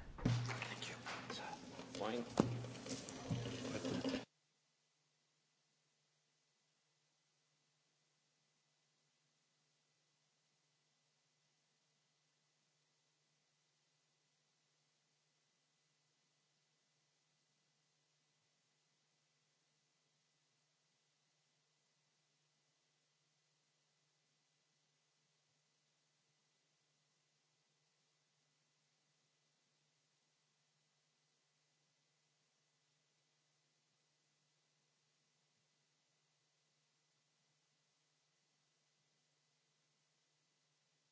Thank you.